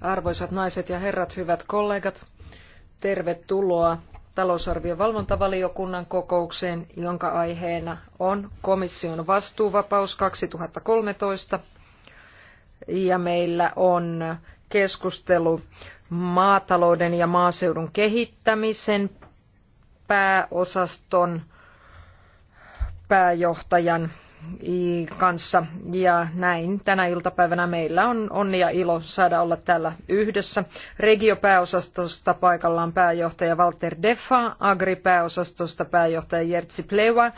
Arvoisat naiset ja herrat, hyvät kollegat, tervetuloa talousarvion valvontavaliokunnan kokoukseen, jonka aiheena on komission vastuuvapaus 2013. Ja meillä on keskustelu maatalouden ja maaseudun kehittämisen pääosaston pääjohtajan kanssa ja näin tänä iltapäivänä meillä on onni ja ilo saada olla täällä yhdessä. Regiopääosastosta paikallaan pääjohtaja Walter Defa, Agri-pääosastosta pääjohtaja Jertsi Plewa,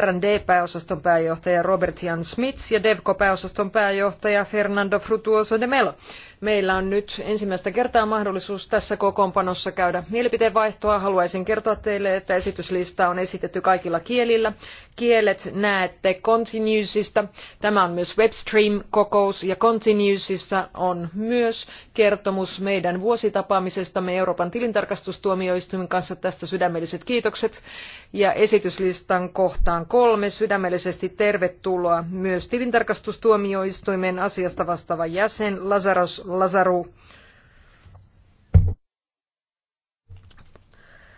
R&D-pääosaston pääjohtaja Robert Jan Smits ja Devco-pääosaston pääjohtaja Fernando Frutuoso de Melo. Meillä on nyt ensimmäistä kertaa mahdollisuus tässä kokoonpanossa käydä mielipiteenvaihtoa. Haluaisin kertoa teille, että esityslista on esitetty kaikilla kielillä. Kielet näette Continuousista. Tämä on myös Webstream-kokous ja Continuousissa on myös kertomus meidän vuositapaamisestamme Euroopan tilintarkastustuomioistuimen kanssa. Tästä sydämelliset kiitokset. Ja esityslistan kohtaan kolme sydämellisesti tervetuloa myös tilintarkastustuomioistuimen asiasta vastaava jäsen Lazaros Lazaru.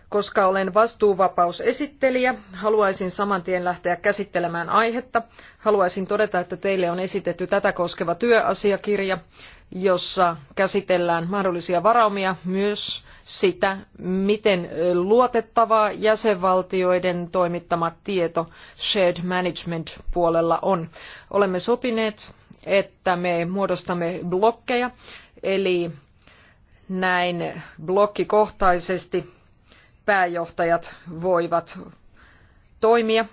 Koska olen vastuuvapausesittelijä, haluaisin saman tien lähteä käsittelemään aihetta. Haluaisin todeta, että teille on esitetty tätä koskeva työasiakirja, jossa käsitellään mahdollisia varaumia myös sitä, miten luotettavaa jäsenvaltioiden toimittama tieto shared management puolella on. Olemme sopineet että me muodostamme blokkeja, eli näin blokkikohtaisesti pääjohtajat voivat toimia.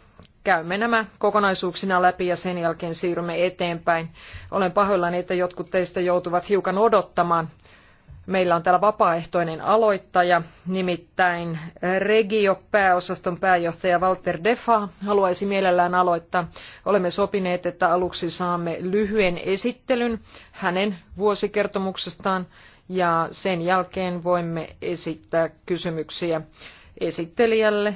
Käymme nämä kokonaisuuksina läpi ja sen jälkeen siirrymme eteenpäin. Olen pahoillani, että jotkut teistä joutuvat hiukan odottamaan. Meillä on täällä vapaaehtoinen aloittaja, nimittäin Regio-pääosaston pääjohtaja Walter Defa haluaisi mielellään aloittaa. Olemme sopineet, että aluksi saamme lyhyen esittelyn hänen vuosikertomuksestaan ja sen jälkeen voimme esittää kysymyksiä esittelijälle,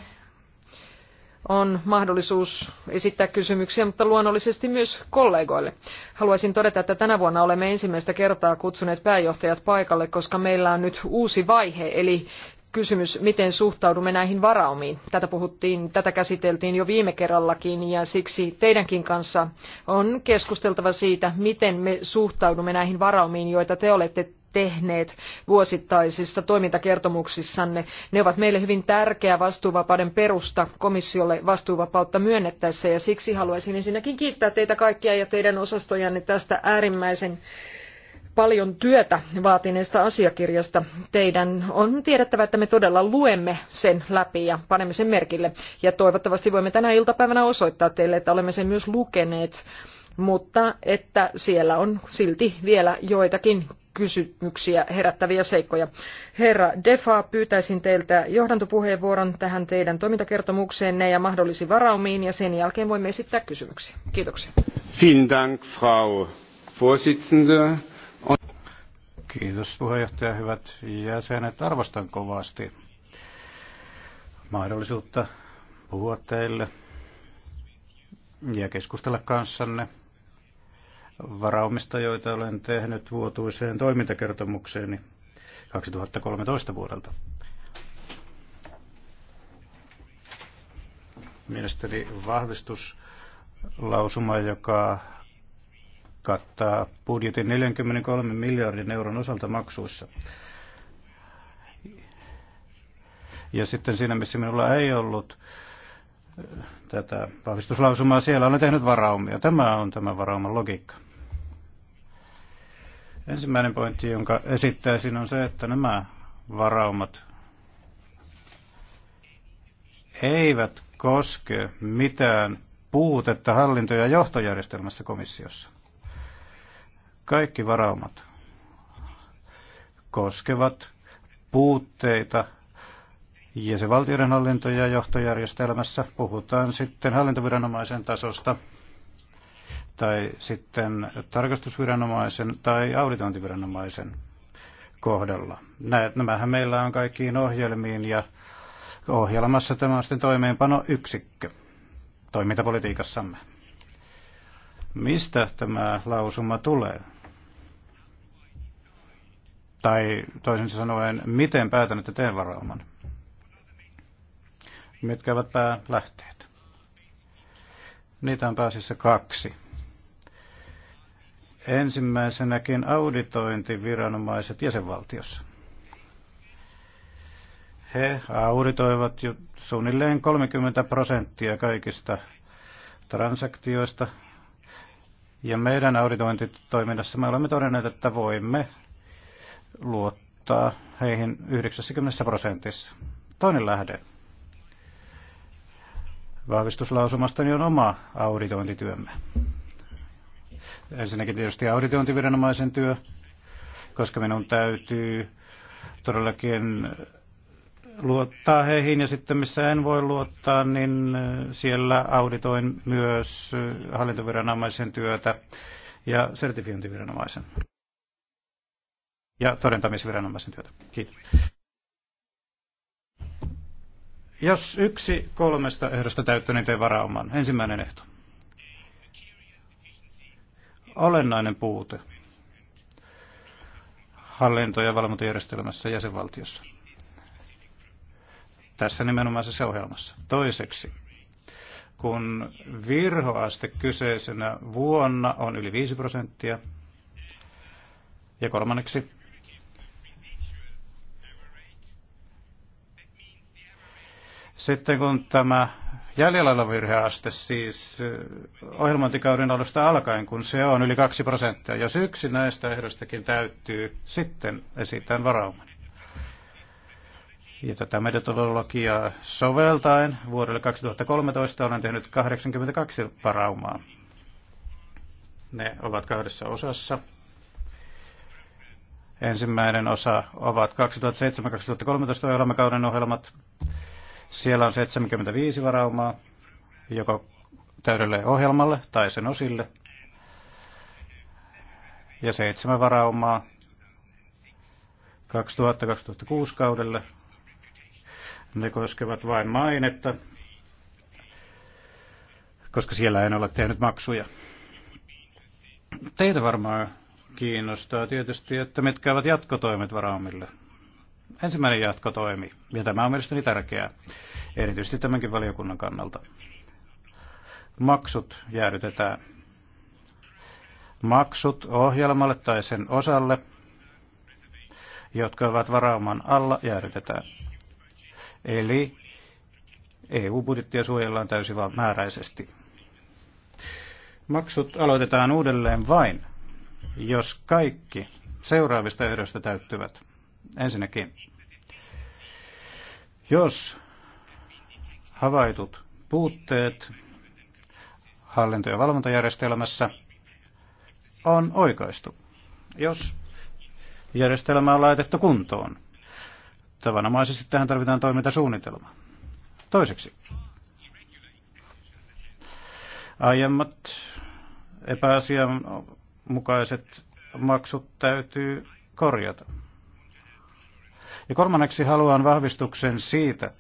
on mahdollisuus esittää kysymyksiä, mutta luonnollisesti myös kollegoille. Haluaisin todeta, että tänä vuonna olemme ensimmäistä kertaa kutsuneet pääjohtajat paikalle, koska meillä on nyt uusi vaihe, eli kysymys, miten suhtaudumme näihin varaumiin. Tätä, puhuttiin, tätä käsiteltiin jo viime kerrallakin ja siksi teidänkin kanssa on keskusteltava siitä, miten me suhtaudumme näihin varaumiin, joita te olette tehneet vuosittaisissa toimintakertomuksissanne. Ne ovat meille hyvin tärkeä vastuuvapauden perusta komissiolle vastuuvapautta myönnettäessä ja siksi haluaisin ensinnäkin kiittää teitä kaikkia ja teidän osastojanne tästä äärimmäisen paljon työtä vaatineesta asiakirjasta. Teidän on tiedettävä, että me todella luemme sen läpi ja panemme sen merkille. Ja toivottavasti voimme tänä iltapäivänä osoittaa teille, että olemme sen myös lukeneet mutta että siellä on silti vielä joitakin kysymyksiä herättäviä seikkoja. Herra Defa, pyytäisin teiltä johdantopuheenvuoron tähän teidän toimintakertomukseenne ja mahdollisiin varaumiin, ja sen jälkeen voimme esittää kysymyksiä. Kiitoksia. Vielen Dank, Frau Vorsitzende. Kiitos puheenjohtaja, hyvät jäsenet. Arvostan kovasti mahdollisuutta puhua teille ja keskustella kanssanne varaumista, joita olen tehnyt vuotuiseen toimintakertomukseeni 2013 vuodelta. Mielestäni vahvistuslausuma, joka kattaa budjetin 43 miljardin euron osalta maksuissa. Ja sitten siinä, missä minulla ei ollut äh, tätä vahvistuslausumaa, siellä olen tehnyt varaumia. Tämä on tämä varauman logiikka. Ensimmäinen pointti, jonka esittäisin, on se, että nämä varaumat eivät koske mitään puutetta hallinto- ja johtojärjestelmässä komissiossa. Kaikki varaumat koskevat puutteita jäsenvaltioiden hallinto- ja johtojärjestelmässä. Puhutaan sitten hallintoviranomaisen tasosta tai sitten tarkastusviranomaisen tai auditointiviranomaisen kohdalla. Nämähän meillä on kaikkiin ohjelmiin ja ohjelmassa tämä on sitten toimeenpanoyksikkö toimintapolitiikassamme. Mistä tämä lausuma tulee? Tai toisin sanoen, miten päätän, että teen varauman? Mitkä ovat päälähteet? Niitä on pääasiassa kaksi. Ensimmäisenäkin auditointiviranomaiset jäsenvaltiossa. He auditoivat jo suunnilleen 30 prosenttia kaikista transaktioista. Ja meidän auditointitoiminnassa me olemme todenneet, että voimme luottaa heihin 90 prosentissa. Toinen lähde Vahvistuslausumastani on oma auditointityömme. Ensinnäkin tietysti auditointiviranomaisen työ, koska minun täytyy todellakin luottaa heihin ja sitten missä en voi luottaa, niin siellä auditoin myös hallintoviranomaisen työtä ja sertifiointiviranomaisen ja todentamisviranomaisen työtä. Kiitos. Jos yksi kolmesta ehdosta täyttö, niin tee varauman. Ensimmäinen ehto olennainen puute hallinto- ja valvontajärjestelmässä jäsenvaltiossa. Tässä nimenomaisessa ohjelmassa. Toiseksi, kun virhoaste kyseisenä vuonna on yli 5 prosenttia, ja kolmanneksi, Sitten kun tämä jäljellä oleva virheaste, siis ohjelmointikauden alusta alkaen, kun se on yli 2 prosenttia, jos yksi näistä ehdoistakin täyttyy, sitten esitän varauman. Ja tätä metodologiaa soveltaen vuodelle 2013 olen tehnyt 82 varaumaa. Ne ovat kahdessa osassa. Ensimmäinen osa ovat 2007-2013 ohjelmakauden ohjelmat. Siellä on 75 varaumaa, joko täydelle ohjelmalle tai sen osille, ja seitsemän varaumaa 2000-2006 kaudelle. Ne koskevat vain mainetta, koska siellä en ole tehnyt maksuja. Teitä varmaan kiinnostaa tietysti, että mitkä ovat jatkotoimet varaumille ensimmäinen jatkotoimi, ja tämä on mielestäni tärkeää, erityisesti tämänkin valiokunnan kannalta. Maksut jäädytetään. Maksut ohjelmalle tai sen osalle, jotka ovat varauman alla, jäädytetään. Eli EU-budjettia suojellaan määräisesti. Maksut aloitetaan uudelleen vain, jos kaikki seuraavista ehdoista täyttyvät. Ensinnäkin, jos havaitut puutteet hallinto- ja valvontajärjestelmässä on oikaistu, jos järjestelmä on laitettu kuntoon. Tavanomaisesti tähän tarvitaan toimintasuunnitelma. Toiseksi, aiemmat epäasianmukaiset maksut täytyy korjata. Ja kolmanneksi haluan vahvistuksen siitä,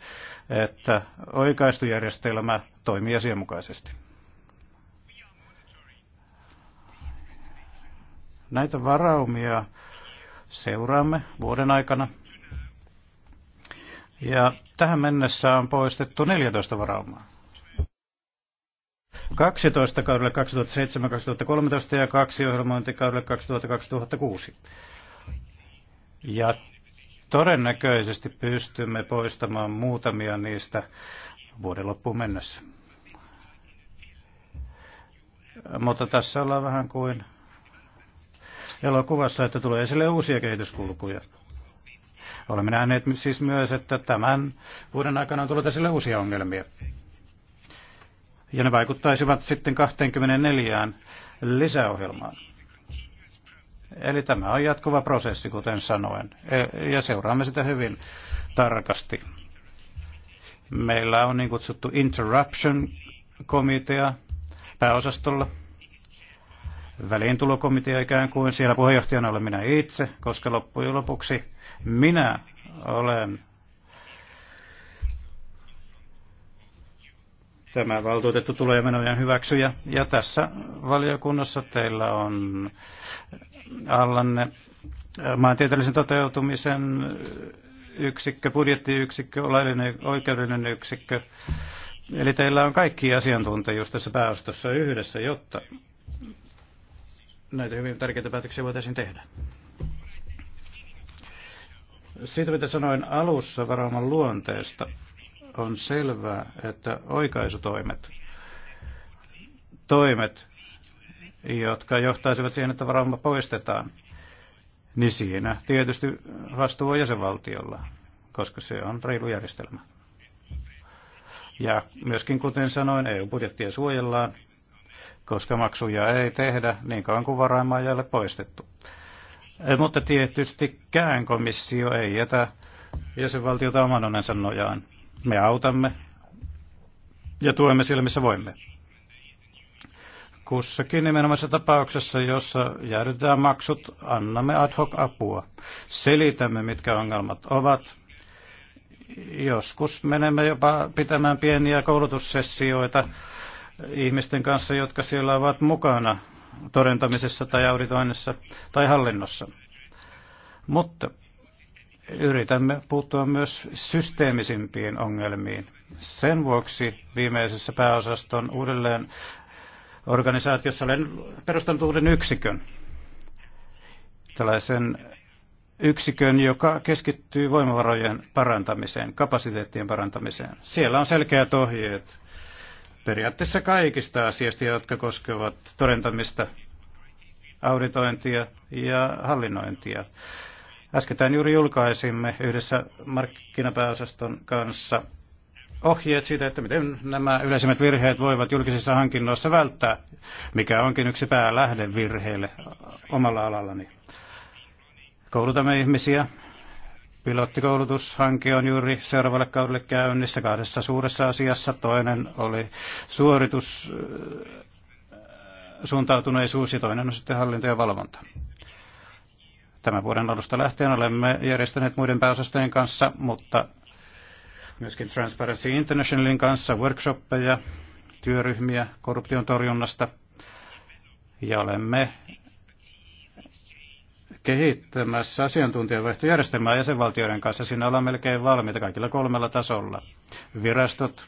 että oikaistujärjestelmä toimii asianmukaisesti. Näitä varaumia seuraamme vuoden aikana. Ja tähän mennessä on poistettu 14 varaumaa. 12 kaudelle 2007-2013 ja kaksi ohjelmointikaudelle 2006 Ja Todennäköisesti pystymme poistamaan muutamia niistä vuoden loppuun mennessä. Mutta tässä ollaan vähän kuin elokuvassa, että tulee esille uusia kehityskulkuja. Olemme nähneet siis myös, että tämän vuoden aikana on tullut esille uusia ongelmia. Ja ne vaikuttaisivat sitten 24 lisäohjelmaan. Eli tämä on jatkuva prosessi, kuten sanoen, e, ja seuraamme sitä hyvin tarkasti. Meillä on niin kutsuttu interruption-komitea pääosastolla, väliintulokomitea ikään kuin. Siellä puheenjohtajana olen minä itse, koska loppujen lopuksi minä olen Tämä valtuutettu tulee menojen hyväksyjä. Ja tässä valiokunnassa teillä on allanne äh, maantieteellisen toteutumisen yksikkö, budjettiyksikkö, laillinen oikeudellinen yksikkö. Eli teillä on kaikki asiantuntijuus tässä pääostossa yhdessä, jotta näitä hyvin tärkeitä päätöksiä voitaisiin tehdä. Siitä mitä sanoin alussa varauman luonteesta, on selvää, että oikaisutoimet, toimet, jotka johtaisivat siihen, että varauma poistetaan, niin siinä tietysti vastuu on jäsenvaltiolla, koska se on reilu järjestelmä. Ja myöskin kuten sanoin, EU-budjettia suojellaan, koska maksuja ei tehdä niin kauan kuin varaimaa ei ole poistettu. Eh, mutta tietystikään komissio ei jätä jäsenvaltiota oman onnensa nojaan. Me autamme ja tuemme sillä, missä voimme. Kussakin nimenomaisessa tapauksessa, jossa jäädytetään maksut, annamme ad hoc apua. Selitämme, mitkä ongelmat ovat. Joskus menemme jopa pitämään pieniä koulutussessioita ihmisten kanssa, jotka siellä ovat mukana todentamisessa tai auditoinnissa tai hallinnossa. Mutta yritämme puuttua myös systeemisimpiin ongelmiin. Sen vuoksi viimeisessä pääosaston uudelleen organisaatiossa olen perustanut uuden yksikön. Tällaisen yksikön, joka keskittyy voimavarojen parantamiseen, kapasiteettien parantamiseen. Siellä on selkeät ohjeet periaatteessa kaikista asioista, jotka koskevat todentamista, auditointia ja hallinnointia. Äskettäin juuri julkaisimme yhdessä markkinapääosaston kanssa ohjeet siitä, että miten nämä yleisimmät virheet voivat julkisissa hankinnoissa välttää, mikä onkin yksi päälähde virheille omalla alallani. Koulutamme ihmisiä. Pilottikoulutushanke on juuri seuraavalle kaudelle käynnissä kahdessa suuressa asiassa. Toinen oli suoritus äh, suuntautuneisuus ja toinen on sitten hallinto ja valvonta. Tämän vuoden alusta lähtien olemme järjestäneet muiden pääosastojen kanssa, mutta myöskin Transparency Internationalin kanssa workshoppeja, työryhmiä korruption torjunnasta. Ja olemme kehittämässä asiantuntijavaihtojärjestelmää jäsenvaltioiden kanssa. Siinä ollaan melkein valmiita kaikilla kolmella tasolla. Virastot,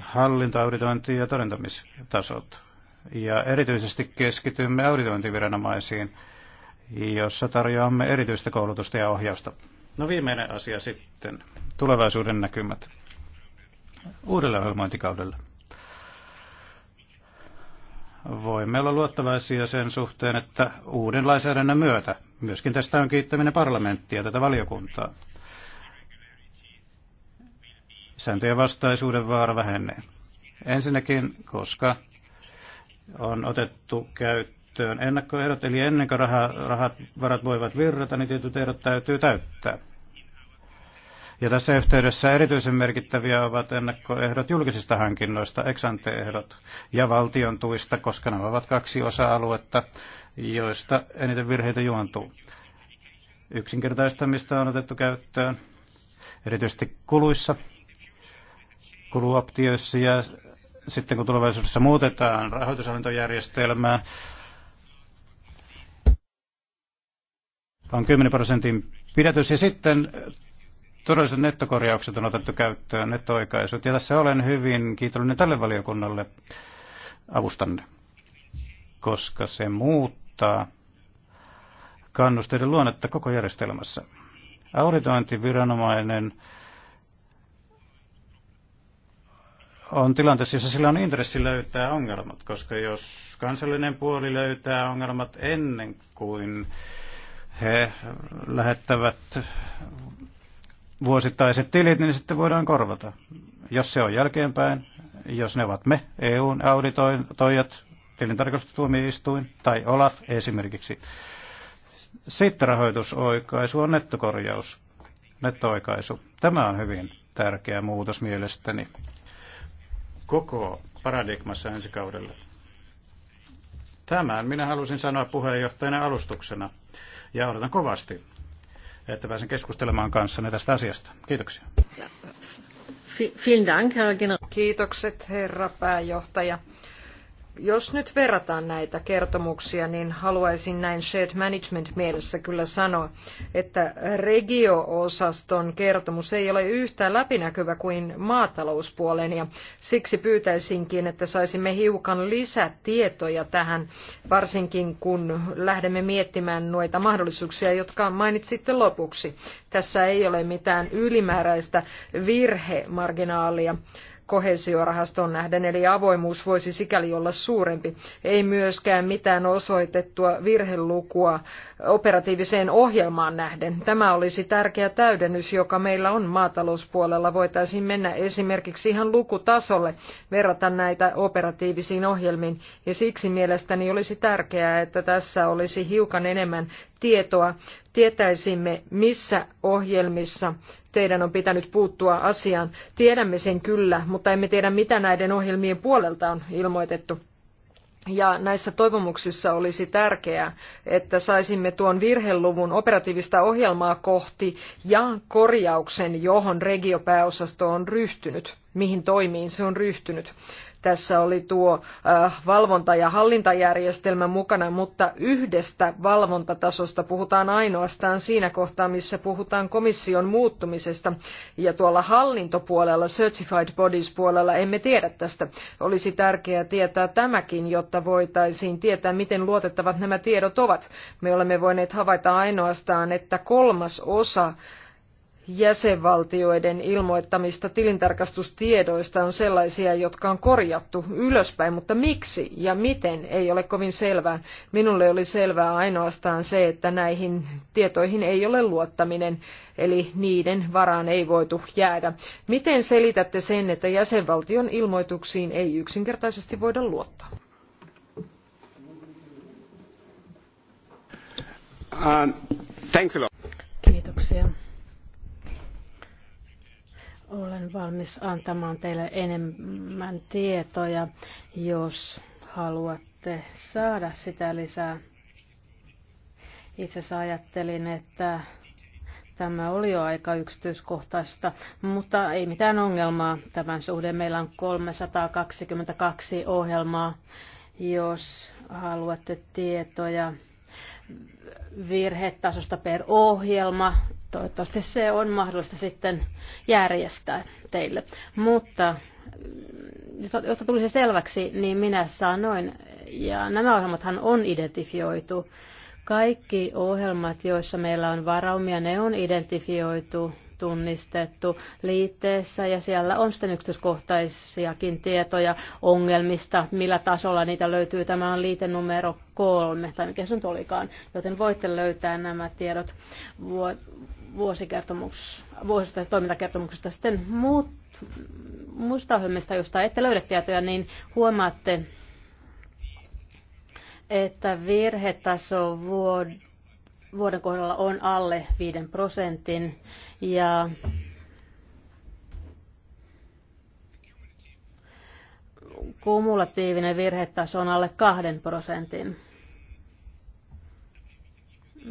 hallintoauditointi ja todentamistasot ja erityisesti keskitymme auditointiviranomaisiin, jossa tarjoamme erityistä koulutusta ja ohjausta. No viimeinen asia sitten, tulevaisuuden näkymät uudelle ohjelmointikaudelle. Voimme olla luottavaisia sen suhteen, että uuden lainsäädännön myötä, myöskin tästä on kiittäminen parlamenttia, tätä valiokuntaa, sääntöjen vastaisuuden vaara vähenee. Ensinnäkin, koska on otettu käyttöön ennakkoehdot, eli ennen kuin rahat, rahat, varat voivat virrata, niin tietyt ehdot täytyy täyttää. Ja tässä yhteydessä erityisen merkittäviä ovat ennakkoehdot julkisista hankinnoista, eksanteehdot ja valtion tuista, koska nämä ovat kaksi osa-aluetta, joista eniten virheitä juontuu. Yksinkertaistamista on otettu käyttöön, erityisesti kuluissa, kuluoptioissa ja sitten kun tulevaisuudessa muutetaan rahoitushallintojärjestelmää, on 10 prosentin pidätys ja sitten todelliset nettokorjaukset on otettu käyttöön, netto-oikaisut. Ja tässä olen hyvin kiitollinen tälle valiokunnalle avustanne, koska se muuttaa kannusteiden luonnetta koko järjestelmässä. Auditointiviranomainen viranomainen on tilanteessa, jossa sillä on intressi löytää ongelmat, koska jos kansallinen puoli löytää ongelmat ennen kuin he lähettävät vuosittaiset tilit, niin sitten voidaan korvata. Jos se on jälkeenpäin, jos ne ovat me, EUn auditoijat, tilintarkastustuomioistuin tai OLAF esimerkiksi. Sitten rahoitusoikaisu on nettokorjaus, nettooikaisu. Tämä on hyvin tärkeä muutos mielestäni koko paradigmassa ensi kaudelle. Tämän minä halusin sanoa puheenjohtajana alustuksena ja odotan kovasti, että pääsen keskustelemaan kanssanne tästä asiasta. Kiitoksia. Kiitokset herra pääjohtaja. Jos nyt verrataan näitä kertomuksia, niin haluaisin näin shared management mielessä kyllä sanoa, että regio-osaston kertomus ei ole yhtä läpinäkyvä kuin maatalouspuolen ja siksi pyytäisinkin, että saisimme hiukan lisätietoja tähän, varsinkin kun lähdemme miettimään noita mahdollisuuksia, jotka mainitsitte lopuksi. Tässä ei ole mitään ylimääräistä virhemarginaalia kohesiorahastoon nähden, eli avoimuus voisi sikäli olla suurempi. Ei myöskään mitään osoitettua virhelukua operatiiviseen ohjelmaan nähden. Tämä olisi tärkeä täydennys, joka meillä on maatalouspuolella. Voitaisiin mennä esimerkiksi ihan lukutasolle, verrata näitä operatiivisiin ohjelmiin, ja siksi mielestäni olisi tärkeää, että tässä olisi hiukan enemmän tietoa, tietäisimme missä ohjelmissa teidän on pitänyt puuttua asiaan. Tiedämme sen kyllä, mutta emme tiedä mitä näiden ohjelmien puolelta on ilmoitettu. Ja näissä toivomuksissa olisi tärkeää, että saisimme tuon virheluvun operatiivista ohjelmaa kohti ja korjauksen, johon regiopääosasto on ryhtynyt, mihin toimiin se on ryhtynyt. Tässä oli tuo äh, valvonta- ja hallintajärjestelmä mukana, mutta yhdestä valvontatasosta puhutaan ainoastaan siinä kohtaa, missä puhutaan komission muuttumisesta. Ja tuolla hallintopuolella, Certified Bodies puolella, emme tiedä tästä. Olisi tärkeää tietää tämäkin, jotta voitaisiin tietää, miten luotettavat nämä tiedot ovat. Me olemme voineet havaita ainoastaan, että kolmas osa jäsenvaltioiden ilmoittamista tilintarkastustiedoista on sellaisia, jotka on korjattu ylöspäin, mutta miksi ja miten ei ole kovin selvää. Minulle oli selvää ainoastaan se, että näihin tietoihin ei ole luottaminen, eli niiden varaan ei voitu jäädä. Miten selitätte sen, että jäsenvaltion ilmoituksiin ei yksinkertaisesti voida luottaa? Uh, thanks a lot. Kiitoksia. Olen valmis antamaan teille enemmän tietoja, jos haluatte saada sitä lisää. Itse asiassa ajattelin, että tämä oli jo aika yksityiskohtaista, mutta ei mitään ongelmaa tämän suhde. Meillä on 322 ohjelmaa, jos haluatte tietoja virhetasosta per ohjelma Toivottavasti se on mahdollista sitten järjestää teille. Mutta mm, jotta tuli se selväksi, niin minä sanoin, ja nämä ohjelmathan on identifioitu. Kaikki ohjelmat, joissa meillä on varaumia, ne on identifioitu tunnistettu liitteessä ja siellä on sitten yksityiskohtaisiakin tietoja ongelmista, millä tasolla niitä löytyy. Tämä on liite numero kolme, tai mikä se nyt olikaan, joten voitte löytää nämä tiedot vuosikertomus, vuosista toimintakertomuksesta. Sitten muut, muista ohjelmista, josta ette löydä tietoja, niin huomaatte, että virhetaso vuoden kohdalla on alle 5 prosentin ja kumulatiivinen virhetaso on alle 2 prosentin.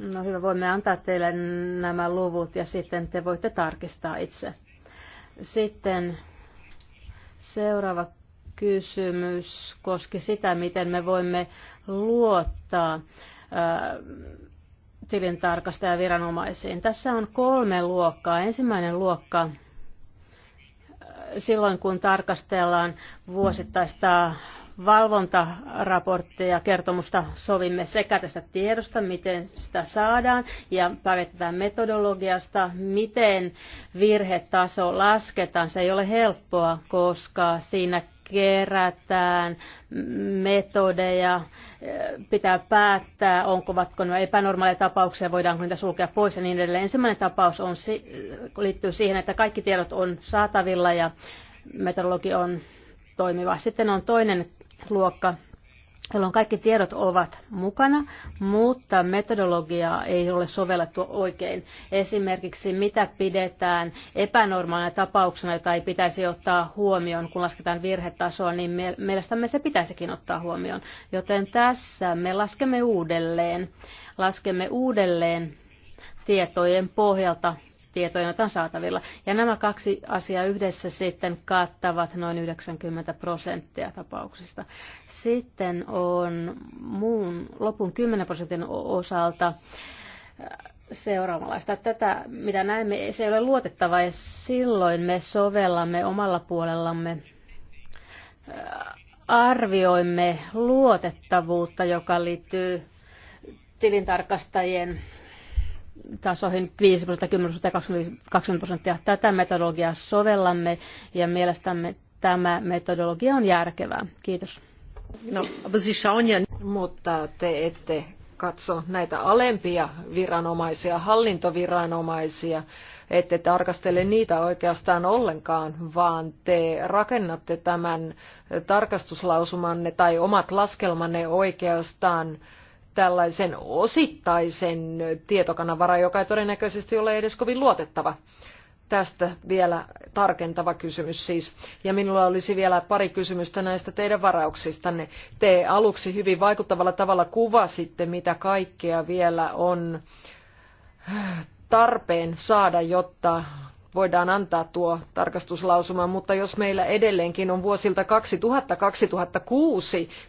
No hyvä, voimme antaa teille nämä luvut ja sitten te voitte tarkistaa itse. Sitten seuraava kysymys koski sitä, miten me voimme luottaa äh, tilintarkastajaviranomaisiin. Tässä on kolme luokkaa. Ensimmäinen luokka äh, silloin, kun tarkastellaan vuosittaista valvontaraportteja kertomusta sovimme sekä tästä tiedosta, miten sitä saadaan, ja päivitetään metodologiasta, miten virhetaso lasketaan. Se ei ole helppoa, koska siinä kerätään metodeja, pitää päättää, onko vatko ne epänormaaleja tapauksia, voidaanko niitä sulkea pois ja niin edelleen. Ensimmäinen tapaus on, liittyy siihen, että kaikki tiedot on saatavilla ja metodologi on toimiva. Sitten on toinen luokka, jolloin kaikki tiedot ovat mukana, mutta metodologiaa ei ole sovellettu oikein. Esimerkiksi mitä pidetään epänormaalina tapauksena, jota ei pitäisi ottaa huomioon, kun lasketaan virhetasoa, niin mielestämme se pitäisikin ottaa huomioon. Joten tässä me laskemme uudelleen, laskemme uudelleen tietojen pohjalta tietoja, joita on saatavilla. Ja nämä kaksi asiaa yhdessä sitten kattavat noin 90 prosenttia tapauksista. Sitten on muun lopun 10 prosentin osalta äh, seuraavanlaista. Tätä, mitä näemme, se ei ole luotettava ja silloin me sovellamme omalla puolellamme äh, arvioimme luotettavuutta, joka liittyy tilintarkastajien tasoihin 5 prosenttia, 10 prosenttia, 20 prosenttia. Tätä metodologiaa sovellamme ja mielestämme tämä metodologia on järkevää. Kiitos. No, mutta te ette katso näitä alempia viranomaisia, hallintoviranomaisia, ette tarkastele niitä oikeastaan ollenkaan, vaan te rakennatte tämän tarkastuslausumanne tai omat laskelmanne oikeastaan tällaisen osittaisen tietokanavara, joka ei todennäköisesti ole edes kovin luotettava. Tästä vielä tarkentava kysymys siis. Ja minulla olisi vielä pari kysymystä näistä teidän varauksistanne. Te aluksi hyvin vaikuttavalla tavalla kuvasitte, mitä kaikkea vielä on tarpeen saada, jotta voidaan antaa tuo tarkastuslausuma, mutta jos meillä edelleenkin on vuosilta 2000-2006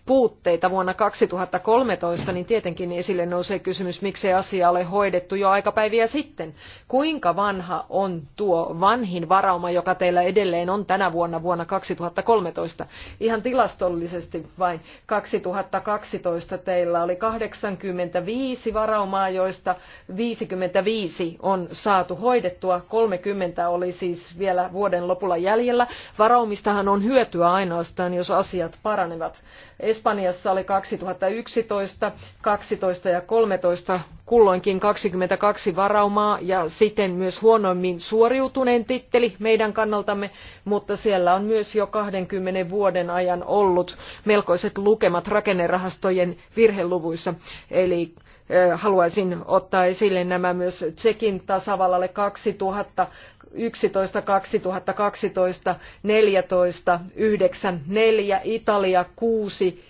puutteita vuonna 2013, niin tietenkin esille nousee kysymys, miksei asia ole hoidettu jo aikapäiviä sitten. Kuinka vanha on tuo vanhin varauma, joka teillä edelleen on tänä vuonna vuonna 2013? Ihan tilastollisesti vain 2012 teillä oli 85 varaumaa, joista 55 on saatu hoidettua, 30 20 oli siis vielä vuoden lopulla jäljellä. Varaumistahan on hyötyä ainoastaan, jos asiat paranevat. Espanjassa oli 2011, 12 ja 13 kulloinkin 22 varaumaa ja siten myös huonoimmin suoriutuneen titteli meidän kannaltamme, mutta siellä on myös jo 20 vuoden ajan ollut melkoiset lukemat rakennerahastojen virheluvuissa. Eli eh, haluaisin ottaa esille nämä myös Tsekin tasavallalle 2000 yksitoista kaksituhatta kaksitoista neljätoista yhdeksän neljä italia kuusi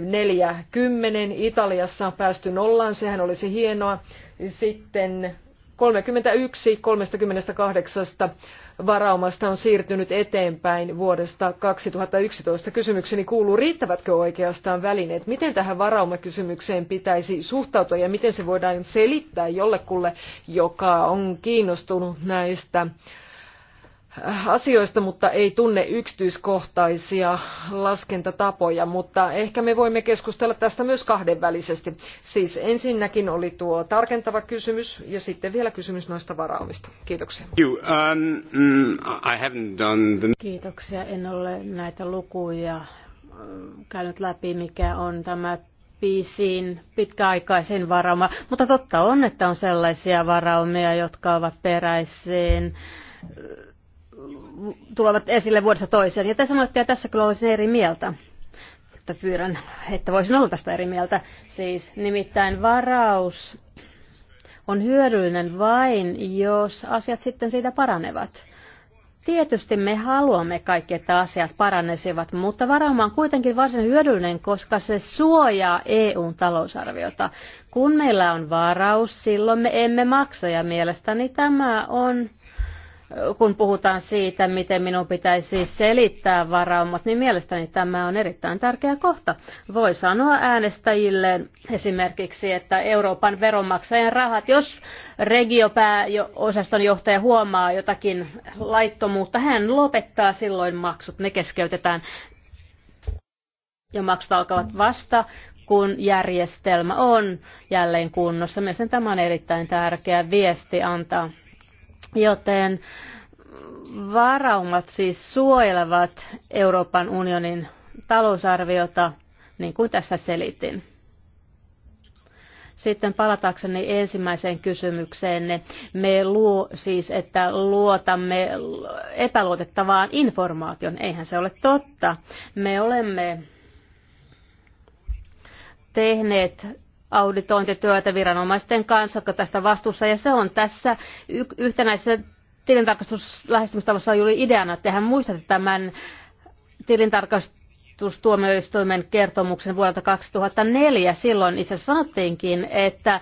neljä kymmenen italiassa on päästy nollaan sehän olisi hienoa sitten 31 38 varaumasta on siirtynyt eteenpäin vuodesta 2011. Kysymykseni kuuluu, riittävätkö oikeastaan välineet? Miten tähän varaumakysymykseen pitäisi suhtautua ja miten se voidaan selittää jollekulle, joka on kiinnostunut näistä asioista, mutta ei tunne yksityiskohtaisia laskentatapoja, mutta ehkä me voimme keskustella tästä myös kahdenvälisesti. Siis ensinnäkin oli tuo tarkentava kysymys ja sitten vielä kysymys noista varaumista. Kiitoksia. Um, Kiitoksia. En ole näitä lukuja mm, käynyt läpi, mikä on tämä piisiin pitkäaikaisen varauma, mutta totta on, että on sellaisia varaumia, jotka ovat peräisin tulevat esille vuodesta toiseen. Ja te sanoitte, että tässä kyllä olisin eri mieltä että pyydän, että voisin olla tästä eri mieltä. Siis nimittäin varaus on hyödyllinen vain, jos asiat sitten siitä paranevat. Tietysti me haluamme kaikki, että asiat paranesivat, mutta varauma on kuitenkin varsin hyödyllinen, koska se suojaa EUn talousarviota. Kun meillä on varaus, silloin me emme maksa ja mielestäni tämä on kun puhutaan siitä, miten minun pitäisi selittää varaumat, niin mielestäni tämä on erittäin tärkeä kohta. Voi sanoa äänestäjille esimerkiksi, että Euroopan veronmaksajien rahat, jos regiopääosaston johtaja huomaa jotakin laittomuutta, hän lopettaa silloin maksut, ne keskeytetään ja maksut alkavat vasta, kun järjestelmä on jälleen kunnossa. Mielestäni tämä on erittäin tärkeä viesti antaa Joten varaumat siis suojelevat Euroopan unionin talousarviota, niin kuin tässä selitin. Sitten palatakseni ensimmäiseen kysymykseen, me luo siis, että luotamme epäluotettavaan informaation. Eihän se ole totta. Me olemme tehneet auditointityötä viranomaisten kanssa, jotka tästä vastuussa. Ja se on tässä yhtenäisessä tilintarkastuslähestymistavassa juuri ideana. Tehän muistatte tämän tilintarkastustuomioistuimen kertomuksen vuodelta 2004. Silloin itse sanottiinkin, että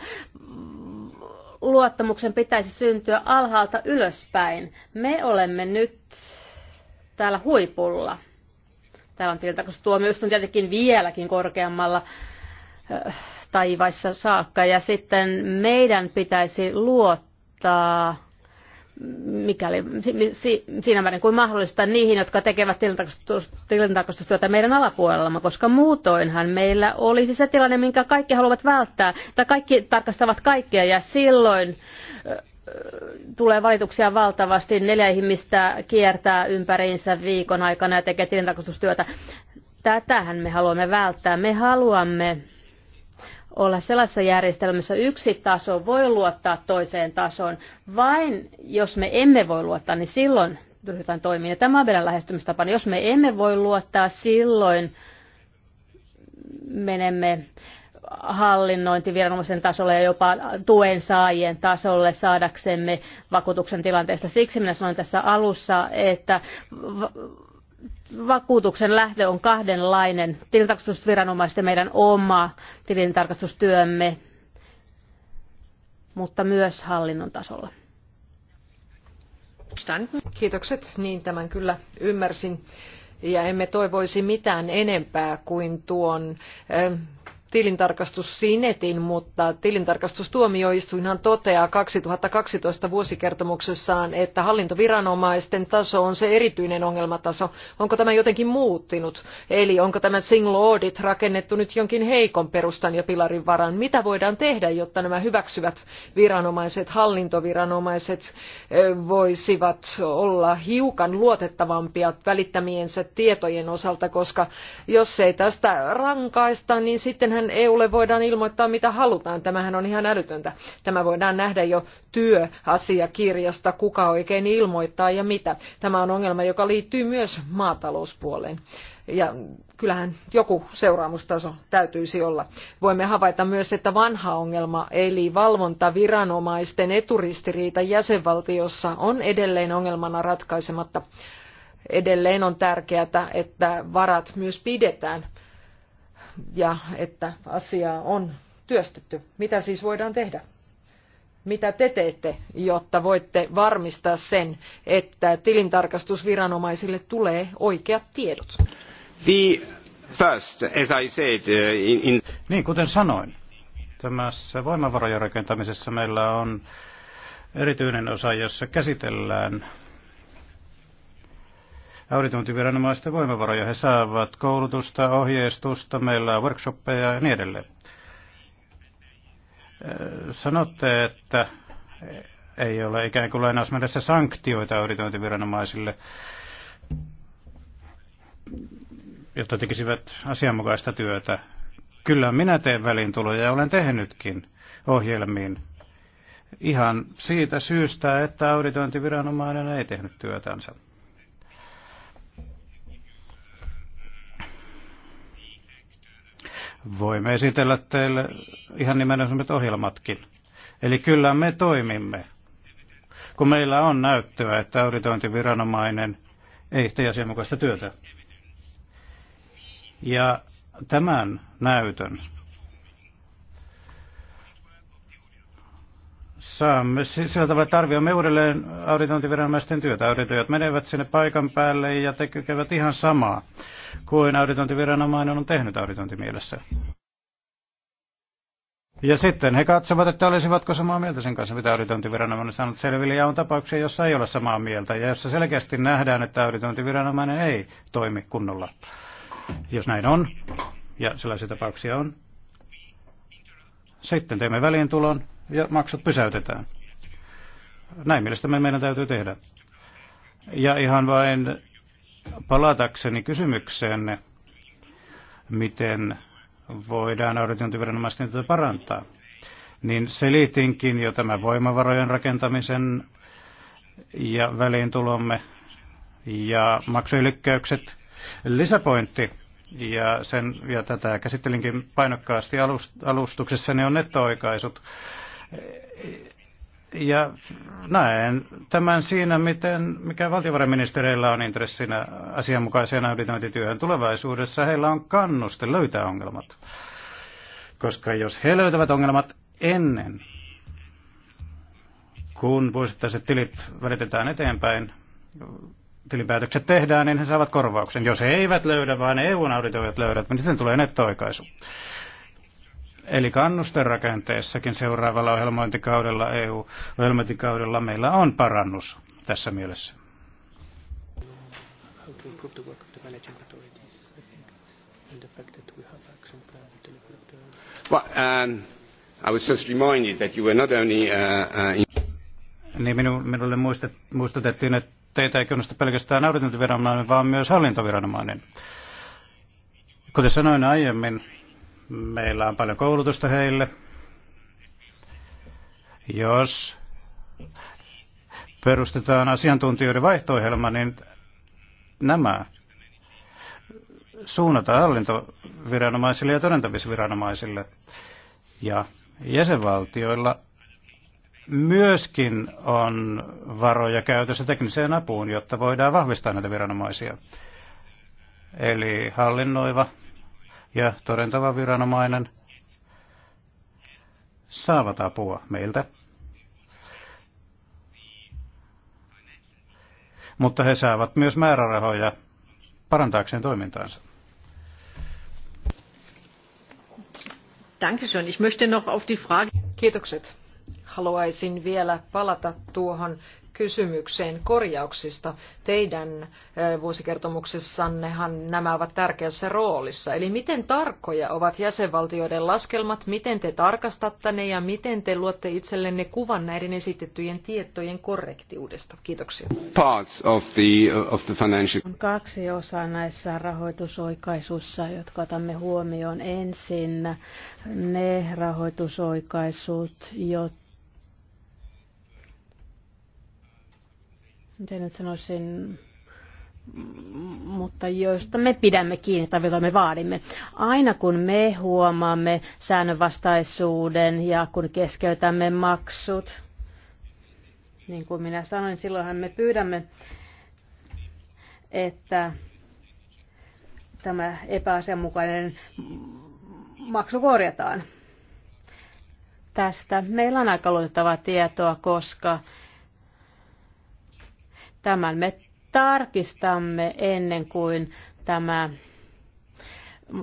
luottamuksen pitäisi syntyä alhaalta ylöspäin. Me olemme nyt täällä huipulla. Täällä on tilintarkastustuomioistuin tietenkin vieläkin korkeammalla taivaissa saakka ja sitten meidän pitäisi luottaa mikäli, siinä määrin kuin mahdollista niihin, jotka tekevät tilintarkastustyötä meidän alapuolella, koska muutoinhan meillä olisi se tilanne, minkä kaikki haluavat välttää, tai kaikki tarkastavat kaikkea, ja silloin tulee valituksia valtavasti. Neljä ihmistä kiertää ympäriinsä viikon aikana ja tekee tilintarkastustyötä. Tätähän me haluamme välttää. Me haluamme olla sellaisessa järjestelmässä, yksi taso voi luottaa toiseen tasoon. Vain jos me emme voi luottaa, niin silloin ryhdytään toimia. tämä on meidän lähestymistapa. Jos me emme voi luottaa, silloin menemme hallinnointiviranomaisen tasolle ja jopa tuen saajien tasolle saadaksemme vakuutuksen tilanteesta. Siksi minä sanoin tässä alussa, että vakuutuksen lähde on kahdenlainen. Tilintarkastusviranomaisten meidän oma tilintarkastustyömme, mutta myös hallinnon tasolla. Kiitokset, niin tämän kyllä ymmärsin. Ja emme toivoisi mitään enempää kuin tuon eh, tilintarkastus Sinetin, mutta tilintarkastustuomioistuinhan toteaa 2012 vuosikertomuksessaan, että hallintoviranomaisten taso on se erityinen ongelmataso. Onko tämä jotenkin muuttunut? Eli onko tämä single audit rakennettu nyt jonkin heikon perustan ja pilarin varaan? Mitä voidaan tehdä, jotta nämä hyväksyvät viranomaiset, hallintoviranomaiset voisivat olla hiukan luotettavampia välittämiensä tietojen osalta, koska jos ei tästä rankaista, niin sitten Eihän EUlle voidaan ilmoittaa mitä halutaan. Tämähän on ihan älytöntä. Tämä voidaan nähdä jo työasiakirjasta, kuka oikein ilmoittaa ja mitä. Tämä on ongelma, joka liittyy myös maatalouspuoleen. Ja kyllähän joku seuraamustaso täytyisi olla. Voimme havaita myös, että vanha ongelma, eli valvontaviranomaisten eturistiriita jäsenvaltiossa on edelleen ongelmana ratkaisematta. Edelleen on tärkeää, että varat myös pidetään ja että asiaa on työstetty. Mitä siis voidaan tehdä? Mitä te teette, jotta voitte varmistaa sen, että tilintarkastusviranomaisille tulee oikeat tiedot? The first, as I said, uh, in... Niin, kuten sanoin, tämässä voimavarojen rakentamisessa meillä on erityinen osa, jossa käsitellään auditointiviranomaisten voimavaroja. He saavat koulutusta, ohjeistusta, meillä on workshoppeja ja niin edelleen. Sanotte, että ei ole ikään kuin lainausmielessä sanktioita auditointiviranomaisille, jotta tekisivät asianmukaista työtä. Kyllä minä teen välintuloja ja olen tehnytkin ohjelmiin ihan siitä syystä, että auditointiviranomainen ei tehnyt työtänsä. Voimme esitellä teille ihan nimenomaiset ohjelmatkin. Eli kyllä me toimimme, kun meillä on näyttöä, että auditointiviranomainen ei tee asianmukaista työtä. Ja tämän näytön saamme sillä tavalla, että arvioimme uudelleen auditointiviranomaisten työtä. Auditoijat menevät sinne paikan päälle ja tekevät ihan samaa kuin auditointiviranomainen on tehnyt auditointimielessä. Ja sitten he katsovat, että olisivatko samaa mieltä sen kanssa, mitä auditointiviranomainen on saanut selville. Ja on tapauksia, jossa ei ole samaa mieltä ja jossa selkeästi nähdään, että auditointiviranomainen ei toimi kunnolla. Jos näin on, ja sellaisia tapauksia on, sitten teemme väliintulon ja maksut pysäytetään. Näin mielestäni meidän täytyy tehdä. Ja ihan vain palatakseni kysymykseenne, miten voidaan auditointiviranomaisten tätä parantaa, niin selitinkin jo tämä voimavarojen rakentamisen ja väliintulomme ja maksuylikkäykset. Lisäpointti, ja, sen, ja tätä käsittelinkin painokkaasti ne on netto-oikaisut. Ja näen tämän siinä, miten, mikä valtiovarainministeriöllä on intressinä asianmukaiseen auditointityöhön tulevaisuudessa. Heillä on kannuste löytää ongelmat. Koska jos he löytävät ongelmat ennen kun vuosittaiset tilit välitetään eteenpäin, tilinpäätökset tehdään, niin he saavat korvauksen. Jos he eivät löydä, vaan EUn auditoijat löydät, niin sitten tulee netto-oikaisu. Eli kannusterakenteessakin seuraavalla ohjelmointikaudella, EU-ohjelmointikaudella meillä on parannus tässä mielessä. Um, uh, uh, niin minulle muistutettiin, että teitä ei kiinnosta pelkästään auditointiviranomainen, vaan myös hallintoviranomainen. Kuten sanoin aiemmin, Meillä on paljon koulutusta heille. Jos perustetaan asiantuntijoiden vaihtoehelma, niin nämä suunnataan hallintoviranomaisille ja todentamisviranomaisille. Ja jäsenvaltioilla myöskin on varoja käytössä tekniseen apuun, jotta voidaan vahvistaa näitä viranomaisia. Eli hallinnoiva ja todentava viranomainen saavat apua meiltä. Mutta he saavat myös määrärahoja parantaakseen toimintaansa. Dankeschön. Ich möchte noch auf die Frage... Kiitokset. Haluaisin vielä palata tuohon kysymykseen korjauksista. Teidän vuosikertomuksessannehan nämä ovat tärkeässä roolissa. Eli miten tarkkoja ovat jäsenvaltioiden laskelmat, miten te tarkastatte ne ja miten te luotte itsellenne kuvan näiden esitettyjen tietojen korrektiudesta? Kiitoksia. Parts of the, uh, of the financial... On kaksi osaa näissä rahoitusoikaisuissa, jotka otamme huomioon. Ensin ne rahoitusoikaisut, jotka miten nyt sanoisin, mutta joista me pidämme kiinni tai jota me vaadimme. Aina kun me huomaamme säännönvastaisuuden ja kun keskeytämme maksut, niin kuin minä sanoin, silloinhan me pyydämme, että tämä epäasianmukainen maksu korjataan. Tästä meillä on aika luotettavaa tietoa, koska Tämän me tarkistamme ennen kuin tämä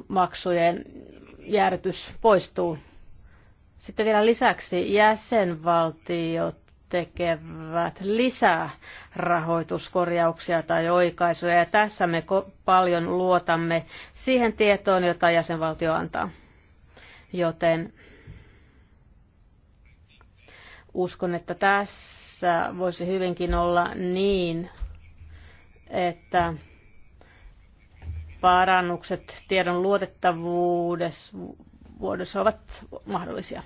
maksujen jäädytys poistuu. Sitten vielä lisäksi jäsenvaltiot tekevät lisää rahoituskorjauksia tai oikaisuja. Ja tässä me paljon luotamme siihen tietoon, jota jäsenvaltio antaa. Joten Uskon, että tässä voisi hyvinkin olla niin, että parannukset tiedon luotettavuudessa vuodessa ovat mahdollisia.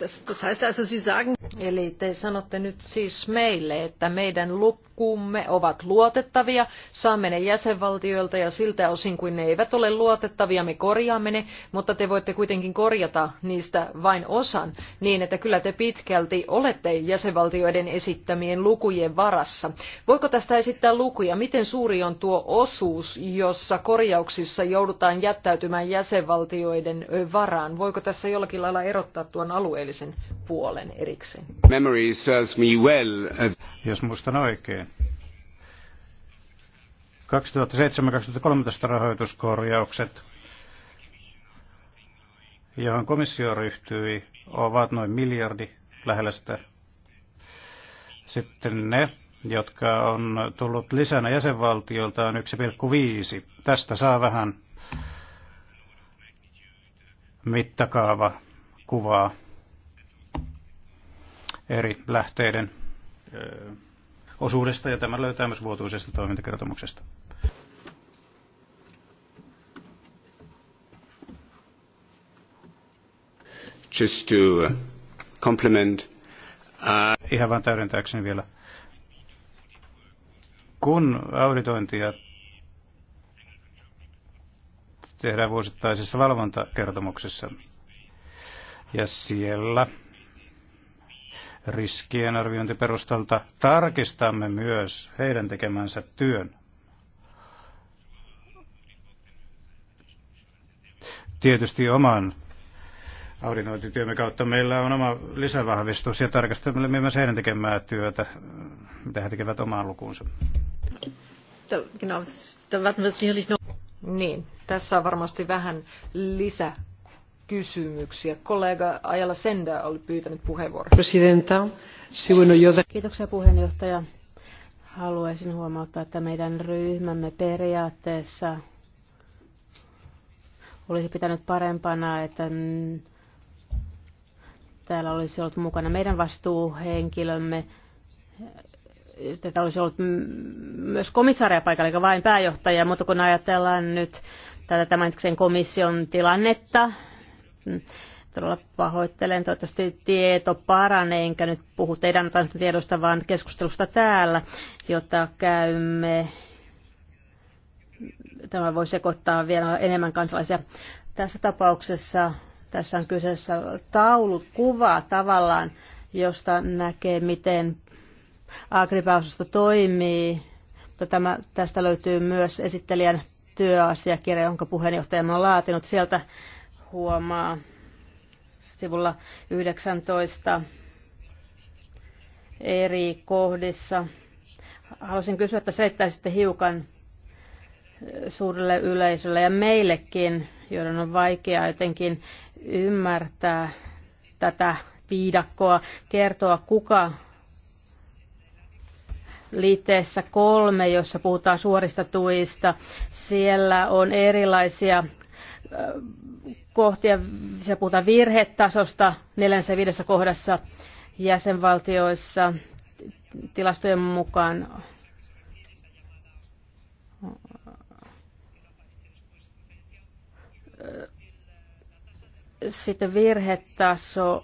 Das, das heißt also, Sie sagen... Eli te sanotte nyt siis meille, että meidän lukumme ovat luotettavia, saamme ne jäsenvaltioilta ja siltä osin kuin ne eivät ole luotettavia, me korjaamme ne, mutta te voitte kuitenkin korjata niistä vain osan niin, että kyllä te pitkälti olette jäsenvaltioiden esittämien lukujen varassa. Voiko tästä esittää lukuja? Miten suuri on tuo osuus, jossa korjauksissa joudutaan jättäytymään jäsenvaltioiden varaan? Voiko tässä jollakin lailla erottaa tuon alueellisen puolen erikseen? Jos muistan oikein. 2007-2013 rahoituskorjaukset, johon komissio ryhtyi, ovat noin miljardi lähellä sitä. Sitten ne, jotka on tullut lisänä jäsenvaltiolta, on 1,5. Tästä saa vähän mittakaava kuvaa eri lähteiden osuudesta, ja tämä löytää myös vuotuisesta toimintakertomuksesta. Just to uh, compliment. Uh... Ihan vain täydentääkseni vielä. Kun auditointia tehdään vuosittaisessa valvontakertomuksessa, ja siellä riskien arviointiperustalta tarkistamme myös heidän tekemänsä työn. Tietysti oman auditointityömme kautta meillä on oma lisävahvistus ja tarkastamme myös heidän tekemää työtä, mitä he tekevät omaan lukuunsa. Niin, tässä on varmasti vähän lisä kysymyksiä. Kollega Ajala Sendä oli pyytänyt puheenvuoron. Presidenta, Kiitoksia puheenjohtaja. Haluaisin huomauttaa, että meidän ryhmämme periaatteessa olisi pitänyt parempana, että täällä olisi ollut mukana meidän vastuuhenkilömme, tätä olisi ollut myös komissaria paikalla, eikä vain pääjohtaja, mutta kun ajatellaan nyt tätä tämän komission tilannetta, Mm. todella pahoittelen. Toivottavasti tieto paranee, enkä nyt puhu teidän tiedosta, vaan keskustelusta täällä, jota käymme. Tämä voi sekoittaa vielä enemmän kansalaisia. Tässä tapauksessa tässä on kyseessä taulukuva tavallaan, josta näkee, miten Agripausosto toimii. tämä, tästä löytyy myös esittelijän työasiakirja, jonka puheenjohtaja on laatinut. Sieltä huomaa sivulla 19 eri kohdissa. Haluaisin kysyä, että selittäisitte hiukan eh, suurelle yleisölle ja meillekin, joiden on vaikea jotenkin ymmärtää tätä viidakkoa, kertoa kuka liitteessä kolme, jossa puhutaan suorista tuista. Siellä on erilaisia eh, kohtia, se puhutaan virhetasosta neljänsä viidessä kohdassa jäsenvaltioissa tilastojen mukaan sitten virhetaso,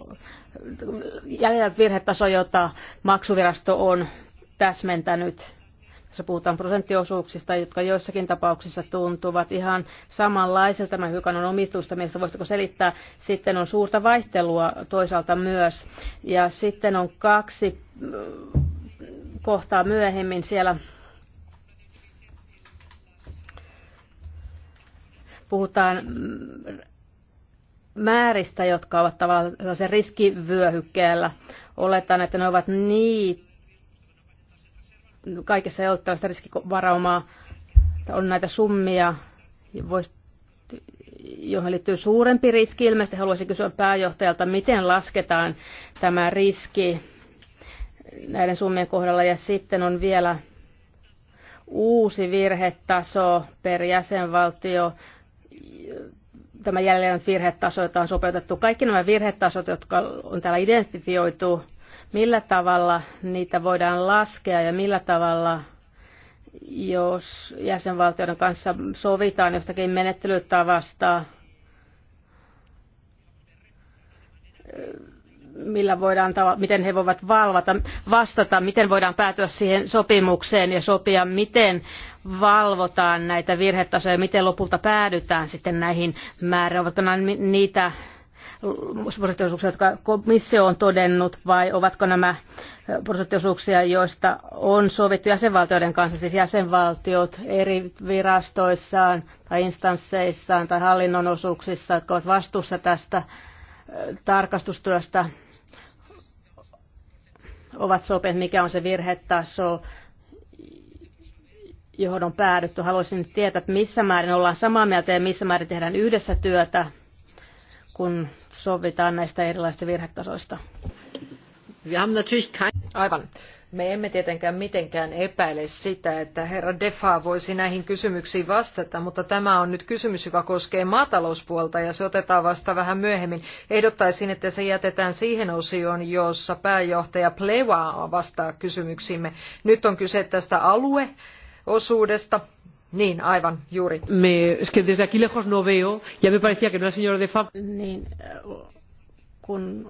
jäljellä virhetaso, jota maksuvirasto on täsmentänyt jossa puhutaan prosenttiosuuksista, jotka joissakin tapauksissa tuntuvat ihan samanlaisilta. Tämä hyvän on omistusta mistä voisitko selittää? Sitten on suurta vaihtelua toisaalta myös. Ja sitten on kaksi mm, kohtaa myöhemmin siellä puhutaan mm, määristä, jotka ovat tavallaan riskivyöhykkeellä. Oletan, että ne ovat niitä kaikessa ei ole tällaista riskivaraumaa. On näitä summia, joihin johon liittyy suurempi riski. Ilmeisesti haluaisin kysyä pääjohtajalta, miten lasketaan tämä riski näiden summien kohdalla. Ja sitten on vielä uusi virhetaso per jäsenvaltio. Tämä jäljellä virhetaso, jota on sopeutettu. Kaikki nämä virhetasot, jotka on täällä identifioitu, millä tavalla niitä voidaan laskea ja millä tavalla jos jäsenvaltioiden kanssa sovitaan jostakin menettelytavasta, millä voidaan, miten he voivat valvata, vastata, miten voidaan päätyä siihen sopimukseen ja sopia, miten valvotaan näitä virhetasoja, miten lopulta päädytään sitten näihin määriin, ovatko niitä prosenttiosuuksia, jotka komissio on todennut, vai ovatko nämä prosenttiosuuksia, joista on sovittu jäsenvaltioiden kanssa, siis jäsenvaltiot eri virastoissaan tai instansseissaan tai hallinnon osuuksissa, jotka ovat vastuussa tästä tarkastustyöstä, ovat sopineet, mikä on se virhetaso, johon on päädytty. Haluaisin tietää, että missä määrin ollaan samaa mieltä ja missä määrin tehdään yhdessä työtä kun sovitaan näistä erilaisista virhetasoista. Aivan. Me emme tietenkään mitenkään epäile sitä, että herra Defa voisi näihin kysymyksiin vastata, mutta tämä on nyt kysymys, joka koskee maatalouspuolta ja se otetaan vasta vähän myöhemmin. Ehdottaisin, että se jätetään siihen osioon, jossa pääjohtaja Plewa vastaa kysymyksiimme. Nyt on kyse tästä alueosuudesta. osuudesta niin, aivan, juuri. Me, es que desde aquí lejos no veo, ya me parecía que no era señor de Fab. Niin, kun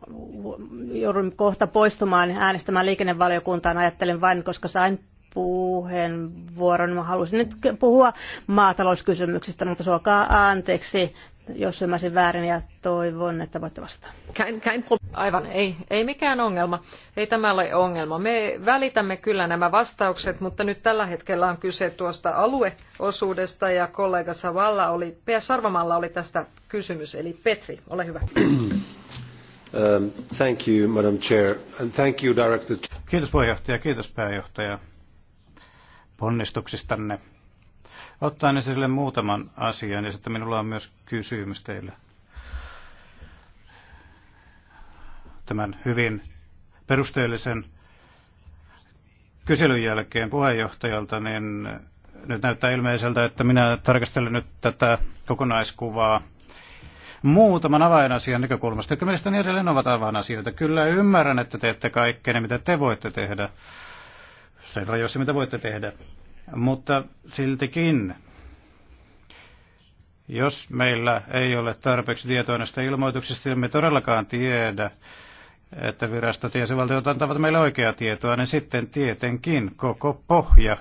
joudun kohta poistumaan äänestämään liikennevaliokuntaan, ajattelin vain, koska sain puheenvuoron. Niin mä halusin nyt puhua maatalouskysymyksistä, mutta suokaa anteeksi jos ymmärsin väärin ja toivon, että voitte vastata. Aivan, ei, ei mikään ongelma. Ei tämä ole ongelma. Me välitämme kyllä nämä vastaukset, mutta nyt tällä hetkellä on kyse tuosta alueosuudesta ja kollega Savalla oli, Pia Sarvamalla oli tästä kysymys, eli Petri, ole hyvä. Um, thank you, Madam Chair, and thank you, Director. Kiitos puheenjohtaja, kiitos pääjohtaja ponnistuksistanne Ottaen esille muutaman asian ja sitten minulla on myös kysymys teille. Tämän hyvin perusteellisen kyselyn jälkeen puheenjohtajalta, niin nyt näyttää ilmeiseltä, että minä tarkastelen nyt tätä kokonaiskuvaa muutaman avainasian näkökulmasta, jotka mielestäni edelleen ovat avainasioita. Kyllä ymmärrän, että teette kaikkea, mitä te voitte tehdä, sen rajoissa, mitä voitte tehdä. Mutta siltikin, jos meillä ei ole tarpeeksi tietoa näistä ilmoituksista, niin me todellakaan tiedä, että virastot ja jäsenvaltiot antavat meille oikeaa tietoa, niin sitten tietenkin koko pohja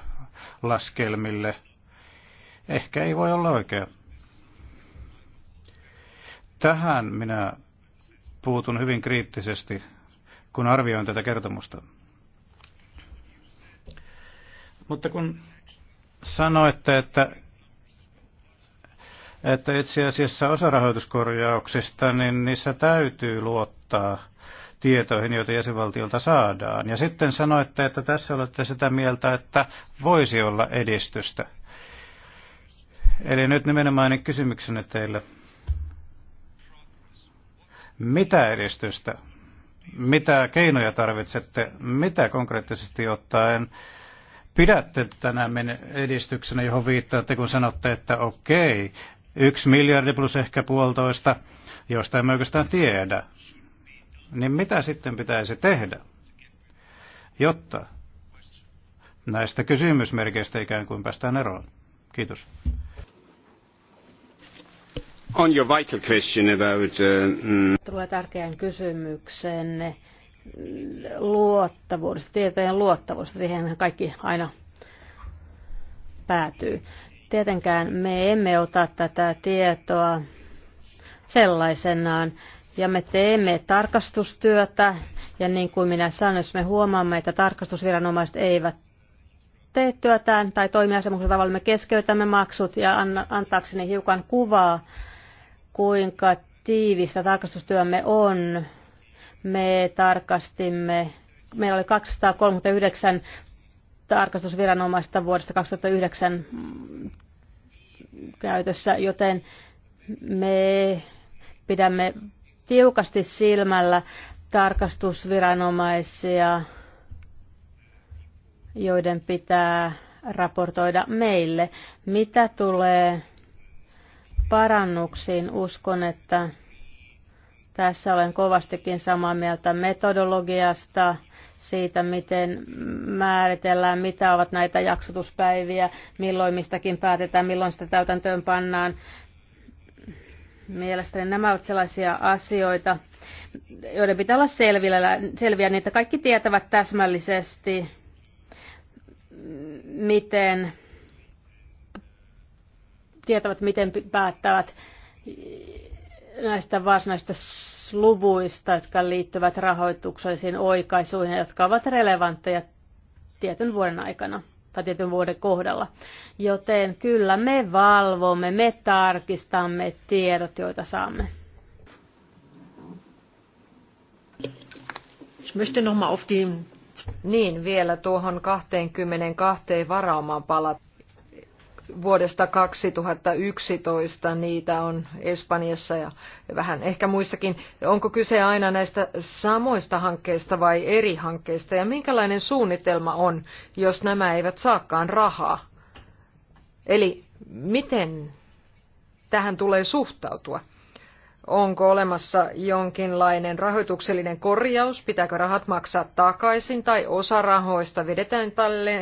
laskelmille ehkä ei voi olla oikea. Tähän minä puutun hyvin kriittisesti, kun arvioin tätä kertomusta. Mutta kun Sanoitte, että, että itse asiassa osarahoituskorjauksista, niin niissä täytyy luottaa tietoihin, joita jäsenvaltiolta saadaan. Ja sitten sanoitte, että tässä olette sitä mieltä, että voisi olla edistystä. Eli nyt nimenomainen niin kysymykseni teille. Mitä edistystä? Mitä keinoja tarvitsette? Mitä konkreettisesti ottaen pidätte tänään edistyksenä, johon viittaatte, kun sanotte, että okei, yksi miljardi plus ehkä puolitoista, josta emme oikeastaan tiedä, niin mitä sitten pitäisi tehdä, jotta näistä kysymysmerkeistä ikään kuin päästään eroon? Kiitos. On your vital question about, uh, mm. Tulee tärkeään kysymykseenne luottavuudesta, tietojen luottavuudesta. Siihen kaikki aina päätyy. Tietenkään me emme ota tätä tietoa sellaisenaan ja me teemme tarkastustyötä ja niin kuin minä sanoin, jos me huomaamme, että tarkastusviranomaiset eivät tee työtään tai toimia semmoisella tavalla, me keskeytämme maksut ja antaakseni hiukan kuvaa, kuinka tiivistä tarkastustyömme on me tarkastimme, meillä oli 239 tarkastusviranomaista vuodesta 2009 käytössä, joten me pidämme tiukasti silmällä tarkastusviranomaisia, joiden pitää raportoida meille. Mitä tulee parannuksiin, uskon, että tässä olen kovastikin samaa mieltä metodologiasta, siitä, miten määritellään, mitä ovat näitä jaksotuspäiviä, milloin mistäkin päätetään, milloin sitä täytäntöön pannaan. Mielestäni nämä ovat sellaisia asioita, joiden pitää olla selviä, selviä, niin että kaikki tietävät täsmällisesti, miten tietävät, miten päättävät näistä varsinaisista luvuista, jotka liittyvät rahoituksellisiin oikaisuihin, jotka ovat relevantteja tietyn vuoden aikana tai tietyn vuoden kohdalla. Joten kyllä me valvomme, me tarkistamme tiedot, joita saamme. Niin, vielä tuohon 22 varaumaan palata vuodesta 2011, niitä on Espanjassa ja vähän ehkä muissakin. Onko kyse aina näistä samoista hankkeista vai eri hankkeista ja minkälainen suunnitelma on, jos nämä eivät saakaan rahaa? Eli miten tähän tulee suhtautua? Onko olemassa jonkinlainen rahoituksellinen korjaus? Pitääkö rahat maksaa takaisin tai osa rahoista vedetään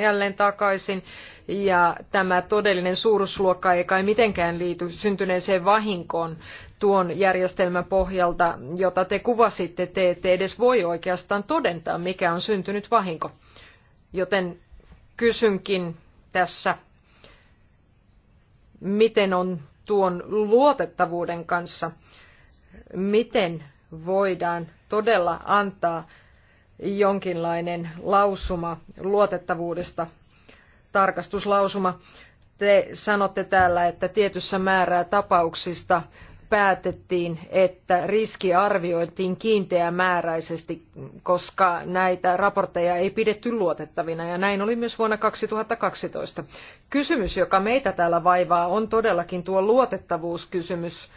jälleen takaisin? Ja tämä todellinen suuruusluokka ei kai mitenkään liity syntyneeseen vahinkoon tuon järjestelmän pohjalta, jota te kuvasitte. Te ette edes voi oikeastaan todentaa, mikä on syntynyt vahinko. Joten kysynkin tässä, miten on tuon luotettavuuden kanssa – miten voidaan todella antaa jonkinlainen lausuma luotettavuudesta, tarkastuslausuma. Te sanotte täällä, että tietyssä määrää tapauksista päätettiin, että riski arvioitiin kiinteämääräisesti, koska näitä raportteja ei pidetty luotettavina ja näin oli myös vuonna 2012. Kysymys, joka meitä täällä vaivaa, on todellakin tuo luotettavuuskysymys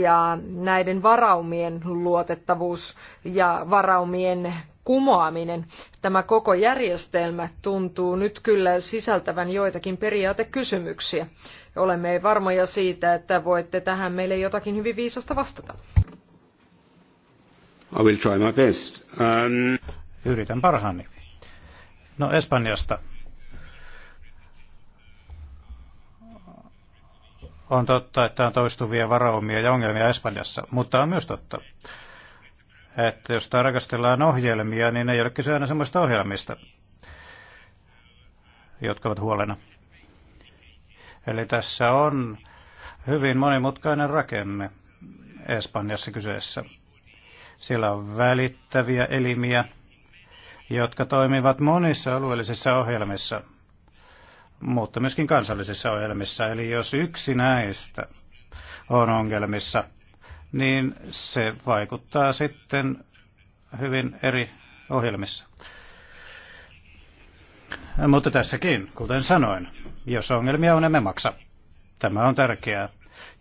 ja näiden varaumien luotettavuus ja varaumien kumoaminen. Tämä koko järjestelmä tuntuu nyt kyllä sisältävän joitakin periaatekysymyksiä. Olemme varmoja siitä, että voitte tähän meille jotakin hyvin viisasta vastata. I will try my best. Um... Yritän parhaani. No Espanjasta. On totta, että on toistuvia varaumia ja ongelmia Espanjassa, mutta on myös totta, että jos tarkastellaan ohjelmia, niin ei ole kyse aina sellaista ohjelmista, jotka ovat huolena. Eli tässä on hyvin monimutkainen rakenne Espanjassa kyseessä. Siellä on välittäviä elimiä, jotka toimivat monissa alueellisissa ohjelmissa – mutta myöskin kansallisissa ohjelmissa. Eli jos yksi näistä on ongelmissa, niin se vaikuttaa sitten hyvin eri ohjelmissa. Mutta tässäkin, kuten sanoin, jos ongelmia on, emme maksa. Tämä on tärkeää.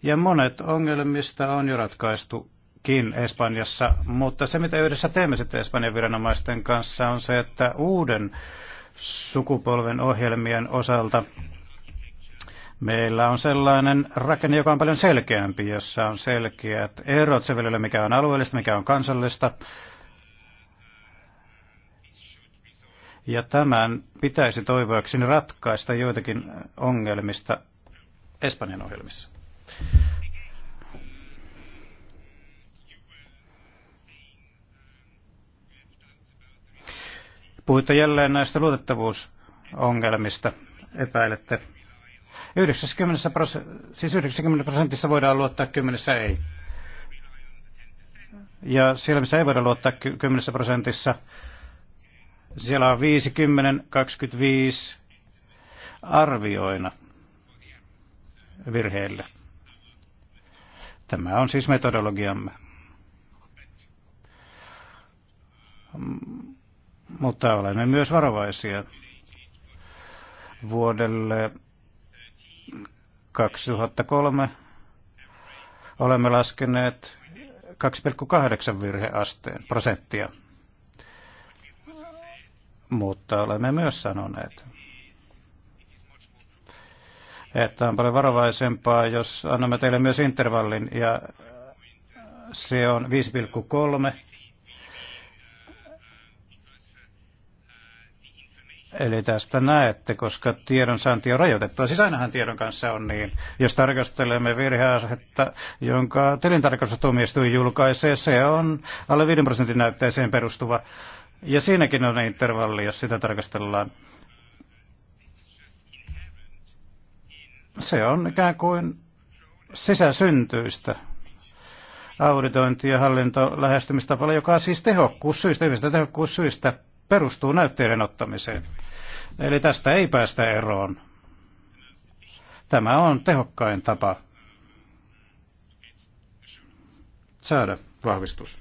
Ja monet ongelmista on jo ratkaistukin Espanjassa, mutta se mitä yhdessä teemme sitten Espanjan viranomaisten kanssa on se, että uuden sukupolven ohjelmien osalta meillä on sellainen rakenne, joka on paljon selkeämpi, jossa on selkeät erot se välillä, mikä on alueellista, mikä on kansallista. Ja tämän pitäisi toivoakseni ratkaista joitakin ongelmista Espanjan ohjelmissa. Puhuitte jälleen näistä luotettavuusongelmista, epäilette. 90 pros- siis 90 prosentissa voidaan luottaa, kymmenessä ei. Ja siellä, missä ei voida luottaa 10 prosentissa, siellä on 50, 25 arvioina virheille. Tämä on siis metodologiamme mutta olemme myös varovaisia vuodelle 2003 olemme laskeneet 2,8 virheasteen prosenttia. Mutta olemme myös sanoneet, että on paljon varovaisempaa, jos annamme teille myös intervallin, ja se on 5,3 Eli tästä näette, koska tiedonsaanti on rajoitettua. Siis ainahan tiedon kanssa on niin. Jos tarkastelemme virheasetta, jonka tilintarkastustuomioistuin julkaisee, se on alle 5 prosentin näytteeseen perustuva. Ja siinäkin on intervalli, jos sitä tarkastellaan. Se on ikään kuin sisäsyntyistä auditointi- ja hallintolähestymistapalla, joka on siis tehokkuussyistä, ihmisten tehokkuussyistä perustuu näytteiden ottamiseen. Eli tästä ei päästä eroon. Tämä on tehokkain tapa saada vahvistus.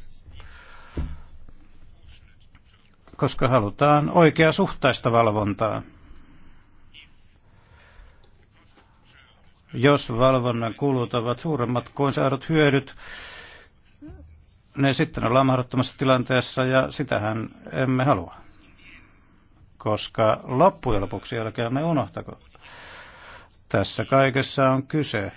Koska halutaan oikea suhtaista valvontaa. Jos valvonnan kulut ovat suuremmat kuin saadut hyödyt, niin sitten ollaan mahdottomassa tilanteessa ja sitähän emme halua. Koska loppujen lopuksi, me unohtako, tässä kaikessa on kyse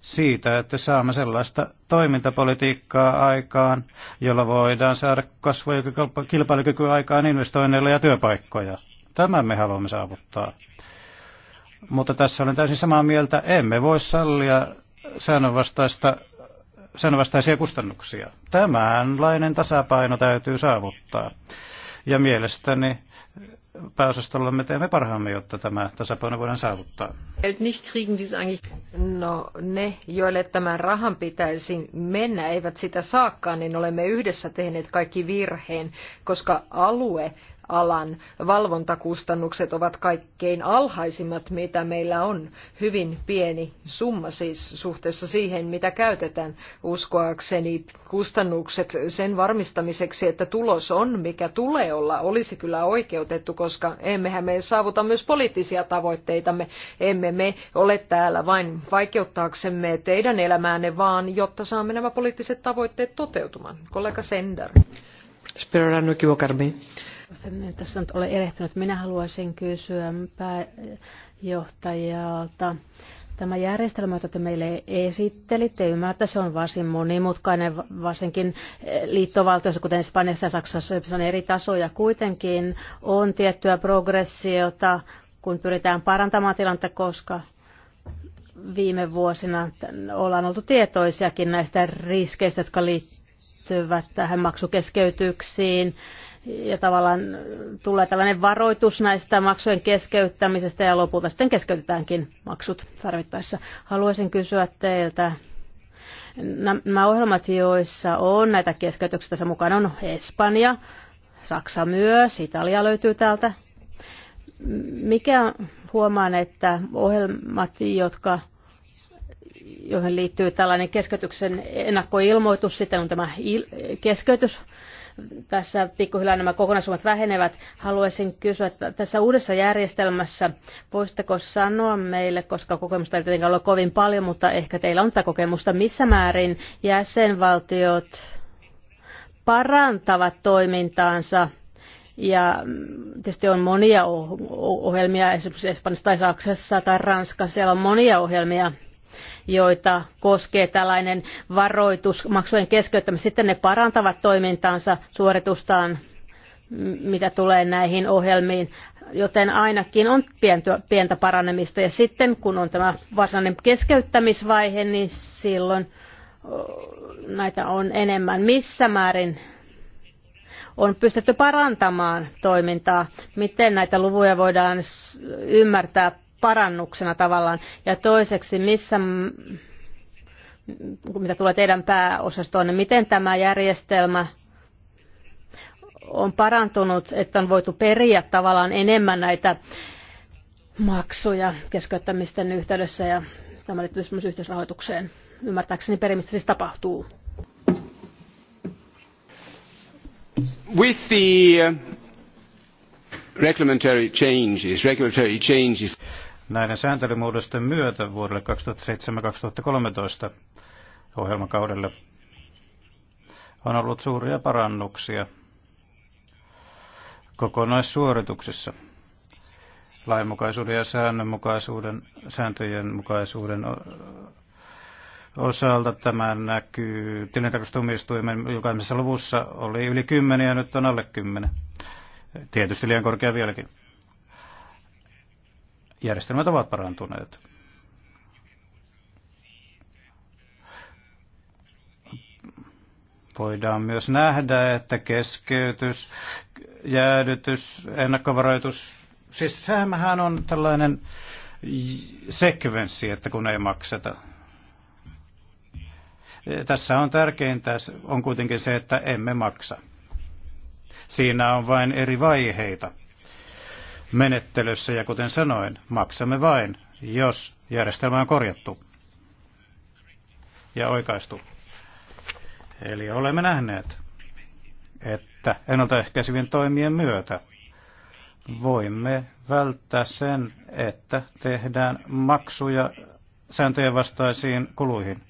siitä, että saamme sellaista toimintapolitiikkaa aikaan, jolla voidaan saada kasvua ja kilpailukykyä aikaan investoinneilla ja työpaikkoja. Tämän me haluamme saavuttaa. Mutta tässä olen täysin samaa mieltä, emme voi sallia säännönvastaista sen vastaisia kustannuksia. Tämänlainen tasapaino täytyy saavuttaa. Ja mielestäni pääosastolla me teemme parhaamme, jotta tämä tasapaino voidaan saavuttaa. No ne, joille tämän rahan pitäisi mennä, eivät sitä saakaan, niin olemme yhdessä tehneet kaikki virheen, koska alue alan valvontakustannukset ovat kaikkein alhaisimmat, mitä meillä on. Hyvin pieni summa siis suhteessa siihen, mitä käytetään uskoakseni. Kustannukset sen varmistamiseksi, että tulos on, mikä tulee olla, olisi kyllä oikeutettu, koska emmehän me saavuta myös poliittisia tavoitteitamme. Emme me ole täällä vain vaikeuttaaksemme teidän elämäänne, vaan jotta saamme nämä poliittiset tavoitteet toteutumaan. Kollega Sender. Espero no en tässä nyt ole erehtynyt. Minä haluaisin kysyä pääjohtajalta. Tämä järjestelmä, jota te meille esittelitte, ymmärrätte, se on varsin monimutkainen, varsinkin eh, liittovaltiossa, kuten Espanjassa ja Saksassa, se on eri tasoja. Kuitenkin on tiettyä progressiota, kun pyritään parantamaan tilannetta, koska viime vuosina ollaan oltu tietoisiakin näistä riskeistä, jotka liittyvät tähän maksukeskeytyksiin ja tavallaan tulee tällainen varoitus näistä maksujen keskeyttämisestä ja lopulta sitten keskeytetäänkin maksut tarvittaessa. Haluaisin kysyä teiltä, nämä ohjelmat, joissa on näitä keskeytyksiä tässä mukana, on Espanja, Saksa myös, Italia löytyy täältä. Mikä huomaan, että ohjelmat, jotka johon liittyy tällainen keskeytyksen ennakkoilmoitus, sitten on tämä keskeytys, tässä pikkuhiljaa nämä kokonaisuudet vähenevät. Haluaisin kysyä, että tässä uudessa järjestelmässä voisitteko sanoa meille, koska kokemusta ei tietenkään ole kovin paljon, mutta ehkä teillä on tätä kokemusta, missä määrin jäsenvaltiot parantavat toimintaansa ja tietysti on monia ohjelmia, esimerkiksi Espanjassa tai Saksassa tai Ranskassa, siellä on monia ohjelmia, joita koskee tällainen varoitus maksujen keskeyttämistä. Sitten ne parantavat toimintaansa, suoritustaan, mitä tulee näihin ohjelmiin, joten ainakin on pientä, pientä paranemista. Ja sitten kun on tämä varsinainen keskeyttämisvaihe, niin silloin näitä on enemmän. Missä määrin on pystytty parantamaan toimintaa? Miten näitä luvuja voidaan ymmärtää parannuksena tavallaan? Ja toiseksi, missä, mitä tulee teidän pääosastoon, niin miten tämä järjestelmä on parantunut, että on voitu periä tavallaan enemmän näitä maksuja keskeyttämisten yhteydessä ja tämä liittyy myös yhteisrahoitukseen. Ymmärtääkseni perimistä siis tapahtuu. With the uh, regulatory changes, regulatory changes näiden sääntelymuodosten myötä vuodelle 2007-2013 ohjelmakaudelle on ollut suuria parannuksia kokonaissuorituksissa lainmukaisuuden ja säännönmukaisuuden, sääntöjen mukaisuuden osalta. Tämä näkyy tilintarkastustuomioistuimen julkaisemisessa luvussa oli yli 10 ja nyt on alle 10. Tietysti liian korkea vieläkin järjestelmät ovat parantuneet. Voidaan myös nähdä, että keskeytys, jäädytys, ennakkovaroitus, siis sehän on tällainen sekvenssi, että kun ei makseta. Tässä on tärkeintä on kuitenkin se, että emme maksa. Siinä on vain eri vaiheita menettelyssä ja kuten sanoin, maksamme vain, jos järjestelmä on korjattu ja oikaistu. Eli olemme nähneet, että ennaltaehkäisevien toimien myötä voimme välttää sen, että tehdään maksuja sääntöjen vastaisiin kuluihin.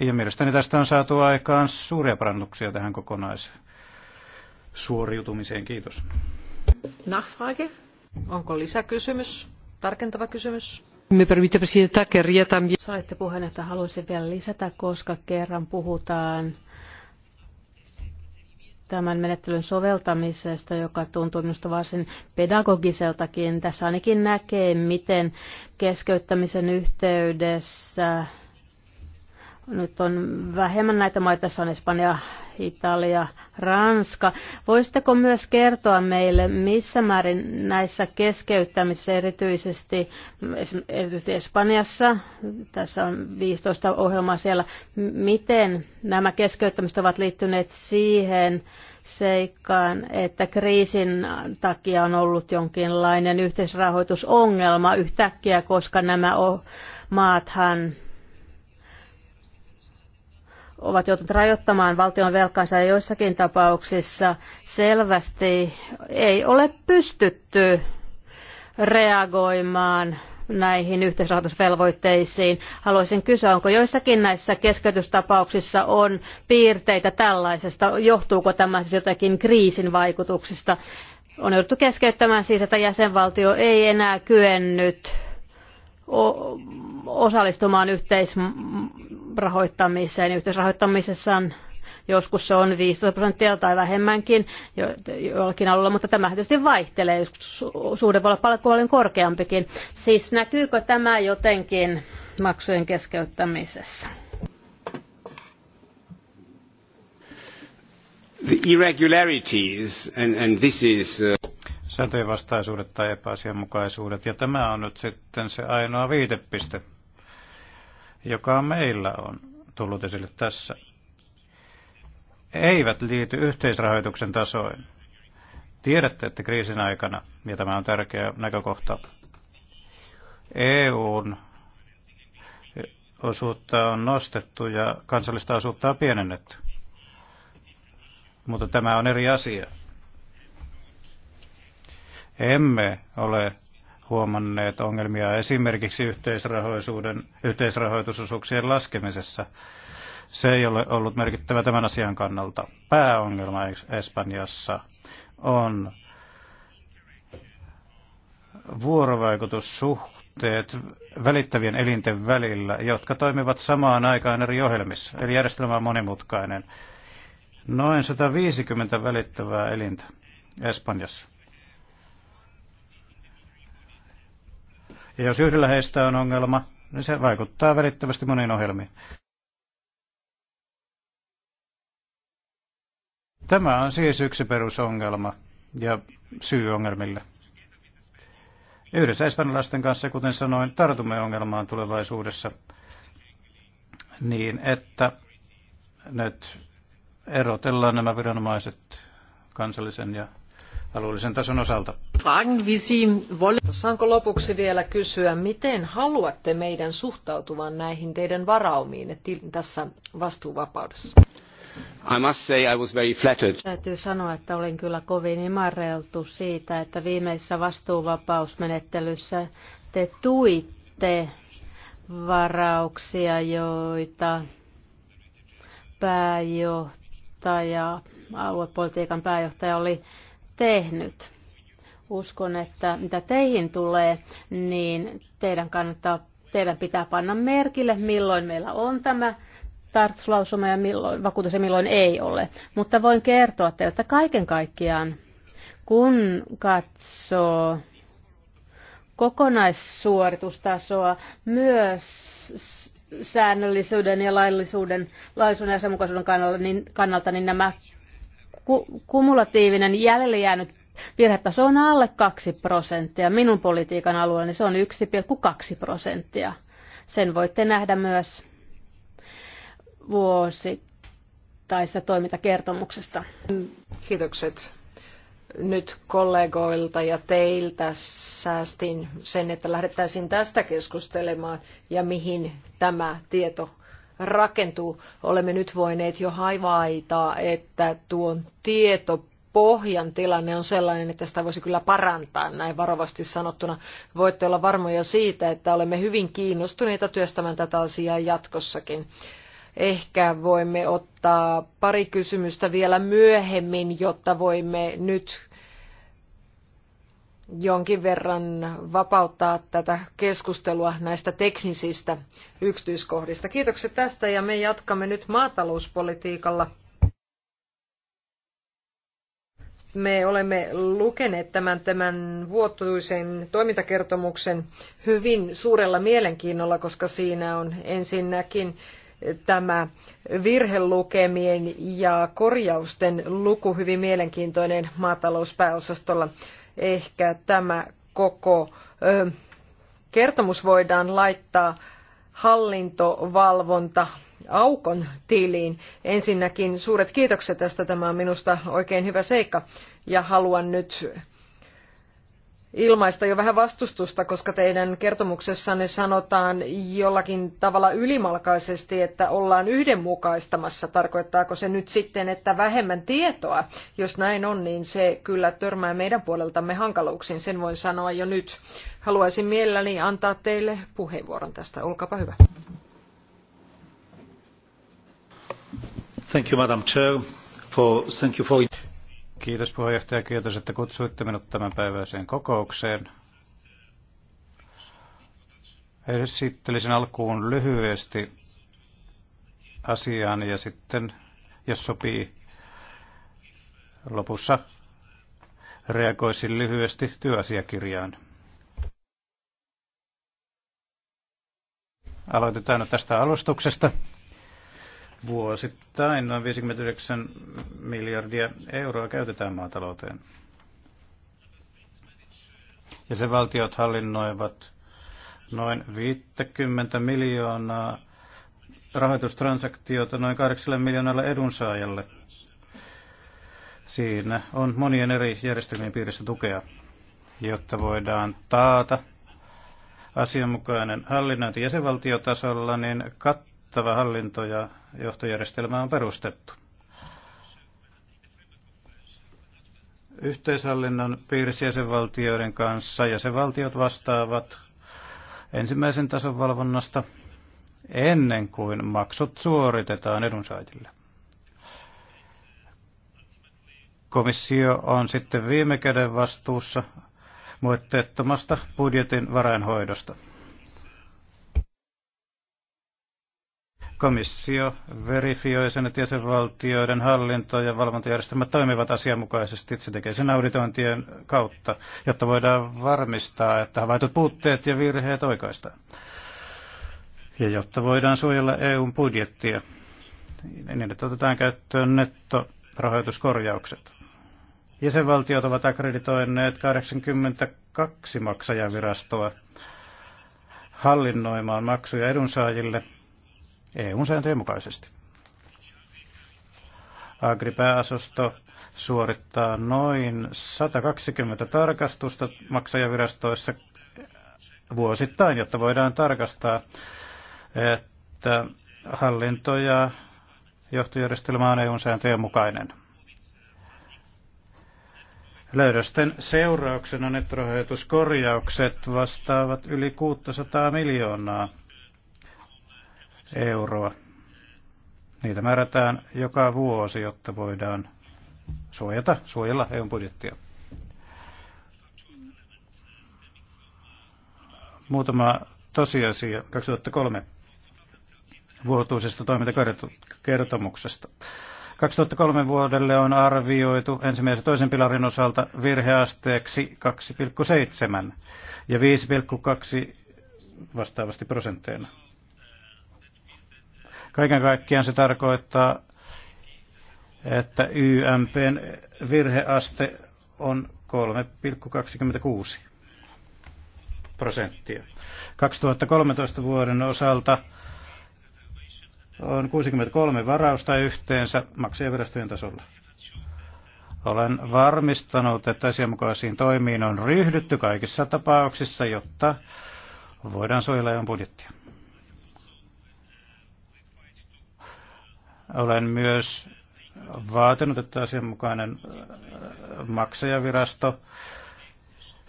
Ja mielestäni tästä on saatu aikaan suuria parannuksia tähän kokonaisuuteen suoriutumiseen. Kiitos. Nachfrage? Onko lisäkysymys? Tarkentava kysymys? Me permite presidenta, querría también... Saitte puheen, että haluaisin vielä lisätä, koska kerran puhutaan tämän menettelyn soveltamisesta, joka tuntuu minusta varsin pedagogiseltakin. Tässä ainakin näkee, miten keskeyttämisen yhteydessä nyt on vähemmän näitä maita, tässä on Espanja, Italia, Ranska. Voisitteko myös kertoa meille, missä määrin näissä keskeyttämisissä erityisesti, erityisesti Espanjassa, tässä on 15 ohjelmaa siellä, miten nämä keskeyttämiset ovat liittyneet siihen seikkaan, että kriisin takia on ollut jonkinlainen yhteisrahoitusongelma yhtäkkiä, koska nämä maathan ovat joutuneet rajoittamaan valtion velkansa ja joissakin tapauksissa selvästi ei ole pystytty reagoimaan näihin yhteisrahoitusvelvoitteisiin. Haluaisin kysyä, onko joissakin näissä keskeytystapauksissa on piirteitä tällaisesta, johtuuko tämä siis jotakin kriisin vaikutuksista? On jouduttu keskeyttämään siis, että jäsenvaltio ei enää kyennyt osallistumaan yhteisrahoittamiseen. Yhteisrahoittamisessaan joskus se on 15 prosenttia tai vähemmänkin jo, jollakin alueella, mutta tämä tietysti vaihtelee, joskus suhde voi olla paljon korkeampikin. Siis näkyykö tämä jotenkin maksujen keskeyttämisessä? The irregularities, and, and this is, uh sateenvastaisuudet tai epäasianmukaisuudet. Ja tämä on nyt sitten se ainoa viitepiste, joka meillä on tullut esille tässä. Eivät liity yhteisrahoituksen tasoin. Tiedätte, että kriisin aikana, ja tämä on tärkeä näkökohta, EUn osuutta on nostettu ja kansallista osuutta on pienennetty. Mutta tämä on eri asia emme ole huomanneet ongelmia esimerkiksi yhteisrahoisuuden, yhteisrahoitusosuuksien laskemisessa. Se ei ole ollut merkittävä tämän asian kannalta. Pääongelma Espanjassa on vuorovaikutussuhteet välittävien elinten välillä, jotka toimivat samaan aikaan eri ohjelmissa. Eli järjestelmä on monimutkainen. Noin 150 välittävää elintä Espanjassa. Ja jos yhdellä heistä on ongelma, niin se vaikuttaa välittävästi moniin ohjelmiin. Tämä on siis yksi perusongelma ja syy ongelmille. Yhdessä espanjalaisten kanssa, kuten sanoin, tartumme ongelmaan tulevaisuudessa niin, että nyt erotellaan nämä viranomaiset kansallisen ja alueellisen tason osalta. Saanko lopuksi vielä kysyä, miten haluatte meidän suhtautuvan näihin teidän varaumiinne tässä vastuuvapaudessa? I must say I was very flattered. Täytyy sanoa, että olin kyllä kovin imarreltu siitä, että viimeisessä vastuuvapausmenettelyssä te tuitte varauksia, joita pääjohtaja, aluepolitiikan pääjohtaja oli tehnyt Uskon, että mitä teihin tulee, niin teidän kannattaa teidän pitää panna merkille, milloin meillä on tämä tartslausuma ja milloin, vakuutus ja milloin ei ole. Mutta voin kertoa teille, että kaiken kaikkiaan, kun katsoo kokonaissuoritustasoa, myös säännöllisyyden ja laillisuuden, laillisuuden ja sen kannalta, niin, kannalta, niin nämä kumulatiivinen jäljellä jäänyt Virhetaso on alle 2 prosenttia. Minun politiikan alueellani se on 1,2 prosenttia. Sen voitte nähdä myös vuosittaista toimintakertomuksesta. Kiitokset nyt kollegoilta ja teiltä säästin sen, että lähdettäisiin tästä keskustelemaan ja mihin tämä tieto rakentuu. Olemme nyt voineet jo haivaita, että tuon tieto pohjan tilanne on sellainen, että sitä voisi kyllä parantaa näin varovasti sanottuna. Voitte olla varmoja siitä, että olemme hyvin kiinnostuneita työstämään tätä asiaa jatkossakin. Ehkä voimme ottaa pari kysymystä vielä myöhemmin, jotta voimme nyt jonkin verran vapauttaa tätä keskustelua näistä teknisistä yksityiskohdista. Kiitokset tästä ja me jatkamme nyt maatalouspolitiikalla me olemme lukeneet tämän, tämän vuotuisen toimintakertomuksen hyvin suurella mielenkiinnolla, koska siinä on ensinnäkin tämä virhelukemien ja korjausten luku hyvin mielenkiintoinen maatalouspääosastolla. Ehkä tämä koko kertomus voidaan laittaa hallintovalvonta aukon tiliin. Ensinnäkin suuret kiitokset tästä. Tämä on minusta oikein hyvä seikka ja haluan nyt ilmaista jo vähän vastustusta, koska teidän kertomuksessanne sanotaan jollakin tavalla ylimalkaisesti, että ollaan yhdenmukaistamassa. Tarkoittaako se nyt sitten, että vähemmän tietoa? Jos näin on, niin se kyllä törmää meidän puoleltamme hankaluuksiin, sen voin sanoa jo nyt. Haluaisin mielelläni antaa teille puheenvuoron tästä. Olkaapa hyvä. Thank you, Madam Chair. For, thank you for... Kiitos puheenjohtaja, kiitos, että kutsuitte minut tämän päiväiseen kokoukseen. Esittelisin alkuun lyhyesti asiaan ja sitten, jos sopii, lopussa reagoisin lyhyesti työasiakirjaan. Aloitetaan nyt tästä alustuksesta. Vuosittain noin 59 miljardia euroa käytetään maatalouteen. Ja se valtiot hallinnoivat noin 50 miljoonaa rahoitustransaktiota noin 8 miljoonalla edunsaajalle. Siinä on monien eri järjestelmien piirissä tukea, jotta voidaan taata asianmukainen hallinnointi jäsenvaltiotasolla, niin kat- kattava hallinto- ja johtojärjestelmä on perustettu. Yhteishallinnon piirissä jäsenvaltioiden kanssa jäsenvaltiot vastaavat ensimmäisen tason valvonnasta ennen kuin maksut suoritetaan edunsaajille. Komissio on sitten viime käden vastuussa moitteettomasta budjetin varainhoidosta. Komissio verifioi sen, että jäsenvaltioiden hallinto- ja valvontajärjestelmät toimivat asianmukaisesti. Se tekee sen auditointien kautta, jotta voidaan varmistaa, että havaitut puutteet ja virheet oikaistaan. Ja jotta voidaan suojella EUn budjettia, niin että otetaan käyttöön nettorahoituskorjaukset. Jäsenvaltiot ovat akkreditoineet 82 maksajavirastoa hallinnoimaan maksuja edunsaajille – EU-sääntöjen mukaisesti. Agripääasosto suorittaa noin 120 tarkastusta maksajavirastoissa vuosittain, jotta voidaan tarkastaa, että hallinto ja johtojärjestelmä on EU-sääntöjen mukainen. Löydösten seurauksena nettorahoituskorjaukset vastaavat yli 600 miljoonaa euroa. Niitä määrätään joka vuosi, jotta voidaan suojata, suojella EUn budjettia. Muutama tosiasia 2003 vuotuisesta toimintakertomuksesta. 2003 vuodelle on arvioitu ensimmäisen toisen pilarin osalta virheasteeksi 2,7 ja 5,2 vastaavasti prosentteina. Kaiken kaikkiaan se tarkoittaa, että YMPn virheaste on 3,26 prosenttia. 2013 vuoden osalta on 63 varausta yhteensä maksajavirastojen tasolla. Olen varmistanut, että asianmukaisiin toimiin on ryhdytty kaikissa tapauksissa, jotta voidaan suojella EUn budjettia. Olen myös vaatinut, että asianmukainen äh, maksajavirasto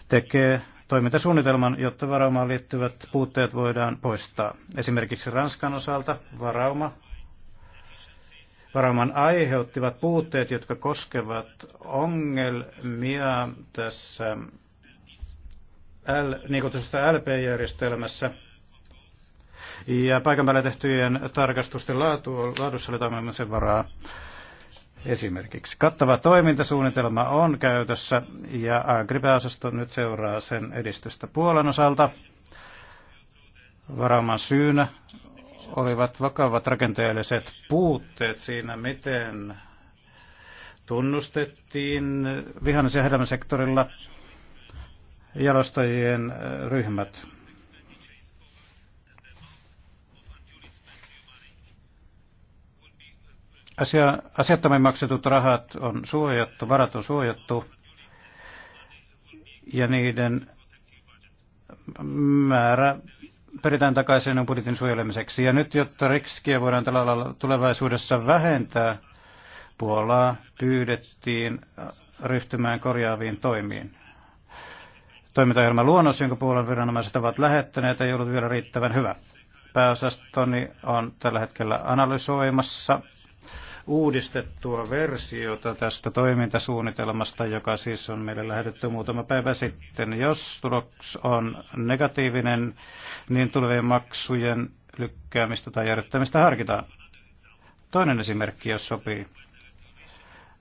tekee toimintasuunnitelman, jotta varaumaan liittyvät puutteet voidaan poistaa. Esimerkiksi Ranskan osalta varauma, varauman aiheuttivat puutteet, jotka koskevat ongelmia tässä L, niin tässä LP-järjestelmässä, ja paikan päällä tehtyjen tarkastusten laatu, laadussa oli toimimisen varaa esimerkiksi. Kattava toimintasuunnitelma on käytössä ja Agribe-osasto nyt seuraa sen edistystä Puolan osalta. Varaaman syynä olivat vakavat rakenteelliset puutteet siinä, miten tunnustettiin vihannes- ja hedelmäsektorilla jalostajien ryhmät. Asia, asiattamme maksetut rahat on suojattu, varat on suojattu ja niiden määrä peritään takaisin budjetin suojelemiseksi. Ja nyt, jotta riskiä voidaan tällä alalla tulevaisuudessa vähentää, Puolaa pyydettiin ryhtymään korjaaviin toimiin. Toimintaohjelman luonnos, jonka Puolan viranomaiset ovat lähettäneet, ei ollut vielä riittävän hyvä. Pääosastoni on tällä hetkellä analysoimassa uudistettua versiota tästä toimintasuunnitelmasta, joka siis on meille lähetetty muutama päivä sitten. Jos tuloks on negatiivinen, niin tulevien maksujen lykkäämistä tai järjettämistä harkitaan. Toinen esimerkki, jos sopii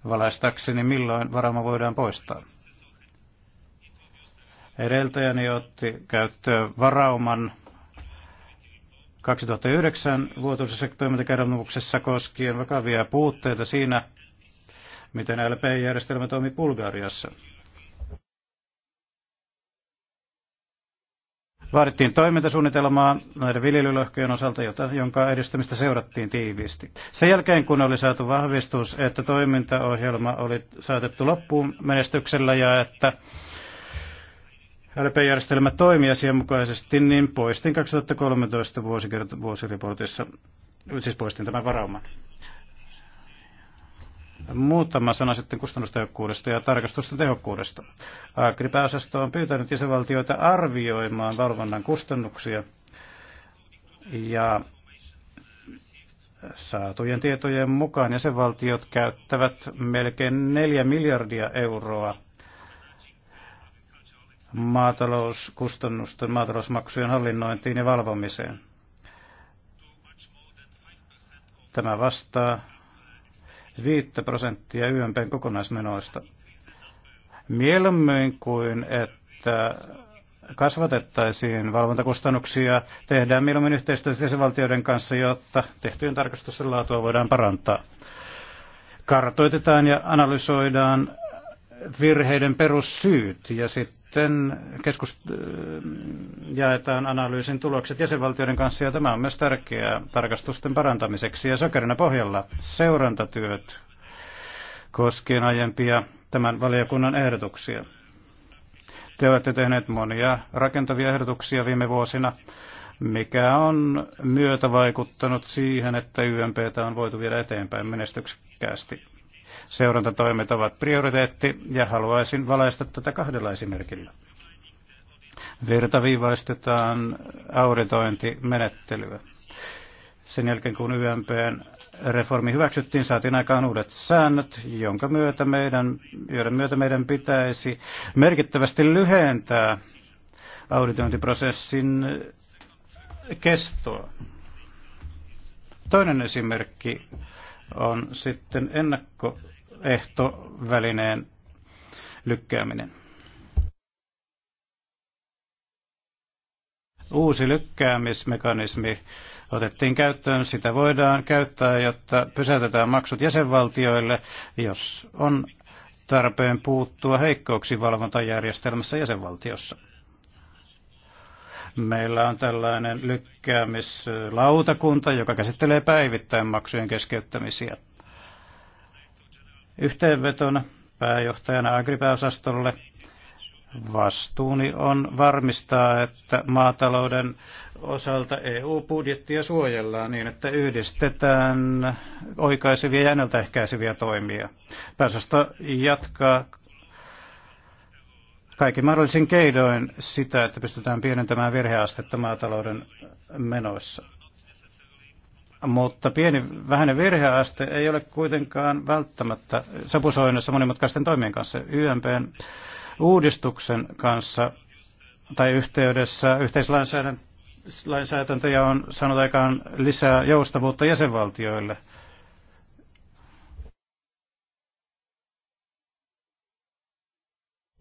valaistakseni, milloin varauma voidaan poistaa. Edeltäjäni otti käyttöön varauman 2009 vuotuisessa toimintakertomuksessa koskien vakavia puutteita siinä, miten LP-järjestelmä toimi Bulgariassa. Vaadittiin toimintasuunnitelmaa näiden viljelylohkojen osalta, jota, jonka edistämistä seurattiin tiiviisti. Sen jälkeen, kun oli saatu vahvistus, että toimintaohjelma oli saatettu loppuun menestyksellä ja että LP-järjestelmä toimii asianmukaisesti, niin poistin 2013 vuosikert- vuosiriportissa, siis poistin tämän varauman. Muutama sana sitten kustannustehokkuudesta ja tarkastusten tehokkuudesta. Agripääosasto on pyytänyt isävaltioita arvioimaan valvonnan kustannuksia ja saatujen tietojen mukaan jäsenvaltiot käyttävät melkein 4 miljardia euroa maatalouskustannusten, maatalousmaksujen hallinnointiin ja valvomiseen. Tämä vastaa 5 prosenttia YMPn kokonaismenoista. Mieluummin kuin että kasvatettaisiin valvontakustannuksia, tehdään mieluummin yhteistyötä jäsenvaltioiden kanssa, jotta tehtyjen tarkastusten laatua voidaan parantaa. Kartoitetaan ja analysoidaan virheiden perussyyt ja sitten keskus äh, jaetaan analyysin tulokset jäsenvaltioiden kanssa ja tämä on myös tärkeää tarkastusten parantamiseksi ja sokerina pohjalla seurantatyöt koskien aiempia tämän valiokunnan ehdotuksia. Te olette tehneet monia rakentavia ehdotuksia viime vuosina, mikä on myötä vaikuttanut siihen, että YMPtä on voitu viedä eteenpäin menestyksekkäästi. Seurantatoimet ovat prioriteetti ja haluaisin valaista tätä kahdella esimerkillä. Virtaviivaistetaan auditointimenettelyä. Sen jälkeen kun YMPn reformi hyväksyttiin, saatiin aikaan uudet säännöt, jonka myötä meidän, joiden myötä meidän pitäisi merkittävästi lyhentää auditointiprosessin kestoa. Toinen esimerkki on sitten ennakkoehtovälineen lykkääminen. Uusi lykkäämismekanismi otettiin käyttöön. Sitä voidaan käyttää, jotta pysäytetään maksut jäsenvaltioille, jos on tarpeen puuttua heikkouksiin valvontajärjestelmässä jäsenvaltiossa. Meillä on tällainen lykkäämislautakunta, joka käsittelee päivittäin maksujen keskeyttämisiä. Yhteenvetona pääjohtajana Agribe-osastolle vastuuni on varmistaa, että maatalouden osalta EU-budjettia suojellaan niin, että yhdistetään oikaisevia ja ennaltaehkäiseviä toimia. Pääosasto jatkaa kaikin mahdollisin keidoin sitä, että pystytään pienentämään virheastetta maatalouden menoissa. Mutta pieni vähäinen virheaste ei ole kuitenkaan välttämättä sopusoinnussa monimutkaisten toimien kanssa. YMPn uudistuksen kanssa tai yhteydessä yhteislainsäädäntöjä on saanut aikaan lisää joustavuutta jäsenvaltioille –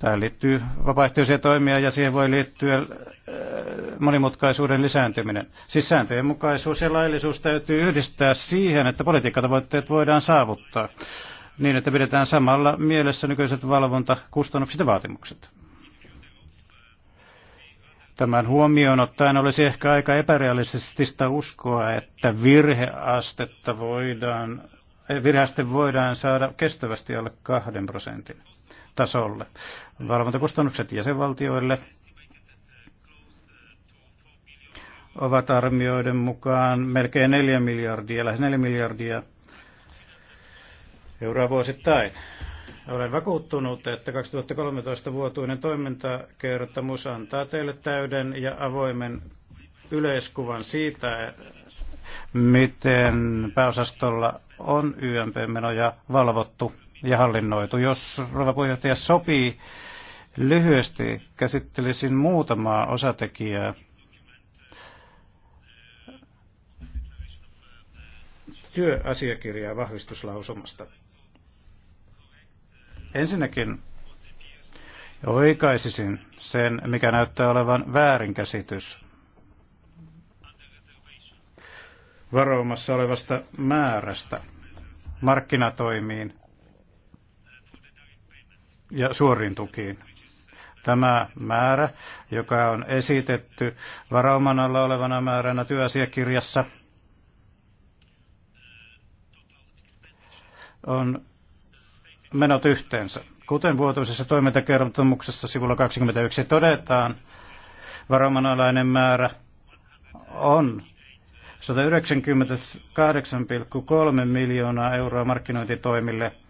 Tähän liittyy vapaaehtoisia toimia ja siihen voi liittyä äh, monimutkaisuuden lisääntyminen. Siis sääntöjen mukaisuus ja laillisuus täytyy yhdistää siihen, että politiikkatavoitteet voidaan saavuttaa niin, että pidetään samalla mielessä nykyiset valvonta, ja vaatimukset. Tämän huomioon ottaen olisi ehkä aika epärealistista uskoa, että virheastetta voidaan, eh, virheaste voidaan saada kestävästi alle kahden prosentin tasolle. Valvontakustannukset jäsenvaltioille ovat arvioiden mukaan melkein 4 miljardia, lähes 4 miljardia euroa vuosittain. Olen vakuuttunut, että 2013 vuotuinen toimintakertomus antaa teille täyden ja avoimen yleiskuvan siitä, miten pääosastolla on YMP-menoja valvottu ja hallinnoitu. Jos rouva puheenjohtaja sopii, lyhyesti käsittelisin muutamaa osatekijää. Työasiakirjaa vahvistuslausumasta. Ensinnäkin oikaisisin sen, mikä näyttää olevan väärinkäsitys varoimassa olevasta määrästä markkinatoimiin ja suoriin tukiin. Tämä määrä, joka on esitetty varauman alla olevana määränä työasiakirjassa, on menot yhteensä. Kuten vuotuisessa toimintakertomuksessa sivulla 21 todetaan, varomanalainen määrä on 198,3 miljoonaa euroa markkinointitoimille –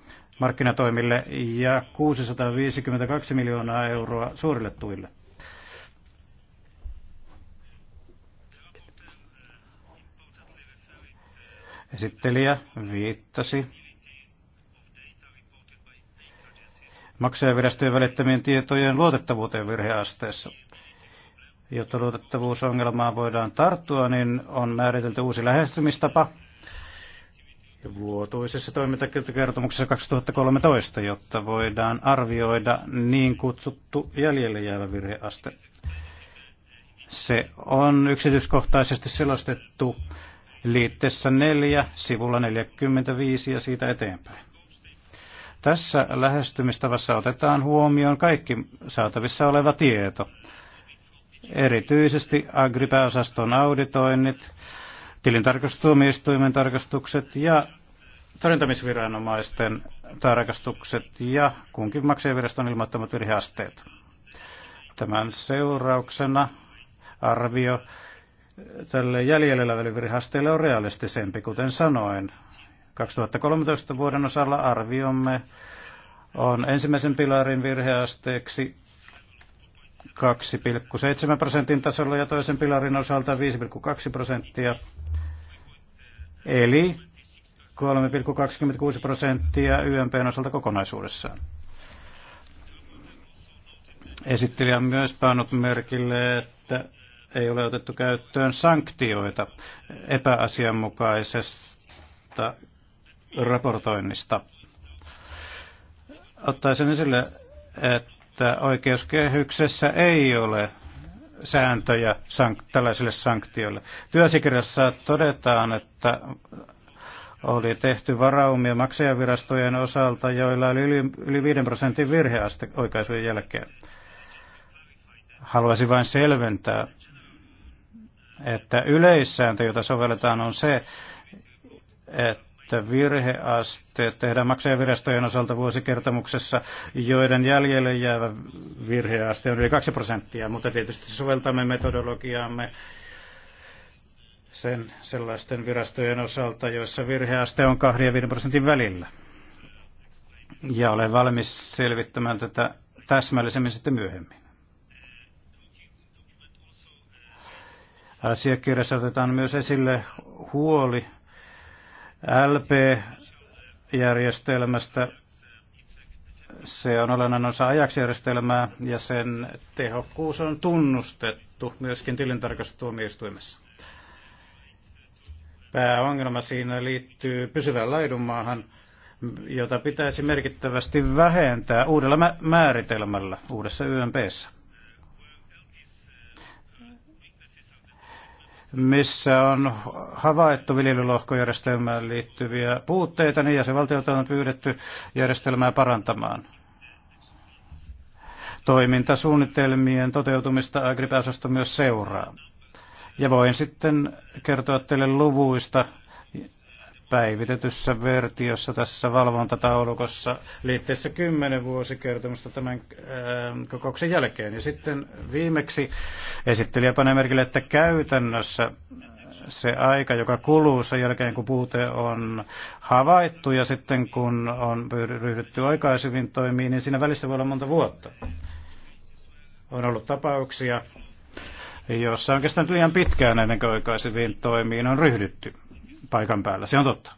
markkinatoimille ja 652 miljoonaa euroa suurille tuille. Esittelijä viittasi maksajavirastojen välittämien tietojen luotettavuuteen virheasteessa. Jotta luotettavuusongelmaa voidaan tarttua, niin on määritelty uusi lähestymistapa – vuotuisessa toimintakertomuksessa 2013, jotta voidaan arvioida niin kutsuttu jäljelle jäävä virheaste. Se on yksityiskohtaisesti selostettu liitteessä 4, sivulla 45 ja siitä eteenpäin. Tässä lähestymistavassa otetaan huomioon kaikki saatavissa oleva tieto, erityisesti agripääosaston auditoinnit, tilintarkastustuomioistuimen tarkastukset ja todentamisviranomaisten tarkastukset ja kunkin maksajaviraston ilmoittamat virheasteet. Tämän seurauksena arvio tälle jäljellä oleville virheasteille on realistisempi, kuten sanoin. 2013 vuoden osalla arviomme on ensimmäisen pilarin virheasteeksi 2,7 prosentin tasolla ja toisen pilarin osalta 5,2 prosenttia eli 3,26 prosenttia YMPn osalta kokonaisuudessaan. Esittelijä on myös pannut merkille, että ei ole otettu käyttöön sanktioita epäasianmukaisesta raportoinnista. Ottaisin esille, että oikeuskehyksessä ei ole sääntöjä sank- tällaisille sanktioille. Työsikirjassa todetaan, että oli tehty varaumia maksajavirastojen osalta, joilla oli yli, yli 5 prosentin virheaste oikaisujen jälkeen. Haluaisin vain selventää, että yleissääntö, jota sovelletaan, on se, että että virheasteet tehdään maksajavirastojen osalta vuosikertomuksessa, joiden jäljelle jäävä virheaste on yli 2 prosenttia, mutta tietysti soveltamme metodologiaamme sen sellaisten virastojen osalta, joissa virheaste on 2 ja 5 prosentin välillä. Ja olen valmis selvittämään tätä täsmällisemmin sitten myöhemmin. Asiakirjassa otetaan myös esille huoli LP-järjestelmästä. Se on olennainen osa ajaksijärjestelmää ja sen tehokkuus on tunnustettu myöskin tilintarkastustuomioistuimessa. Pääongelma siinä liittyy pysyvään laidunmaahan, jota pitäisi merkittävästi vähentää uudella määritelmällä uudessa YMPssä. missä on havaittu viljelylohkojärjestelmään liittyviä puutteita, niin jäsenvaltiota on pyydetty järjestelmää parantamaan. Toimintasuunnitelmien toteutumista Agripääosasto myös seuraa. Ja voin sitten kertoa teille luvuista päivitetyssä vertiossa tässä valvontataulukossa liitteessä 10 vuosikertomusta tämän ää, ähm, kokouksen jälkeen. Ja sitten viimeksi esittelijä panee merkille, että käytännössä se aika, joka kuluu sen jälkeen, kun puute on havaittu ja sitten kun on ryhdytty aikaisemmin toimiin, niin siinä välissä voi olla monta vuotta. On ollut tapauksia, jossa on kestänyt liian pitkään ennen kuin aikaisemmin toimiin on ryhdytty paikan päällä, se on totta.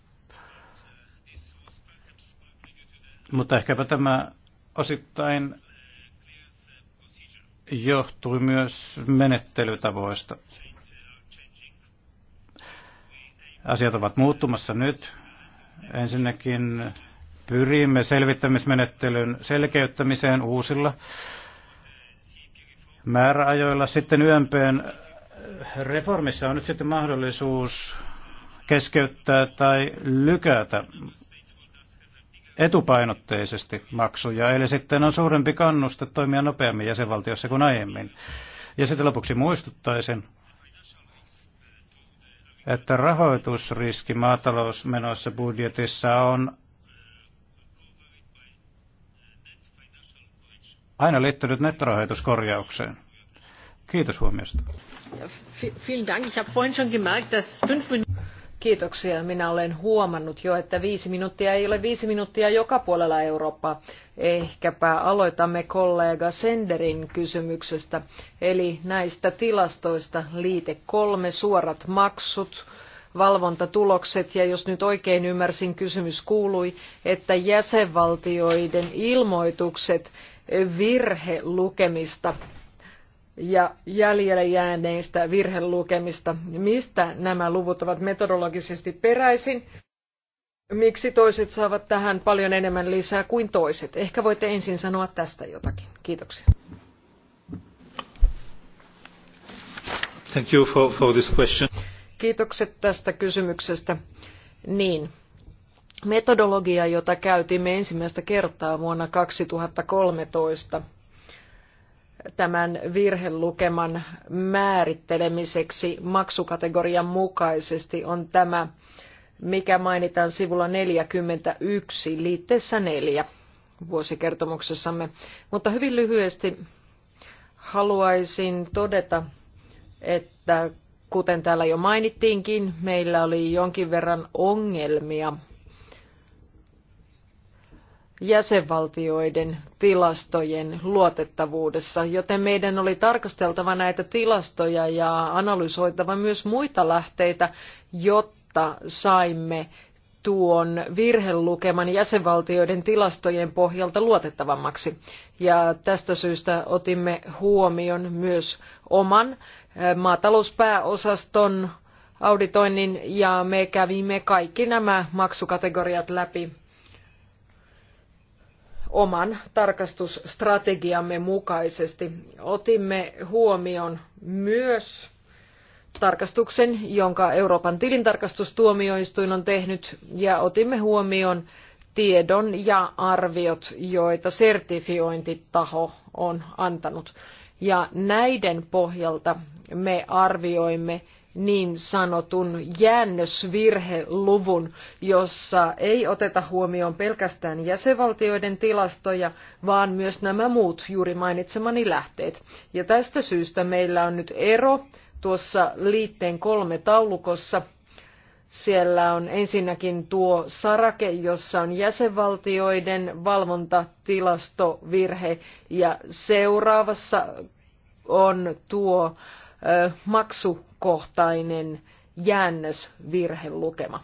Mutta ehkäpä tämä osittain johtui myös menettelytavoista. Asiat ovat muuttumassa nyt. Ensinnäkin pyrimme selvittämismenettelyn selkeyttämiseen uusilla määräajoilla. Sitten YMPn reformissa on nyt sitten mahdollisuus keskeyttää tai lykätä etupainotteisesti maksuja, eli sitten on suurempi kannuste toimia nopeammin jäsenvaltiossa kuin aiemmin. Ja sitten lopuksi muistuttaisin, että rahoitusriski maatalousmenoissa budjetissa on aina liittynyt nettorahoituskorjaukseen. Kiitos huomiosta. Vielen Dank. Ich habe vorhin schon gemerkt, dass fünf Minuten Kiitoksia. Minä olen huomannut jo, että viisi minuuttia ei ole viisi minuuttia joka puolella Eurooppaa. Ehkäpä aloitamme kollega Senderin kysymyksestä, eli näistä tilastoista liite kolme, suorat maksut, valvontatulokset, ja jos nyt oikein ymmärsin, kysymys kuului, että jäsenvaltioiden ilmoitukset virhelukemista ja jäljelle jääneistä virhelukemista. Mistä nämä luvut ovat metodologisesti peräisin? Miksi toiset saavat tähän paljon enemmän lisää kuin toiset? Ehkä voitte ensin sanoa tästä jotakin. Kiitoksia. Thank you for, for this question. Kiitokset tästä kysymyksestä. Niin, metodologia, jota käytimme ensimmäistä kertaa vuonna 2013, tämän virhelukeman määrittelemiseksi maksukategorian mukaisesti on tämä, mikä mainitaan sivulla 41 liitteessä 4 vuosikertomuksessamme. Mutta hyvin lyhyesti haluaisin todeta, että kuten täällä jo mainittiinkin, meillä oli jonkin verran ongelmia jäsenvaltioiden tilastojen luotettavuudessa, joten meidän oli tarkasteltava näitä tilastoja ja analysoitava myös muita lähteitä, jotta saimme tuon virhelukeman jäsenvaltioiden tilastojen pohjalta luotettavammaksi. Ja tästä syystä otimme huomioon myös oman eh, maatalouspääosaston auditoinnin ja me kävimme kaikki nämä maksukategoriat läpi oman tarkastusstrategiamme mukaisesti. Otimme huomioon myös tarkastuksen, jonka Euroopan tilintarkastustuomioistuin on tehnyt, ja otimme huomioon tiedon ja arviot, joita sertifiointitaho on antanut. Ja näiden pohjalta me arvioimme niin sanotun jäännösvirheluvun, jossa ei oteta huomioon pelkästään jäsenvaltioiden tilastoja, vaan myös nämä muut juuri mainitsemani lähteet. Ja tästä syystä meillä on nyt ero tuossa liitteen kolme taulukossa. Siellä on ensinnäkin tuo sarake, jossa on jäsenvaltioiden valvontatilastovirhe ja seuraavassa on tuo maksu kohtainen jäännösvirhelukema.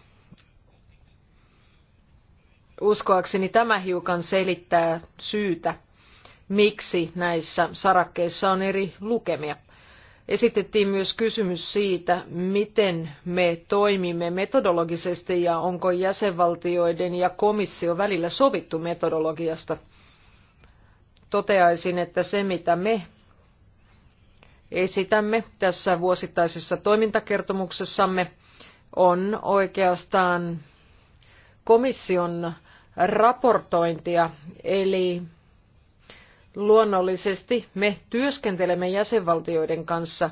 Uskoakseni tämä hiukan selittää syytä, miksi näissä sarakkeissa on eri lukemia. Esitettiin myös kysymys siitä, miten me toimimme metodologisesti ja onko jäsenvaltioiden ja komission välillä sovittu metodologiasta. Toteaisin, että se mitä me esitämme tässä vuosittaisessa toimintakertomuksessamme, on oikeastaan komission raportointia, eli luonnollisesti me työskentelemme jäsenvaltioiden kanssa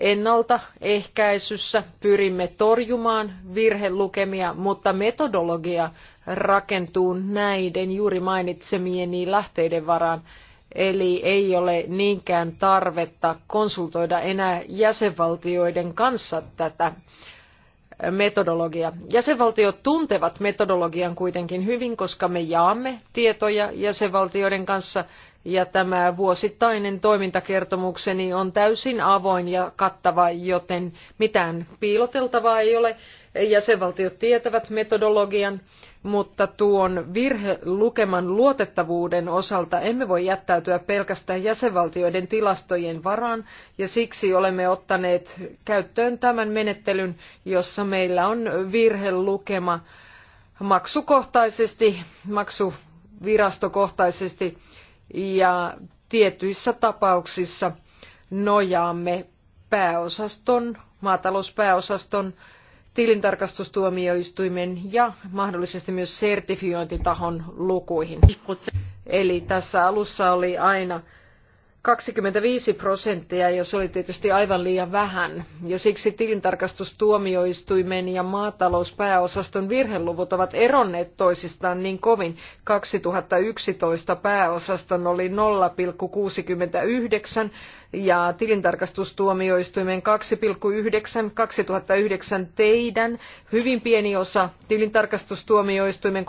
ennaltaehkäisyssä, pyrimme torjumaan virhelukemia, mutta metodologia rakentuu näiden juuri mainitsemieni lähteiden varaan. Eli ei ole niinkään tarvetta konsultoida enää jäsenvaltioiden kanssa tätä metodologia. Jäsenvaltiot tuntevat metodologian kuitenkin hyvin, koska me jaamme tietoja jäsenvaltioiden kanssa ja tämä vuosittainen toimintakertomukseni on täysin avoin ja kattava, joten mitään piiloteltavaa ei ole. Jäsenvaltiot tietävät metodologian, mutta tuon virhelukeman luotettavuuden osalta emme voi jättäytyä pelkästään jäsenvaltioiden tilastojen varaan, ja siksi olemme ottaneet käyttöön tämän menettelyn, jossa meillä on virhelukema maksukohtaisesti, maksuvirastokohtaisesti, ja tietyissä tapauksissa nojaamme pääosaston, maatalouspääosaston tilintarkastustuomioistuimen ja mahdollisesti myös sertifiointitahon lukuihin. Eli tässä alussa oli aina 25 prosenttia ja se oli tietysti aivan liian vähän. Ja siksi tilintarkastustuomioistuimen ja maatalouspääosaston virheluvut ovat eronneet toisistaan niin kovin. 2011 pääosaston oli 0,69 ja tilintarkastustuomioistuimen 2,9 2009 teidän, hyvin pieni osa tilintarkastustuomioistuimen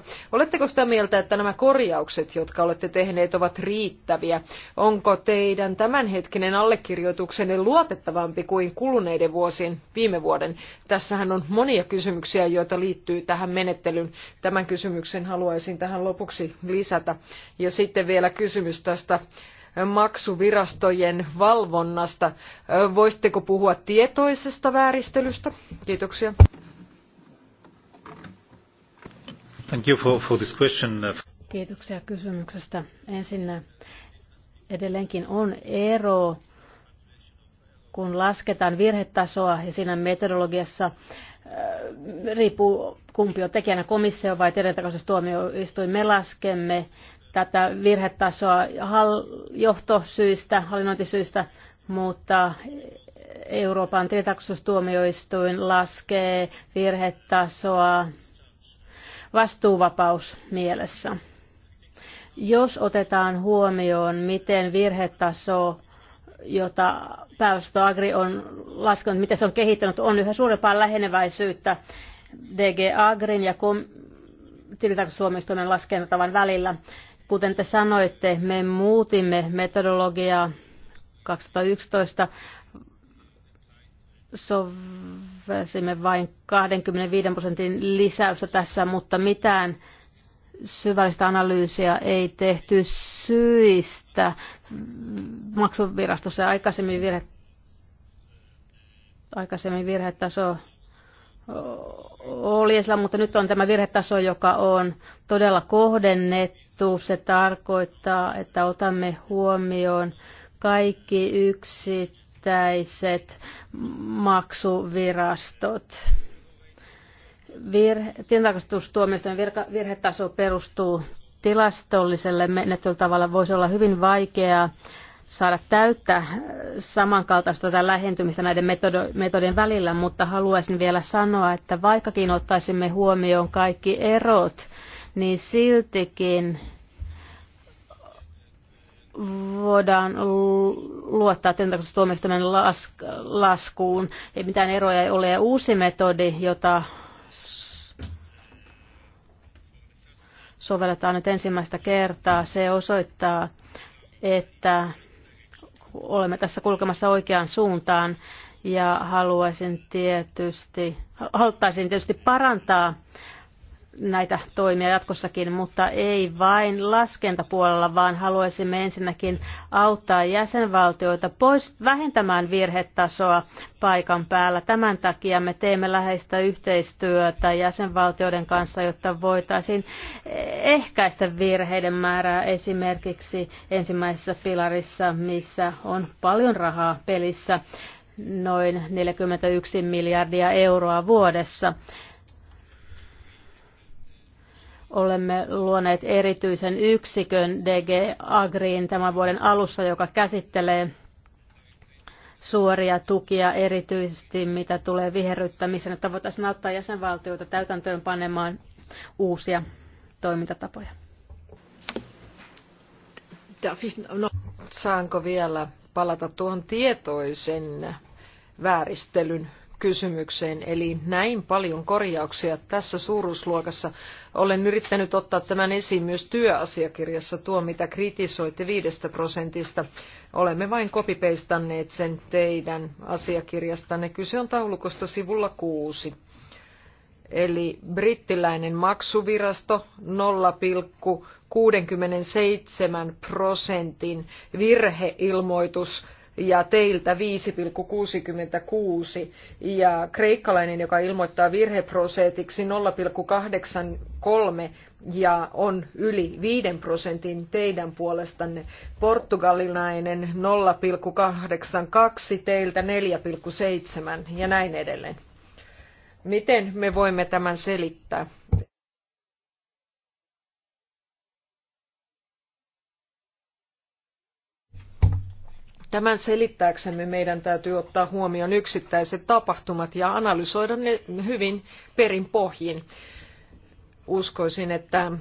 3,8. Oletteko sitä mieltä, että nämä korjaukset, jotka olette tehneet, ovat riittäviä? Onko teidän tämänhetkinen allekirjoituksenne luotettavampi kuin kuluneiden vuosien viime vuoden? Tässähän on monia kysymyksiä, joita liittyy tähän menettelyyn. Tämän kysymyksen haluaisin tähän lopuksi lisätä. Ja sitten vielä kysymys tästä maksuvirastojen valvonnasta. Voisitteko puhua tietoisesta vääristelystä? Kiitoksia. Thank you for, for this question. Kiitoksia kysymyksestä. Ensin äh, edelleenkin on ero, kun lasketaan virhetasoa ja siinä metodologiassa äh, riippuu kumpi on tekijänä komissio vai tiedetäköisessä tuomioistuin. Me laskemme tätä virhetasoa johtosyistä, hallinnointisyistä, mutta Euroopan tilintarkastustuomioistuin laskee virhetasoa vastuuvapaus mielessä. Jos otetaan huomioon, miten virhetaso, jota pääostö Agri on laskenut, miten se on kehittänyt, on yhä suurempaa läheneväisyyttä DG Agrin ja kom- tilintarkastustuomioistuimen laskentatavan välillä. Kuten te sanoitte, me muutimme metodologiaa 2011 sovelsimme vain 25 prosentin lisäystä tässä, mutta mitään syvällistä analyysiä ei tehty syistä maksuvirastossa aikaisemmin virhe aikaisemmin virhetaso oli esillä, mutta nyt on tämä virhetaso, joka on todella kohdennettu. Se tarkoittaa, että otamme huomioon kaikki yksittäiset maksuvirastot. Virhe, tilintarkastustuomioistuimen virhetaso perustuu tilastolliselle menettelytavalle. voisi olla hyvin vaikeaa saada täyttää äh, samankaltaista tätä lähentymistä näiden metodien välillä, mutta haluaisin vielä sanoa, että vaikkakin ottaisimme huomioon kaikki erot, niin siltikin voidaan luottaa tuomioistuimen las, laskuun. Ei mitään eroja ei ole. uusi metodi, jota sovelletaan nyt ensimmäistä kertaa, se osoittaa, että olemme tässä kulkemassa oikeaan suuntaan ja haluaisin tietysti, haluaisin tietysti parantaa näitä toimia jatkossakin, mutta ei vain laskentapuolella, vaan haluaisimme ensinnäkin auttaa jäsenvaltioita pois vähentämään virhetasoa paikan päällä. Tämän takia me teemme läheistä yhteistyötä jäsenvaltioiden kanssa, jotta voitaisiin ehkäistä virheiden määrää esimerkiksi ensimmäisessä pilarissa, missä on paljon rahaa pelissä, noin 41 miljardia euroa vuodessa Olemme luoneet erityisen yksikön DG Agriin tämän vuoden alussa, joka käsittelee suoria tukia erityisesti, mitä tulee viherryttämiseen, että voitaisiin auttaa jäsenvaltioita täytäntöön panemaan uusia toimintatapoja. Saanko vielä palata tuohon tietoisen vääristelyn kysymykseen. Eli näin paljon korjauksia tässä suuruusluokassa. Olen yrittänyt ottaa tämän esiin myös työasiakirjassa, tuo mitä kritisoitte viidestä prosentista. Olemme vain kopipeistanneet sen teidän asiakirjastanne. Kyse on taulukosta sivulla kuusi eli brittiläinen maksuvirasto 0,67 prosentin virheilmoitus ja teiltä 5,66 ja kreikkalainen, joka ilmoittaa virheprosentiksi 0,83 ja on yli 5 prosentin teidän puolestanne, portugalilainen 0,82 teiltä 4,7 ja näin edelleen. Miten me voimme tämän selittää? Tämän selittääksemme meidän täytyy ottaa huomioon yksittäiset tapahtumat ja analysoida ne hyvin perin pohjin. Uskoisin, että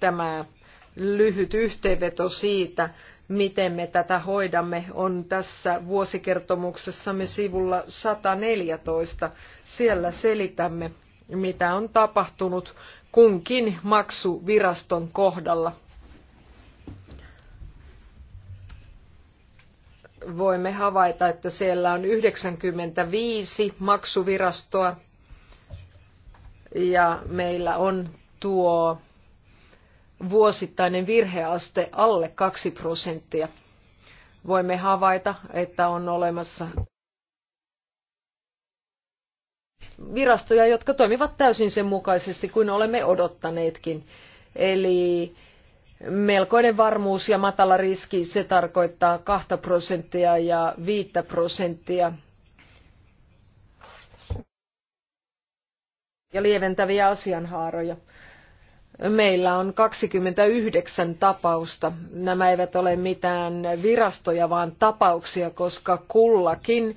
tämä lyhyt yhteenveto siitä, miten me tätä hoidamme, on tässä vuosikertomuksessamme sivulla 114. Siellä selitämme, mitä on tapahtunut kunkin maksuviraston kohdalla. voimme havaita, että siellä on 95 maksuvirastoa ja meillä on tuo vuosittainen virheaste alle 2 prosenttia. Voimme havaita, että on olemassa virastoja, jotka toimivat täysin sen mukaisesti kuin olemme odottaneetkin. Eli melkoinen varmuus ja matala riski, se tarkoittaa 2 prosenttia ja 5 prosenttia. Ja lieventäviä asianhaaroja. Meillä on 29 tapausta. Nämä eivät ole mitään virastoja, vaan tapauksia, koska kullakin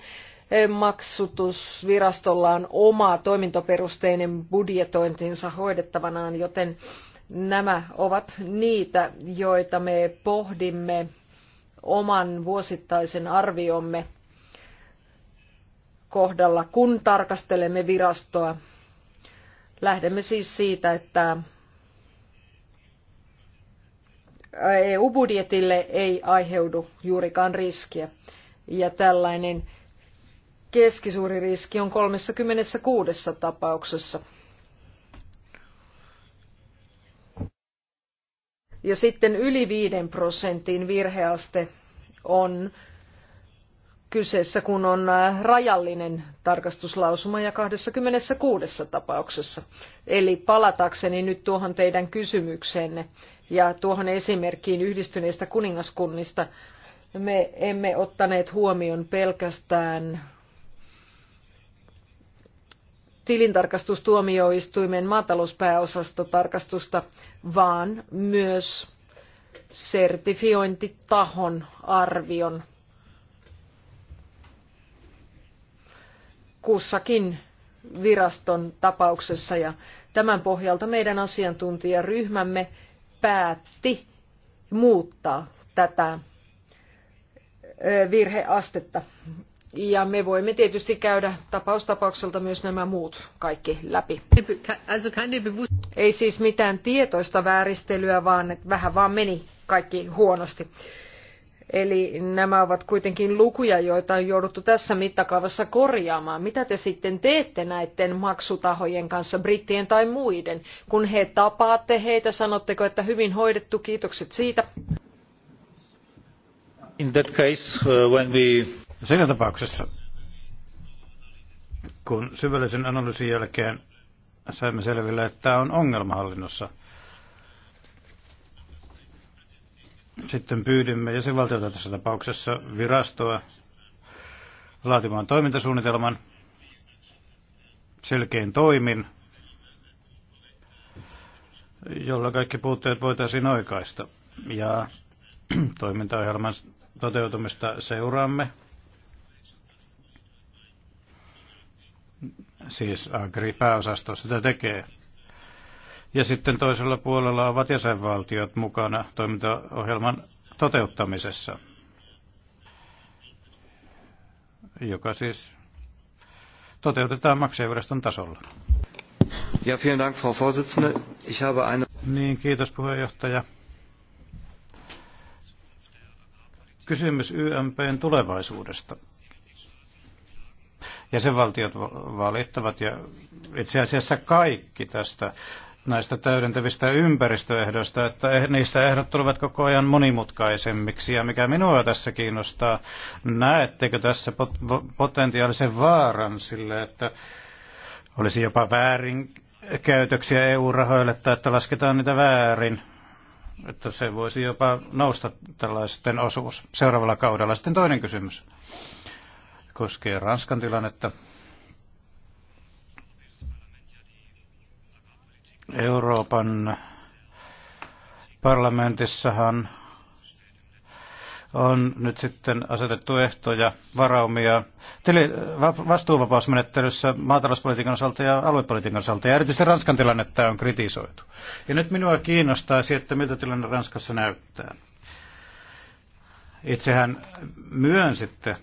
maksutusvirastolla on oma toimintoperusteinen budjetointinsa hoidettavanaan, joten Nämä ovat niitä, joita me pohdimme oman vuosittaisen arviomme kohdalla, kun tarkastelemme virastoa. Lähdemme siis siitä, että EU-budjetille ei aiheudu juurikaan riskiä. Ja tällainen keskisuuri riski on 36 tapauksessa. Ja sitten yli 5 prosentin virheaste on kyseessä, kun on äh, rajallinen tarkastuslausuma ja 26 tapauksessa. Eli palatakseni nyt tuohon teidän kysymykseenne ja tuohon esimerkkiin yhdistyneistä kuningaskunnista, me emme ottaneet huomioon pelkästään tilintarkastustuomioistuimen maatalouspääosastotarkastusta, vaan myös sertifiointitahon arvion kussakin viraston tapauksessa ja tämän pohjalta meidän asiantuntijaryhmämme päätti muuttaa tätä virheastetta ja me voimme tietysti käydä tapaustapaukselta myös nämä muut kaikki läpi. Ei siis mitään tietoista vääristelyä, vaan vähän vaan meni kaikki huonosti. Eli nämä ovat kuitenkin lukuja, joita on jouduttu tässä mittakaavassa korjaamaan. Mitä te sitten teette näiden maksutahojen kanssa, brittien tai muiden? Kun he tapaatte heitä, sanotteko, että hyvin hoidettu, kiitokset siitä? In that case, uh, when we Siinä tapauksessa, kun syvällisen analyysin jälkeen saimme selville, että on ongelmahallinnossa, sitten pyydimme jäsenvaltiota tässä tapauksessa virastoa laatimaan toimintasuunnitelman selkein toimin, jolla kaikki puutteet voitaisiin oikaista. Ja toimintaohjelman toteutumista seuraamme siis Agri-pääosasto sitä tekee. Ja sitten toisella puolella ovat jäsenvaltiot mukana toimintaohjelman toteuttamisessa, joka siis toteutetaan maksajaviraston tasolla. Ja, vielen Dank, Frau Vorsitzende. Ich habe eine... Niin, kiitos puheenjohtaja. Kysymys YMPn tulevaisuudesta jäsenvaltiot valittavat ja itse asiassa kaikki tästä näistä täydentävistä ympäristöehdoista, että eh, niissä ehdot tulevat koko ajan monimutkaisemmiksi. Ja mikä minua tässä kiinnostaa, näettekö tässä pot- potentiaalisen vaaran sille, että olisi jopa väärinkäytöksiä EU-rahoille tai että lasketaan niitä väärin? Että se voisi jopa nousta tällaisten osuus seuraavalla kaudella. Sitten toinen kysymys koskee Ranskan tilannetta. Euroopan parlamentissahan on nyt sitten asetettu ehtoja, varaumia tili, vastuuvapausmenettelyssä maatalouspolitiikan osalta ja aluepolitiikan osalta, ja erityisesti Ranskan tilannetta on kritisoitu. Ja nyt minua kiinnostaisi, että miltä tilanne Ranskassa näyttää. Itsehän myönsitte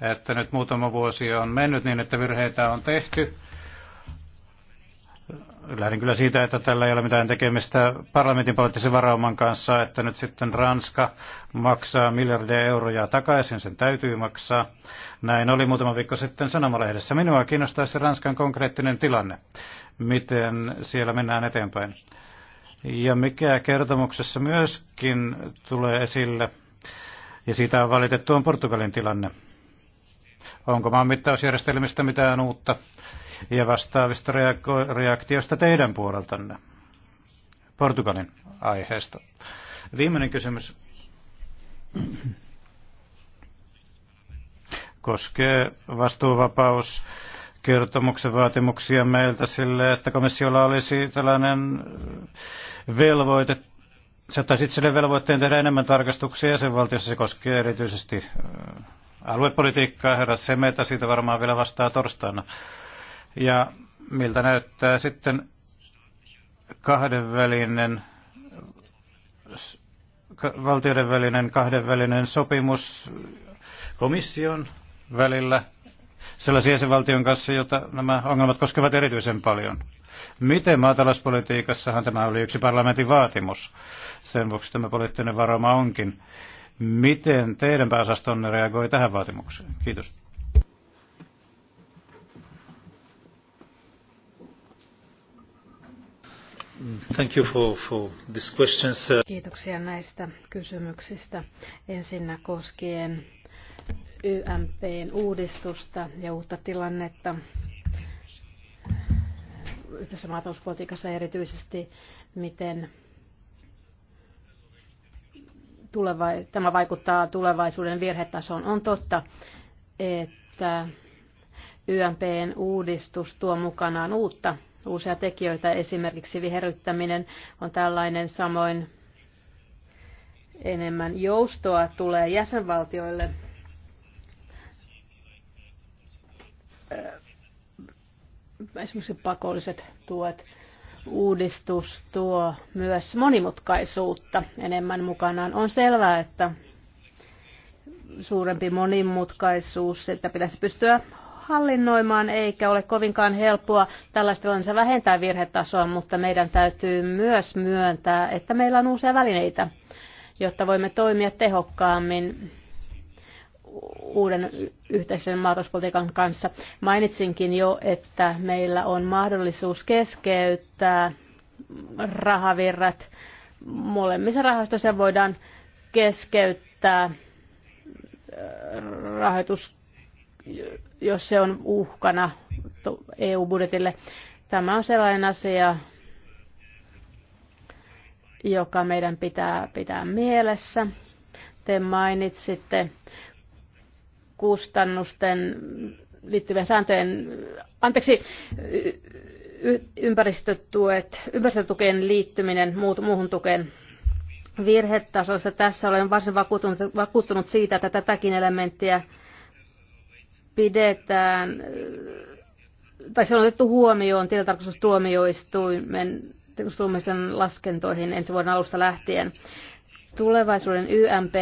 että nyt muutama vuosi on mennyt niin, että virheitä on tehty. Lähden kyllä siitä, että tällä ei ole mitään tekemistä parlamentin poliittisen varauman kanssa, että nyt sitten Ranska maksaa miljardia euroja takaisin, sen täytyy maksaa. Näin oli muutama viikko sitten Sanomalehdessä. Minua kiinnostaisi Ranskan konkreettinen tilanne, miten siellä mennään eteenpäin. Ja mikä kertomuksessa myöskin tulee esille, ja siitä on valitettu, on Portugalin tilanne. Onko maanmittausjärjestelmistä mitään uutta ja vastaavista reaktioista teidän puoleltanne Portugalin aiheesta? Viimeinen kysymys koskee vastuuvapaus kertomuksen vaatimuksia meiltä sille, että komissiolla olisi tällainen velvoite, se ottaisi itselleen velvoitteen tehdä enemmän tarkastuksia jäsenvaltiossa, se koskee erityisesti aluepolitiikkaa. Herra Semeta siitä varmaan vielä vastaa torstaina. Ja miltä näyttää sitten kahdenvälinen valtioiden välinen kahdenvälinen sopimus komission välillä sellaisen jäsenvaltion kanssa, jota nämä ongelmat koskevat erityisen paljon. Miten maatalouspolitiikassahan tämä oli yksi parlamentin vaatimus? Sen vuoksi tämä poliittinen varoma onkin Miten teidän pääosastonne reagoi tähän vaatimukseen? Kiitos. Thank you for, for these questions. Kiitoksia näistä kysymyksistä. Ensinnä koskien YMPn uudistusta ja uutta tilannetta yhteisessä maatalouspolitiikassa erityisesti, miten tuleva- tämä vaikuttaa tulevaisuuden virhetasoon. On totta, että YMPn uudistus tuo mukanaan uutta, uusia tekijöitä. Esimerkiksi viherryttäminen on tällainen samoin enemmän joustoa tulee jäsenvaltioille esimerkiksi pakolliset tuet uudistus tuo myös monimutkaisuutta enemmän mukanaan. On selvää, että suurempi monimutkaisuus, että pitäisi pystyä hallinnoimaan, eikä ole kovinkaan helppoa tällaista se vähentää virhetasoa, mutta meidän täytyy myös myöntää, että meillä on uusia välineitä, jotta voimme toimia tehokkaammin uuden yhteisen maatalouspolitiikan kanssa. Mainitsinkin jo, että meillä on mahdollisuus keskeyttää rahavirrat. Molemmissa rahastoissa voidaan keskeyttää äh, rahoitus, jos se on uhkana EU-budjetille. Tämä on sellainen asia, joka meidän pitää pitää mielessä. Te mainitsitte kustannusten liittyvien sääntöjen, anteeksi, ympäristötuet, ympäristötukeen liittyminen muut, muuhun tukeen virhetasoista. Tässä olen varsin vakuuttunut, vakuuttunut siitä, että tätäkin elementtiä pidetään, tai se on otettu huomioon tilintarkastustuomioistuimen laskentoihin ensi vuoden alusta lähtien. Tulevaisuuden YMP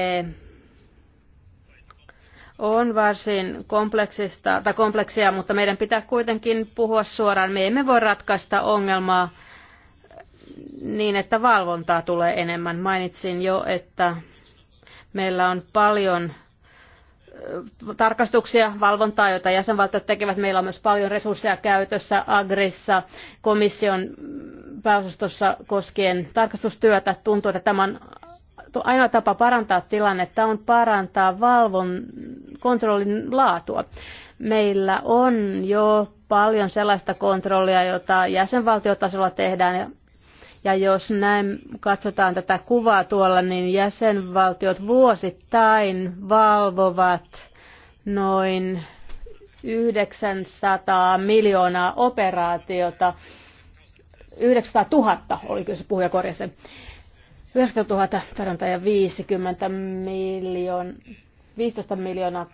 on varsin kompleksista, tai kompleksia, mutta meidän pitää kuitenkin puhua suoraan. Me emme voi ratkaista ongelmaa niin, että valvontaa tulee enemmän. Mainitsin jo, että meillä on paljon tarkastuksia, valvontaa, joita jäsenvaltiot tekevät. Meillä on myös paljon resursseja käytössä Agrissa, komission pääosastossa koskien tarkastustyötä. Tuntuu, että tämän ainoa tapa parantaa tilannetta on parantaa valvon kontrollin laatua. Meillä on jo paljon sellaista kontrollia, jota jäsenvaltiotasolla tehdään. Ja jos näin katsotaan tätä kuvaa tuolla, niin jäsenvaltiot vuosittain valvovat noin 900 miljoonaa operaatiota. 900 000 oli kyllä se puhuja korjasi. 9000 50 miljoon, 15 miljoonaa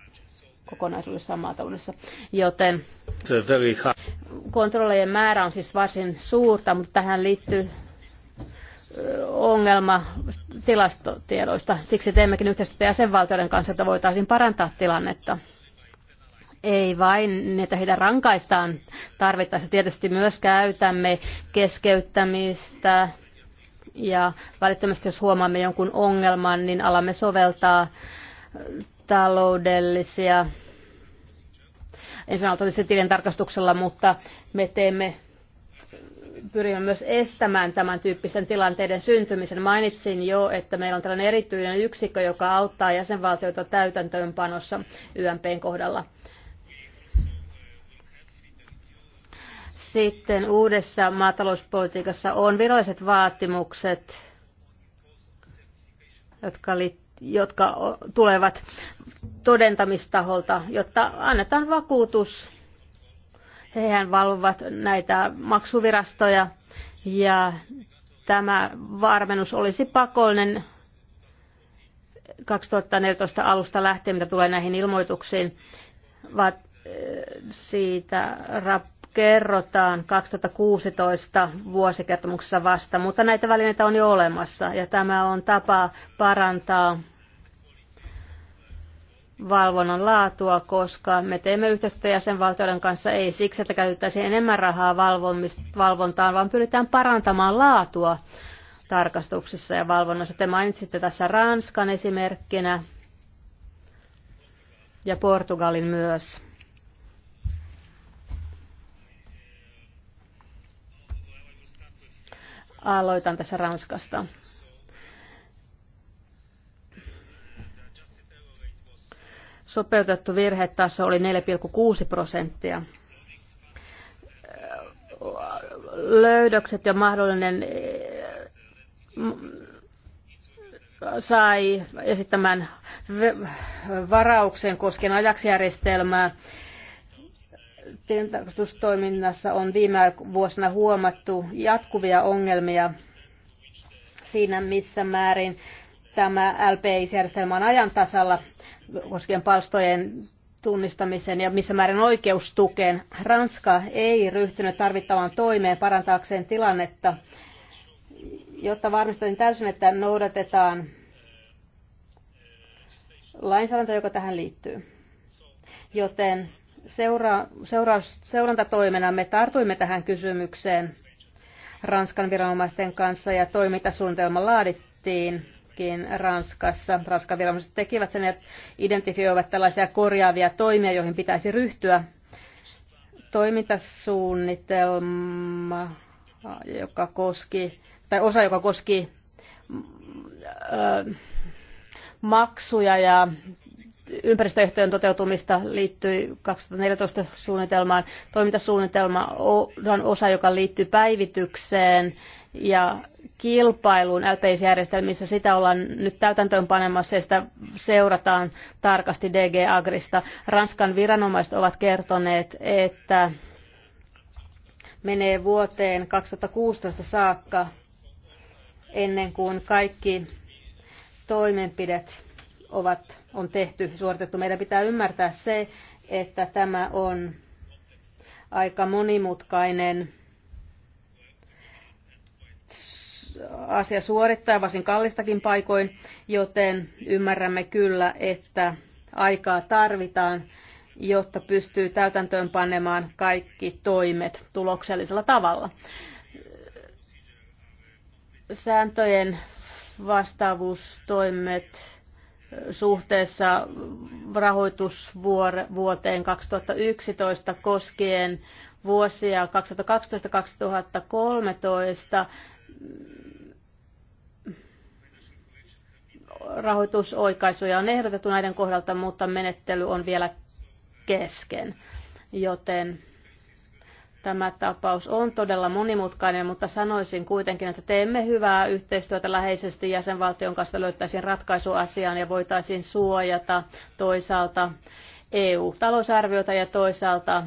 kokonaisuudessaan maataloudessa, joten kontrollien määrä on siis varsin suurta, mutta tähän liittyy ongelma tilastotiedoista. Siksi teemmekin yhteistyötä jäsenvaltioiden kanssa, että voitaisiin parantaa tilannetta. Ei vain, niin, että heitä rankaistaan tarvittaessa. Tietysti myös käytämme keskeyttämistä, ja välittömästi jos huomaamme jonkun ongelman, niin alamme soveltaa äh, taloudellisia, en sano todellisesti tilin tarkastuksella, mutta me teemme pyrimme myös estämään tämän tyyppisen tilanteiden syntymisen. Mainitsin jo, että meillä on tällainen erityinen yksikkö, joka auttaa jäsenvaltioita täytäntöönpanossa YMPn kohdalla. Sitten uudessa maatalouspolitiikassa on viralliset vaatimukset, jotka, li, jotka tulevat todentamistaholta, jotta annetaan vakuutus. Hehän valvovat näitä maksuvirastoja ja tämä varmennus olisi pakollinen 2014 alusta lähtien, mitä tulee näihin ilmoituksiin, vaat siitä rap- kerrotaan 2016 vuosikertomuksessa vasta, mutta näitä välineitä on jo olemassa ja tämä on tapa parantaa valvonnan laatua, koska me teemme yhteistyötä jäsenvaltioiden kanssa ei siksi, että käytettäisiin enemmän rahaa valvontaan, vaan pyritään parantamaan laatua tarkastuksissa ja valvonnassa. Te mainitsitte tässä Ranskan esimerkkinä ja Portugalin myös. Aloitan tässä Ranskasta. Sopeutettu virhetaso oli 4,6 prosenttia. Löydökset ja mahdollinen eh, sai esittämään varauksen koskien ajaksijärjestelmää tilintarkastustoiminnassa on viime vuosina huomattu jatkuvia ongelmia siinä, missä määrin tämä LPI-järjestelmä on ajan tasalla koskien palstojen tunnistamisen ja missä määrin oikeustukeen. Ranska ei ryhtynyt tarvittavan toimeen parantaakseen tilannetta, jotta varmistetaan täysin, että noudatetaan lainsäädäntöä, joka tähän liittyy. Joten seura- seura- seurantatoimena me tartuimme tähän kysymykseen Ranskan viranomaisten kanssa ja toimintasuunnitelma laadittiinkin Ranskassa. Ranskan viranomaiset tekivät sen ja identifioivat tällaisia korjaavia toimia, joihin pitäisi ryhtyä. Toimintasuunnitelma, joka koski, tai osa, joka koski äh, maksuja ja ympäristöehtojen toteutumista liittyy 2014 suunnitelmaan. Toimintasuunnitelma on osa, joka liittyy päivitykseen ja kilpailuun LPIS-järjestelmissä. Sitä ollaan nyt täytäntöön panemassa ja sitä seurataan tarkasti DG Agrista. Ranskan viranomaiset ovat kertoneet, että menee vuoteen 2016 saakka ennen kuin kaikki toimenpidet ovat, on tehty, suoritettu. Meidän pitää ymmärtää se, että tämä on aika monimutkainen asia suorittaa, varsin kallistakin paikoin, joten ymmärrämme kyllä, että aikaa tarvitaan, jotta pystyy täytäntöön panemaan kaikki toimet tuloksellisella tavalla. Sääntöjen vastaavuustoimet suhteessa rahoitusvuoteen 2011 koskien vuosia 2012-2013 rahoitusoikaisuja on ehdotettu näiden kohdalta, mutta menettely on vielä kesken, joten Tämä tapaus on todella monimutkainen, mutta sanoisin kuitenkin, että teemme hyvää yhteistyötä läheisesti jäsenvaltion kanssa löytäisiin ratkaisuasiaan ja voitaisiin suojata toisaalta EU-talousarviota ja toisaalta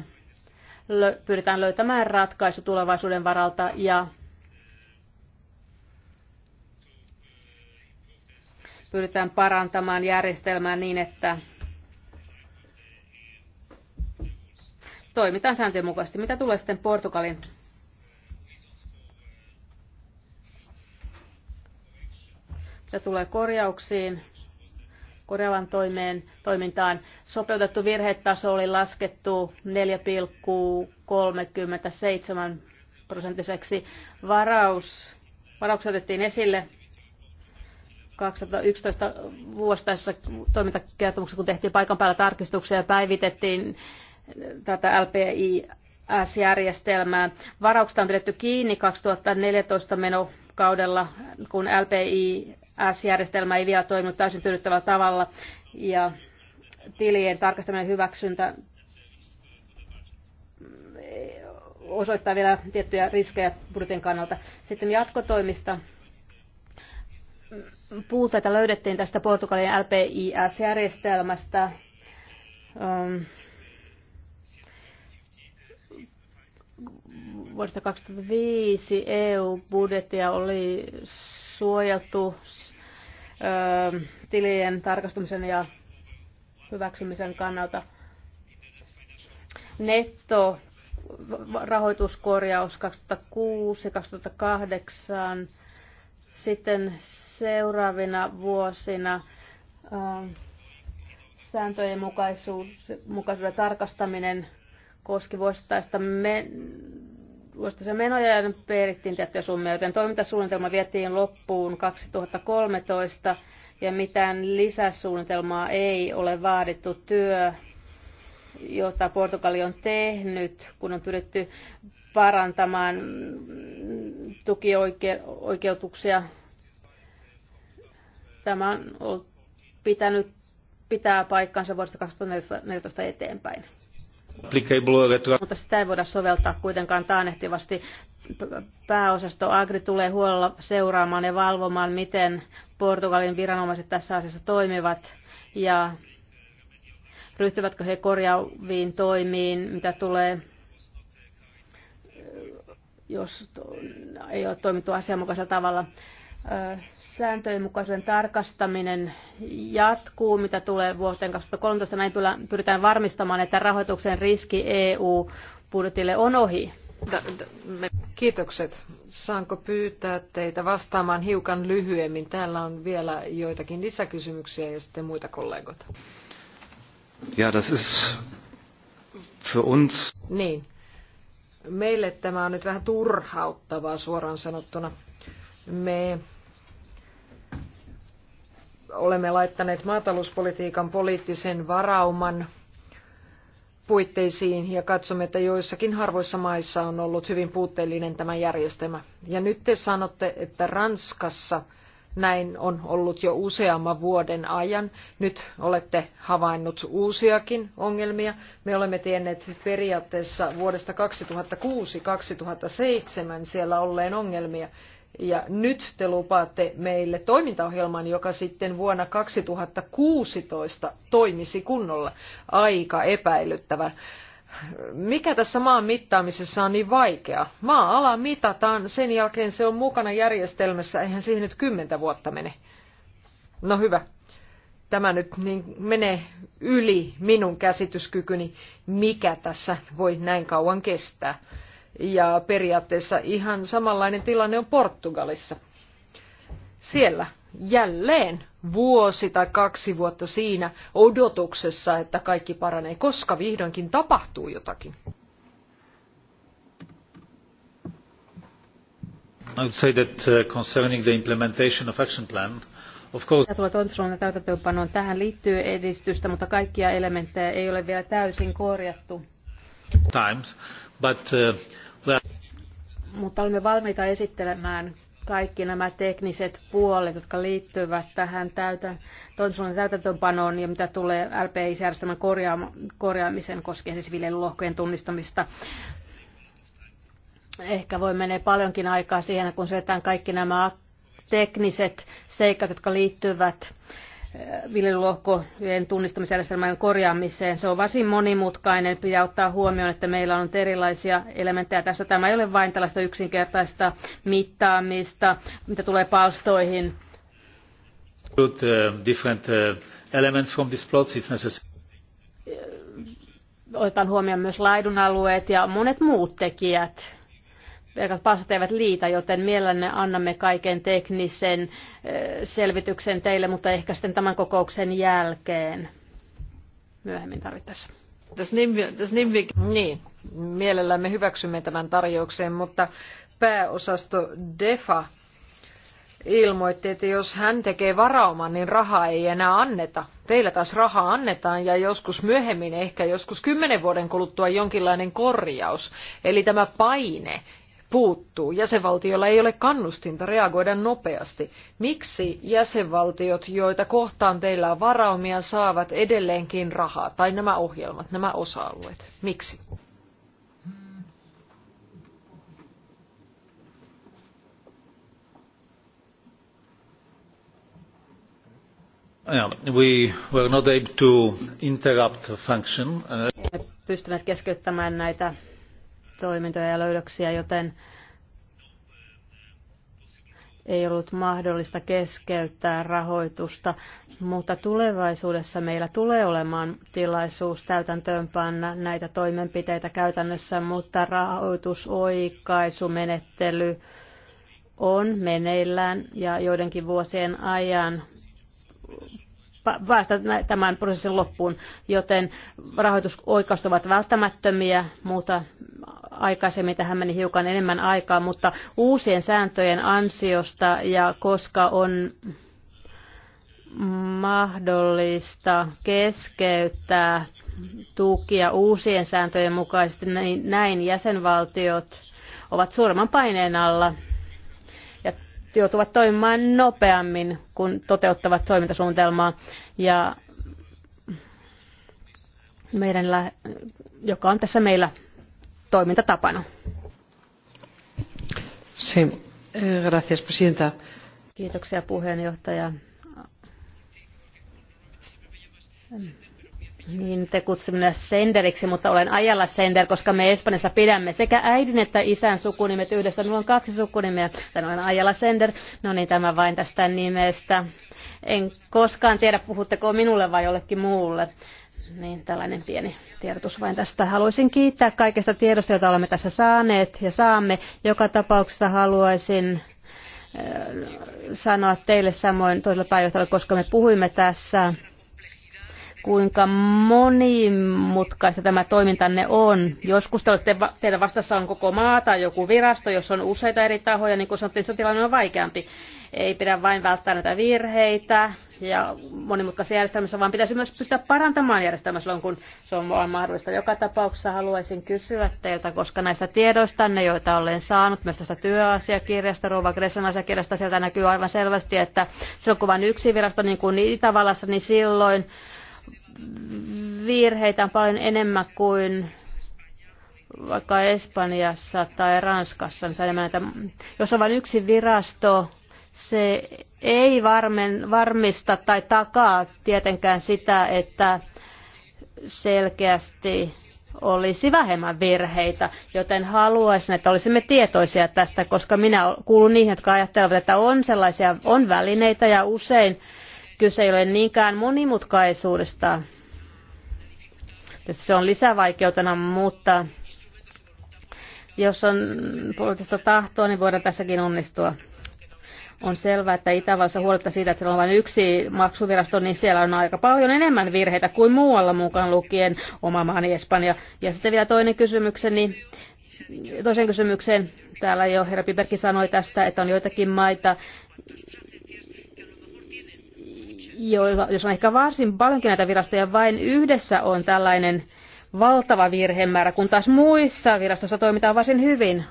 pyritään löytämään ratkaisu tulevaisuuden varalta ja pyritään parantamaan järjestelmää niin, että toimitaan sääntöjen mukaisesti. Mitä tulee sitten Portugalin mitä tulee korjauksiin, korjaavan toimeen, toimintaan. Sopeutettu virhetaso oli laskettu 4,37 prosenttiseksi. Varaus, varaukset otettiin esille 2011 tässä toimintakertomuksessa, kun tehtiin paikan päällä tarkistuksia ja päivitettiin tätä LPIS-järjestelmää. Varauksesta on pidetty kiinni 2014 menokaudella, kun LPIS-järjestelmä ei vielä toiminut täysin tyydyttävällä tavalla ja tilien tarkastaminen hyväksyntä osoittaa vielä tiettyjä riskejä budjetin kannalta. Sitten jatkotoimista puutteita löydettiin tästä Portugalin LPIS-järjestelmästä. vuodesta 2005 EU-budjettia oli suojattu ö, tilien tarkastumisen ja hyväksymisen kannalta. Netto rahoituskorjaus 2006 ja 2008. Sitten seuraavina vuosina ö, sääntöjen mukaisuus, mukaisuuden tarkastaminen koski vuosittaista se menoja ja perittiin tiettyjä summia, joten toimintasuunnitelma vietiin loppuun 2013 ja mitään lisäsuunnitelmaa ei ole vaadittu työ, jota Portugali on tehnyt, kun on pyritty parantamaan tukioikeutuksia. Tämä on pitänyt, pitää paikkansa vuodesta 2014 eteenpäin. Mutta sitä ei voida soveltaa kuitenkaan taanehtivasti. Pääosasto Agri tulee huolella seuraamaan ja valvomaan, miten Portugalin viranomaiset tässä asiassa toimivat ja ryhtyvätkö he korjaaviin toimiin, mitä tulee jos ei ole toimittu asianmukaisella tavalla sääntöjen mukaisen tarkastaminen jatkuu, mitä tulee vuoteen 2013. Näin pyritään varmistamaan, että rahoituksen riski EU-budjetille on ohi. Kiitokset. Saanko pyytää teitä vastaamaan hiukan lyhyemmin? Täällä on vielä joitakin lisäkysymyksiä ja sitten muita kollegoita. Ja, das ist für uns. Niin. Meille tämä on nyt vähän turhauttavaa suoraan sanottuna. Me olemme laittaneet maatalouspolitiikan poliittisen varauman puitteisiin ja katsomme, että joissakin harvoissa maissa on ollut hyvin puutteellinen tämä järjestelmä. Ja nyt te sanotte, että Ranskassa näin on ollut jo useamman vuoden ajan. Nyt olette havainnut uusiakin ongelmia. Me olemme tienneet periaatteessa vuodesta 2006-2007 siellä olleen ongelmia. Ja nyt te lupaatte meille toimintaohjelman, joka sitten vuonna 2016 toimisi kunnolla. Aika epäilyttävä. Mikä tässä maan mittaamisessa on niin vaikea? Maa-ala mitataan, sen jälkeen se on mukana järjestelmässä, eihän siihen nyt kymmentä vuotta mene. No hyvä, tämä nyt niin menee yli minun käsityskykyni, mikä tässä voi näin kauan kestää. Ja periaatteessa ihan samanlainen tilanne on Portugalissa. Siellä jälleen vuosi tai kaksi vuotta siinä odotuksessa, että kaikki paranee, koska vihdoinkin tapahtuu jotakin. I would say that uh, concerning the implementation of action plan, of course... Tulee tontsuunnan täytäntöönpanoon. Tähän liittyy edistystä, mutta kaikkia elementtejä ei ole vielä täysin korjattu. Times, but uh, mutta olemme valmiita esittelemään kaikki nämä tekniset puolet, jotka liittyvät tähän täytän, täytäntöönpanoon ja mitä tulee LPI-järjestelmän korjaam, korjaamisen koskien siis viljelylohkojen tunnistamista. Ehkä voi menee paljonkin aikaa siihen, kun syötään kaikki nämä tekniset seikat, jotka liittyvät viljelulohkojen tunnistamisjärjestelmän korjaamiseen. Se on varsin monimutkainen. Pitää ottaa huomioon, että meillä on erilaisia elementtejä tässä. Tämä ei ole vain tällaista yksinkertaista mittaamista, mitä tulee palstoihin. Eh, different eh, elements from this plot, it's necessary otetaan huomioon myös alueet ja monet muut tekijät, palstat eivät liitä, joten mielellämme annamme kaiken teknisen selvityksen teille, mutta ehkä sitten tämän kokouksen jälkeen myöhemmin tarvittaessa. Niin, mielellämme hyväksymme tämän tarjouksen, mutta pääosasto DEFA ilmoitti, että jos hän tekee varauman, niin rahaa ei enää anneta. Teillä taas rahaa annetaan ja joskus myöhemmin, ehkä joskus kymmenen vuoden kuluttua jonkinlainen korjaus. Eli tämä paine, puuttuu. Jäsenvaltioilla ei ole kannustinta reagoida nopeasti. Miksi jäsenvaltiot, joita kohtaan teillä on varaumia, saavat edelleenkin rahaa, tai nämä ohjelmat, nämä osa-alueet? Miksi? we were not able to interrupt function. Uh, pystyneet keskeyttämään näitä toimintoja ja löydöksiä, joten ei ollut mahdollista keskeyttää rahoitusta, mutta tulevaisuudessa meillä tulee olemaan tilaisuus täytäntöönpanna näitä toimenpiteitä käytännössä, mutta rahoitusoikaisumenettely on meneillään ja joidenkin vuosien ajan päästä tämän prosessin loppuun, joten rahoitusoikaukset ovat välttämättömiä, mutta aikaisemmin tähän meni hiukan enemmän aikaa, mutta uusien sääntöjen ansiosta ja koska on mahdollista keskeyttää tukia uusien sääntöjen mukaisesti, niin näin jäsenvaltiot ovat suuremman paineen alla ja joutuvat toimimaan nopeammin, kun toteuttavat toimintasuunnitelmaa. Ja meidän, joka on tässä meillä toimintatapana. Sí. Eh, gracias, presidenta. Kiitoksia puheenjohtaja. Niin, te kutsutte minua Senderiksi, mutta olen ajalla Sender, koska me Espanjassa pidämme sekä äidin että isän sukunimet yhdessä. Minulla on kaksi sukunimeä, tai olen ajalla Sender. No niin, tämä vain tästä nimestä. En koskaan tiedä, puhutteko minulle vai jollekin muulle. Niin, tällainen pieni tiedotus vain tästä. Haluaisin kiittää kaikesta tiedosta, jota olemme tässä saaneet ja saamme. Joka tapauksessa haluaisin äh, sanoa teille samoin toisella pääjohtajalla, koska me puhuimme tässä, kuinka monimutkaista tämä toimintanne on. Joskus te olette, teidän vastassa on koko maa tai joku virasto, jos on useita eri tahoja, niin kuin sanottiin, se tilanne on vaikeampi. Ei pidä vain välttää näitä virheitä ja monimutkaisessa järjestelmässä, vaan pitäisi myös pystyä parantamaan järjestelmää silloin, kun se on mahdollista. Joka tapauksessa haluaisin kysyä teiltä, koska näistä tiedoistanne, joita olen saanut, myös tästä työasiakirjasta, Ruova Gresson asiakirjasta, sieltä näkyy aivan selvästi, että silloin kun vain yksi virasto, niin kuin Itävallassa, niin silloin virheitä on paljon enemmän kuin vaikka Espanjassa tai Ranskassa, niin jos on vain yksi virasto, se ei varmen, varmista tai takaa tietenkään sitä, että selkeästi olisi vähemmän virheitä, joten haluaisin, että olisimme tietoisia tästä, koska minä kuulun niihin, jotka ajattelevat, että on sellaisia, on välineitä ja usein kyse ei ole niinkään monimutkaisuudesta. Se on lisävaikeutena, mutta jos on poliittista tahtoa, niin voidaan tässäkin onnistua. On selvää, että Itävallassa huoletta siitä, että siellä on vain yksi maksuvirasto, niin siellä on aika paljon enemmän virheitä kuin muualla mukaan lukien oma maani Espanja. Ja sitten vielä toinen kysymykseni. Toisen kysymykseen täällä jo herra Piberki sanoi tästä, että on joitakin maita, joilla, jos on ehkä varsin paljonkin näitä virastoja, vain yhdessä on tällainen valtava virhemäärä, kun taas muissa virastossa toimitaan varsin hyvin.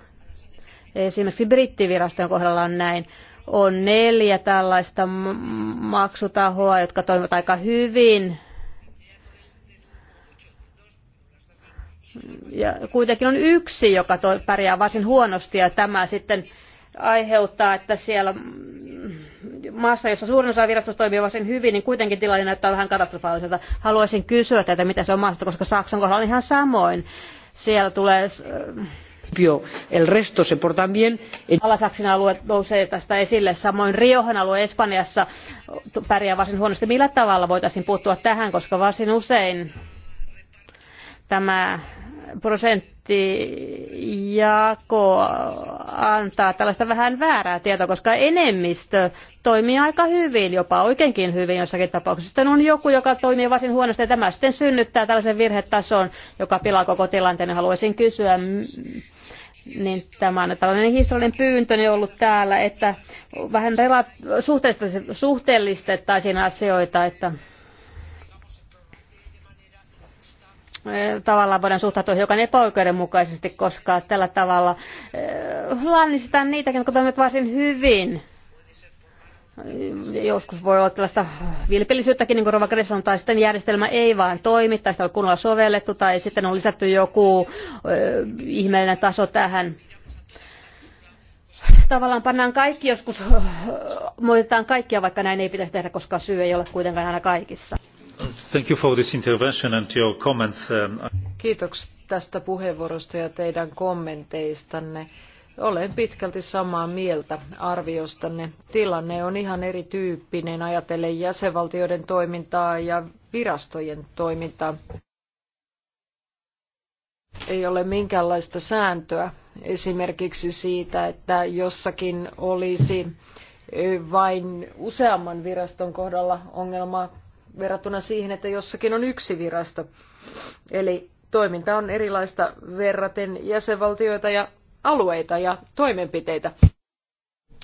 Esimerkiksi brittivirastojen kohdalla on näin. On neljä tällaista maksutahoa, jotka toimivat aika hyvin. Ja kuitenkin on yksi, joka to, pärjää varsin huonosti ja tämä sitten aiheuttaa, että siellä maassa, jossa suurin osa virastosta toimii varsin hyvin, niin kuitenkin tilanne näyttää vähän katastrofaaliselta. Haluaisin kysyä teiltä, mitä se on mahdollista, koska Saksan kohdalla on ihan samoin. Siellä tulee El resto se portan bien. Alasaksin alue nousee tästä esille, samoin Riohan alue Espanjassa pärjää varsin huonosti. Millä tavalla voitaisiin puuttua tähän, koska varsin usein tämä prosenttijako antaa tällaista vähän väärää tietoa, koska enemmistö toimii aika hyvin, jopa oikeinkin hyvin jossakin tapauksessa. Sitten on joku, joka toimii varsin huonosti ja tämä sitten synnyttää tällaisen virhetason, joka pilaa koko tilanteen. Haluaisin kysyä, niin tämä on tällainen historiallinen pyyntöni niin ollut täällä, että vähän suhteellistettaisiin asioita, että e, tavallaan voidaan suhtautua hiukan epäoikeudenmukaisesti, koska tällä tavalla e, lannistetaan niitäkin, jotka toimivat varsin hyvin joskus voi olla tällaista vilpillisyyttäkin, niin kuin Rova on tai sitten järjestelmä ei vaan toimi, tai sitä on kunnolla sovellettu, tai sitten on lisätty joku ö, ihmeellinen taso tähän. Tavallaan pannaan kaikki joskus, moitetaan kaikkia, vaikka näin ei pitäisi tehdä, koska syy ei ole kuitenkaan aina kaikissa. Thank you for this intervention and your comments. Um, Kiitoksia tästä puheenvuorosta ja teidän kommenteistanne. Olen pitkälti samaa mieltä arviostanne. Tilanne on ihan erityyppinen ajatellen jäsenvaltioiden toimintaa ja virastojen toimintaa. Ei ole minkäänlaista sääntöä esimerkiksi siitä, että jossakin olisi vain useamman viraston kohdalla ongelma verrattuna siihen, että jossakin on yksi virasto. Eli toiminta on erilaista verraten jäsenvaltioita ja alueita ja toimenpiteitä.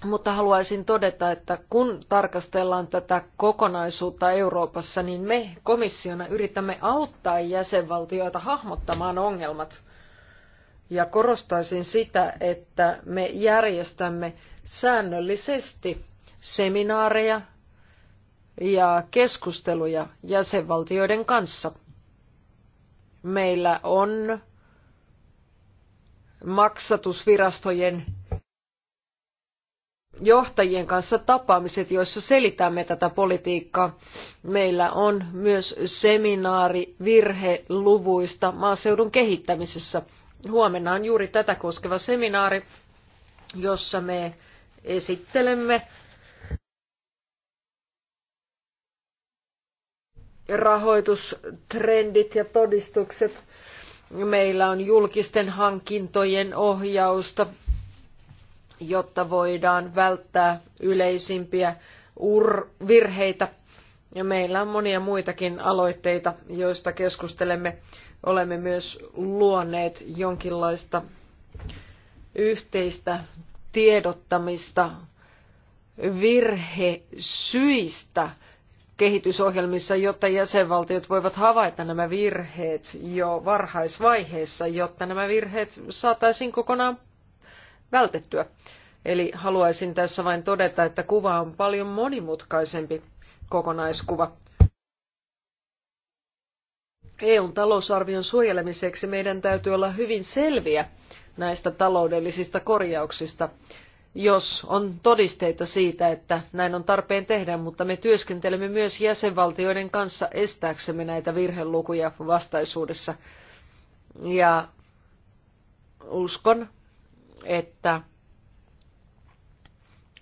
Mutta haluaisin todeta, että kun tarkastellaan tätä kokonaisuutta Euroopassa, niin me komissiona yritämme auttaa jäsenvaltioita hahmottamaan ongelmat. Ja korostaisin sitä, että me järjestämme säännöllisesti seminaareja ja keskusteluja jäsenvaltioiden kanssa. Meillä on maksatusvirastojen johtajien kanssa tapaamiset, joissa selitämme tätä politiikkaa. Meillä on myös seminaari virheluvuista maaseudun kehittämisessä. Huomenna on juuri tätä koskeva seminaari, jossa me esittelemme rahoitustrendit ja todistukset Meillä on julkisten hankintojen ohjausta, jotta voidaan välttää yleisimpiä virheitä. Ja meillä on monia muitakin aloitteita, joista keskustelemme. Olemme myös luoneet jonkinlaista yhteistä tiedottamista virhesyistä kehitysohjelmissa, jotta jäsenvaltiot voivat havaita nämä virheet jo varhaisvaiheessa, jotta nämä virheet saataisiin kokonaan vältettyä. Eli haluaisin tässä vain todeta, että kuva on paljon monimutkaisempi kokonaiskuva. EUn talousarvion suojelemiseksi meidän täytyy olla hyvin selviä näistä taloudellisista korjauksista jos on todisteita siitä, että näin on tarpeen tehdä, mutta me työskentelemme myös jäsenvaltioiden kanssa estääksemme näitä virhelukuja vastaisuudessa. Ja uskon, että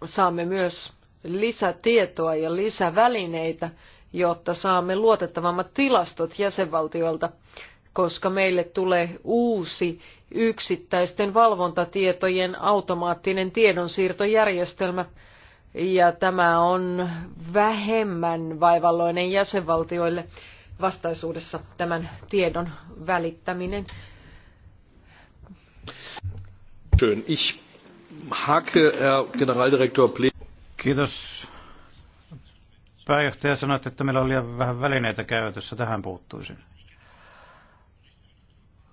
saamme myös lisätietoa ja lisävälineitä, jotta saamme luotettavammat tilastot jäsenvaltioilta, koska meille tulee uusi yksittäisten valvontatietojen automaattinen tiedonsiirtojärjestelmä. Ja tämä on vähemmän vaivalloinen jäsenvaltioille vastaisuudessa tämän tiedon välittäminen. Schön. Ich hake, Herr Generaldirektor Kiitos. Pääjohtaja sanoi, että meillä on liian vähän välineitä käytössä. Tähän puuttuisin.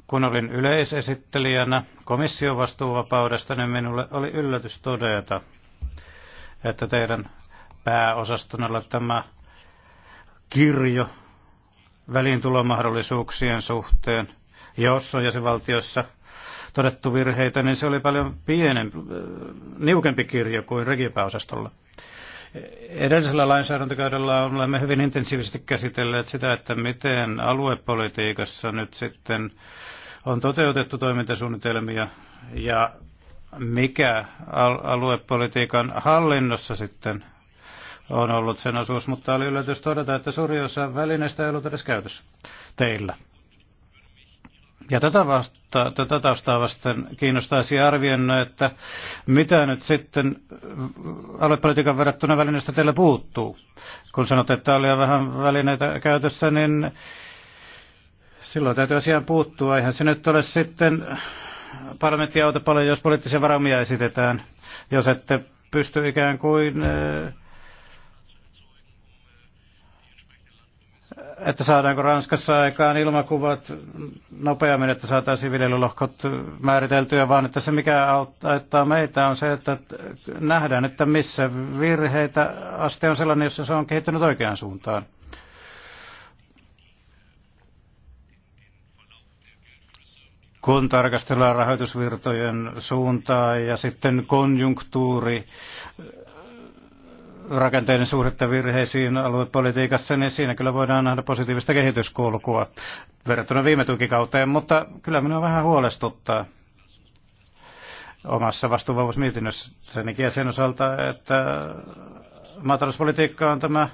Kun olin yleisesittelijänä komission vastuuvapaudesta, niin minulle oli yllätys todeta, että teidän pääosastonella tämä kirjo väliintulomahdollisuuksien suhteen, jos on jäsenvaltiossa todettu virheitä, niin se oli paljon pienempi, niukempi kirjo kuin regipääosastolla. Edellisellä lainsäädäntökaudella olemme hyvin intensiivisesti käsitelleet sitä, että miten aluepolitiikassa nyt sitten on toteutettu toimintasuunnitelmia ja mikä aluepolitiikan hallinnossa sitten on ollut sen osuus, mutta oli yllätys todeta, että suuri osa välineistä ei ollut edes käytössä teillä. Ja tätä, vasta, tätä taustaa vasten kiinnostaisi arvioida, että mitä nyt sitten aluepolitiikan verrattuna välineistä teillä puuttuu. Kun sanotte, että oli vähän välineitä käytössä, niin Silloin täytyy asiaan puuttua. Eihän se nyt ole sitten parlamentti auta paljon, jos poliittisia varaumia esitetään, jos ette pysty ikään kuin eh, että saadaanko Ranskassa aikaan ilmakuvat nopeammin, että saataisiin viljelylohkot määriteltyä, vaan että se mikä auttaa meitä on se, että nähdään, että missä virheitä aste on sellainen, jossa se on kehittynyt oikeaan suuntaan. kun tarkastellaan rahoitusvirtojen suuntaa ja sitten konjunktuuri äh, rakenteiden suhdetta virheisiin aluepolitiikassa, niin siinä kyllä voidaan nähdä positiivista kehityskulkua verrattuna viime tukikauteen, mutta kyllä minua vähän huolestuttaa omassa vastuuvausmietinnössänikin ja sen osalta, että maatalouspolitiikka on tämä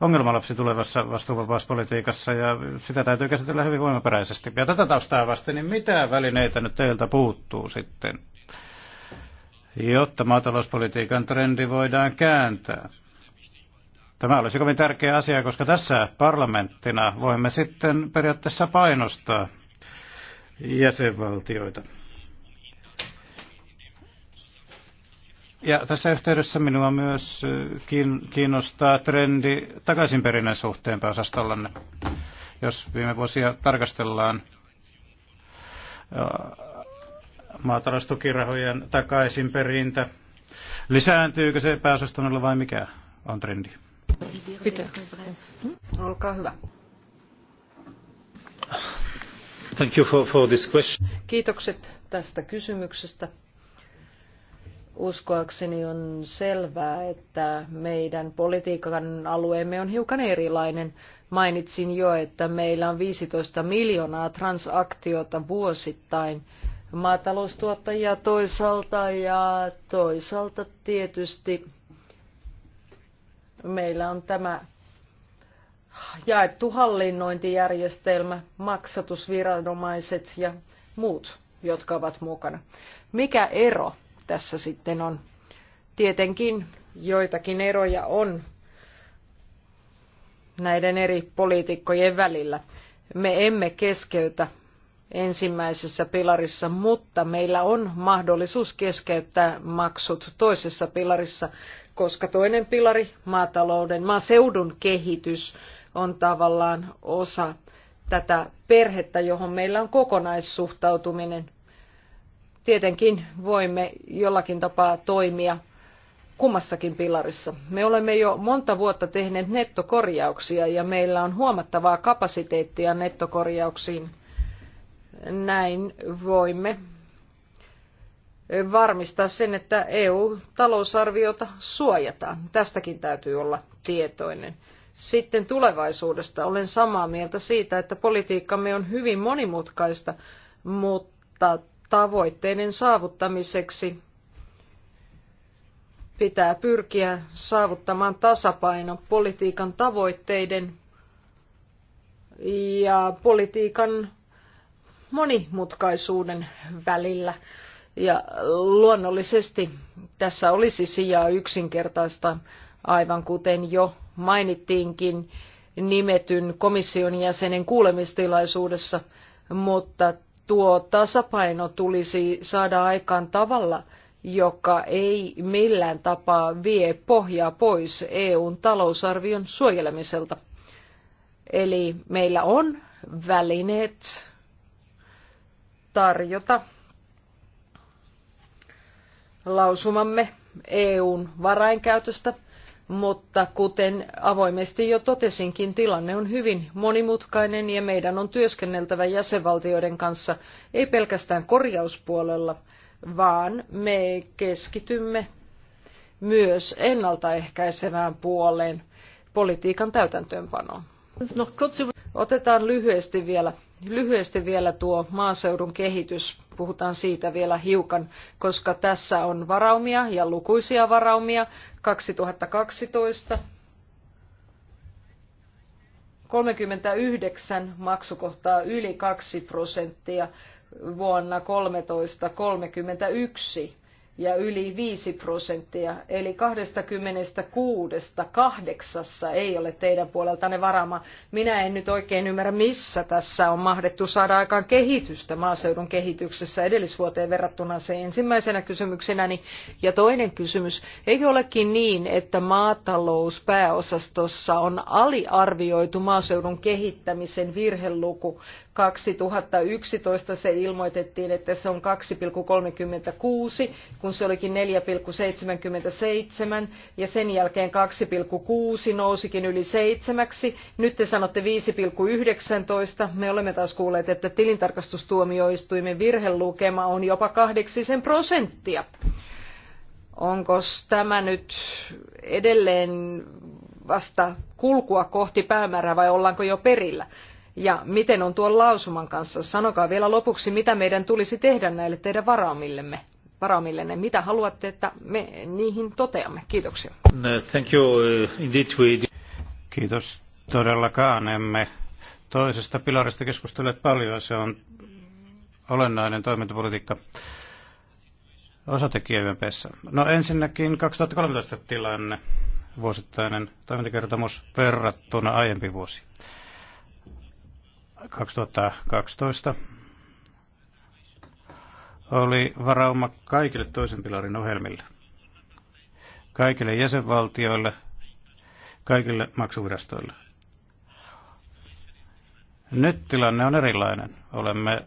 ongelmalapsi tulevassa vastuuvapauspolitiikassa ja sitä täytyy käsitellä hyvin voimaperäisesti. Ja tätä taustaa vasten, niin mitä välineitä nyt teiltä puuttuu sitten, jotta maatalouspolitiikan trendi voidaan kääntää? Tämä olisi kovin tärkeä asia, koska tässä parlamenttina voimme sitten periaatteessa painostaa jäsenvaltioita. Ja tässä yhteydessä minua myös kiinnostaa trendi takaisinperinnän suhteen pääosastollanne. Jos viime vuosia tarkastellaan maataloustukirahojen takaisinperintä, lisääntyykö se pääosastolla vai mikä on trendi? Peter. Olkaa hyvä. Thank you for, for this question. Kiitokset tästä kysymyksestä uskoakseni on selvää, että meidän politiikan alueemme on hiukan erilainen. Mainitsin jo, että meillä on 15 miljoonaa transaktiota vuosittain maataloustuottajia toisaalta ja toisaalta tietysti meillä on tämä jaettu hallinnointijärjestelmä, maksatusviranomaiset ja muut, jotka ovat mukana. Mikä ero tässä sitten on. Tietenkin joitakin eroja on näiden eri poliitikkojen välillä. Me emme keskeytä ensimmäisessä pilarissa, mutta meillä on mahdollisuus keskeyttää maksut toisessa pilarissa, koska toinen pilari, maatalouden, maaseudun kehitys, on tavallaan osa tätä perhettä, johon meillä on kokonaissuhtautuminen. Tietenkin voimme jollakin tapaa toimia kummassakin pilarissa. Me olemme jo monta vuotta tehneet nettokorjauksia ja meillä on huomattavaa kapasiteettia nettokorjauksiin. Näin voimme varmistaa sen, että EU-talousarviota suojataan. Tästäkin täytyy olla tietoinen. Sitten tulevaisuudesta olen samaa mieltä siitä, että politiikkamme on hyvin monimutkaista, mutta tavoitteiden saavuttamiseksi pitää pyrkiä saavuttamaan tasapaino politiikan tavoitteiden ja politiikan monimutkaisuuden välillä. Ja luonnollisesti tässä olisi sijaa yksinkertaista, aivan kuten jo mainittiinkin nimetyn komission jäsenen kuulemistilaisuudessa, mutta tuo tasapaino tulisi saada aikaan tavalla, joka ei millään tapaa vie pohjaa pois EUn talousarvion suojelemiselta. Eli meillä on välineet tarjota lausumamme EUn varainkäytöstä – mutta kuten avoimesti jo totesinkin, tilanne on hyvin monimutkainen ja meidän on työskenneltävä jäsenvaltioiden kanssa ei pelkästään korjauspuolella, vaan me keskitymme myös ennaltaehkäisevään puoleen politiikan täytäntöönpanoon. Otetaan lyhyesti vielä Lyhyesti vielä tuo maaseudun kehitys. Puhutaan siitä vielä hiukan, koska tässä on varaumia ja lukuisia varaumia 2012. 39 maksukohtaa yli 2 prosenttia vuonna 1331 ja yli 5 prosenttia, eli 26 kahdeksassa ei ole teidän puoleltanne varama. Minä en nyt oikein ymmärrä, missä tässä on mahdettu saada aikaan kehitystä maaseudun kehityksessä edellisvuoteen verrattuna se ensimmäisenä kysymyksenäni. Ja toinen kysymys, eikö olekin niin, että maatalouspääosastossa on aliarvioitu maaseudun kehittämisen virheluku? 2011 se ilmoitettiin, että se on 2,36, kun se olikin 4,77 ja sen jälkeen 2,6 nousikin yli seitsemäksi. Nyt te sanotte 5,19. Me olemme taas kuulleet, että tilintarkastustuomioistuimen virhelukema on jopa kahdeksisen prosenttia. Onko tämä nyt edelleen vasta kulkua kohti päämäärää vai ollaanko jo perillä? Ja miten on tuon lausuman kanssa? Sanokaa vielä lopuksi, mitä meidän tulisi tehdä näille teidän varaamillemme, varaamillenne. Mitä haluatte, että me niihin toteamme? Kiitoksia. No, thank you. Uh, indeed we... Kiitos. Todellakaan emme toisesta pilarista keskustele paljon. Se on olennainen toimintapolitiikka osatekijäympeissä. No ensinnäkin 2013 tilanne, vuosittainen toimintakertomus verrattuna aiempi vuosi. 2012 oli varauma kaikille toisen pilarin ohjelmille, kaikille jäsenvaltioille, kaikille maksuvirastoille. Nyt tilanne on erilainen. Olemme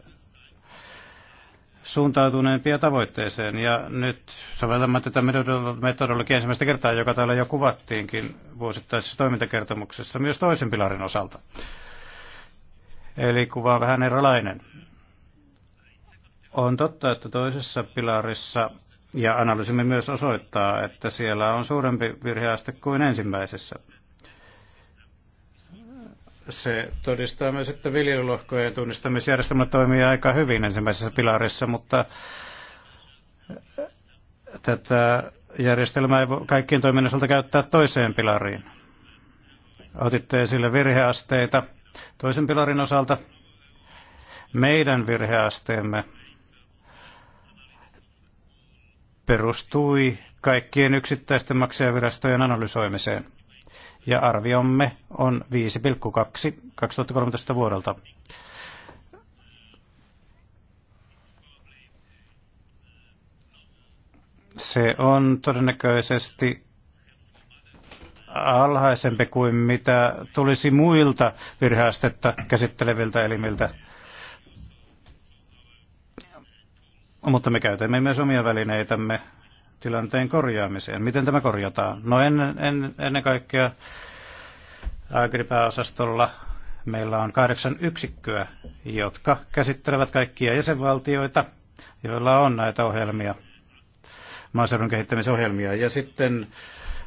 suuntautuneempia tavoitteeseen ja nyt soveltamme tätä metodologiaa ensimmäistä kertaa, joka täällä jo kuvattiinkin vuosittaisessa toimintakertomuksessa myös toisen pilarin osalta. Eli kuva vähän erilainen. On totta, että toisessa pilarissa, ja analyysimme myös osoittaa, että siellä on suurempi virheaste kuin ensimmäisessä. Se todistaa myös, että viljelylohkojen tunnistamisjärjestelmä toimii aika hyvin ensimmäisessä pilarissa, mutta tätä järjestelmää ei voi kaikkien toiminnan käyttää toiseen pilariin. Otitte esille virheasteita Toisen pilarin osalta meidän virheasteemme perustui kaikkien yksittäisten maksajavirastojen analysoimiseen. Ja arviomme on 5,2 2013 vuodelta. Se on todennäköisesti alhaisempi kuin mitä tulisi muilta virheastetta käsitteleviltä elimiltä. Mutta me käytämme myös omia välineitämme tilanteen korjaamiseen. Miten tämä korjataan? No en, en, ennen kaikkea Agripää-osastolla meillä on kahdeksan yksikköä, jotka käsittelevät kaikkia jäsenvaltioita, joilla on näitä ohjelmia, maaseudun kehittämisohjelmia. Ja sitten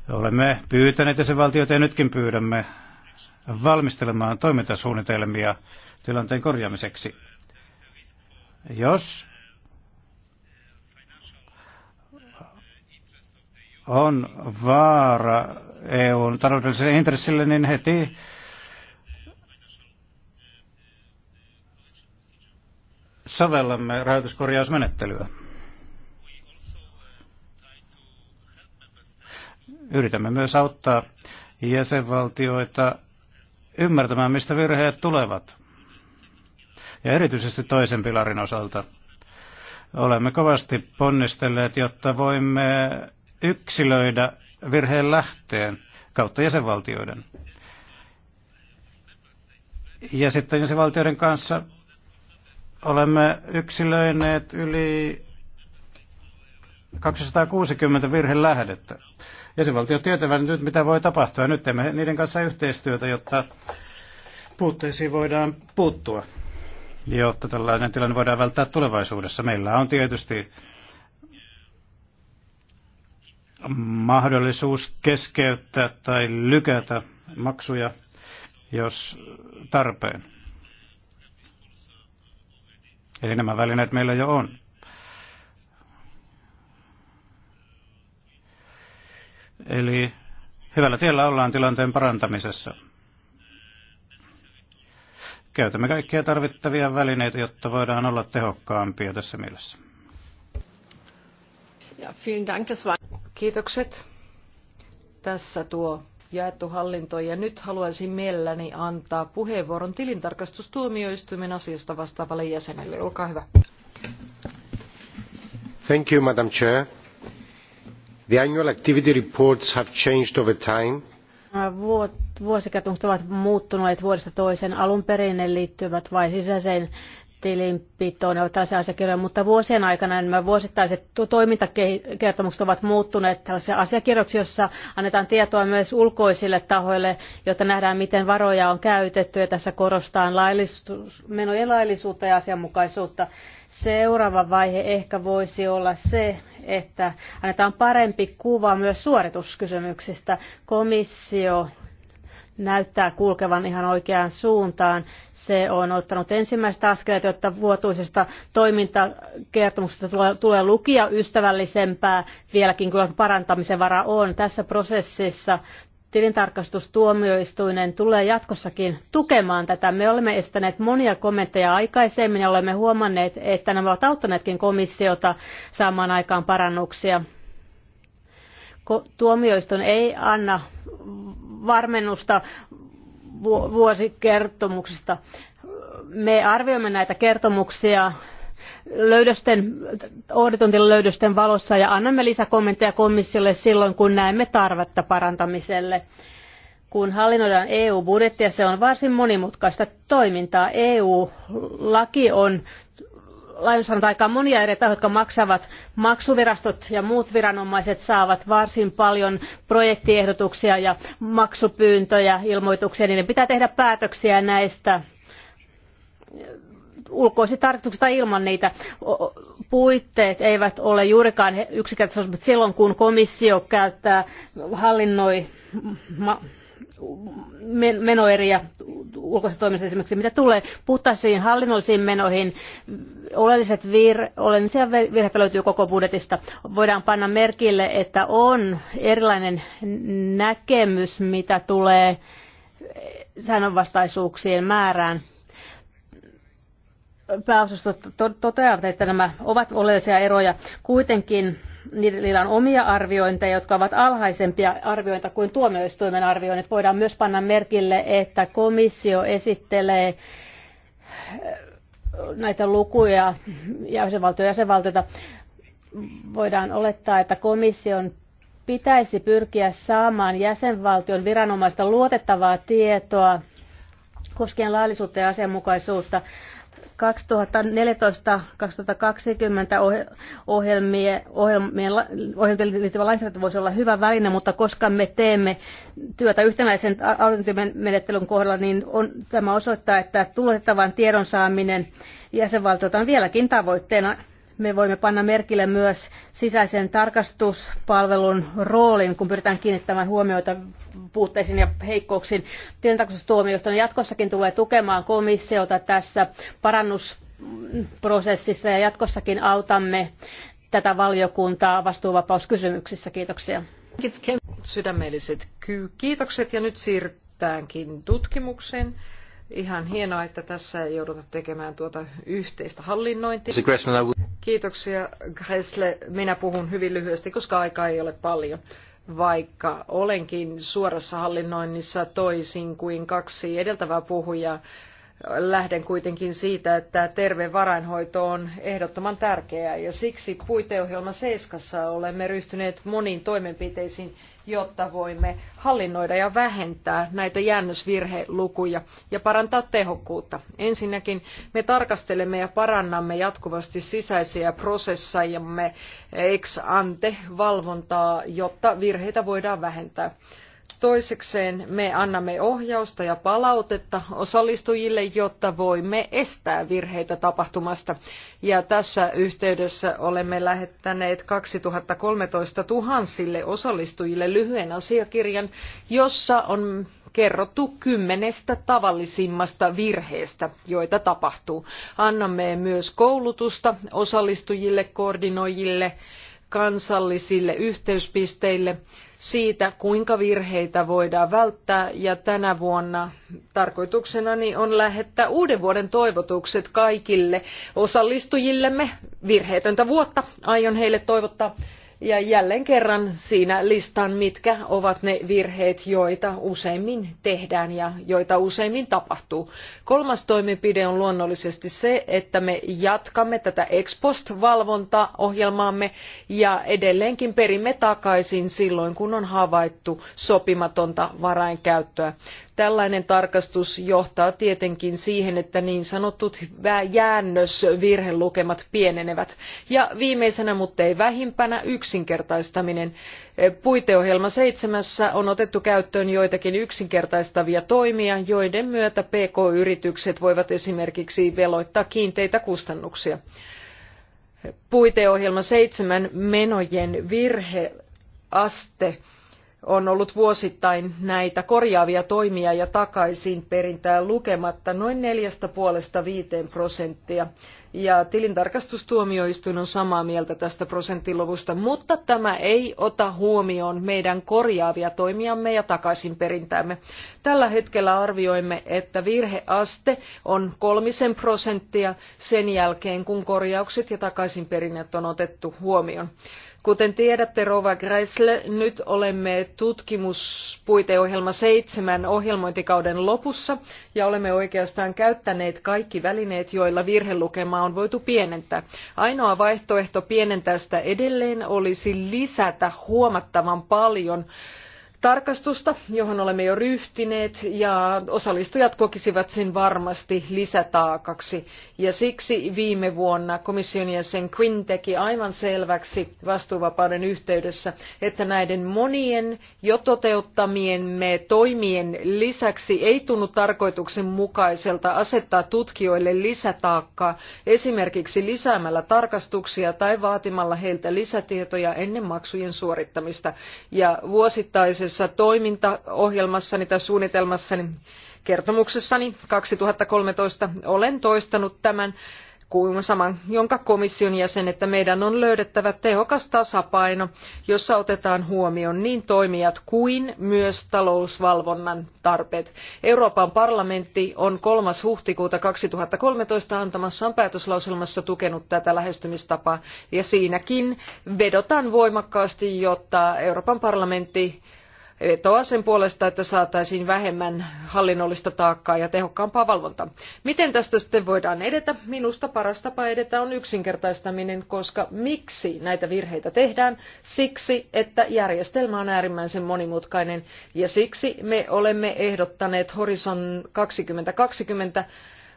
Olemme pyytäneet jäsenvaltioita ja nytkin pyydämme valmistelemaan toimintasuunnitelmia tilanteen korjaamiseksi. Jos on vaara EUn taloudelliselle intressille, niin heti sovellamme rahoituskorjausmenettelyä. Yritämme myös auttaa jäsenvaltioita ymmärtämään, mistä virheet tulevat. Ja erityisesti toisen pilarin osalta olemme kovasti ponnistelleet, jotta voimme yksilöidä virheen lähteen kautta jäsenvaltioiden. Ja sitten jäsenvaltioiden kanssa olemme yksilöineet yli 260 virhelähdettä. lähdettä Jäsenvaltiot tietävät nyt, mitä voi tapahtua. Nyt teemme niiden kanssa yhteistyötä, jotta puutteisiin voidaan puuttua, jotta tällainen tilanne voidaan välttää tulevaisuudessa. Meillä on tietysti mahdollisuus keskeyttää tai lykätä maksuja, jos tarpeen. Eli nämä välineet meillä jo on. Eli hyvällä tiellä ollaan tilanteen parantamisessa. Käytämme kaikkia tarvittavia välineitä, jotta voidaan olla tehokkaampia tässä mielessä. Kiitokset. Tässä tuo jaettu hallinto ja nyt haluaisin mielelläni antaa puheenvuoron tilintarkastustuomioistuimen asiasta vastaavalle jäsenelle. Olkaa hyvä. Thank you, Madam Chair. The annual activity reports have changed over time. Vuosikertomukset ovat muuttuneet vuodesta toiseen. Alun perin ne liittyvät vain sisäiseen tilinpitoon ja tällaisia asiakirjoja, mutta vuosien aikana nämä vuosittaiset toimintakertomukset ovat muuttuneet tällaisia asiakirjoiksi, jossa annetaan tietoa myös ulkoisille tahoille, jotta nähdään, miten varoja on käytetty ja tässä korostaan laillisuus, menojen laillisuutta ja asianmukaisuutta. Seuraava vaihe ehkä voisi olla se, että annetaan parempi kuva myös suorituskysymyksistä. Komissio näyttää kulkevan ihan oikeaan suuntaan. Se on ottanut ensimmäiset askeleet, jotta vuotuisesta toimintakertomuksesta tulee, lukia ystävällisempää. Vieläkin kyllä parantamisen vara on. Tässä prosessissa tilintarkastustuomioistuinen tulee jatkossakin tukemaan tätä. Me olemme estäneet monia kommentteja aikaisemmin ja olemme huomanneet, että nämä ovat auttaneetkin komissiota saamaan aikaan parannuksia. Tuomioistuin ei anna varmennusta vuosikertomuksista. Me arvioimme näitä kertomuksia löydösten, auditointin löydösten valossa ja annamme lisäkommentteja komissiolle silloin, kun näemme tarvetta parantamiselle. Kun hallinnoidaan EU-budjettia, se on varsin monimutkaista toimintaa. EU-laki on lainsäädäntö aika monia eri tahoja, jotka maksavat. Maksuvirastot ja muut viranomaiset saavat varsin paljon projektiehdotuksia ja maksupyyntöjä, ilmoituksia. Niiden pitää tehdä päätöksiä näistä ulkoiset tarkoitukset tai ilman niitä. Puitteet eivät ole juurikaan yksinkertaisesti, mutta silloin kun komissio käyttää, hallinnoi menoeriä ulkoisessa toiminnassa esimerkiksi, mitä tulee puhtaisiin hallinnollisiin menoihin, oleelliset vir- oleellisia virheitä löytyy koko budjetista. Voidaan panna merkille, että on erilainen näkemys, mitä tulee säännönvastaisuuksien määrään Pääosasto toteavat, että nämä ovat oleellisia eroja. Kuitenkin niillä on omia arviointeja, jotka ovat alhaisempia arvioita kuin tuomioistuimen arvioinnit. Voidaan myös panna merkille, että komissio esittelee eh, näitä lukuja jäsenvaltio jäsenvaltioita. Voidaan olettaa, että komission pitäisi pyrkiä saamaan jäsenvaltion viranomaista luotettavaa tietoa koskien laillisuutta ja asianmukaisuutta 2014-2020 ohjelmien, ohjelmien, ohjelmien liittyvä lainsäädäntö voisi olla hyvä väline, mutta koska me teemme työtä yhtenäisen auditointimenettelyn kohdalla, niin on, tämä osoittaa, että tuotettavan tiedon saaminen jäsenvaltiota on vieläkin tavoitteena me voimme panna merkille myös sisäisen tarkastuspalvelun roolin, kun pyritään kiinnittämään huomioita puutteisiin ja heikkouksiin. Tilintarkastustuomioistuin jatkossakin tulee tukemaan komissiota tässä parannusprosessissa ja jatkossakin autamme tätä valiokuntaa vastuuvapauskysymyksissä. Kiitoksia. Sydämelliset kiitokset ja nyt siirrytäänkin tutkimukseen ihan hienoa, että tässä ei jouduta tekemään tuota yhteistä hallinnointia. Kiitoksia Gressle. Minä puhun hyvin lyhyesti, koska aikaa ei ole paljon. Vaikka olenkin suorassa hallinnoinnissa toisin kuin kaksi edeltävää puhujaa, lähden kuitenkin siitä, että terve varainhoito on ehdottoman tärkeää ja siksi puiteohjelma Seiskassa olemme ryhtyneet moniin toimenpiteisiin, jotta voimme hallinnoida ja vähentää näitä jäännösvirhelukuja ja parantaa tehokkuutta. Ensinnäkin me tarkastelemme ja parannamme jatkuvasti sisäisiä prosessejamme ex ante valvontaa, jotta virheitä voidaan vähentää. Toisekseen me annamme ohjausta ja palautetta osallistujille, jotta voimme estää virheitä tapahtumasta. Ja tässä yhteydessä olemme lähettäneet 2013 tuhansille osallistujille lyhyen asiakirjan, jossa on kerrottu kymmenestä tavallisimmasta virheestä, joita tapahtuu. Annamme myös koulutusta osallistujille, koordinoijille, kansallisille yhteyspisteille siitä, kuinka virheitä voidaan välttää ja tänä vuonna tarkoituksenani on lähettää uuden vuoden toivotukset kaikille osallistujillemme virheetöntä vuotta. Aion heille toivottaa ja jälleen kerran siinä listan, mitkä ovat ne virheet, joita useimmin tehdään ja joita useimmin tapahtuu. Kolmas toimenpide on luonnollisesti se, että me jatkamme tätä ex post valvontaohjelmaamme ja edelleenkin perimme takaisin silloin, kun on havaittu sopimatonta varainkäyttöä. Tällainen tarkastus johtaa tietenkin siihen, että niin sanotut jäännösvirhelukemat pienenevät. Ja viimeisenä, mutta ei vähimpänä, yksinkertaistaminen. Puiteohjelma seitsemässä on otettu käyttöön joitakin yksinkertaistavia toimia, joiden myötä PK-yritykset voivat esimerkiksi veloittaa kiinteitä kustannuksia. Puiteohjelma seitsemän menojen virheaste on ollut vuosittain näitä korjaavia toimia ja takaisin perintää lukematta noin neljästä puolesta viiteen prosenttia. Ja tilintarkastustuomioistuin on samaa mieltä tästä prosenttiluvusta, mutta tämä ei ota huomioon meidän korjaavia toimiamme ja takaisinperintäämme. Tällä hetkellä arvioimme, että virheaste on kolmisen prosenttia sen jälkeen, kun korjaukset ja takaisinperinnät on otettu huomioon. Kuten tiedätte, Rova Gressle, nyt olemme tutkimuspuiteohjelma seitsemän ohjelmointikauden lopussa ja olemme oikeastaan käyttäneet kaikki välineet, joilla virhelukemaa on voitu pienentää. Ainoa vaihtoehto pienentää sitä edelleen olisi lisätä huomattavan paljon tarkastusta, johon olemme jo ryhtyneet, ja osallistujat kokisivat sen varmasti lisätaakaksi. Ja siksi viime vuonna komission jäsen Quinn teki aivan selväksi vastuuvapauden yhteydessä, että näiden monien jo toteuttamiemme toimien lisäksi ei tunnu tarkoituksenmukaiselta asettaa tutkijoille lisätaakkaa esimerkiksi lisäämällä tarkastuksia tai vaatimalla heiltä lisätietoja ennen maksujen suorittamista. Ja vuosittaisessa omassa toimintaohjelmassani tai suunnitelmassani kertomuksessani 2013 olen toistanut tämän kuin saman, jonka komission jäsen, että meidän on löydettävä tehokas tasapaino, jossa otetaan huomioon niin toimijat kuin myös talousvalvonnan tarpeet. Euroopan parlamentti on 3. huhtikuuta 2013 antamassaan päätöslauselmassa tukenut tätä lähestymistapaa ja siinäkin vedotaan voimakkaasti, jotta Euroopan parlamentti vetoaa sen puolesta, että saataisiin vähemmän hallinnollista taakkaa ja tehokkaampaa valvontaa. Miten tästä sitten voidaan edetä? Minusta paras tapa edetä on yksinkertaistaminen, koska miksi näitä virheitä tehdään? Siksi, että järjestelmä on äärimmäisen monimutkainen ja siksi me olemme ehdottaneet Horizon 2020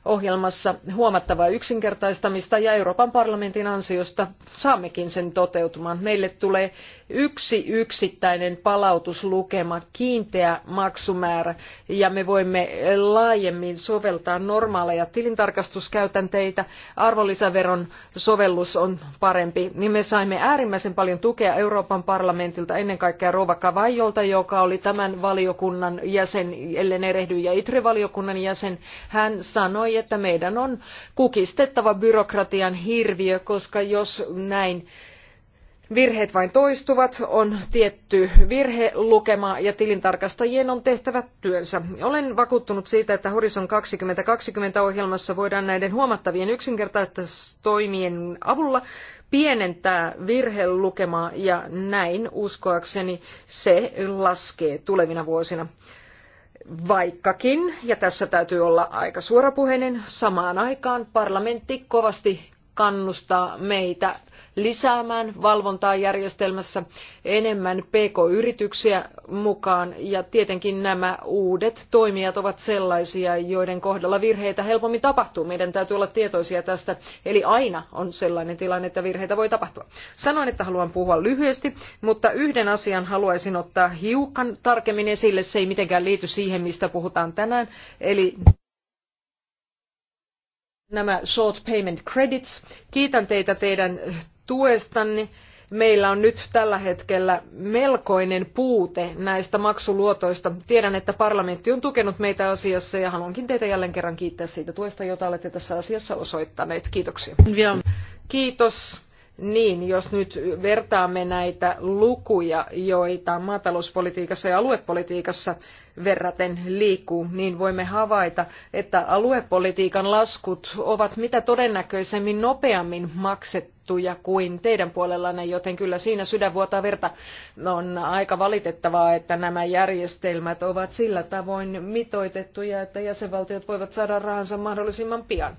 ohjelmassa huomattavaa yksinkertaistamista ja Euroopan parlamentin ansiosta saammekin sen toteutumaan. Meille tulee yksi yksittäinen palautuslukema, kiinteä maksumäärä ja me voimme laajemmin soveltaa normaaleja tilintarkastuskäytänteitä. Arvonlisäveron sovellus on parempi. Niin me saimme äärimmäisen paljon tukea Euroopan parlamentilta, ennen kaikkea rouva Kavajolta, joka oli tämän valiokunnan jäsen, ellen erehdy, ja ITRE-valiokunnan jäsen. Hän sanoi, että meidän on kukistettava byrokratian hirviö, koska jos näin virheet vain toistuvat, on tietty virhelukema ja tilintarkastajien on tehtävä työnsä. Olen vakuuttunut siitä, että Horizon 2020 ohjelmassa voidaan näiden huomattavien yksinkertaistoimien avulla pienentää virhelukemaa ja näin uskoakseni se laskee tulevina vuosina. Vaikkakin, ja tässä täytyy olla aika suorapuheinen, samaan aikaan parlamentti kovasti kannustaa meitä lisäämään valvontaa järjestelmässä enemmän pk-yrityksiä mukaan ja tietenkin nämä uudet toimijat ovat sellaisia, joiden kohdalla virheitä helpommin tapahtuu. Meidän täytyy olla tietoisia tästä, eli aina on sellainen tilanne, että virheitä voi tapahtua. Sanoin, että haluan puhua lyhyesti, mutta yhden asian haluaisin ottaa hiukan tarkemmin esille. Se ei mitenkään liity siihen, mistä puhutaan tänään, eli nämä short payment credits. Kiitän teitä teidän tuestanne. Meillä on nyt tällä hetkellä melkoinen puute näistä maksuluotoista. Tiedän, että parlamentti on tukenut meitä asiassa ja haluankin teitä jälleen kerran kiittää siitä tuesta, jota olette tässä asiassa osoittaneet. Kiitoksia. Kiitos. Niin, jos nyt vertaamme näitä lukuja, joita maatalouspolitiikassa ja aluepolitiikassa verraten liikkuu, niin voimme havaita, että aluepolitiikan laskut ovat mitä todennäköisemmin nopeammin maksettuja kuin teidän puolellanne, joten kyllä siinä sydänvuotaa verta on aika valitettavaa, että nämä järjestelmät ovat sillä tavoin mitoitettuja, että jäsenvaltiot voivat saada rahansa mahdollisimman pian.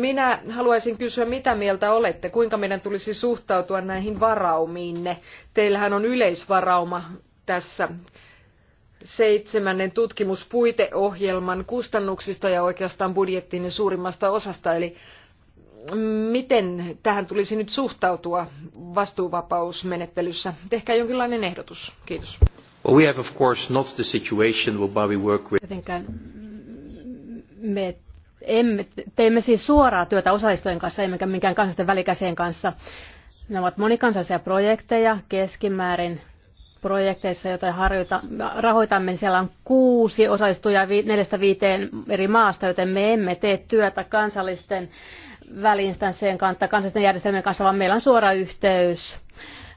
Minä haluaisin kysyä, mitä mieltä olette, kuinka meidän tulisi suhtautua näihin varaumiinne. Teillähän on yleisvarauma tässä seitsemännen tutkimuspuiteohjelman kustannuksista ja oikeastaan budjettiin suurimmasta osasta, eli miten tähän tulisi nyt suhtautua vastuuvapausmenettelyssä? Tehkää jonkinlainen ehdotus. Kiitos. Well, we have of course not the situation we work with. me emme, teemme siis suoraa työtä osallistujien kanssa, emmekä minkään kansallisten välikäsien kanssa. Ne ovat monikansallisia projekteja keskimäärin projekteissa, joita harjoita, rahoitamme, niin siellä on kuusi osallistujaa neljästä viiteen eri maasta, joten me emme tee työtä kansallisten väliinstanssien kanssa, kansallisten järjestelmien kanssa, vaan meillä on suora yhteys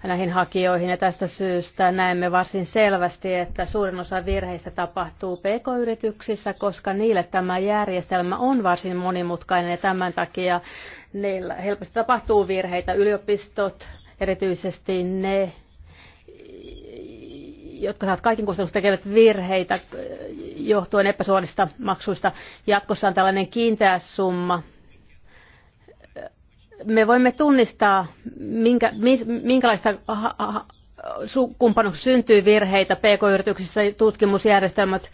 näihin hakijoihin. Ja tästä syystä näemme varsin selvästi, että suurin osa virheistä tapahtuu pk-yrityksissä, koska niille tämä järjestelmä on varsin monimutkainen ja tämän takia niillä helposti tapahtuu virheitä. Yliopistot, erityisesti ne, jotka saavat kaiken kustannukset tekevät virheitä johtuen epäsuorista maksuista. Jatkossa on tällainen kiinteä summa, me voimme tunnistaa, minkä, minkälaista kumppanuksessa syntyy virheitä pk-yrityksissä, tutkimusjärjestelmät,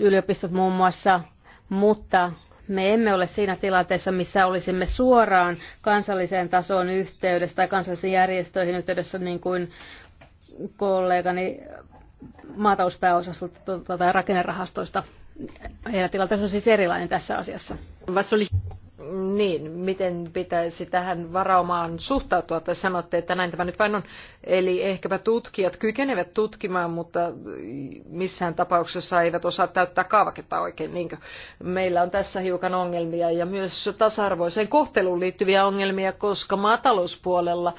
yliopistot muun muassa, mutta me emme ole siinä tilanteessa, missä olisimme suoraan kansalliseen tasoon yhteydessä tai kansallisiin järjestöihin yhteydessä, niin kuin kollegani maatalouspääosastolta tai rakennerahastoista. Heidän tilanteensa on siis erilainen tässä asiassa. Niin, miten pitäisi tähän varaumaan suhtautua, tai sanotte, että näin tämä nyt vain on. Eli ehkäpä tutkijat kykenevät tutkimaan, mutta missään tapauksessa eivät osaa täyttää kaavaketta oikein. Niinkö? Meillä on tässä hiukan ongelmia ja myös tasa-arvoiseen kohteluun liittyviä ongelmia, koska maatalouspuolella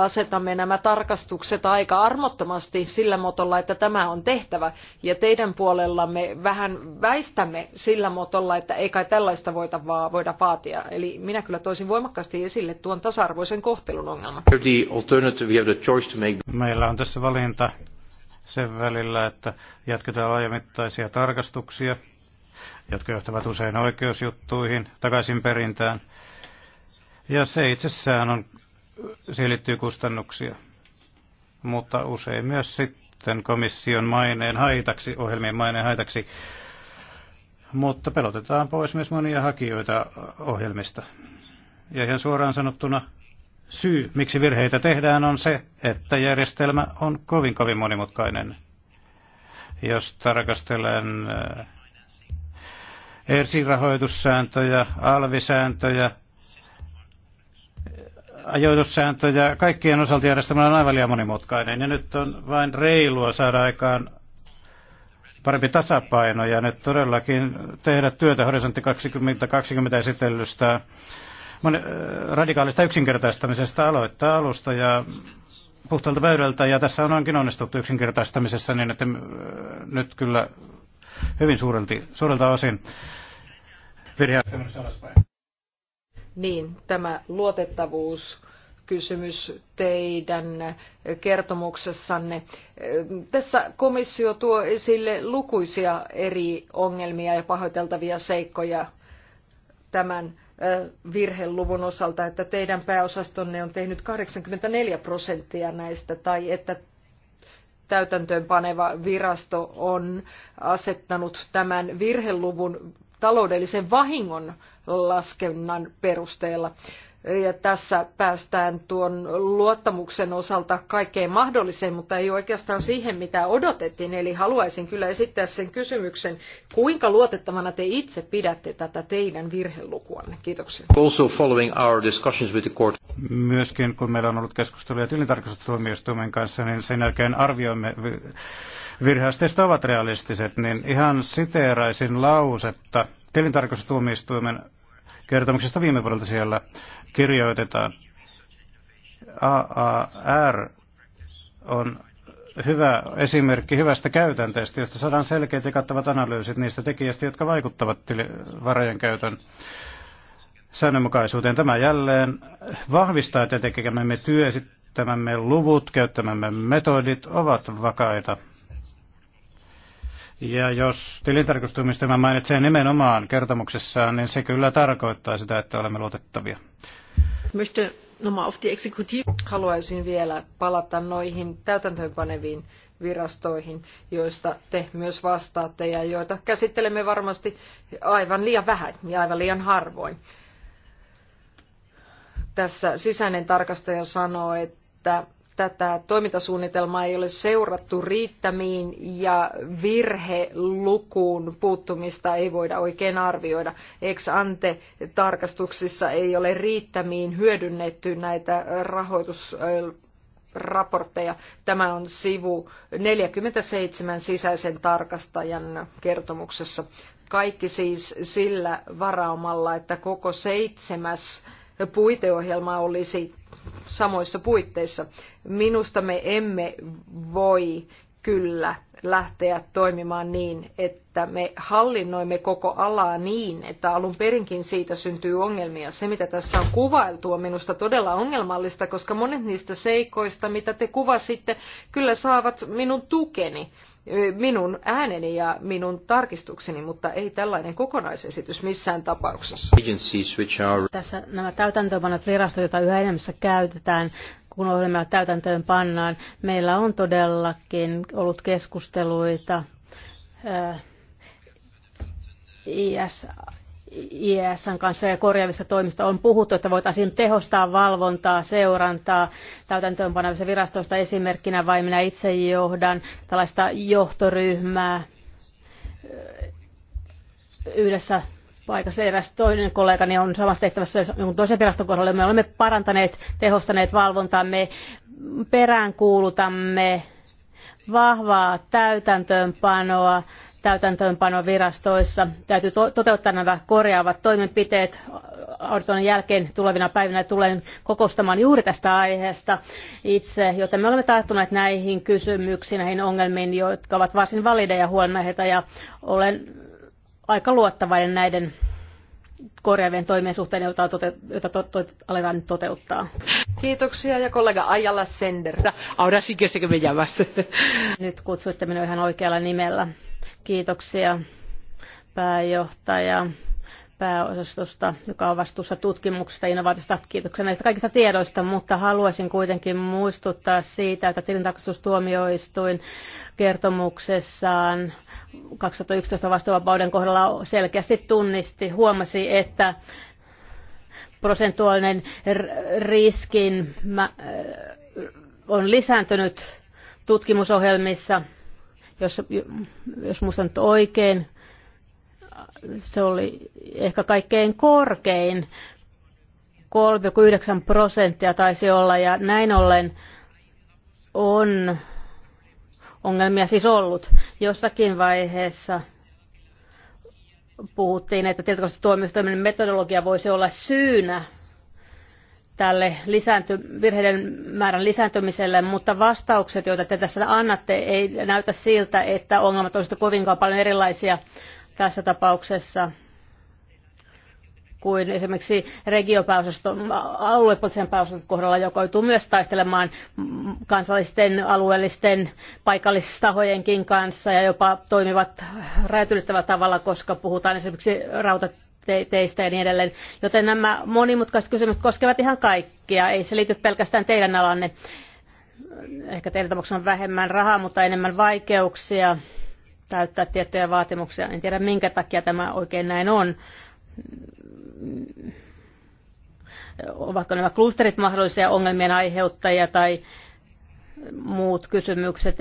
asetamme nämä tarkastukset aika armottomasti sillä motolla, että tämä on tehtävä. Ja teidän puolella me vähän väistämme sillä motolla, että ei kai tällaista voida vaan voida vaan laatia. Eli minä kyllä toisin voimakkaasti esille tuon tasa-arvoisen kohtelun ongelman. Meillä on tässä valinta sen välillä, että jatketaan laajamittaisia tarkastuksia, jotka johtavat usein oikeusjuttuihin, takaisin perintään. Ja se itsessään on, siihen liittyy kustannuksia, mutta usein myös sitten komission maineen haitaksi, ohjelmien maineen haitaksi mutta pelotetaan pois myös monia hakijoita ohjelmista. Ja ihan suoraan sanottuna syy, miksi virheitä tehdään, on se, että järjestelmä on kovin kovin monimutkainen. Jos tarkastelen äh, ERSI-rahoitussääntöjä, ALVI-sääntöjä, ajoitussääntöjä, kaikkien osalta järjestelmä on aivan liian monimutkainen. Ja nyt on vain reilua saada aikaan parempi tasapaino ja nyt todellakin tehdä työtä horisontti 2020 esitellystä äh, radikaalista yksinkertaistamisesta aloittaa alusta ja puhtaalta pöydältä ja tässä on onkin onnistuttu yksinkertaistamisessa niin, että äh, nyt kyllä hyvin suurelti, suurelta osin alaspäin. Niin, tämä luotettavuus kysymys teidän kertomuksessanne. Tässä komissio tuo esille lukuisia eri ongelmia ja pahoiteltavia seikkoja tämän virheluvun osalta, että teidän pääosastonne on tehnyt 84 prosenttia näistä tai että täytäntöönpaneva virasto on asettanut tämän virheluvun taloudellisen vahingon laskennan perusteella. Ja tässä päästään tuon luottamuksen osalta kaikkeen mahdolliseen, mutta ei oikeastaan siihen, mitä odotettiin. Eli haluaisin kyllä esittää sen kysymyksen, kuinka luotettavana te itse pidätte tätä teidän virhelukuanne. Kiitoksia. Also following our discussions with the court. Myöskin kun meillä on ollut keskusteluja tilintarkastustuomioistuimen kanssa, niin sen jälkeen arvioimme virheasteista ovat realistiset, niin ihan siteeraisin lausetta tilintarkastustuomioistuimen kertomuksesta viime vuodelta siellä kirjoitetaan. AAR on hyvä esimerkki hyvästä käytänteestä, josta saadaan selkeät ja kattavat analyysit niistä tekijöistä, jotka vaikuttavat varojen käytön säännönmukaisuuteen. Tämä jälleen vahvistaa, että tekemämme työ, esittämämme luvut, käyttämämme metodit ovat vakaita. Ja jos tilintarkastumistyömä mainitsee nimenomaan kertomuksessaan, niin se kyllä tarkoittaa sitä, että olemme luotettavia. Haluaisin vielä palata noihin täytäntöönpaneviin virastoihin, joista te myös vastaatte ja joita käsittelemme varmasti aivan liian vähän ja aivan liian harvoin. Tässä sisäinen tarkastaja sanoo, että tätä toimintasuunnitelmaa ei ole seurattu riittämiin ja virhelukuun puuttumista ei voida oikein arvioida. Ex ante tarkastuksissa ei ole riittämiin hyödynnetty näitä rahoitus raportteja. Tämä on sivu 47 sisäisen tarkastajan kertomuksessa. Kaikki siis sillä varaumalla, että koko seitsemäs puiteohjelma olisi samoissa puitteissa. Minusta me emme voi kyllä lähteä toimimaan niin, että me hallinnoimme koko alaa niin, että alun perinkin siitä syntyy ongelmia. Se, mitä tässä on kuvailtu, on minusta todella ongelmallista, koska monet niistä seikoista, mitä te kuvasitte, kyllä saavat minun tukeni minun ääneni ja minun tarkistukseni, mutta ei tällainen kokonaisesitys missään tapauksessa. Tässä nämä täytäntöönpanot virastot, joita yhä enemmän käytetään, kun ohjelmia täytäntöön pannaan, meillä on todellakin ollut keskusteluita IS ISN kanssa ja korjaavista toimista on puhuttu, että voitaisiin tehostaa valvontaa, seurantaa täytäntöönpanevissa virastoista esimerkkinä, vai minä itse johdan tällaista johtoryhmää yhdessä paikassa. Eräs toinen kollegani on samassa tehtävässä jonkun toisen viraston kohdalla. Me olemme parantaneet, tehostaneet valvontaa, me peräänkuulutamme vahvaa täytäntöönpanoa täytäntöönpanovirastoissa. Täytyy to- toteuttaa nämä korjaavat toimenpiteet. Auditoinnin jälkeen tulevina päivinä tulen kokoustamaan juuri tästä aiheesta itse, joten me olemme tarttuneet näihin kysymyksiin, näihin ongelmiin, jotka ovat varsin valideja huolenaiheita ja olen aika luottavainen näiden korjaavien toimien suhteen, joita, tote, joita to, to, aletaan nyt toteuttaa. Kiitoksia ja kollega Ajala Sender. Nyt kutsuitte minua ihan oikealla nimellä. Kiitoksia pääjohtaja pääosastosta, joka on vastuussa tutkimuksesta ja innovaatiosta. Kiitoksia näistä kaikista tiedoista, mutta haluaisin kuitenkin muistuttaa siitä, että tilintarkastustuomioistuin kertomuksessaan 2011 vastuuvapauden kohdalla selkeästi tunnisti, huomasi, että prosentuaalinen riskin on lisääntynyt tutkimusohjelmissa – jos, jos muistan nyt oikein, se oli ehkä kaikkein korkein, 3,9 prosenttia taisi olla, ja näin ollen on ongelmia siis ollut. Jossakin vaiheessa puhuttiin, että tietokoneen metodologia voisi olla syynä tälle lisäänty, virheiden määrän lisääntymiselle, mutta vastaukset, joita te tässä annatte, ei näytä siltä, että ongelmat olisivat kovinkaan paljon erilaisia tässä tapauksessa kuin esimerkiksi regiopääosaston aluepoliittisen pääosaston kohdalla, joka joutuu myös taistelemaan kansallisten, alueellisten, paikallistahojenkin kanssa ja jopa toimivat räätylittävällä tavalla, koska puhutaan esimerkiksi rautat teistä ja niin edelleen. Joten nämä monimutkaiset kysymykset koskevat ihan kaikkia, ei se liity pelkästään teidän alanne. Ehkä teidän tapauksessa on vähemmän rahaa, mutta enemmän vaikeuksia täyttää tiettyjä vaatimuksia. En tiedä, minkä takia tämä oikein näin on. Ovatko nämä klusterit mahdollisia ongelmien aiheuttajia tai muut kysymykset,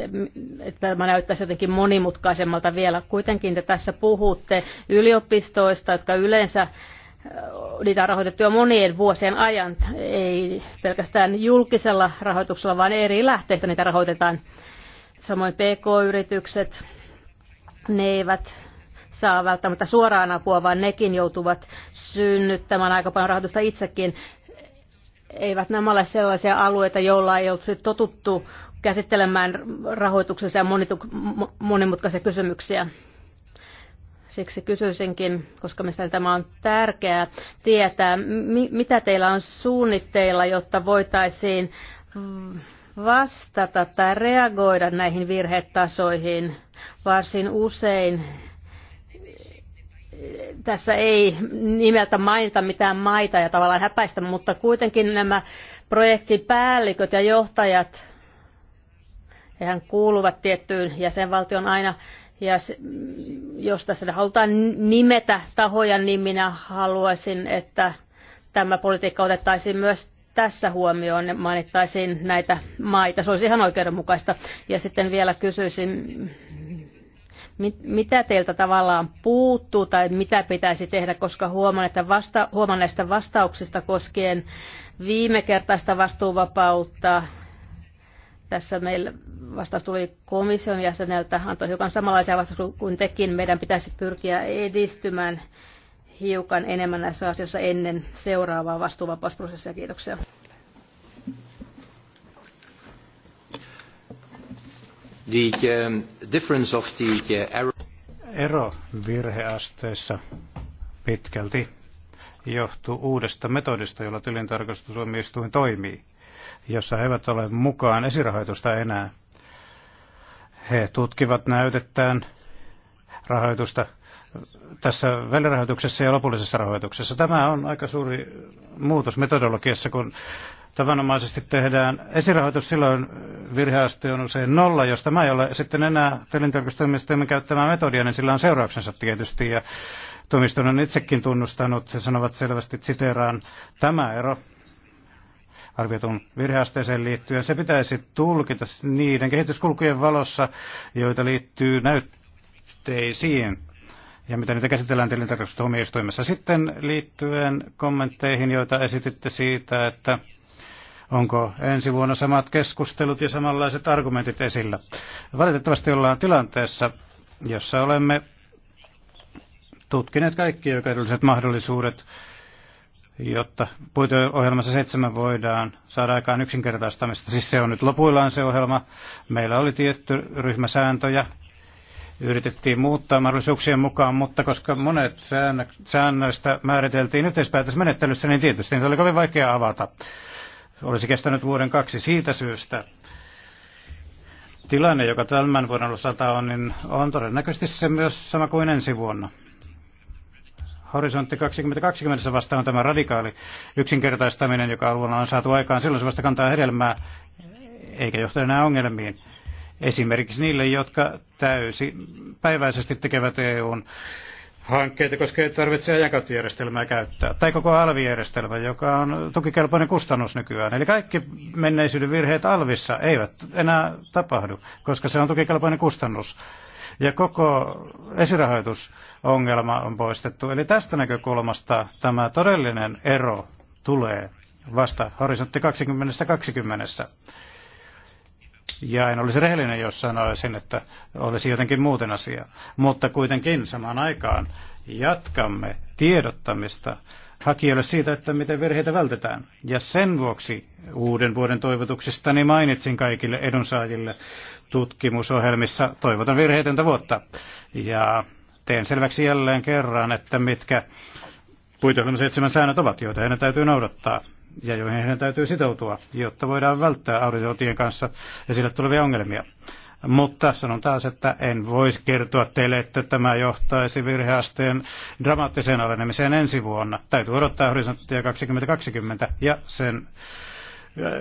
että tämä näyttäisi jotenkin monimutkaisemmalta vielä. Kuitenkin te tässä puhutte yliopistoista, jotka yleensä niitä on rahoitettu jo monien vuosien ajan, ei pelkästään julkisella rahoituksella, vaan eri lähteistä niitä rahoitetaan. Samoin PK-yritykset, ne eivät saa välttämättä suoraan apua, vaan nekin joutuvat synnyttämään aika paljon rahoitusta itsekin eivät nämä ole sellaisia alueita, joilla ei ollut totuttu käsittelemään rahoituksessa ja monimutkaisia kysymyksiä. Siksi kysyisinkin, koska mielestäni tämä on tärkeää tietää, mitä teillä on suunnitteilla, jotta voitaisiin vastata tai reagoida näihin virhetasoihin. Varsin usein tässä ei nimeltä mainita mitään maita ja tavallaan häpäistä, mutta kuitenkin nämä projektipäälliköt ja johtajat, hehän kuuluvat tiettyyn jäsenvaltion aina, ja jos tässä halutaan nimetä tahoja, niin minä haluaisin, että tämä politiikka otettaisiin myös tässä huomioon ja mainittaisiin näitä maita. Se olisi ihan oikeudenmukaista. Ja sitten vielä kysyisin, mitä teiltä tavallaan puuttuu tai mitä pitäisi tehdä, koska huomaan, että vasta, huomaan näistä vastauksista koskien viime kertaista vastuuvapautta. Tässä meillä vastaus tuli komission jäseneltä, antoi hiukan samanlaisia vastauksia kuin tekin. Meidän pitäisi pyrkiä edistymään hiukan enemmän näissä asioissa ennen seuraavaa vastuuvapausprosessia. Kiitoksia. The um, difference of the error... Uh, Ero virheasteissa pitkälti johtuu uudesta metodista, jolla tilintarkastusomistuin toimii, jossa he eivät ole mukaan esirahoitusta enää. He tutkivat näytettään rahoitusta tässä välirahoituksessa ja lopullisessa rahoituksessa. Tämä on aika suuri muutos metodologiassa, kun tavanomaisesti tehdään esirahoitus, silloin virheaste on usein nolla, jos tämä ei ole sitten enää tilintarkastustoimistoimen käyttämää metodia, niin sillä on seurauksensa tietysti. Ja toimiston on itsekin tunnustanut ja sanovat selvästi, siteeraan tämä ero arvioitun virheasteeseen liittyen. Se pitäisi tulkita niiden kehityskulkujen valossa, joita liittyy näytteisiin ja mitä niitä käsitellään tilintarkastustuomioistuimessa. Sitten liittyen kommentteihin, joita esititte siitä, että Onko ensi vuonna samat keskustelut ja samanlaiset argumentit esillä? Valitettavasti ollaan tilanteessa, jossa olemme tutkineet kaikki oikeudelliset mahdollisuudet, jotta puiteohjelmassa seitsemän voidaan saada aikaan yksinkertaistamista. Siis se on nyt lopuillaan se ohjelma. Meillä oli tietty ryhmäsääntöjä, yritettiin muuttaa mahdollisuuksien mukaan, mutta koska monet säännöistä määriteltiin yhteispäätösmenettelyssä, niin tietysti niitä oli kovin vaikea avata olisi kestänyt vuoden kaksi siitä syystä. Tilanne, joka tämän vuoden osalta on, niin on todennäköisesti se myös sama kuin ensi vuonna. Horisontti 2020 vasta on tämä radikaali yksinkertaistaminen, joka alueella on saatu aikaan. Silloin se vasta kantaa hedelmää, eikä johtaa enää ongelmiin. Esimerkiksi niille, jotka täysi päiväisesti tekevät EUn hankkeita, koska ei tarvitse ajankäyttöjärjestelmää käyttää, tai koko alvijärjestelmä, joka on tukikelpoinen kustannus nykyään. Eli kaikki menneisyyden virheet alvissa eivät enää tapahdu, koska se on tukikelpoinen kustannus. Ja koko esirahoitusongelma on poistettu. Eli tästä näkökulmasta tämä todellinen ero tulee vasta horisontti 2020. Ja en olisi rehellinen, jos sanoisin, että olisi jotenkin muuten asia. Mutta kuitenkin samaan aikaan jatkamme tiedottamista hakijoille siitä, että miten virheitä vältetään. Ja sen vuoksi uuden vuoden toivotuksistani mainitsin kaikille edunsaajille tutkimusohjelmissa toivotan virheitöntä vuotta. Ja teen selväksi jälleen kerran, että mitkä puiteohjelma seitsemän säännöt ovat, joita heidän täytyy noudattaa ja joihin heidän täytyy sitoutua, jotta voidaan välttää auditointien kanssa esille tulevia ongelmia. Mutta sanon taas, että en voisi kertoa teille, että tämä johtaisi virheasteen dramaattiseen alenemiseen ensi vuonna. Täytyy odottaa horisonttia 2020 ja sen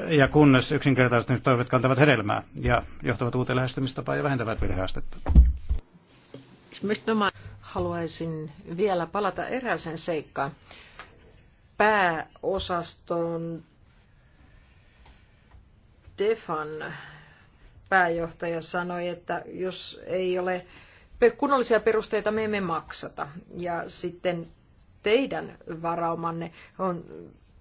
ja kunnes yksinkertaisesti nyt toimet kantavat hedelmää ja johtavat uuteen lähestymistapaan ja vähentävät virheastetta. Haluaisin vielä palata erääseen seikkaan pääosaston Defan pääjohtaja sanoi, että jos ei ole kunnollisia perusteita, me emme maksata. Ja sitten teidän varaumanne on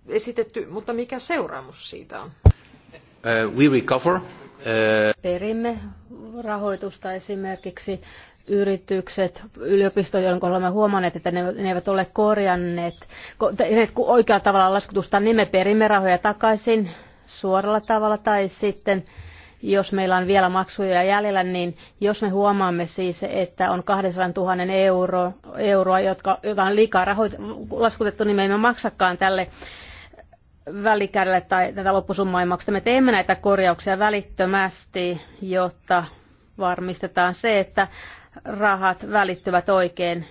esitetty, mutta mikä seuraamus siitä on? Uh, we recover. Uh... Perimme rahoitusta esimerkiksi yritykset, yliopistojen kohdalla me huomanneet, että ne, ne eivät ole korjanneet ne, oikealla tavalla laskutusta, niin me perimme rahoja takaisin suoralla tavalla tai sitten jos meillä on vielä maksuja jäljellä, niin jos me huomaamme siis, että on 200 000 euro, euroa, jotka, jota on liikaa rahoit- laskutettu, niin me emme maksakaan tälle välikädelle tai tätä loppusummaa ei makseta. Me teemme näitä korjauksia välittömästi, jotta varmistetaan se, että rahat välittyvät oikein.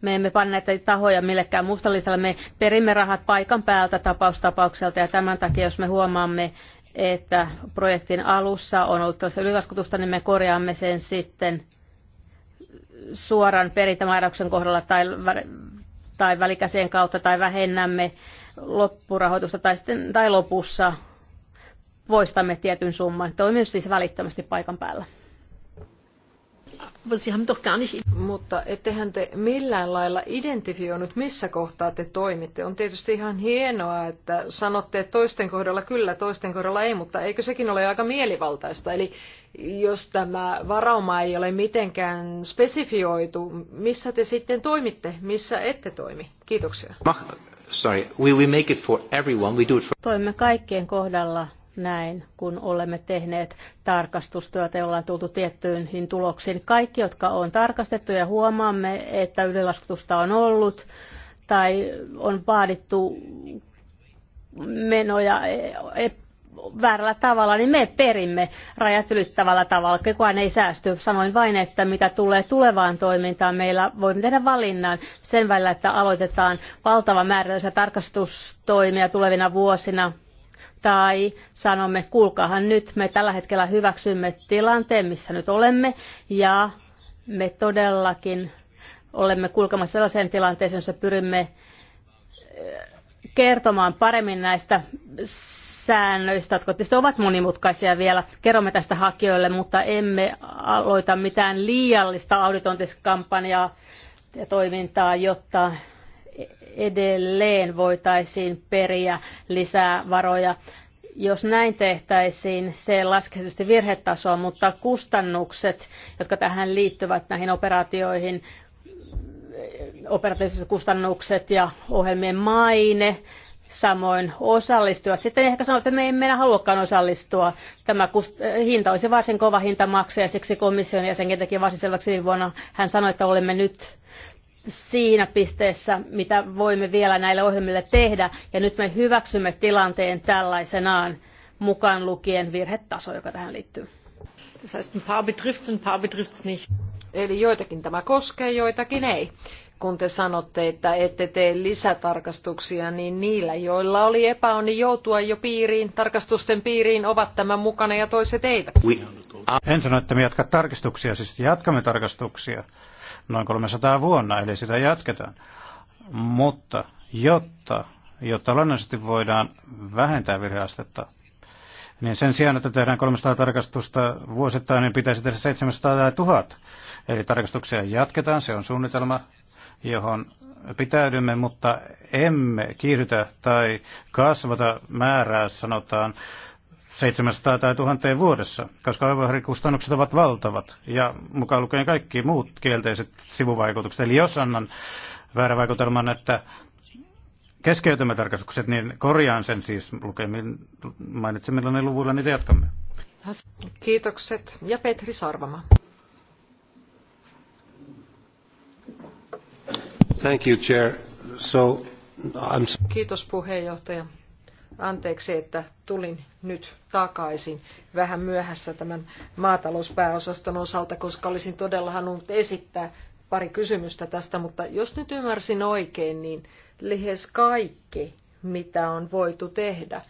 Me emme pane näitä tahoja millekään mustalistalle. Me perimme rahat paikan päältä tapaustapaukselta ja tämän takia, jos me huomaamme, että projektin alussa on ollut tällaista ylilaskutusta, niin me korjaamme sen sitten suoran perintämääräyksen kohdalla tai, tai välikäsien kautta tai vähennämme loppurahoitusta tai, sitten, tai lopussa voistamme tietyn summan. Toimin siis välittömästi paikan päällä. Mutta ettehän te millään lailla identifioinut, missä kohtaa te toimitte. On tietysti ihan hienoa, että sanotte, että toisten kohdalla kyllä, toisten kohdalla ei, mutta eikö sekin ole aika mielivaltaista? Eli jos tämä varauma ei ole mitenkään spesifioitu, missä te sitten toimitte, missä ette toimi? Kiitoksia. Sorry, we, we make it for everyone. We do it for... Toimme kaikkien kohdalla näin, kun olemme tehneet tarkastustyötä, jolla on tultu tiettyihin tuloksiin. Kaikki, jotka on tarkastettu ja huomaamme, että ylilaskutusta on ollut tai on vaadittu menoja e, e, väärällä tavalla, niin me perimme rajat ylittävällä tavalla. Kukaan ei säästy. Sanoin vain, että mitä tulee tulevaan toimintaan, meillä voimme tehdä valinnan sen välillä, että aloitetaan valtava määrä tarkastustoimia tulevina vuosina tai sanomme, kuulkaahan nyt, me tällä hetkellä hyväksymme tilanteen, missä nyt olemme, ja me todellakin olemme kulkemassa sellaiseen tilanteeseen, jossa pyrimme eh, kertomaan paremmin näistä säännöistä, jotka tietysti ovat monimutkaisia vielä. Kerromme tästä hakijoille, mutta emme aloita mitään liiallista auditointiskampanjaa ja toimintaa, jotta edelleen voitaisiin periä lisää varoja. Jos näin tehtäisiin, se laskee tietysti virhetasoa, mutta kustannukset, jotka tähän liittyvät näihin operaatioihin, operatiiviset kustannukset ja ohjelmien maine, samoin osallistuvat. Sitten ehkä sanoo, että me emme enää haluakaan osallistua. Tämä hinta olisi varsin kova hinta maksaa ja siksi komission jäsenkin teki varsin selväksi viime vuonna. Hän sanoi, että olemme nyt siinä pisteessä, mitä voimme vielä näille ohjelmille tehdä. Ja nyt me hyväksymme tilanteen tällaisenaan mukaan lukien virhetaso, joka tähän liittyy. Das heißt, ein paar betrifft's, ein paar betrifft's nicht. Eli joitakin tämä koskee, joitakin ei. Kun te sanotte, että ette tee lisätarkastuksia, niin niillä, joilla oli epäonni joutua jo piiriin, tarkastusten piiriin, ovat tämän mukana ja toiset eivät. En sano, että me jatka tarkistuksia, siis jatkamme tarkastuksia noin 300 vuonna, eli sitä jatketaan. Mutta jotta, jotta luonnollisesti voidaan vähentää virheastetta, niin sen sijaan, että tehdään 300 tarkastusta vuosittain, niin pitäisi tehdä 700 tai 1000. Eli tarkastuksia jatketaan, se on suunnitelma, johon pitäydymme, mutta emme kiihdytä tai kasvata määrää, sanotaan 700 tai 1000 vuodessa, koska aivoherikustannukset ovat valtavat ja mukaan lukien kaikki muut kielteiset sivuvaikutukset. Eli jos annan väärän vaikutelman, että tarkastukset, niin korjaan sen siis lukemin mainitsemillani luvuilla, niitä jatkamme. Kiitokset. Ja Petri Sarvama. Thank you, Chair. So, I'm... Kiitos puheenjohtaja. Anteeksi, että tulin nyt takaisin vähän myöhässä tämän maatalouspääosaston osalta, koska olisin todella halunnut esittää pari kysymystä tästä, mutta jos nyt ymmärsin oikein, niin lähes kaikki, mitä on voitu tehdä,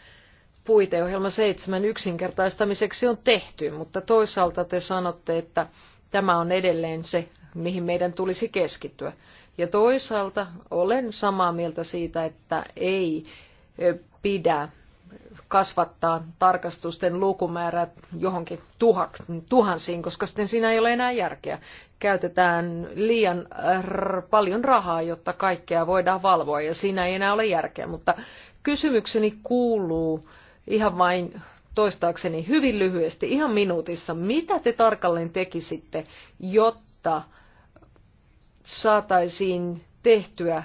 puiteohjelma seitsemän yksinkertaistamiseksi on tehty, mutta toisaalta te sanotte, että tämä on edelleen se, mihin meidän tulisi keskittyä. Ja toisaalta olen samaa mieltä siitä, että ei pidä kasvattaa tarkastusten lukumäärä johonkin tuhansiin, koska sitten siinä ei ole enää järkeä. Käytetään liian paljon rahaa, jotta kaikkea voidaan valvoa ja siinä ei enää ole järkeä. Mutta kysymykseni kuuluu ihan vain toistaakseni hyvin lyhyesti, ihan minuutissa, mitä te tarkalleen tekisitte, jotta saataisiin tehtyä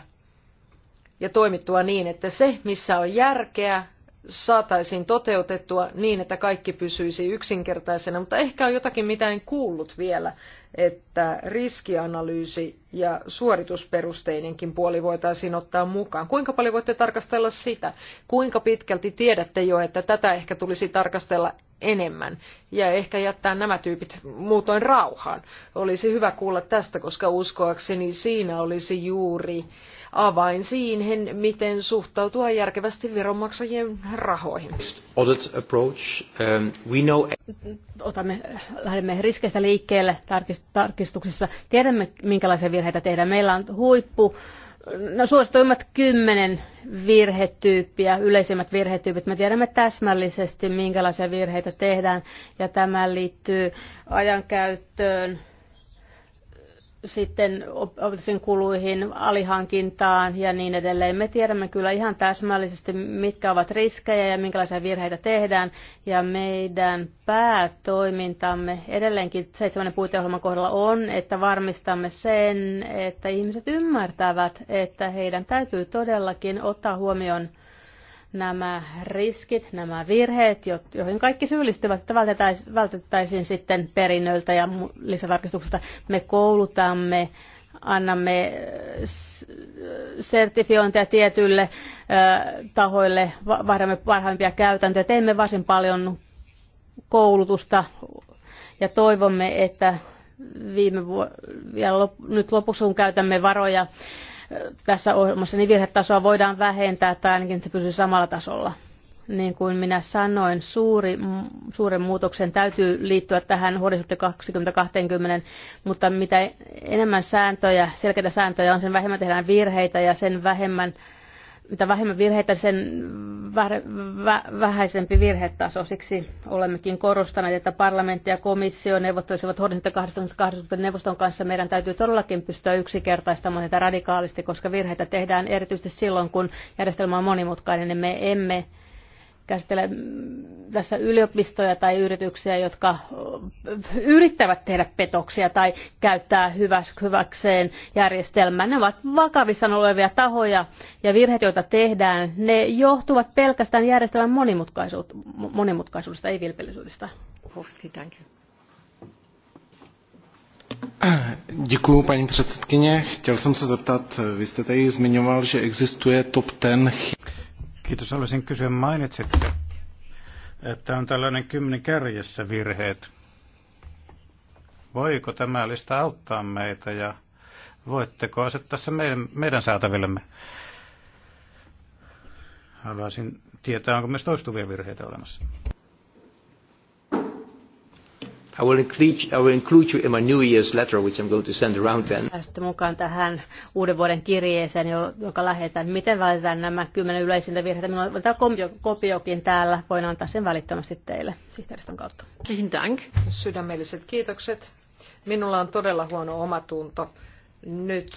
ja toimittua niin, että se, missä on järkeä, saataisiin toteutettua niin, että kaikki pysyisi yksinkertaisena, mutta ehkä on jotakin, mitä en kuullut vielä, että riskianalyysi ja suoritusperusteinenkin puoli voitaisiin ottaa mukaan. Kuinka paljon voitte tarkastella sitä? Kuinka pitkälti tiedätte jo, että tätä ehkä tulisi tarkastella enemmän ja ehkä jättää nämä tyypit muutoin rauhaan? Olisi hyvä kuulla tästä, koska uskoakseni siinä olisi juuri avain siihen, miten suhtautua järkevästi veronmaksajien rahoihin. Um, e- Otamme, lähdemme riskeistä liikkeelle tarkistuksissa. Tiedämme, minkälaisia virheitä tehdään. Meillä on huippu No suosituimmat kymmenen virhetyyppiä, yleisimmät virhetyypit. Me tiedämme täsmällisesti, minkälaisia virheitä tehdään, ja tämä liittyy ajankäyttöön, sitten opetuksen kuluihin, alihankintaan ja niin edelleen. Me tiedämme kyllä ihan täsmällisesti, mitkä ovat riskejä ja minkälaisia virheitä tehdään. Ja meidän päätoimintamme edelleenkin seitsemännen puiteohjelman kohdalla on, että varmistamme sen, että ihmiset ymmärtävät, että heidän täytyy todellakin ottaa huomioon nämä riskit, nämä virheet, joihin kaikki syyllistyvät, että vältettäisiin sitten perinnöltä ja lisätarkistuksesta. Me koulutamme, annamme äh, sertifiointia tietyille äh, tahoille, vaihdamme parhaimpia käytäntöjä, teemme varsin paljon koulutusta ja toivomme, että viime vu- ja lop- nyt lopussa kun käytämme varoja tässä ohjelmassa, niin virhetasoa voidaan vähentää tai ainakin se pysyy samalla tasolla. Niin kuin minä sanoin, suuri, suuren muutoksen täytyy liittyä tähän horisontti 2020, mutta mitä enemmän sääntöjä, selkeitä sääntöjä on, sen vähemmän tehdään virheitä ja sen vähemmän mitä vähemmän virheitä, sen vähäisempi virhetaso. Siksi olemmekin korostaneet, että parlamentti ja komissio neuvottelisivat 28. neuvoston kanssa. Meidän täytyy todellakin pystyä yksinkertaistamaan tätä radikaalisti, koska virheitä tehdään erityisesti silloin, kun järjestelmä on monimutkainen. Niin me emme käsittelee tässä yliopistoja tai yrityksiä, jotka yrittävät tehdä petoksia tai käyttää hyväkseen järjestelmää. Ne ovat vakavissa olevia tahoja ja virheet, joita tehdään, ne johtuvat pelkästään järjestelmän monimutkaisuudesta, ei vilpillisyydestä. Děkuji, paní předsedkyně. Chtěl jsem se zeptat, vy jste tady zmiňoval, že existuje top ten. Kiitos. Haluaisin kysyä, mainitsitte, että on tällainen kymmenen kärjessä virheet. Voiko tämä lista auttaa meitä ja voitteko asettaa se meidän, meidän saatavillemme? Haluaisin tietää, onko myös toistuvia virheitä olemassa. I will, include, I will include you in my New Year's letter, which I'm going to send around then. Sitten mukaan tähän uuden vuoden kirjeeseen, joka lähetän. Miten vältetään nämä kymmenen yleisintä virheitä? Minulla on tämä kopiokin täällä. Voin antaa sen välittömästi teille sihteeristön kautta. Kiitos. Sydämelliset kiitokset. Minulla on todella huono omatunto nyt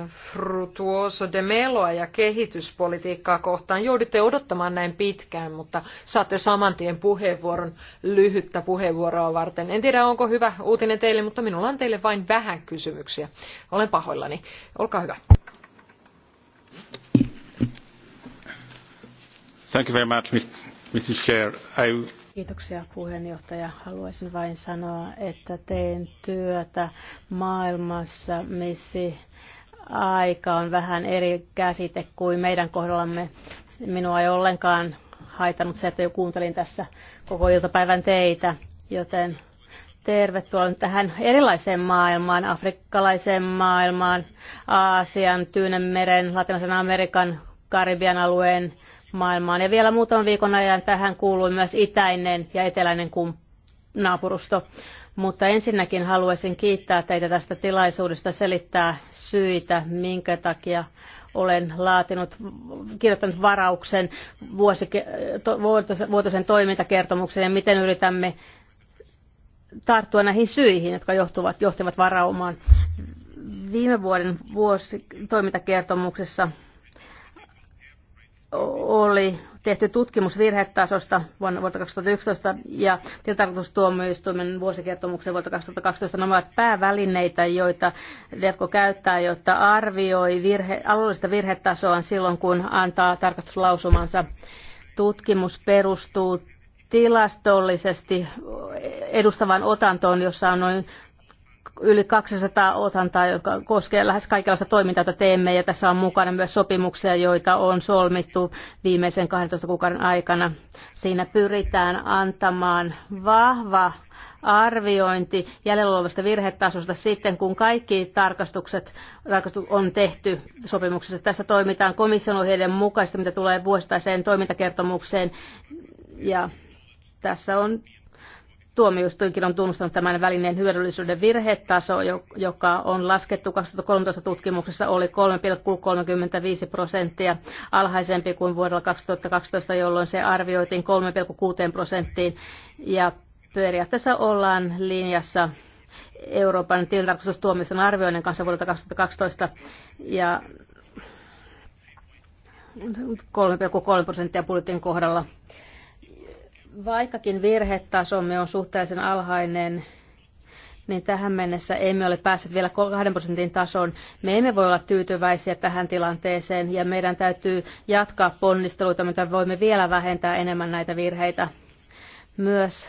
äh, Frutuoso de Meloa ja kehityspolitiikkaa kohtaan. Joudutte odottamaan näin pitkään, mutta saatte saman tien puheenvuoron lyhyttä puheenvuoroa varten. En tiedä, onko hyvä uutinen teille, mutta minulla on teille vain vähän kysymyksiä. Olen pahoillani. Olkaa hyvä. Thank you very much, Mr. Chair. I Kiitoksia puheenjohtaja. Haluaisin vain sanoa, että teen työtä maailmassa, missä aika on vähän eri käsite kuin meidän kohdallamme. Minua ei ollenkaan haitanut se, että jo kuuntelin tässä koko iltapäivän teitä, joten tervetuloa tähän erilaiseen maailmaan, afrikkalaiseen maailmaan, Aasian, Tyynenmeren, Latinalaisen Amerikan, Karibian alueen maailmaan. Ja vielä muutaman viikon ajan tähän kuului myös itäinen ja eteläinen naapurusto. Mutta ensinnäkin haluaisin kiittää teitä tästä tilaisuudesta selittää syitä, minkä takia olen laatinut, kirjoittanut varauksen vuotuisen toimintakertomuksen ja miten yritämme tarttua näihin syihin, jotka johtuvat, johtivat varaumaan. Viime vuoden vuosi toimintakertomuksessa oli tehty tutkimus virhetasosta vuonna, vuotta 2011 ja tilintarkastustuomioistuimen vuosikertomuksen vuotta 2012. Nämä ovat päävälineitä, joita DEFCO käyttää, jotta arvioi virhe, alueellista virhetasoa silloin, kun antaa tarkastuslausumansa. Tutkimus perustuu tilastollisesti edustavan otantoon, jossa on noin yli 200 otantaa, joka koskee lähes kaikenlaista toimintaa, jota teemme, ja tässä on mukana myös sopimuksia, joita on solmittu viimeisen 12 kuukauden aikana. Siinä pyritään antamaan vahva arviointi jäljellä olevasta virhetasosta sitten, kun kaikki tarkastukset tarkastu, on tehty sopimuksessa. Tässä toimitaan komission ohjeiden mukaisesti, mitä tulee vuosittaiseen toimintakertomukseen, ja tässä on Tuomioistuinkin on tunnustanut tämän välineen hyödyllisyyden virhetaso, joka on laskettu 2013 tutkimuksessa, oli 3,35 prosenttia alhaisempi kuin vuodella 2012, jolloin se arvioitiin 3,6 prosenttiin. Ja periaatteessa ollaan linjassa Euroopan tilintarkastustuomioistuimen arvioinnin kanssa vuodelta 2012 ja 3,3 prosenttia budjetin kohdalla – Vaikkakin virhetasomme on suhteellisen alhainen, niin tähän mennessä emme ole päässeet vielä 2 prosentin tasoon. Me emme voi olla tyytyväisiä tähän tilanteeseen ja meidän täytyy jatkaa ponnisteluita, mitä voimme vielä vähentää enemmän näitä virheitä. Myös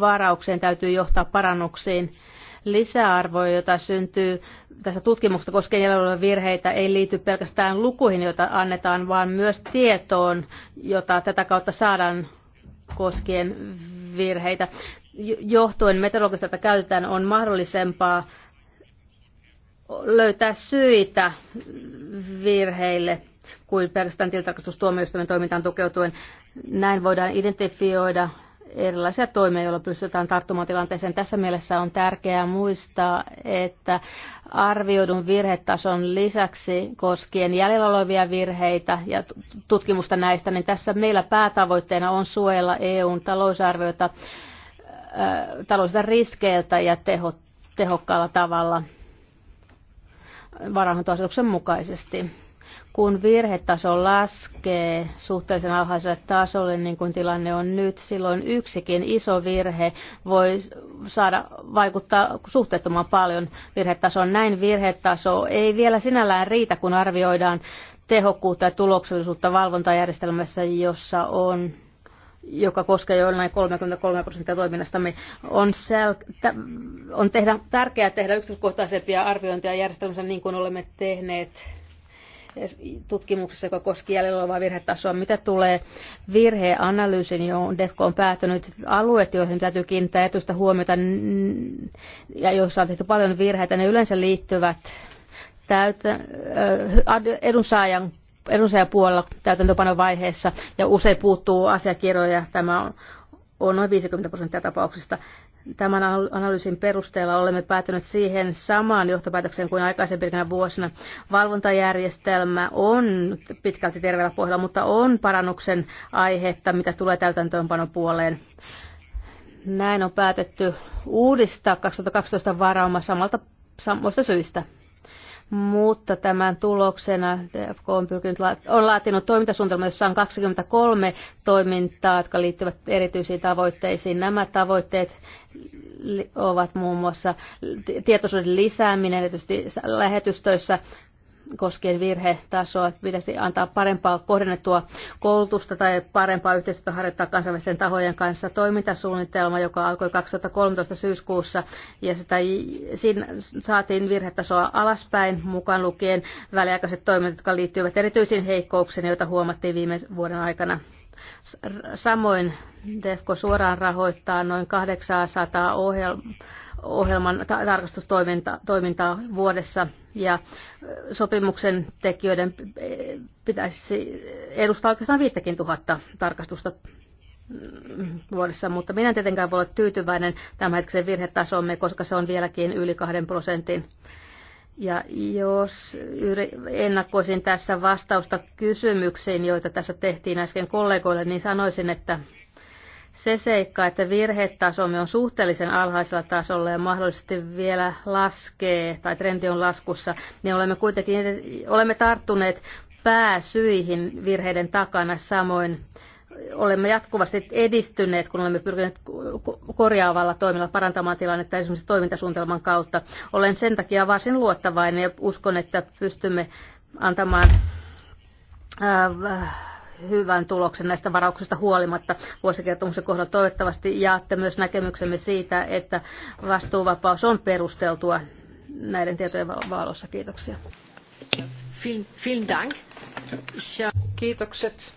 varaukseen täytyy johtaa parannuksiin. Lisäarvo, jota syntyy tässä tutkimuksesta koskien jäljellä virheitä, ei liity pelkästään lukuihin, joita annetaan, vaan myös tietoon, jota tätä kautta saadaan koskien virheitä. Johtuen meteorologista, että käytetään, on mahdollisempaa löytää syitä virheille kuin pelkästään tilintarkastustuomioistuimen toimintaan tukeutuen. Näin voidaan identifioida erilaisia toimia, joilla pystytään tarttumaan tilanteeseen. Tässä mielessä on tärkeää muistaa, että arvioidun virhetason lisäksi koskien jäljellä olevia virheitä ja tutkimusta näistä, niin tässä meillä päätavoitteena on suojella EUn talousarvioita äh, taloudellisilta riskeiltä ja teho, tehokkaalla tavalla varainhoitoasetuksen mukaisesti kun virhetaso laskee suhteellisen alhaiselle tasolle, niin kuin tilanne on nyt, silloin yksikin iso virhe voi saada vaikuttaa suhteettoman paljon virhetasoon. Näin virhetaso ei vielä sinällään riitä, kun arvioidaan tehokkuutta ja tuloksellisuutta valvontajärjestelmässä, jossa on joka koskee jo näin 33 prosenttia toiminnastamme, on, sel- t- on tehdä, tärkeää tehdä yksityiskohtaisempia arviointia järjestelmässä niin kuin olemme tehneet tutkimuksessa, joka koski jäljellä olevaa virhetasoa. Mitä tulee virheanalyysin, johon DEFCO on päätynyt, alueet, joihin täytyy kiinnittää etuista huomiota ja joissa on tehty paljon virheitä, ne yleensä liittyvät täytä, edunsaajan edunsaajapuolella täytäntöpanovaiheessa ja usein puuttuu asiakirjoja. Tämä on on noin 50 prosenttia tapauksista. Tämän analyysin perusteella olemme päätyneet siihen samaan johtopäätökseen kuin aikaisempina vuosina. Valvontajärjestelmä on pitkälti terveellä pohjalla, mutta on parannuksen aihetta, mitä tulee täytäntöönpanon puoleen. Näin on päätetty uudistaa 2012 varauma samalta samoista syistä mutta tämän tuloksena TFK on, pyrkinyt, on laatinut toimintasuunnitelma, jossa on 23 toimintaa, jotka liittyvät erityisiin tavoitteisiin. Nämä tavoitteet ovat muun muassa tietoisuuden lisääminen, erityisesti lähetystöissä, koskien virhetasoa. Pitäisi antaa parempaa kohdennettua koulutusta tai parempaa yhteistyötä harjoittaa kansainvälisten tahojen kanssa. Toimintasuunnitelma, joka alkoi 2013 syyskuussa, ja sitä, siinä saatiin virhetasoa alaspäin, mukaan lukien väliaikaiset toimet, jotka liittyivät erityisiin heikkouksiin, joita huomattiin viime vuoden aikana. Samoin DEFCO suoraan rahoittaa noin 800 ohjelman tarkastustoimintaa vuodessa ja sopimuksen tekijöiden e, pitäisi edustaa oikeastaan 5000 tarkastusta mm, vuodessa, mutta minä en tietenkään voi olla tyytyväinen tämänhetkisen virhetasomme, koska se on vieläkin yli 2 prosentin ja jos ennakkoisin tässä vastausta kysymyksiin, joita tässä tehtiin äsken kollegoille, niin sanoisin, että se seikka, että virhetasomme on suhteellisen alhaisella tasolla ja mahdollisesti vielä laskee tai trendi on laskussa, niin olemme kuitenkin olemme tarttuneet pääsyihin virheiden takana samoin olemme jatkuvasti edistyneet, kun olemme pyrkineet korjaavalla toimilla parantamaan tilannetta esimerkiksi toimintasuunnitelman kautta. Olen sen takia varsin luottavainen ja uskon, että pystymme antamaan äh, hyvän tuloksen näistä varauksista huolimatta vuosikertomuksen kohdalla. Toivottavasti jaatte myös näkemyksemme siitä, että vastuuvapaus on perusteltua näiden tietojen valossa. Kiitoksia. Vielen Dank. Kiitokset.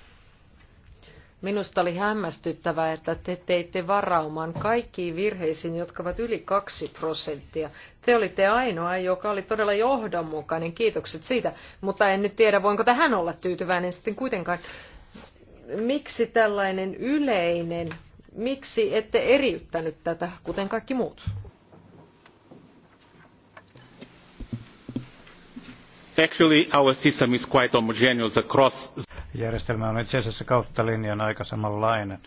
Minusta oli hämmästyttävää, että te teitte varauman kaikkiin virheisiin, jotka ovat yli 2 prosenttia. Te olitte ainoa, joka oli todella johdonmukainen. Kiitokset siitä, mutta en nyt tiedä, voinko tähän olla tyytyväinen sitten kuitenkaan. Miksi tällainen yleinen, miksi ette eriyttänyt tätä, kuten kaikki muut? Actually, our system is quite homogeneous across... Järjestelmä on itse asiassa kautta linjan aika samanlainen.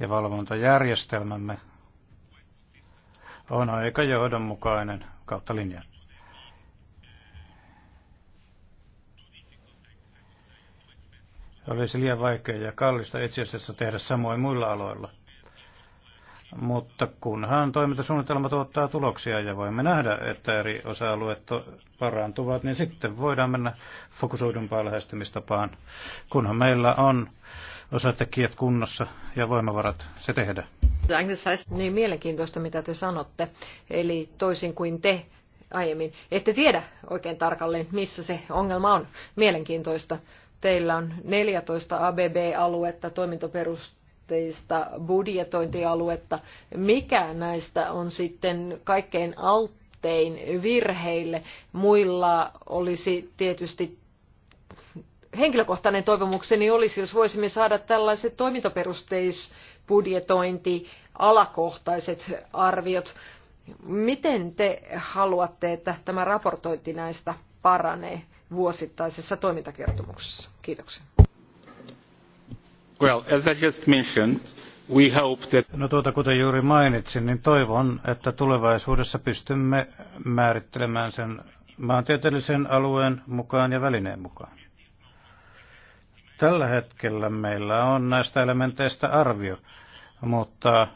Ja valvontajärjestelmämme on aika johdonmukainen kautta linjan. Olisi liian vaikea ja kallista itse asiassa tehdä samoin muilla aloilla mutta kunhan toimintasuunnitelma tuottaa tuloksia ja voimme nähdä, että eri osa-alueet parantuvat, niin sitten voidaan mennä fokusoidumpaan lähestymistapaan, kunhan meillä on osatekijät kunnossa ja voimavarat se tehdä. Niin mielenkiintoista, mitä te sanotte. Eli toisin kuin te aiemmin, ette tiedä oikein tarkalleen, missä se ongelma on. Mielenkiintoista. Teillä on 14 ABB-aluetta toimintaperustaa painotteista budjetointialuetta. Mikä näistä on sitten kaikkein alttein virheille? Muilla olisi tietysti henkilökohtainen toivomukseni olisi, jos voisimme saada tällaiset toimintaperusteisbudjetointi alakohtaiset arviot. Miten te haluatte, että tämä raportointi näistä paranee vuosittaisessa toimintakertomuksessa? Kiitoksia. No tuota, kuten juuri mainitsin, niin toivon, että tulevaisuudessa pystymme määrittelemään sen maantieteellisen alueen mukaan ja välineen mukaan. Tällä hetkellä meillä on näistä elementeistä arvio, mutta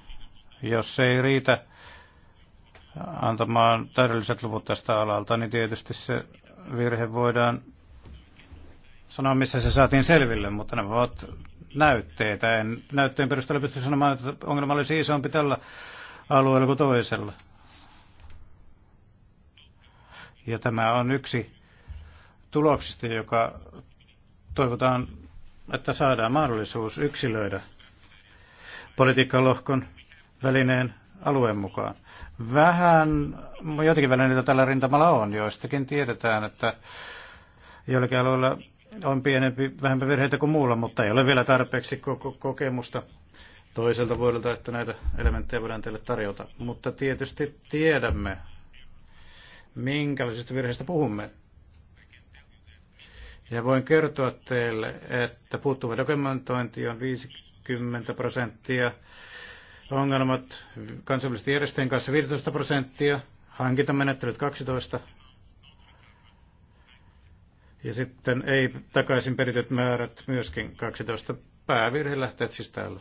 jos se ei riitä antamaan täydelliset luvut tästä alalta, niin tietysti se virhe voidaan sanoa, missä se saatiin selville, mutta nämä ovat näytteitä. En näytteen perusteella pysty sanomaan, että ongelma olisi isompi tällä alueella kuin toisella. Ja tämä on yksi tuloksista, joka toivotaan, että saadaan mahdollisuus yksilöidä politiikkalohkon välineen alueen mukaan. Vähän, joitakin välineitä tällä rintamalla on, joistakin tiedetään, että joillakin alueilla on pienempi, vähemmän virheitä kuin muulla, mutta ei ole vielä tarpeeksi koko kokemusta toiselta vuodelta, että näitä elementtejä voidaan teille tarjota. Mutta tietysti tiedämme, minkälaisista virheistä puhumme. Ja voin kertoa teille, että puuttuva dokumentointi on 50 prosenttia, ongelmat kansainvälisten järjestöjen kanssa 15 prosenttia, hankintamenettelyt 12 ja sitten ei takaisin perityt määrät myöskin 12 päävirhelähteet siis täällä.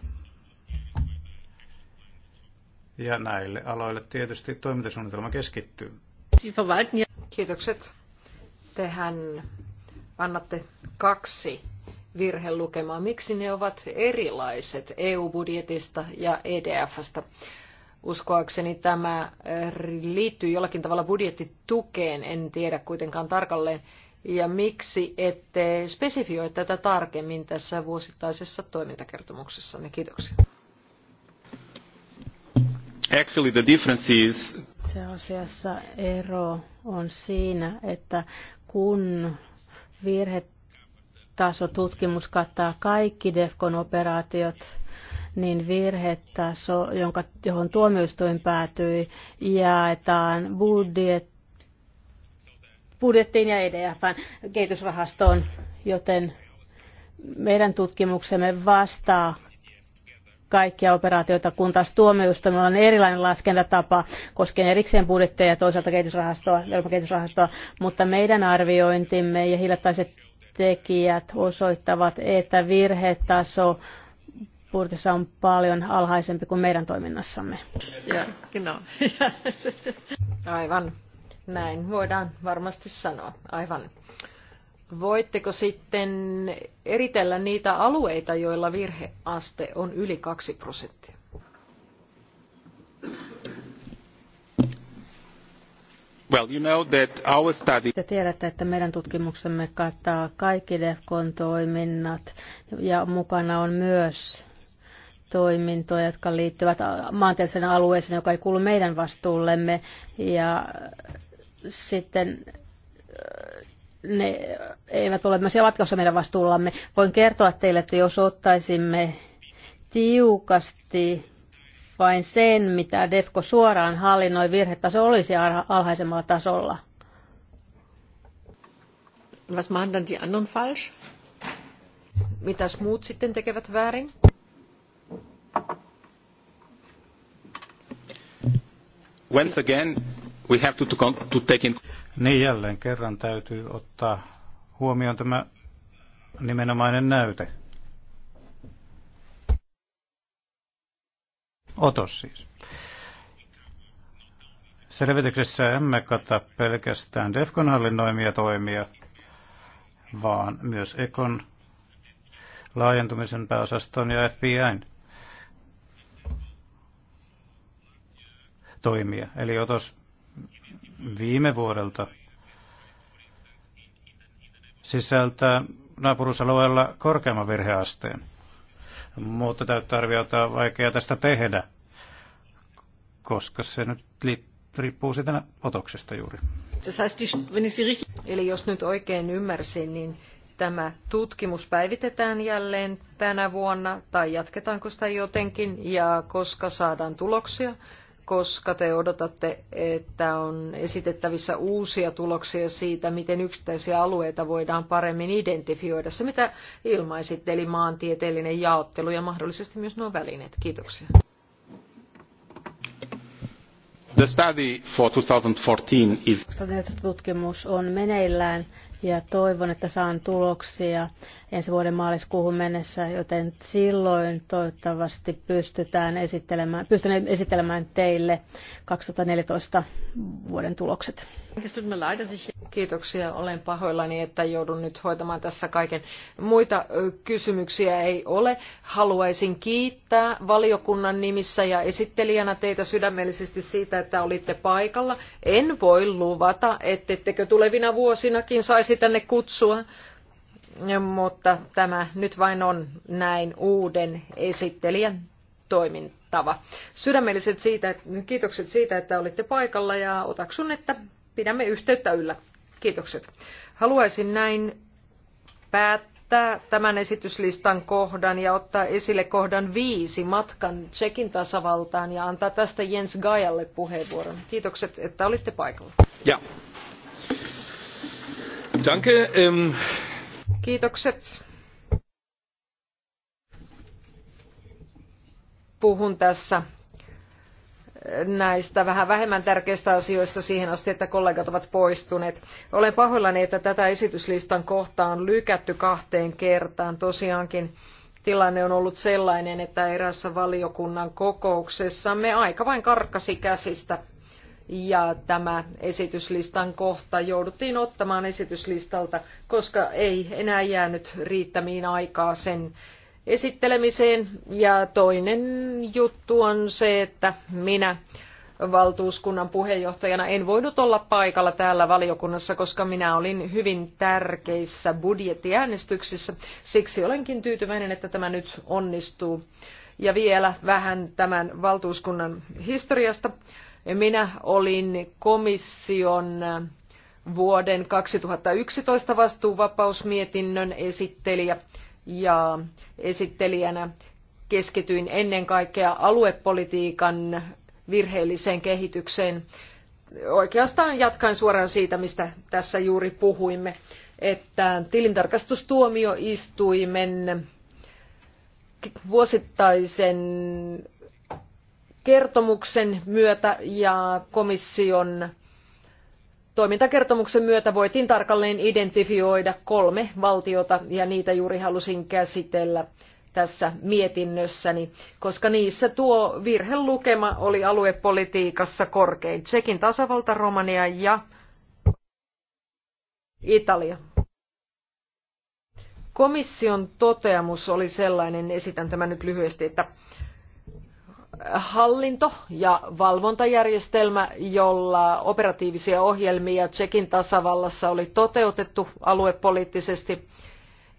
Ja näille aloille tietysti toimintasuunnitelma keskittyy. Kiitokset. Tehän annatte kaksi virhelukemaa. Miksi ne ovat erilaiset EU-budjetista ja EDFstä? Uskoakseni tämä eh, liittyy jollakin tavalla budjettitukeen, en tiedä kuitenkaan tarkalleen ja miksi ette spesifioi tätä tarkemmin tässä vuosittaisessa toimintakertomuksessa? Kiitoksia. Actually, the difference is... Se asiassa ero on siinä, että kun virhetasotutkimus kattaa kaikki DEFCON operaatiot, niin virhetaso, jonka, johon tuomioistuin päätyi, jaetaan budjetti budjettiin ja EDFn kehitysrahastoon, joten meidän tutkimuksemme vastaa kaikkia operaatioita, kun taas tuomioistuimella on erilainen laskentatapa koskien erikseen budjetteja ja toisaalta kehitysrahastoa, Euroopan kehitysrahastoa, mutta meidän arviointimme ja hiljattaiset tekijät osoittavat, että virhetaso budjetissa on paljon alhaisempi kuin meidän toiminnassamme. Ja, genau. Aivan. Näin voidaan varmasti sanoa. Aivan. Voitteko sitten eritellä niitä alueita, joilla virheaste on yli 2 prosenttia? Well, you know that our study... Te tiedätte, että meidän tutkimuksemme kattaa kaikki DEFCON toiminnat ja mukana on myös toimintoja, jotka liittyvät maantieteelliseen alueeseen, joka ei kuulu meidän vastuullemme. Ja sitten ne eivät ole myös jatkossa meidän vastuullamme. Voin kertoa teille, että jos ottaisimme tiukasti vain sen, mitä DEFCO suoraan hallinnoi, se olisi alhaisemmalla tasolla. Was machen dann die anderen falsch? Mitäs muut sitten tekevät väärin? Once again, We have to, to, to take in... Niin jälleen kerran täytyy ottaa huomioon tämä nimenomainen näyte. Otos siis. Selvityksessä emme kata pelkästään DEFCON hallinnoimia toimia, vaan myös EKON laajentumisen pääosaston ja FBIn toimia. Eli otos viime vuodelta sisältää naapurusalueella korkeamman virheasteen, mutta täytyy arviota on vaikea tästä tehdä, koska se nyt riippuu siitä otoksesta juuri. Eli jos nyt oikein ymmärsin, niin tämä tutkimus päivitetään jälleen tänä vuonna, tai jatketaanko sitä jotenkin, ja koska saadaan tuloksia, koska te odotatte, että on esitettävissä uusia tuloksia siitä, miten yksittäisiä alueita voidaan paremmin identifioida. Se, mitä ilmaisitte, eli maantieteellinen jaottelu ja mahdollisesti myös nuo välineet. Kiitoksia. The study for 2014 is... Tutkimus on meneillään ja toivon, että saan tuloksia ensi vuoden maaliskuuhun mennessä, joten silloin toivottavasti pystytään esittelemään, pystyn esittelemään teille 2014 vuoden tulokset. Kiitoksia, olen pahoillani, että joudun nyt hoitamaan tässä kaiken. Muita kysymyksiä ei ole. Haluaisin kiittää valiokunnan nimissä ja esittelijänä teitä sydämellisesti siitä, että olitte paikalla. En voi luvata, ettettekö tulevina vuosinakin saisi pitäisi tänne kutsua, mutta tämä nyt vain on näin uuden esittelijän toimintava. Sydämelliset siitä, kiitokset siitä, että olitte paikalla ja otaksun, että pidämme yhteyttä yllä. Kiitokset. Haluaisin näin päättää tämän esityslistan kohdan ja ottaa esille kohdan viisi matkan Tsekin tasavaltaan ja antaa tästä Jens Gajalle puheenvuoron. Kiitokset, että olitte paikalla. Ja danke. Ähm... Kiitokset. Puhun tässä näistä vähän vähemmän tärkeistä asioista siihen asti, että kollegat ovat poistuneet. Olen pahoillani, että tätä esityslistan kohtaa on lykätty kahteen kertaan. Tosiaankin tilanne on ollut sellainen, että erässä valiokunnan kokouksessa me aika vain karkkasi käsistä ja tämä esityslistan kohta jouduttiin ottamaan esityslistalta, koska ei enää jäänyt riittämiin aikaa sen esittelemiseen. Ja toinen juttu on se, että minä valtuuskunnan puheenjohtajana en voinut olla paikalla täällä valiokunnassa, koska minä olin hyvin tärkeissä budjettiäänestyksissä. Siksi olenkin tyytyväinen, että tämä nyt onnistuu. Ja vielä vähän tämän valtuuskunnan historiasta. Minä olin komission vuoden 2011 vastuuvapausmietinnön esittelijä ja esittelijänä keskityin ennen kaikkea aluepolitiikan virheelliseen kehitykseen. Oikeastaan jatkan suoraan siitä, mistä tässä juuri puhuimme, että tilintarkastustuomioistuimen vuosittaisen kertomuksen myötä ja komission toimintakertomuksen myötä voitiin tarkalleen identifioida kolme valtiota ja niitä juuri halusin käsitellä tässä mietinnössäni, koska niissä tuo virhelukema oli aluepolitiikassa korkein. Tsekin tasavalta, Romania ja Italia. Komission toteamus oli sellainen, esitän tämän nyt lyhyesti, että hallinto- ja valvontajärjestelmä, jolla operatiivisia ohjelmia Tsekin tasavallassa oli toteutettu aluepoliittisesti,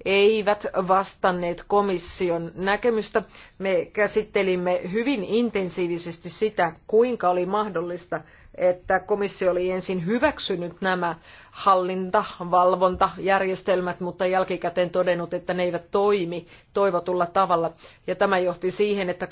eivät vastanneet komission näkemystä. Me käsittelimme hyvin intensiivisesti sitä, kuinka oli mahdollista että komissio oli ensin hyväksynyt nämä hallinta, valvontajärjestelmät, mutta jälkikäteen todennut, että ne eivät toimi toivotulla tavalla. Ja tämä johti siihen, että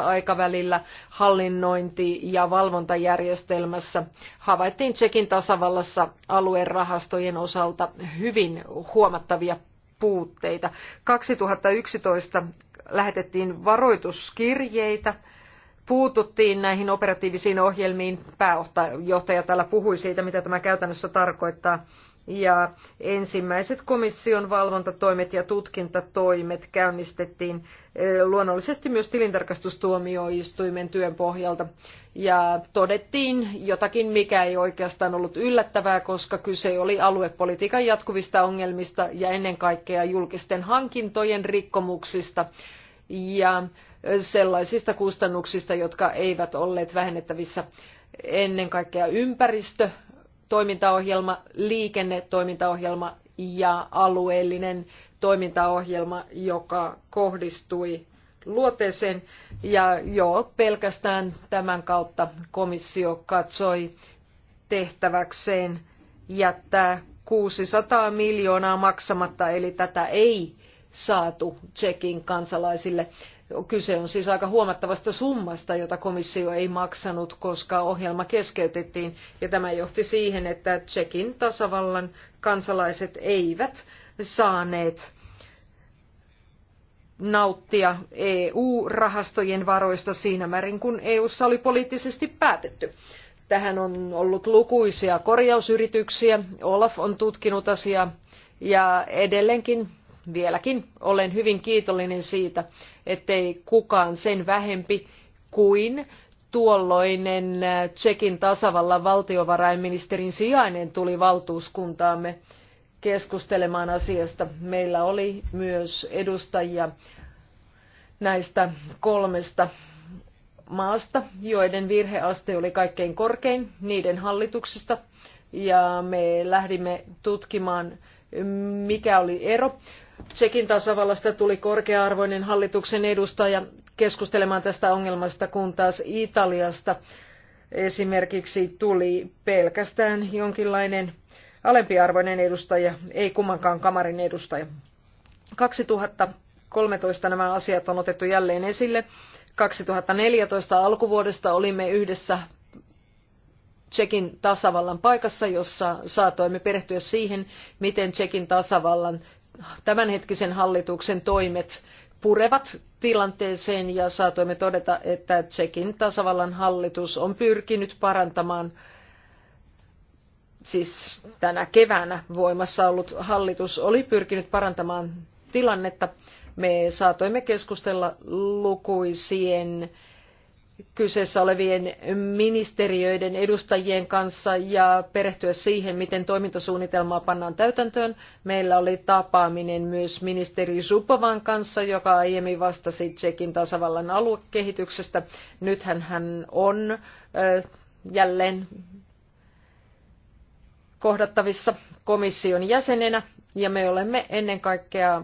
2009-2011 aikavälillä hallinnointi- ja valvontajärjestelmässä havaittiin Tsekin tasavallassa aluerahastojen osalta hyvin huomattavia puutteita. 2011 lähetettiin varoituskirjeitä puututtiin näihin operatiivisiin ohjelmiin. Pääjohtaja täällä puhui siitä, mitä tämä käytännössä tarkoittaa. Ja ensimmäiset komission valvontatoimet ja tutkintatoimet käynnistettiin luonnollisesti myös tilintarkastustuomioistuimen työn pohjalta. Ja todettiin jotakin, mikä ei oikeastaan ollut yllättävää, koska kyse oli aluepolitiikan jatkuvista ongelmista ja ennen kaikkea julkisten hankintojen rikkomuksista ja sellaisista kustannuksista, jotka eivät olleet vähennettävissä ennen kaikkea ympäristö, toimintaohjelma, liikennetoimintaohjelma ja alueellinen toimintaohjelma, joka kohdistui luoteeseen. Ja jo pelkästään tämän kautta komissio katsoi tehtäväkseen jättää 600 miljoonaa maksamatta, eli tätä ei saatu Tsekin kansalaisille. Kyse on siis aika huomattavasta summasta, jota komissio ei maksanut, koska ohjelma keskeytettiin ja tämä johti siihen, että Tsekin tasavallan kansalaiset eivät saaneet nauttia EU-rahastojen varoista siinä määrin, kun EUssa oli poliittisesti päätetty. Tähän on ollut lukuisia korjausyrityksiä. Olaf on tutkinut asiaa ja edelleenkin vieläkin olen hyvin kiitollinen siitä, ettei kukaan sen vähempi kuin tuolloinen Tsekin tasavallan valtiovarainministerin sijainen tuli valtuuskuntaamme keskustelemaan asiasta. Meillä oli myös edustajia näistä kolmesta maasta, joiden virheaste oli kaikkein korkein, niiden hallituksista. Ja me lähdimme tutkimaan, mikä oli ero Tsekin tasavallasta tuli korkea-arvoinen hallituksen edustaja keskustelemaan tästä ongelmasta, kun taas Italiasta esimerkiksi tuli pelkästään jonkinlainen alempiarvoinen edustaja, ei kummankaan kamarin edustaja. 2013 nämä asiat on otettu jälleen esille. 2014 alkuvuodesta olimme yhdessä Tsekin tasavallan paikassa, jossa saatoimme perehtyä siihen, miten Tsekin tasavallan tämänhetkisen hallituksen toimet purevat tilanteeseen ja saatoimme todeta, että Tsekin tasavallan hallitus on pyrkinyt parantamaan siis tänä keväänä voimassa ollut hallitus oli pyrkinyt parantamaan tilannetta. Me saatoimme keskustella lukuisien kyseessä olevien ministeriöiden edustajien kanssa ja perehtyä siihen, miten toimintasuunnitelmaa pannaan täytäntöön. Meillä oli tapaaminen myös ministeri Zupovan kanssa, joka aiemmin vastasi Tsekin tasavallan aluekehityksestä. Nythän hän on jälleen kohdattavissa komission jäsenenä ja me olemme ennen kaikkea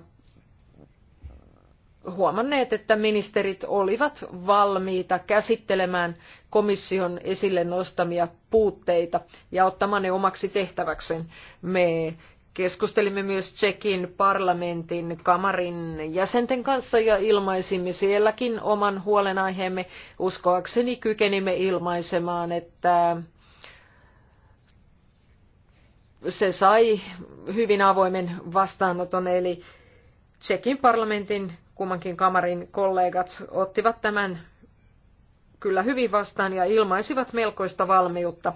huomanneet, että ministerit olivat valmiita käsittelemään komission esille nostamia puutteita ja ottamaan ne omaksi tehtäväkseen. Me Keskustelimme myös Tsekin parlamentin kamarin jäsenten kanssa ja ilmaisimme sielläkin oman huolenaiheemme. Uskoakseni kykenimme ilmaisemaan, että se sai hyvin avoimen vastaanoton, eli Tsekin parlamentin kummankin kamarin kollegat ottivat tämän kyllä hyvin vastaan ja ilmaisivat melkoista valmiutta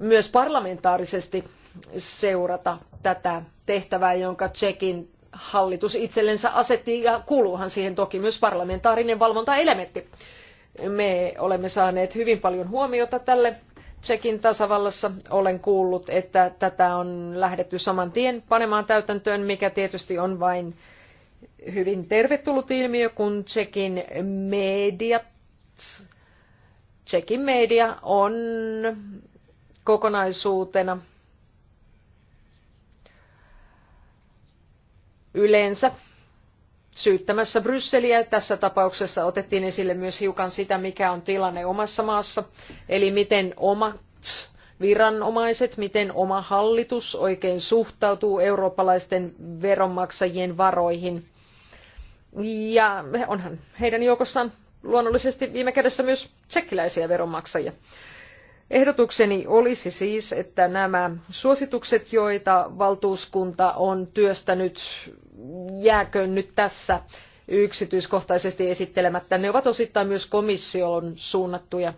myös parlamentaarisesti seurata tätä tehtävää, jonka Tsekin hallitus itsellensä asetti, ja kuuluuhan siihen toki myös parlamentaarinen valvontaelementti. Me olemme saaneet hyvin paljon huomiota tälle Tsekin tasavallassa olen kuullut, että tätä on lähdetty saman tien panemaan täytäntöön, mikä tietysti on vain hyvin tervetullut ilmiö, kun Tsekin mediat, Tsekin media on kokonaisuutena yleensä syyttämässä Brysseliä. Tässä tapauksessa otettiin esille myös hiukan sitä, mikä on tilanne omassa maassa, eli miten omat viranomaiset, miten oma hallitus oikein suhtautuu eurooppalaisten veronmaksajien varoihin. Ja onhan heidän joukossaan luonnollisesti viime kädessä myös tsekkiläisiä veronmaksajia. Ehdotukseni olisi siis, että nämä suositukset, joita valtuuskunta on työstänyt, jääkö nyt tässä yksityiskohtaisesti esittelemättä. Ne ovat osittain myös komission suunnattuja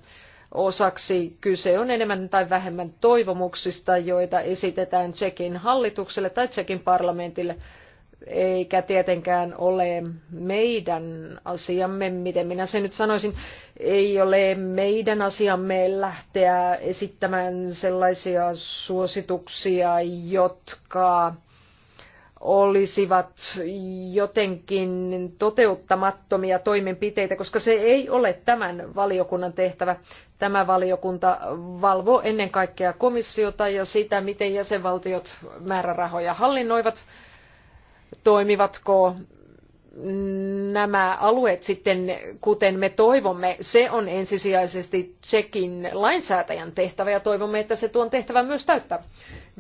osaksi. Kyse on enemmän tai vähemmän toivomuksista, joita esitetään Tsekin hallitukselle tai Tsekin parlamentille eikä tietenkään ole meidän asiamme, miten minä sen nyt sanoisin, ei ole meidän asiamme lähteä esittämään sellaisia suosituksia, jotka olisivat jotenkin toteuttamattomia toimenpiteitä, koska se ei ole tämän valiokunnan tehtävä. Tämä valiokunta valvoo ennen kaikkea komissiota ja sitä, miten jäsenvaltiot määrärahoja hallinnoivat toimivatko nämä alueet sitten, kuten me toivomme, se on ensisijaisesti Tsekin lainsäätäjän tehtävä ja toivomme, että se tuon tehtävän myös täyttää.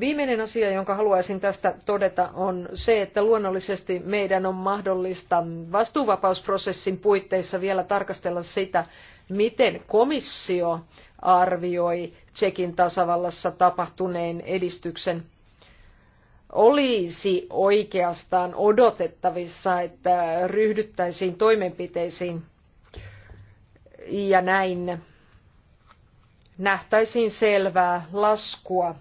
Viimeinen asia, jonka haluaisin tästä todeta, on se, että luonnollisesti meidän on mahdollista vastuuvapausprosessin puitteissa vielä tarkastella sitä, miten komissio arvioi Tsekin tasavallassa tapahtuneen edistyksen olisi oikeastaan odotettavissa, että ryhdyttäisiin toimenpiteisiin ja näin nähtäisiin selvää laskua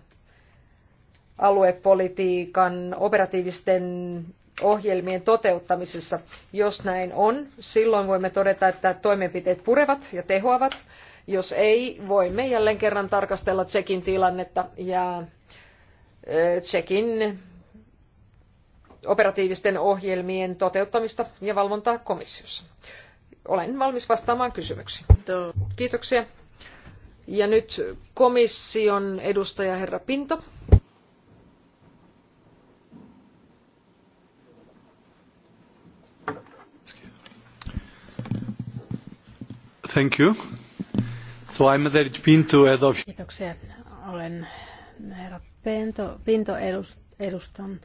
aluepolitiikan operatiivisten ohjelmien toteuttamisessa. Jos näin on, silloin voimme todeta, että toimenpiteet purevat ja tehoavat. Jos ei, voimme jälleen kerran tarkastella Tsekin tilannetta ja Tsekin operatiivisten ohjelmien toteuttamista ja valvontaa komissiossa. Olen valmis vastaamaan kysymyksiin. Kiitoksia. Ja nyt komission edustaja herra Pinto. Thank you. So I'm Pinto, head of... Kiitoksia. Olen herra Pinto, Pinto edustan.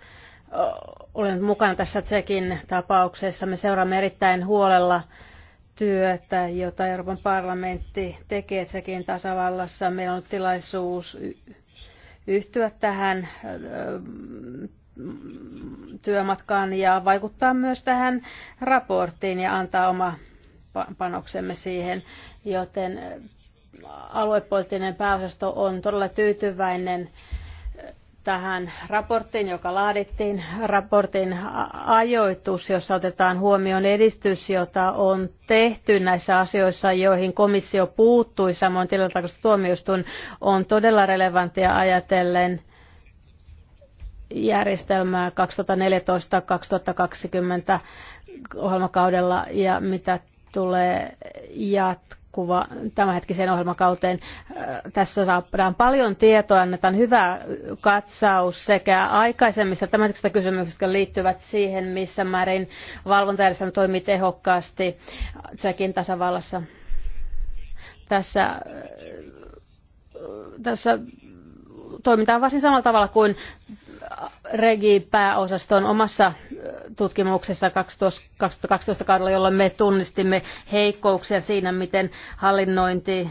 Olen mukana tässä Tsekin tapauksessa. Me seuraamme erittäin huolella työtä, jota Euroopan parlamentti tekee Tsekin tasavallassa. Meillä on tilaisuus yhtyä tähän työmatkaan ja vaikuttaa myös tähän raporttiin ja antaa oma panoksemme siihen, joten aluepoliittinen pääosasto on todella tyytyväinen tähän raporttiin, joka laadittiin. Raportin ajoitus, jossa otetaan huomioon edistys, jota on tehty näissä asioissa, joihin komissio puuttui, samoin tilintarkastus tuomioistuin, on todella relevanttia ajatellen järjestelmää 2014-2020 ohjelmakaudella ja mitä tulee jatkaa kuva tämänhetkiseen ohjelmakauteen. Äh, tässä saadaan paljon tietoa, annetaan hyvä katsaus sekä aikaisemmista tämänhetkisistä kysymyksistä, jotka liittyvät siihen, missä määrin valvontajärjestelmä toimii tehokkaasti Tsekin tasavallassa. Tässä, äh, tässä toimitaan varsin samalla tavalla kuin Regi-pääosaston omassa tutkimuksessa 2012 kaudella, jolloin me tunnistimme heikkouksia siinä, miten hallinnointi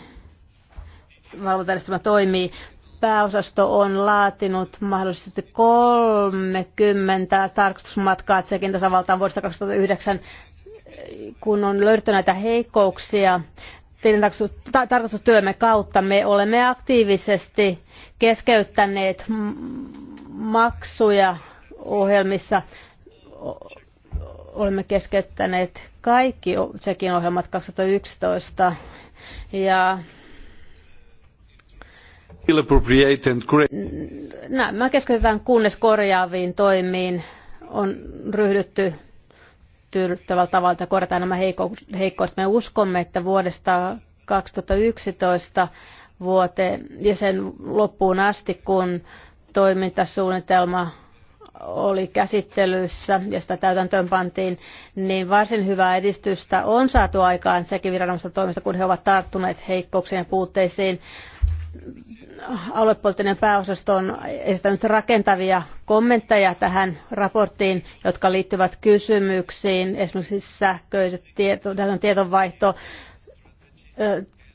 valvontajärjestelmä toimii. Pääosasto on laatinut mahdollisesti 30 tarkastusmatkaa Tsekin tasavaltaan vuodesta 2009, kun on löydetty näitä heikkouksia Tarkastustyömme kautta me olemme aktiivisesti keskeyttäneet maksuja ohjelmissa. Olemme keskeyttäneet kaikki sekin ohjelmat 2011 ja Nämä keskitytään kunnes korjaaviin toimiin on ryhdytty tyydyttävällä tavalla, että korjataan nämä heikkoudet. Me uskomme, että vuodesta 2011 vuoteen ja sen loppuun asti, kun toimintasuunnitelma oli käsittelyssä ja sitä täytäntöön pantiin, niin varsin hyvää edistystä on saatu aikaan sekin viranomaisten toimesta, kun he ovat tarttuneet heikkouksien ja puutteisiin. Aluepoliittinen pääosasto on esittänyt rakentavia kommentteja tähän raporttiin, jotka liittyvät kysymyksiin, esimerkiksi sähköiset tieto, tietonvaihto,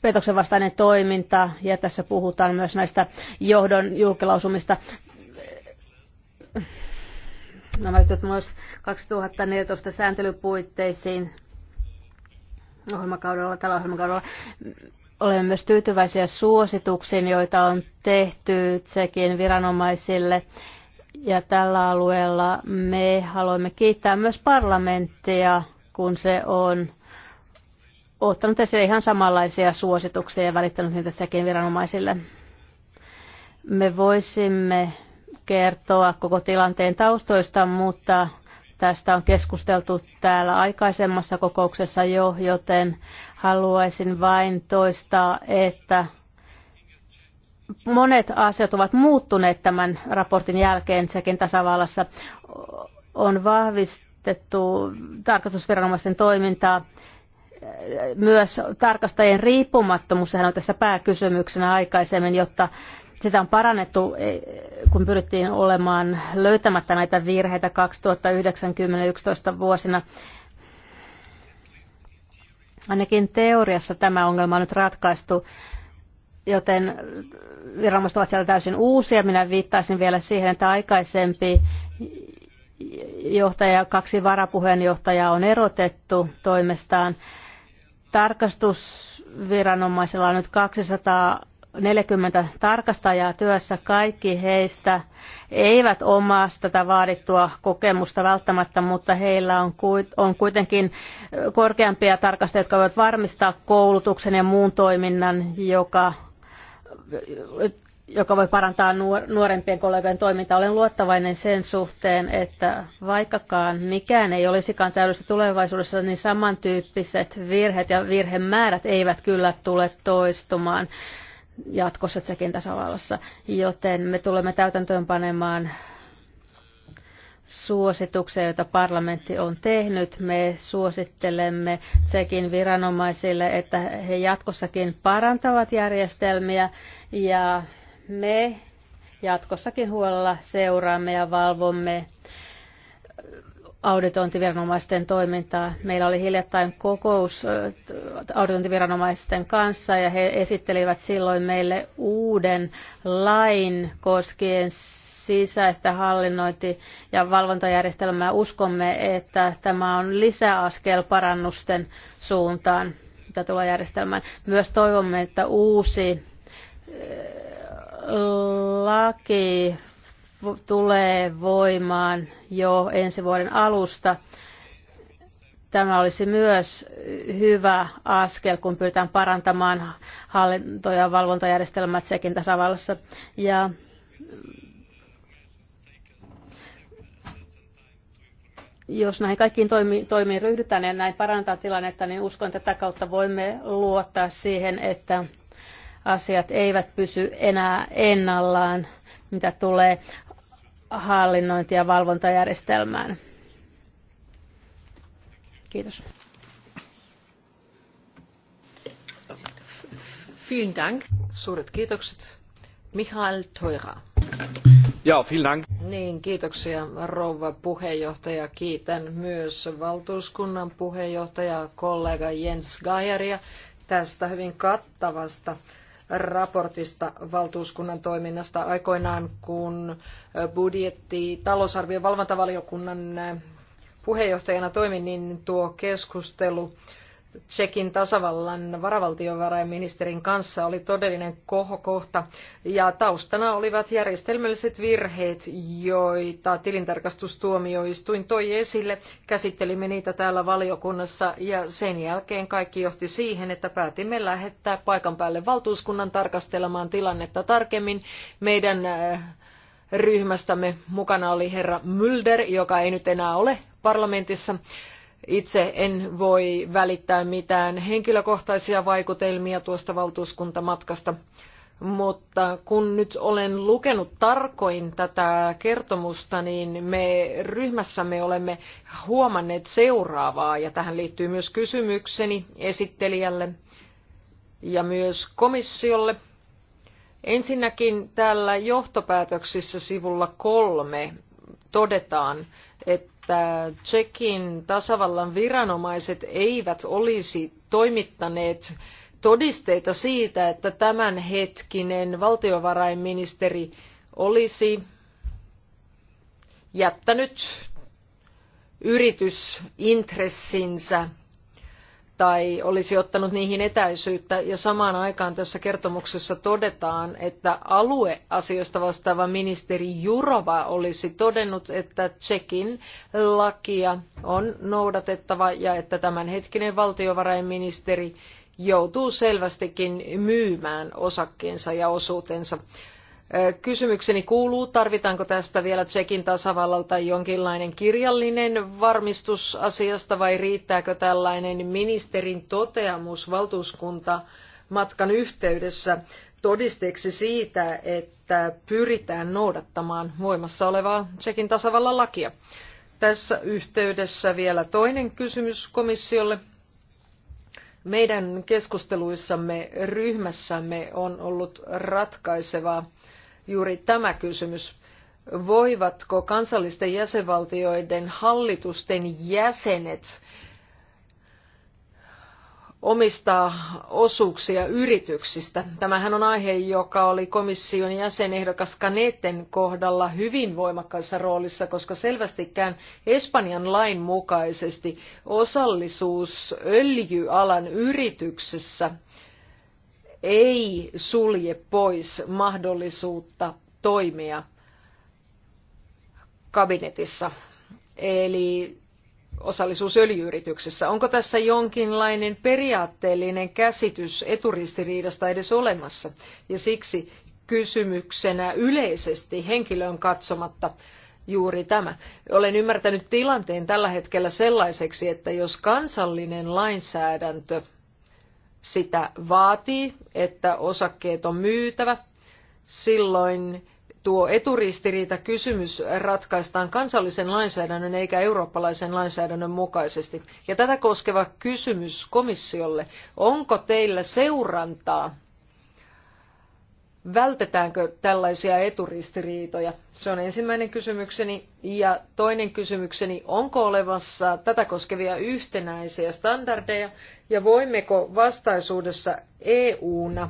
petoksen vastainen toiminta ja tässä puhutaan myös näistä johdon julkilausumista. Nämä liittyvät myös 2014 sääntelypuitteisiin ohjelmakaudella, tällä ohjelmakaudella. Olemme myös tyytyväisiä suosituksiin, joita on tehty Tsekin viranomaisille. Ja tällä alueella me haluamme kiittää myös parlamenttia, kun se on ottanut esille ihan samanlaisia suosituksia ja välittänyt niitä sekin viranomaisille. Me voisimme kertoa koko tilanteen taustoista, mutta tästä on keskusteltu täällä aikaisemmassa kokouksessa jo, joten haluaisin vain toistaa, että monet asiat ovat muuttuneet tämän raportin jälkeen. Sekin tasavallassa on vahvistettu tarkastusviranomaisten toimintaa myös tarkastajien riippumattomuus, sehän on tässä pääkysymyksenä aikaisemmin, jotta sitä on parannettu, e, kun pyrittiin olemaan löytämättä näitä virheitä 2009-2011 vuosina. Ainakin teoriassa tämä ongelma on nyt ratkaistu, joten viranomaiset ovat siellä täysin uusia. Minä viittaisin vielä siihen, että aikaisempi johtaja kaksi varapuheenjohtajaa on erotettu toimestaan Tarkastusviranomaisilla on nyt 240 tarkastajaa työssä. Kaikki heistä eivät omaa tätä vaadittua kokemusta välttämättä, mutta heillä on kuitenkin korkeampia tarkastajia, jotka voivat varmistaa koulutuksen ja muun toiminnan, joka joka voi parantaa nuorempien kollegojen toimintaa. Olen luottavainen sen suhteen, että vaikkakaan mikään ei olisikaan täydellistä tulevaisuudessa, niin samantyyppiset virheet ja virhemäärät eivät kyllä tule toistumaan jatkossa sekin tasavallassa. Joten me tulemme täytäntöönpanemaan suosituksia, joita parlamentti on tehnyt. Me suosittelemme sekin viranomaisille, että he jatkossakin parantavat järjestelmiä ja me jatkossakin huolella seuraamme ja valvomme auditointiviranomaisten toimintaa. Meillä oli hiljattain kokous auditointiviranomaisten kanssa ja he esittelivät silloin meille uuden lain koskien sisäistä hallinnointi- ja valvontajärjestelmää. Uskomme, että tämä on lisäaskel parannusten suuntaan, mitä Myös toivomme, että uusi laki tulee voimaan jo ensi vuoden alusta. Tämä olisi myös hyvä askel, kun pyritään parantamaan hallinto- ja valvontajärjestelmät sekin tasavallassa. Ja jos näihin kaikkiin toimi, toimiin ryhdytään ja näin parantaa tilannetta, niin uskon, että tätä kautta voimme luottaa siihen, että asiat eivät pysy enää ennallaan, mitä tulee hallinnointi- ja valvontajärjestelmään. Kiitos. Vielen Dank. Suuret kiitokset. Michael Teura. Ja, vielen Dank. Niin, kiitoksia rouva puheenjohtaja. Kiitän myös valtuuskunnan puheenjohtaja kollega Jens Gajeria tästä hyvin kattavasta raportista valtuuskunnan toiminnasta aikoinaan, kun budjetti talousarvion valvontavaliokunnan puheenjohtajana toimin, niin tuo keskustelu Tsekin tasavallan varavaltiovarainministerin kanssa oli todellinen kohokohta ja taustana olivat järjestelmälliset virheet, joita tilintarkastustuomioistuin toi esille. Käsittelimme niitä täällä valiokunnassa ja sen jälkeen kaikki johti siihen, että päätimme lähettää paikan päälle valtuuskunnan tarkastelemaan tilannetta tarkemmin. Meidän eh, ryhmästämme mukana oli herra Mulder, joka ei nyt enää ole parlamentissa. Itse en voi välittää mitään henkilökohtaisia vaikutelmia tuosta valtuuskuntamatkasta, mutta kun nyt olen lukenut tarkoin tätä kertomusta, niin me ryhmässämme olemme huomanneet seuraavaa, ja tähän liittyy myös kysymykseni esittelijälle ja myös komissiolle. Ensinnäkin täällä johtopäätöksissä sivulla kolme todetaan, että että Tsekin tasavallan viranomaiset eivät olisi toimittaneet todisteita siitä, että tämänhetkinen valtiovarainministeri olisi jättänyt yritysintressinsä tai olisi ottanut niihin etäisyyttä. Ja samaan aikaan tässä kertomuksessa todetaan, että alueasioista vastaava ministeri Jurova olisi todennut, että Tsekin lakia on noudatettava ja että tämänhetkinen valtiovarainministeri joutuu selvästikin myymään osakkeensa ja osuutensa. Kysymykseni kuuluu, tarvitaanko tästä vielä Tsekin tasavallalta jonkinlainen kirjallinen varmistus asiasta vai riittääkö tällainen ministerin toteamus valtuuskunta matkan yhteydessä todisteeksi siitä, että pyritään noudattamaan voimassa olevaa Tsekin tasavallan lakia. Tässä yhteydessä vielä toinen kysymys komissiolle. Meidän keskusteluissamme ryhmässämme on ollut ratkaisevaa juuri tämä kysymys. Voivatko kansallisten jäsenvaltioiden hallitusten jäsenet omistaa osuuksia yrityksistä. Tämähän on aihe, joka oli komission jäsenehdokas Kaneten kohdalla hyvin voimakkaassa roolissa, koska selvästikään Espanjan lain mukaisesti osallisuus öljyalan yrityksessä – ei sulje pois mahdollisuutta toimia kabinetissa, eli osallisuus öljyyrityksessä. Onko tässä jonkinlainen periaatteellinen käsitys eturistiriidasta edes olemassa? Ja siksi kysymyksenä yleisesti henkilön katsomatta juuri tämä. Olen ymmärtänyt tilanteen tällä hetkellä sellaiseksi, että jos kansallinen lainsäädäntö – sitä vaatii, että osakkeet on myytävä, silloin tuo eturistiriita kysymys ratkaistaan kansallisen lainsäädännön eikä eurooppalaisen lainsäädännön mukaisesti. Ja tätä koskeva kysymys komissiolle. Onko teillä seurantaa Vältetäänkö tällaisia eturistiriitoja? Se on ensimmäinen kysymykseni. Ja toinen kysymykseni, onko olemassa tätä koskevia yhtenäisiä standardeja ja voimmeko vastaisuudessa EU-na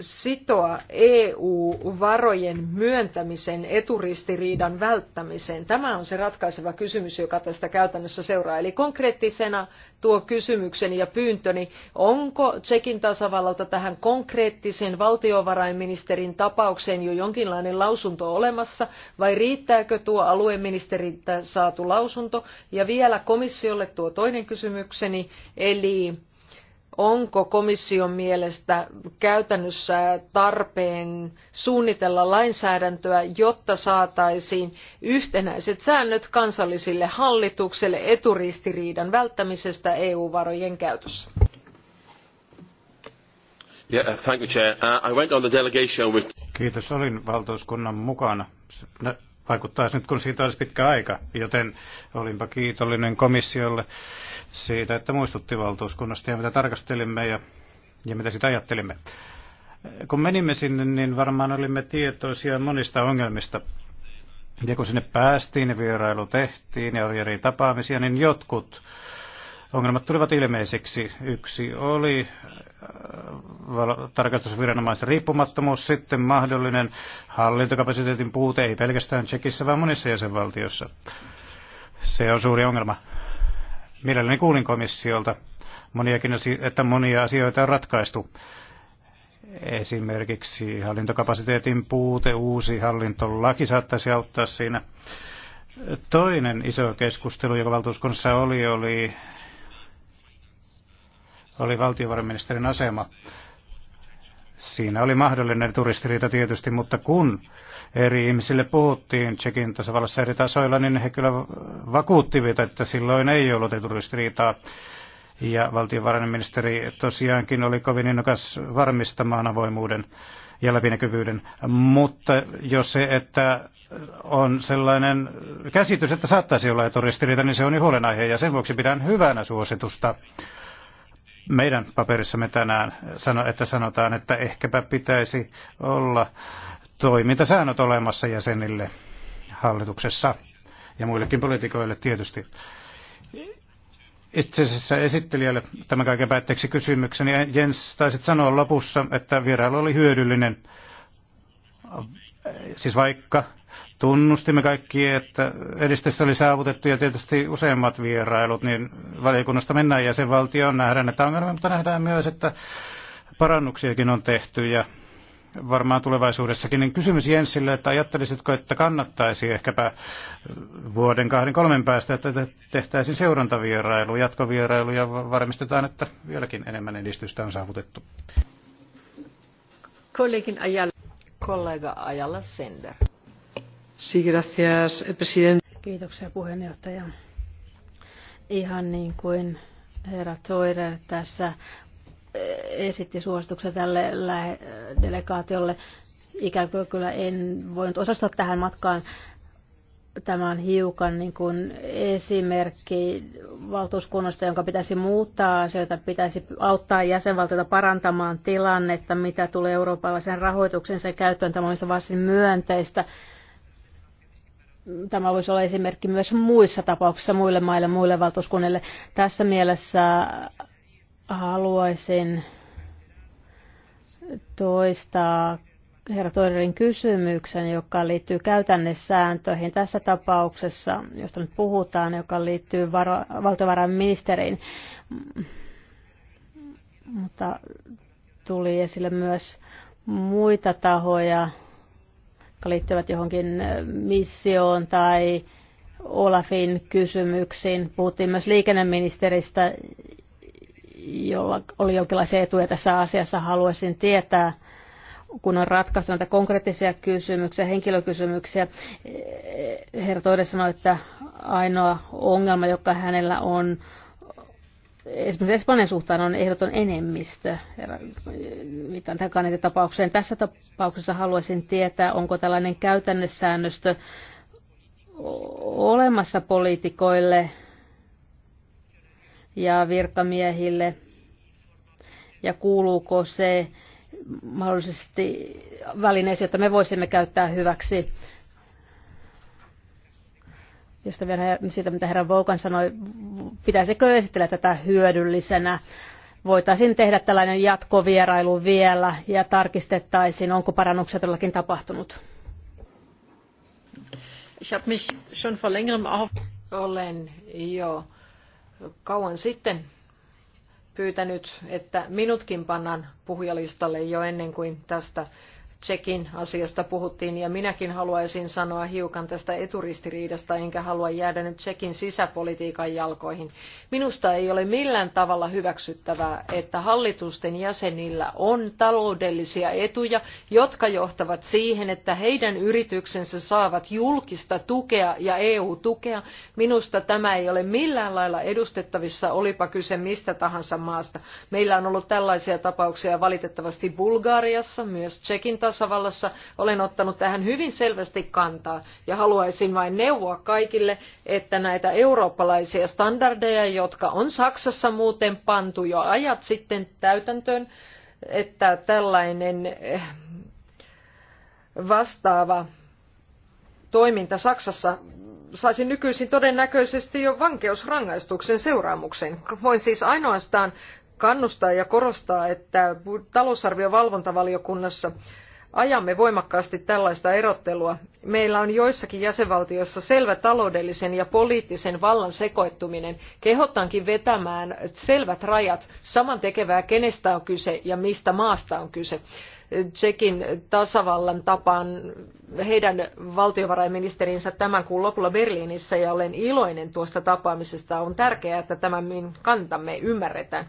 sitoa EU-varojen myöntämisen eturistiriidan välttämiseen? Tämä on se ratkaiseva kysymys, joka tästä käytännössä seuraa. Eli konkreettisena tuo kysymykseni ja pyyntöni, onko Tsekin tasavallalta tähän konkreettiseen valtiovarainministerin tapaukseen jo jonkinlainen lausunto olemassa, vai riittääkö tuo alueministeriltä saatu lausunto? Ja vielä komissiolle tuo toinen kysymykseni, eli onko komission mielestä käytännössä tarpeen suunnitella lainsäädäntöä, jotta saataisiin yhtenäiset säännöt kansallisille hallitukselle eturistiriidan välttämisestä EU-varojen käytössä? Kiitos, olin valtuuskunnan mukana. Vaikuttaa nyt, kun siitä olisi pitkä aika, joten olinpa kiitollinen komissiolle siitä, että muistutti valtuuskunnasta ja mitä tarkastelimme ja, ja mitä sitä ajattelimme. Kun menimme sinne, niin varmaan olimme tietoisia monista ongelmista. Ja kun sinne päästiin ja vierailu tehtiin ja oli eri tapaamisia, niin jotkut ongelmat tulivat ilmeiseksi. Yksi oli äh, tarkastusviranomaisten riippumattomuus, sitten mahdollinen hallintokapasiteetin puute, ei pelkästään Tsekissä, vaan monissa jäsenvaltiossa. Se on suuri ongelma. Mielelläni kuulin komissiolta, moniakin, että monia asioita on ratkaistu. Esimerkiksi hallintokapasiteetin puute, uusi hallintolaki saattaisi auttaa siinä. Toinen iso keskustelu, joka valtuuskunnassa oli, oli, oli valtiovarainministerin asema. Siinä oli mahdollinen turistiriita tietysti, mutta kun eri ihmisille puhuttiin Tsekin tasavallassa eri tasoilla, niin he kyllä vakuuttivat, että silloin ei ollut eturistiriitaa. Ja valtiovarainministeri tosiaankin oli kovin innokas varmistamaan avoimuuden ja läpinäkyvyyden. Mutta jos se, että on sellainen käsitys, että saattaisi olla eturistiriita, niin se on huolenaihe ja sen vuoksi pidän hyvänä suositusta meidän paperissamme tänään, että sanotaan, että ehkäpä pitäisi olla toimintasäännöt olemassa jäsenille hallituksessa ja muillekin poliitikoille tietysti. Itse asiassa esittelijälle tämän kaiken päätteeksi kysymykseni. Jens, taisit sanoa lopussa, että vierailu oli hyödyllinen. Siis vaikka tunnustimme kaikki, että edistystä oli saavutettu ja tietysti useimmat vierailut, niin valiokunnasta mennään jäsenvaltioon, nähdään, että ongelmia, mutta nähdään myös, että parannuksiakin on tehty ja varmaan tulevaisuudessakin, niin kysymys Jensille, että ajattelisitko, että kannattaisi ehkäpä vuoden kahden kolmen päästä, että tehtäisiin seurantavierailu, jatkovierailu ja varmistetaan, että vieläkin enemmän edistystä on saavutettu. Kollegin Kollega Ajala Sender. Sí, gracias, presidente. Kiitoksia puheenjohtaja. Ihan niin kuin herra Toirer tässä esitti suosituksen tälle delegaatiolle. Ikään kuin kyllä en voinut osastaa tähän matkaan. Tämä on hiukan niin kuin esimerkki valtuuskunnasta, jonka pitäisi muuttaa asioita, pitäisi auttaa jäsenvaltioita parantamaan tilannetta, mitä tulee eurooppalaisen rahoituksen sen käyttöön. Tämä olisi varsin myönteistä tämä voisi olla esimerkki myös muissa tapauksissa muille maille, muille valtuuskunnille. Tässä mielessä Haluaisin toistaa herra Toirin kysymyksen, joka liittyy käytännössääntöihin tässä tapauksessa, josta nyt puhutaan, joka liittyy varo- valtiovarainministeriin. Mutta tuli esille myös muita tahoja, jotka liittyvät johonkin missioon tai Olafin kysymyksiin. Puhuttiin myös liikenneministeristä, jolla oli jonkinlaisia etuja tässä asiassa, haluaisin tietää, kun on ratkaistu näitä konkreettisia kysymyksiä, henkilökysymyksiä. Herra Toide sanoi, että ainoa ongelma, joka hänellä on, esimerkiksi Espanjan suhtaan on ehdoton enemmistö, mitään tähän tapaukseen. Tässä tapauksessa haluaisin tietää, onko tällainen käytännössäännöstö olemassa poliitikoille – ja virkamiehille ja kuuluuko se mahdollisesti välineisiin, jota me voisimme käyttää hyväksi. Josta vielä siitä, mitä herra Voukan sanoi, pitäisikö esitellä tätä hyödyllisenä? Voitaisiin tehdä tällainen jatkovierailu vielä ja tarkistettaisiin, onko parannuksia todellakin tapahtunut. Ich habe mich schon vor längerem auf... Olen jo kauan sitten pyytänyt, että minutkin pannaan puhujalistalle jo ennen kuin tästä Tsekin asiasta puhuttiin ja minäkin haluaisin sanoa hiukan tästä eturistiriidasta, enkä halua jäädä nyt Tsekin sisäpolitiikan jalkoihin. Minusta ei ole millään tavalla hyväksyttävää, että hallitusten jäsenillä on taloudellisia etuja, jotka johtavat siihen, että heidän yrityksensä saavat julkista tukea ja EU-tukea. Minusta tämä ei ole millään lailla edustettavissa, olipa kyse mistä tahansa maasta. Meillä on ollut tällaisia tapauksia valitettavasti Bulgariassa, myös Tsekin tasolla tasavallassa olen ottanut tähän hyvin selvästi kantaa ja haluaisin vain neuvoa kaikille, että näitä eurooppalaisia standardeja, jotka on Saksassa muuten pantu jo ajat sitten täytäntöön, että tällainen eh, vastaava toiminta Saksassa saisi nykyisin todennäköisesti jo vankeusrangaistuksen seuraamuksen. Voin siis ainoastaan kannustaa ja korostaa, että talousarviovalvontavaliokunnassa ajamme voimakkaasti tällaista erottelua. Meillä on joissakin jäsenvaltioissa selvä taloudellisen ja poliittisen vallan sekoittuminen. Kehotankin vetämään selvät rajat, saman tekevää kenestä on kyse ja mistä maasta on kyse. Tsekin tasavallan tapaan heidän valtiovarainministerinsä tämän kuun lopulla Berliinissä ja olen iloinen tuosta tapaamisesta. On tärkeää, että tämän kantamme ymmärretään.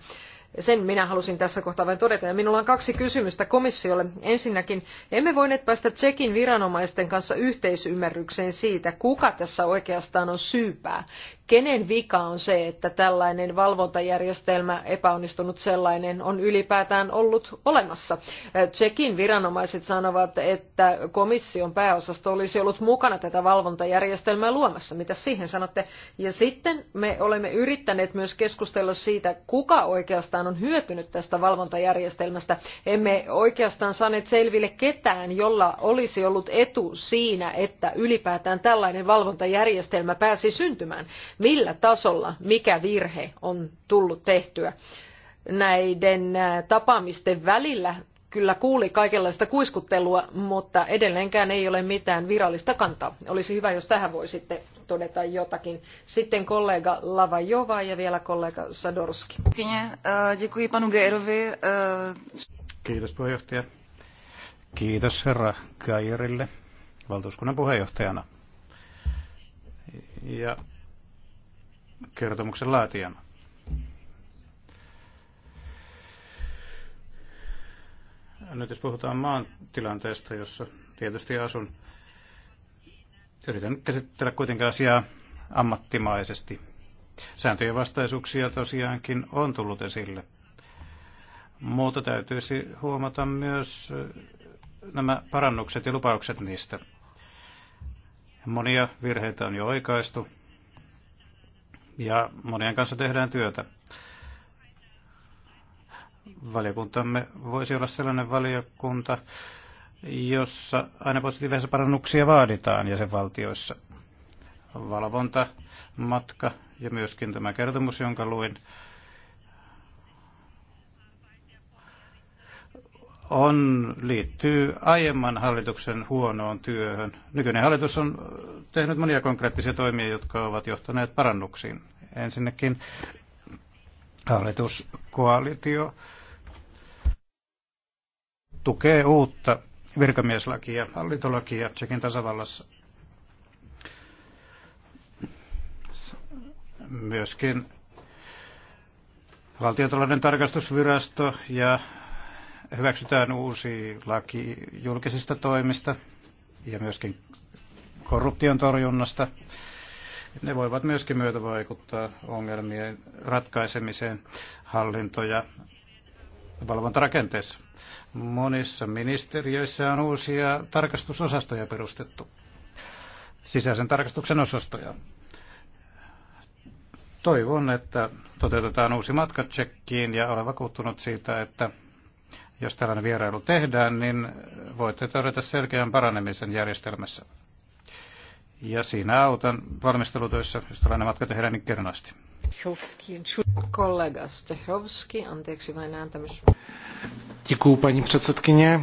Sen minä halusin tässä kohtaa vain todeta. Ja minulla on kaksi kysymystä komissiolle. Ensinnäkin, emme voineet päästä Tsekin viranomaisten kanssa yhteisymmärrykseen siitä, kuka tässä oikeastaan on syypää. Kenen vika on se, että tällainen valvontajärjestelmä, epäonnistunut sellainen, on ylipäätään ollut olemassa? Tsekin viranomaiset sanovat, että komission pääosasto olisi ollut mukana tätä valvontajärjestelmää luomassa. Mitä siihen sanotte? Ja sitten me olemme yrittäneet myös keskustella siitä, kuka oikeastaan oikeastaan on hyötynyt tästä valvontajärjestelmästä. Emme oikeastaan saaneet selville ketään, jolla olisi ollut etu siinä, että ylipäätään tällainen valvontajärjestelmä pääsi syntymään. Millä tasolla, mikä virhe on tullut tehtyä? näiden tapaamisten välillä kyllä kuuli kaikenlaista kuiskuttelua, mutta edelleenkään ei ole mitään virallista kantaa. Olisi hyvä, jos tähän voisitte todeta jotakin. Sitten kollega Lavajova ja vielä kollega Sadorski. Kiitos eh, eh. puheenjohtaja. Kiitos herra Gairille valtuuskunnan puheenjohtajana ja kertomuksen laatijana. Nyt jos puhutaan maan tilanteesta, jossa tietysti asun, yritän käsitellä kuitenkin asiaa ammattimaisesti. Sääntöjen vastaisuuksia tosiaankin on tullut esille. Mutta täytyisi huomata myös eh, nämä parannukset ja lupaukset niistä. Monia virheitä on jo oikaistu ja monien kanssa tehdään työtä valiokuntamme voisi olla sellainen valiokunta, jossa aina positiivisia parannuksia vaaditaan jäsenvaltioissa. Valvonta, matka ja myöskin tämä kertomus, jonka luin, on, liittyy aiemman hallituksen huonoon työhön. Nykyinen hallitus on tehnyt monia konkreettisia toimia, jotka ovat johtaneet parannuksiin. Ensinnäkin Hallituskoalitio tukee uutta virkamieslakia, hallintolakia Tsekin tasavallassa. Myöskin valtiotalouden tarkastusvirasto ja hyväksytään uusi laki julkisista toimista ja myöskin korruption torjunnasta. Ne voivat myöskin myötävaikuttaa ongelmien ratkaisemiseen hallinto- ja valvontarakenteessa. Monissa ministeriöissä on uusia tarkastusosastoja perustettu, sisäisen tarkastuksen osastoja. Toivon, että toteutetaan uusi matka Tsekkiin ja olen vakuuttunut siitä, että jos tällainen vierailu tehdään, niin voitte todeta selkeän paranemisen järjestelmässä. Ja siinä autan valmistelutöissä, jos tällainen matka tehdään, niin kerran asti. Kollega Stehovski, anteeksi vain ääntämys. Kiitos, pani předsedkyně.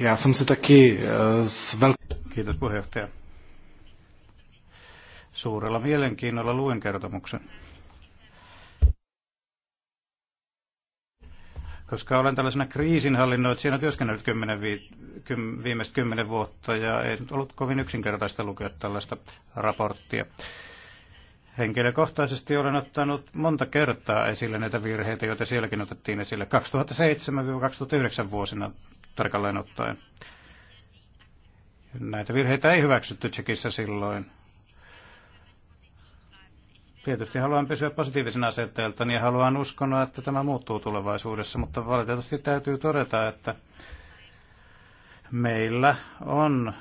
Ja jsem se taki eh, s vel... Kiitos puheenjohtaja. Suurella mielenkiinnolla luen kertomuksen. koska olen tällaisena siinä työskennellyt 10, viimeiset kymmenen vuotta ja ei nyt ollut kovin yksinkertaista lukea tällaista raporttia. Henkilökohtaisesti olen ottanut monta kertaa esille näitä virheitä, joita sielläkin otettiin esille 2007-2009 vuosina tarkalleen ottaen. Näitä virheitä ei hyväksytty Tsekissä silloin, Tietysti haluan pysyä positiivisena asenteelta, niin haluan uskoa, että tämä muuttuu tulevaisuudessa, mutta valitettavasti täytyy todeta, että meillä on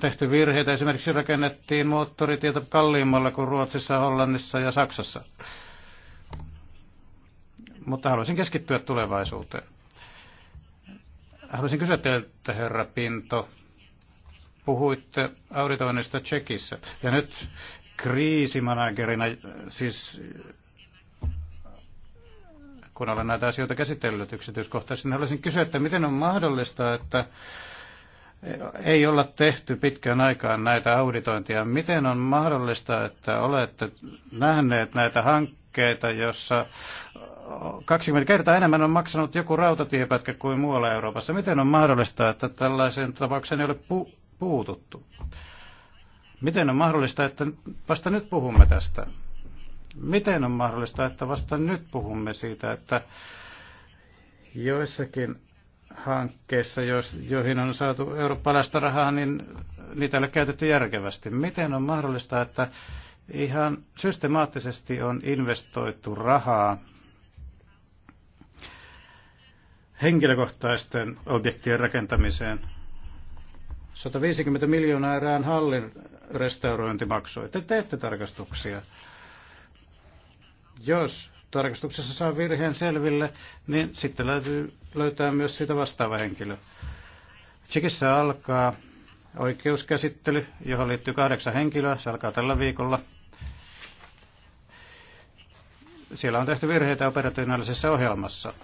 tehty virheitä. Esimerkiksi rakennettiin moottoritietä kalliimmalla kuin Ruotsissa, Hollannissa ja Saksassa. Mutta haluaisin keskittyä tulevaisuuteen. Haluaisin kysyä teiltä, herra Pinto, puhuitte auditoinnista Tsekissä. Ja nyt kriisimanagerina, siis kun olen näitä asioita käsitellyt yksityiskohtaisesti, niin haluaisin kysyä, että miten on mahdollista, että ei olla tehty pitkään aikaan näitä auditointia. Miten on mahdollista, että olette nähneet näitä hankkeita, jossa 20 kertaa enemmän on maksanut joku rautatiepätkä kuin muualla Euroopassa? Miten on mahdollista, että tällaisen tapauksen ei ole pu- puututtu. Miten on mahdollista, että vasta nyt puhumme tästä? Miten on mahdollista, että vasta nyt puhumme siitä, että joissakin hankkeissa, joihin on saatu eurooppalaista rahaa, niin niitä ei ole käytetty järkevästi. Miten on mahdollista, että ihan systemaattisesti on investoitu rahaa henkilökohtaisten objektien rakentamiseen 150 miljoonaa erään hallin restaurointi maksoi. Te teette tarkastuksia. Jos tarkastuksessa saa virheen selville, niin sitten löytyy, löytää myös siitä vastaava henkilö. Tsekissä alkaa oikeuskäsittely, johon liittyy kahdeksan henkilöä. Se alkaa tällä viikolla. Siellä on tehty virheitä operationaalisessa ohjelmassa.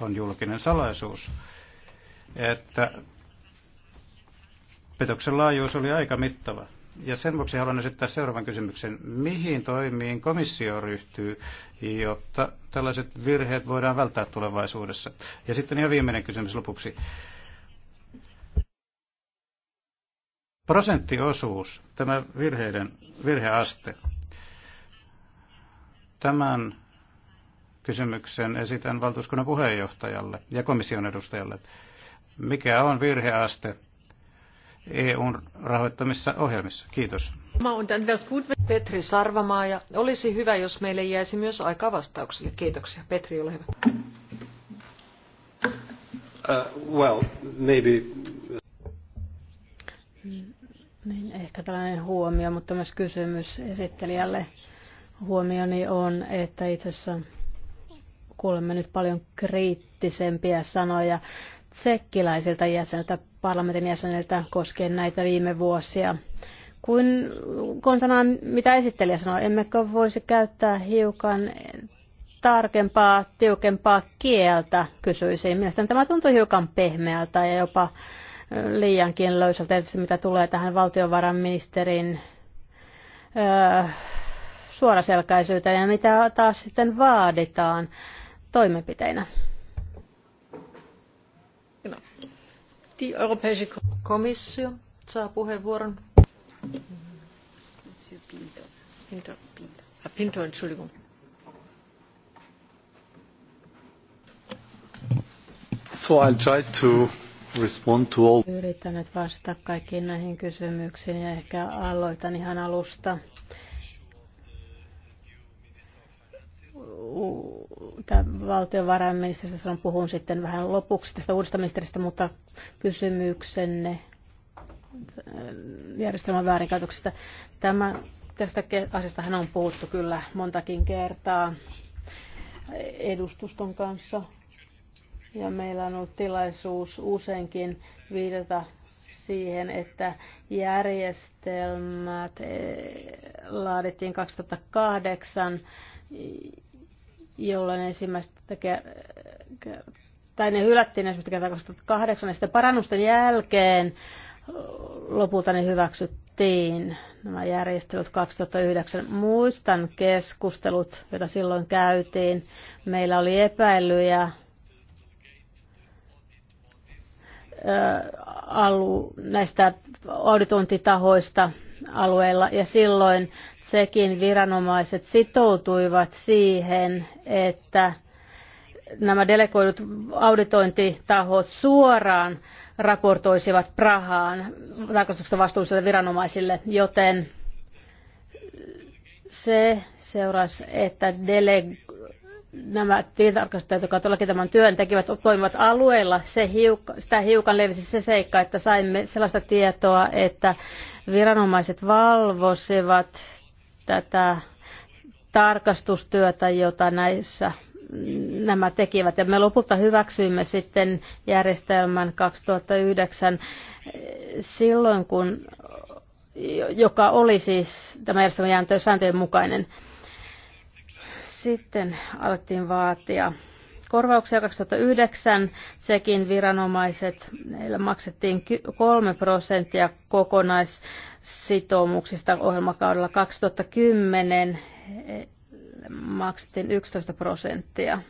On julkinen salaisuus, että Petoksen laajuus oli aika mittava. Ja sen vuoksi haluan esittää seuraavan kysymyksen. Mihin toimiin komissio ryhtyy, jotta tällaiset virheet voidaan välttää tulevaisuudessa? Ja sitten ihan viimeinen kysymys lopuksi. Prosenttiosuus, tämä virheiden, virheaste. Tämän kysymyksen esitän valtuuskunnan puheenjohtajalle ja komission edustajalle. Mikä on virheaste EUn rahoittamissa ohjelmissa. Kiitos. Petri Sarvamaa ja olisi hyvä, jos meille jäisi myös aika vastauksille. Kiitoksia. Petri, ole hyvä. Uh, well, maybe... Niin, ehkä tällainen huomio, mutta myös kysymys esittelijälle. Huomioni on, että itse asiassa kuulemme nyt paljon kriittisempiä sanoja tsekkiläisiltä jäseniltä, parlamentin jäseniltä koskien näitä viime vuosia. Kun, kun sanan, mitä esittelijä sanoi, emmekö voisi käyttää hiukan tarkempaa, tiukempaa kieltä, kysyisin. Mielestäni tämä tuntuu hiukan pehmeältä ja jopa liiankin löysältä, tietysti mitä tulee tähän valtiovarainministerin öö, suoraselkäisyyteen ja mitä taas sitten vaaditaan toimenpiteinä. die Europäische Komissio saa puheenvuoron. Pinto, ah, Entschuldigung. So try to respond to all. Yritän nyt vastata kaikkiin näihin kysymyksiin ja ehkä aloitan ihan alusta valtiovarainministeristä sanon, puhun sitten vähän lopuksi tästä uudesta ministeristä, mutta kysymyksenne äh, järjestelmän väärinkäytöksistä. Tämä, tästä asiasta hän on puhuttu kyllä montakin kertaa edustuston kanssa. Ja meillä on ollut tilaisuus useinkin viitata siihen, että järjestelmät eh, laadittiin 2008 jolloin ensimmäistä tai ne hylättiin ensimmäistä kertaa 2008, ja sitten parannusten jälkeen lopulta ne hyväksyttiin nämä järjestelyt 2009. Muistan keskustelut, joita silloin käytiin. Meillä oli epäilyjä alu, näistä auditointitahoista alueilla ja silloin sekin viranomaiset sitoutuivat siihen, että nämä delegoidut auditointitahot suoraan raportoisivat Prahaan tarkastuksesta vastuulliselle viranomaisille, joten se seurasi, että dele, nämä tilintarkastajat, jotka todellakin tämän työn tekivät, toimivat alueella, se hiukan, sitä hiukan levisi se seikka, että saimme sellaista tietoa, että viranomaiset valvosivat tätä tarkastustyötä, jota näissä nämä tekivät. Ja me lopulta hyväksyimme sitten järjestelmän 2009 silloin, kun, joka oli siis tämä järjestelmä sääntöjen mukainen. Sitten alettiin vaatia korvauksia 2009. Sekin viranomaiset maksettiin 3 prosenttia kokonaissitoumuksista ohjelmakaudella 2010 eh, maksettiin 11 prosenttia.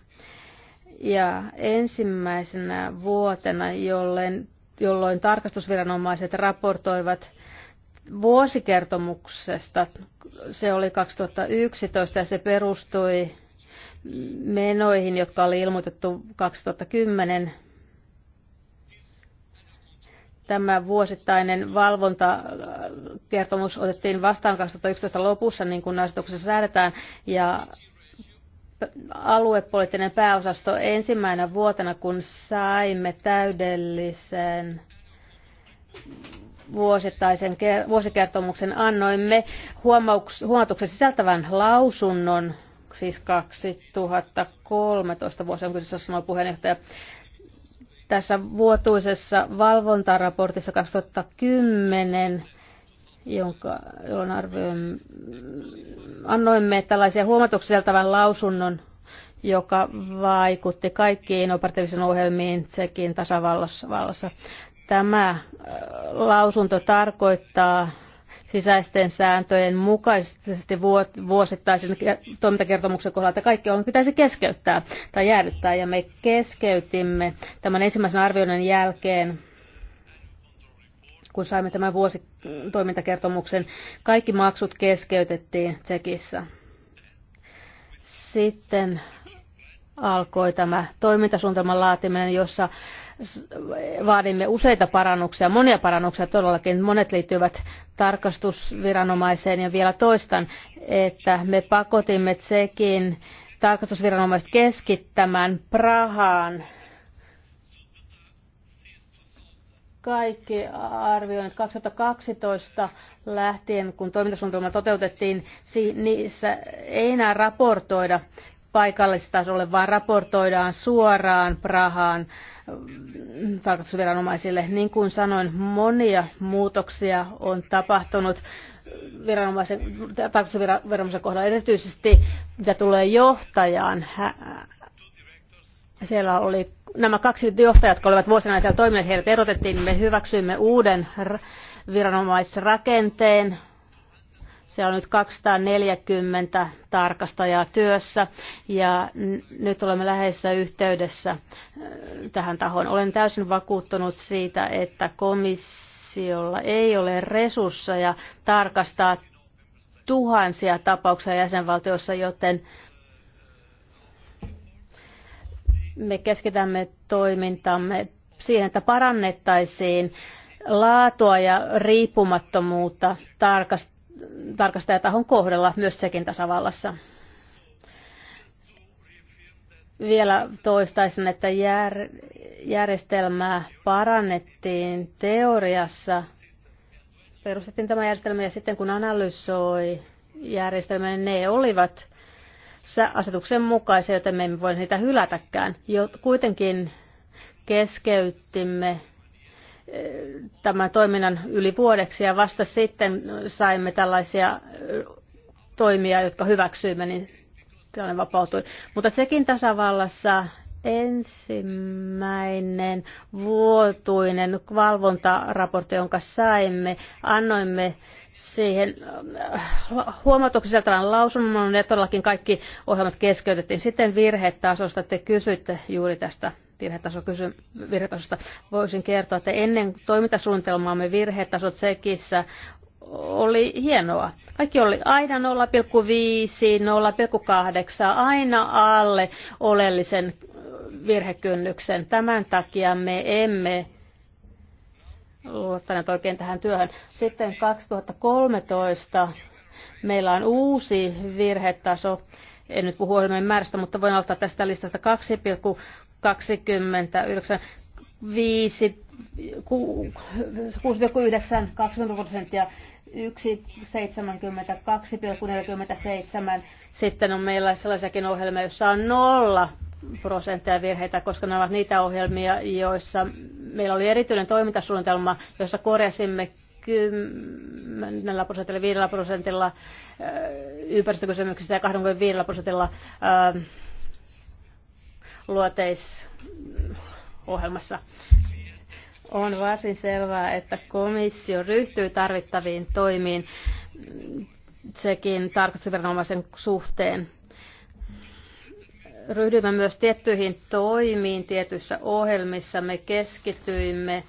Ja ensimmäisenä vuotena, jolloin, jolloin tarkastusviranomaiset raportoivat vuosikertomuksesta, se oli 2011 ja se perustui menoihin, jotka oli ilmoitettu 2010. Tämä vuosittainen valvontakertomus otettiin vastaan 2011 lopussa, niin kuin asetuksessa säädetään, ja aluepoliittinen pääosasto ensimmäinen vuotena, kun saimme täydellisen vuosittaisen vuosikertomuksen annoimme huomautuksen sisältävän lausunnon siis 2013 vuosi on se siis sanoi puheenjohtaja. Tässä vuotuisessa valvontaraportissa 2010 jonka, jolloin arvioin, annoimme tällaisia huomautukseltavan lausunnon, joka vaikutti kaikkiin operatiivisiin ohjelmiin Tsekin tasavallassa. Tämä äh, lausunto tarkoittaa sisäisten sääntöjen mukaisesti vuosittaisen toimintakertomuksen kohdalla, että kaikki on pitäisi keskeyttää tai jäädyttää. Ja me keskeytimme tämän ensimmäisen arvioinnin jälkeen kun saimme tämän vuositoimintakertomuksen, kaikki maksut keskeytettiin Tsekissä. Sitten alkoi tämä toimintasuunnitelman laatiminen, jossa vaadimme useita parannuksia, monia parannuksia todellakin. Monet liittyvät tarkastusviranomaiseen ja vielä toistan, että me pakotimme sekin tarkastusviranomaiset keskittämään Prahaan kaikki arvioinnit 2012 lähtien, kun toimintasuunnitelma toteutettiin, niissä ei enää raportoida paikallistasolle, vaan raportoidaan suoraan Prahaan mm, tarkastusviranomaisille. Niin kuin sanoin, monia muutoksia on tapahtunut viranomaisen, tarkastusviranomaisen kohdalla, erityisesti mitä tulee johtajaan. Siellä oli nämä kaksi johtajaa, jotka olivat vuosina siellä toimineet, heidät erotettiin, me hyväksyimme uuden viranomaisrakenteen, siellä on nyt 240 tarkastajaa työssä ja nyt olemme läheisessä yhteydessä äh, tähän tahoon. Olen täysin vakuuttunut siitä, että komissiolla ei ole resursseja tarkastaa tuhansia tapauksia jäsenvaltiossa, joten me keskitämme toimintamme siihen, että parannettaisiin laatua ja riippumattomuutta tarkast- tarkastajatahon kohdella myös sekin tasavallassa. Vielä toistaisin, että jär, järjestelmää parannettiin teoriassa. Perustettiin tämä järjestelmä ja sitten kun analysoi järjestelmää, niin ne olivat asetuksen mukaisia, joten me emme voi niitä hylätäkään. Jo, kuitenkin keskeyttimme Eh, tämän toiminnan yli vuodeksi ja vasta sitten saimme tällaisia eh, toimia, jotka hyväksyimme, niin tilanne vapautui. Mutta sekin tasavallassa ensimmäinen vuotuinen valvontaraportti, jonka saimme, annoimme siihen eh, huomautuksen sieltä lausunnon, ja todellakin kaikki ohjelmat keskeytettiin. Sitten virhetasosta te kysyitte juuri tästä virhetasosta. Voisin kertoa, että ennen toimintasuunnitelmaamme virhetasot sekissä oli hienoa. Kaikki oli aina 0,5, 0,8, aina alle oleellisen virhekynnyksen. Tämän takia me emme luottaneet oikein tähän työhön. Sitten 2013 meillä on uusi virhetaso. En nyt puhu ohjelmien määrästä, mutta voin ottaa tästä listasta 29, 6,9, 20 prosenttia, 1,72,47. Sitten on meillä sellaisiakin ohjelmia, joissa on nolla prosenttia virheitä, koska nämä ovat niitä ohjelmia, joissa meillä oli erityinen toimintasuunnitelma, jossa korjasimme 10 prosentilla, 5 prosentilla äh, ympäristökysymyksistä ja 25 prosentilla äh, luoteisohjelmassa. On varsin selvää, että komissio ryhtyy tarvittaviin toimiin sekin tarkastusviranomaisen suhteen. Ryhdymme myös tiettyihin toimiin tietyissä ohjelmissa. Me keskityimme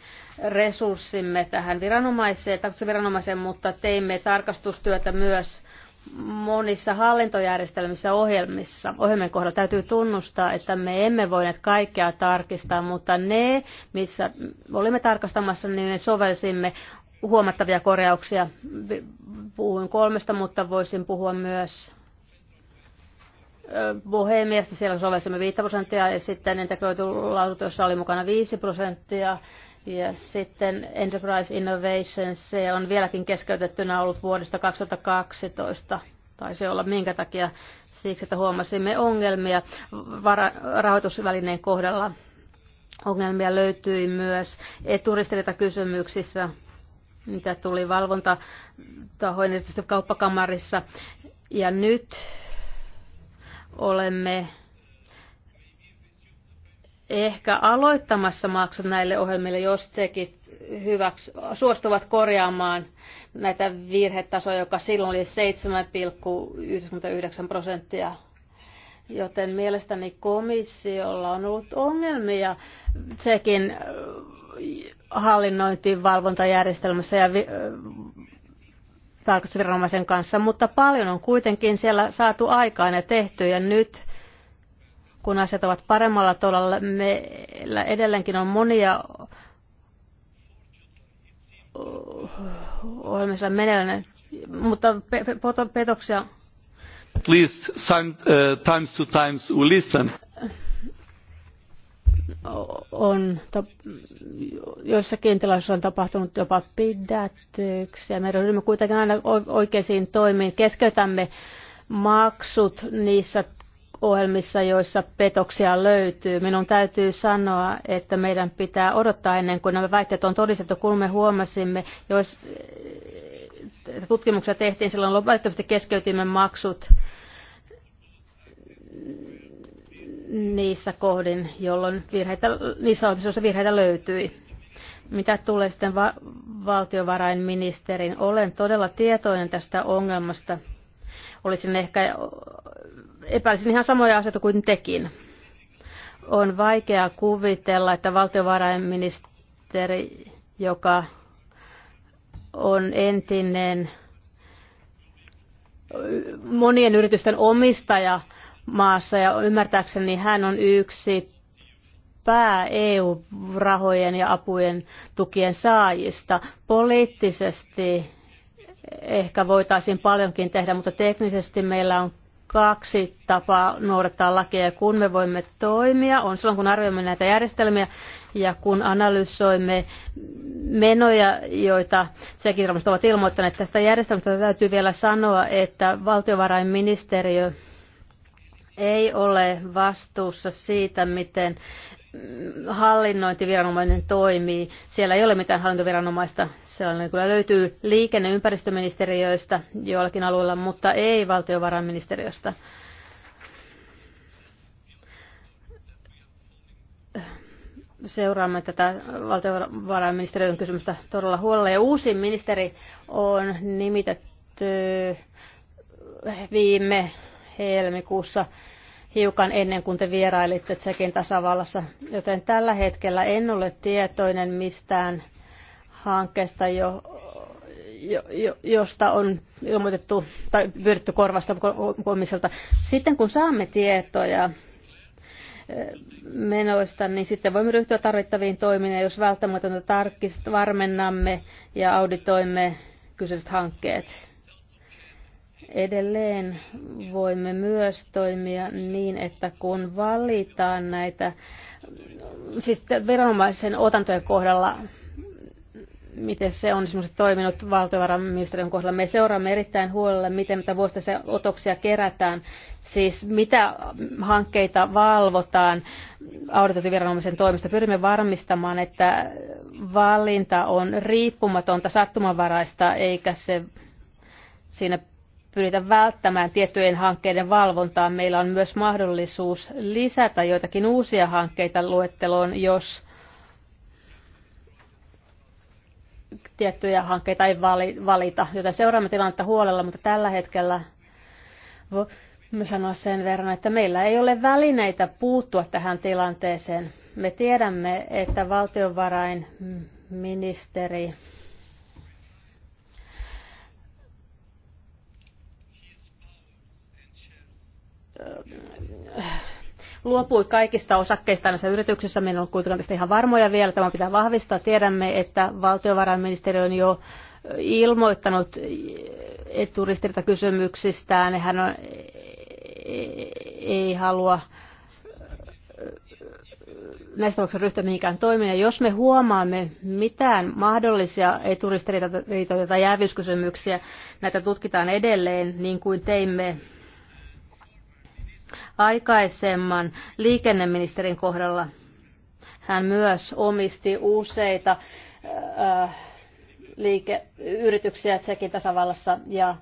resurssimme tähän viranomaiseen, tarkastusviranomaiseen, mutta teimme tarkastustyötä myös monissa hallintojärjestelmissä ohjelmissa, ohjelmien kohdalla täytyy tunnustaa, että me emme voineet kaikkea tarkistaa, mutta ne, missä olimme tarkastamassa, niin me sovelsimme huomattavia korjauksia. Puhuin kolmesta, mutta voisin puhua myös Bohemiasta. Siellä sovelsimme 5 prosenttia ja sitten integroitu lausunto, jossa oli mukana 5 prosenttia. Ja sitten Enterprise Innovations, se on vieläkin keskeytettynä ollut vuodesta 2012. se olla minkä takia siksi, että huomasimme ongelmia rahoitusvälineen kohdalla. Ongelmia löytyi myös kysymyksissä mitä tuli valvontatahoin, erityisesti kauppakamarissa. Ja nyt olemme ehkä aloittamassa maksut näille ohjelmille, jos tsekit hyväks, suostuvat korjaamaan näitä virhetasoja, joka silloin oli 7,99 prosenttia. Joten mielestäni komissiolla on ollut ongelmia sekin äh, hallinnointiin valvontajärjestelmässä ja vi- äh, tarkastusviranomaisen kanssa, mutta paljon on kuitenkin siellä saatu aikaan ja tehty ja nyt kun asiat ovat paremmalla tolalla. Meillä edelleenkin on monia ohjelmissa meneillään, mutta petoksia at least some, uh, times to times we listen. On, ta, joissakin tilaisuissa on tapahtunut jopa pidätyksiä. Me ryhdymme kuitenkin aina oikeisiin toimiin. Keskeytämme maksut niissä ohjelmissa, joissa petoksia löytyy. Minun täytyy sanoa, että meidän pitää odottaa ennen kuin nämä väitteet on todistettu, kun me huomasimme, jos tutkimuksia tehtiin, silloin lopettavasti keskeytimme maksut niissä kohdin, jolloin virheitä, niissä ohjelmissa virheitä löytyi. Mitä tulee sitten va- valtiovarainministerin, olen todella tietoinen tästä ongelmasta – olisin ehkä, epäilisin ihan samoja asioita kuin tekin. On vaikea kuvitella, että valtiovarainministeri, joka on entinen monien yritysten omistaja maassa ja ymmärtääkseni hän on yksi pää EU-rahojen ja apujen tukien saajista. Poliittisesti Ehkä voitaisiin paljonkin tehdä, mutta teknisesti meillä on kaksi tapaa noudattaa lakia ja kun me voimme toimia, on silloin kun arvioimme näitä järjestelmiä ja kun analysoimme menoja, joita sekin varmasti ovat ilmoittaneet tästä järjestelmästä, täytyy vielä sanoa, että valtiovarainministeriö ei ole vastuussa siitä, miten hallinnointiviranomainen toimii. Siellä ei ole mitään hallintoviranomaista. Sellainen kyllä löytyy liikenneympäristöministeriöistä joillakin alueilla, mutta ei valtiovarainministeriöstä. Seuraamme tätä valtiovarainministeriön kysymystä todella huolella. Ja uusi ministeri on nimitetty viime helmikuussa hiukan ennen kuin te vierailitte Tsekin tasavallassa, joten tällä hetkellä en ole tietoinen mistään hankkeesta, jo, jo, jo, josta on ilmoitettu tai pyydetty korvasta komissiolta. Sitten kun saamme tietoja eh, menoista, niin sitten voimme ryhtyä tarvittaviin toimiin, jos välttämätöntä tarkist, varmennamme ja auditoimme kyseiset hankkeet. Edelleen voimme myös toimia niin, että kun valitaan näitä, siis viranomaisen otantojen kohdalla miten se on esimerkiksi toiminut valtiovarainministeriön kohdalla. Me seuraamme erittäin huolella, miten näitä vuosittaisia otoksia kerätään, siis mitä hankkeita valvotaan auditointiviranomaisen toimista. Pyrimme varmistamaan, että valinta on riippumatonta, sattumanvaraista, eikä se siinä pyritä välttämään tiettyjen hankkeiden valvontaa. Meillä on myös mahdollisuus lisätä joitakin uusia hankkeita luetteloon, jos tiettyjä hankkeita ei valita, joten seuraamme tilannetta huolella, mutta tällä hetkellä voin sanoa sen verran, että meillä ei ole välineitä puuttua tähän tilanteeseen. Me tiedämme, että valtiovarainministeri luopui kaikista osakkeista näissä yrityksissä. Me en ole kuitenkaan tästä ihan varmoja vielä. Tämä pitää vahvistaa. Tiedämme, että valtiovarainministeriö on jo ilmoittanut eturistilta kysymyksistään. Hän on, ei halua näistä tapauksista ryhtyä mihinkään toimia. Jos me huomaamme mitään mahdollisia eturistiriitoja tai jäävyyskysymyksiä, näitä tutkitaan edelleen, niin kuin teimme aikaisemman liikenneministerin kohdalla. Hän myös omisti useita äh, liikeyrityksiä Tsekin tasavallassa ja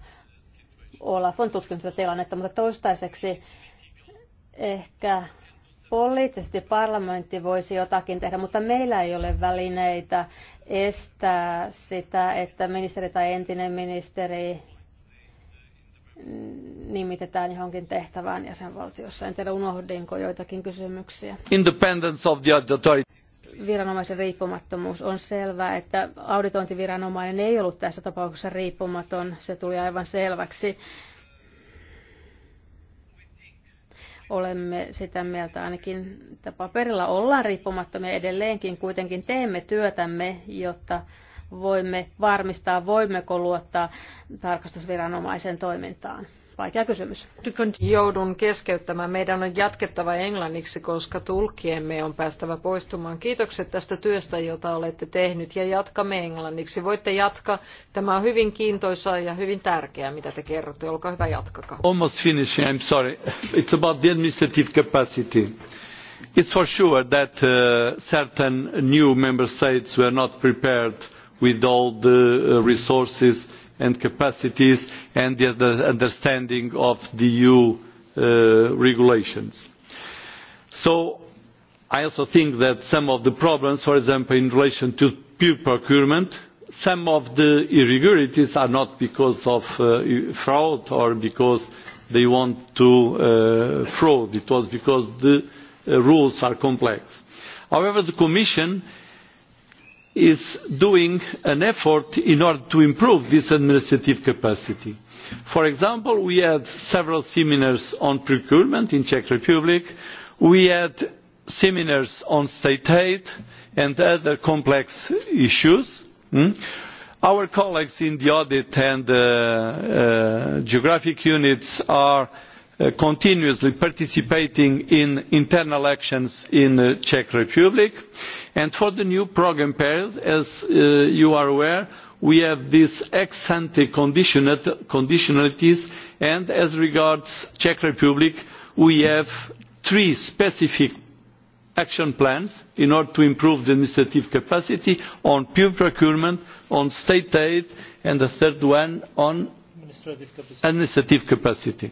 Olaf on tutkinut sitä tilannetta, mutta toistaiseksi ehkä poliittisesti parlamentti voisi jotakin tehdä, mutta meillä ei ole välineitä estää sitä, että ministeri tai entinen ministeri nimitetään johonkin tehtävään jäsenvaltiossa. En tiedä, unohdinko joitakin kysymyksiä. Independence of the authority. Viranomaisen riippumattomuus. On selvää, että auditointiviranomainen ei ollut tässä tapauksessa riippumaton. Se tuli aivan selväksi. Olemme sitä mieltä ainakin, että paperilla ollaan riippumattomia edelleenkin. Kuitenkin teemme työtämme, jotta voimme varmistaa, voimmeko luottaa tarkastusviranomaisen toimintaan? Vaikea kysymys. Joudun keskeyttämään. Meidän on jatkettava englanniksi, koska tulkkiemme on päästävä poistumaan. Kiitokset tästä työstä, jota olette tehnyt ja jatkamme englanniksi. Voitte jatkaa. Tämä on hyvin kiintoisaa ja hyvin tärkeää, mitä te kerrotte. Olkaa hyvä, jatkakaa. Almost finishing, I'm sorry. It's about the administrative capacity. It's for sure that uh, certain new member states were not prepared with all the uh, resources and capacities and the understanding of the eu uh, regulations. so i also think that some of the problems for example in relation to pure procurement some of the irregularities are not because of uh, fraud or because they want to fraud it was because the rules are complex. however the commission is doing an effort in order to improve this administrative capacity. For example, we had several seminars on procurement in Czech Republic. We had seminars on state aid and other complex issues. Hmm? Our colleagues in the audit and uh, uh, geographic units are uh, continuously participating in internal actions in the uh, Czech Republic and for the new programme period as uh, you are aware we have these ex ante conditionalities and as regards the czech republic we have three specific action plans in order to improve the administrative capacity on pure procurement on state aid and the third one on administrative capacity.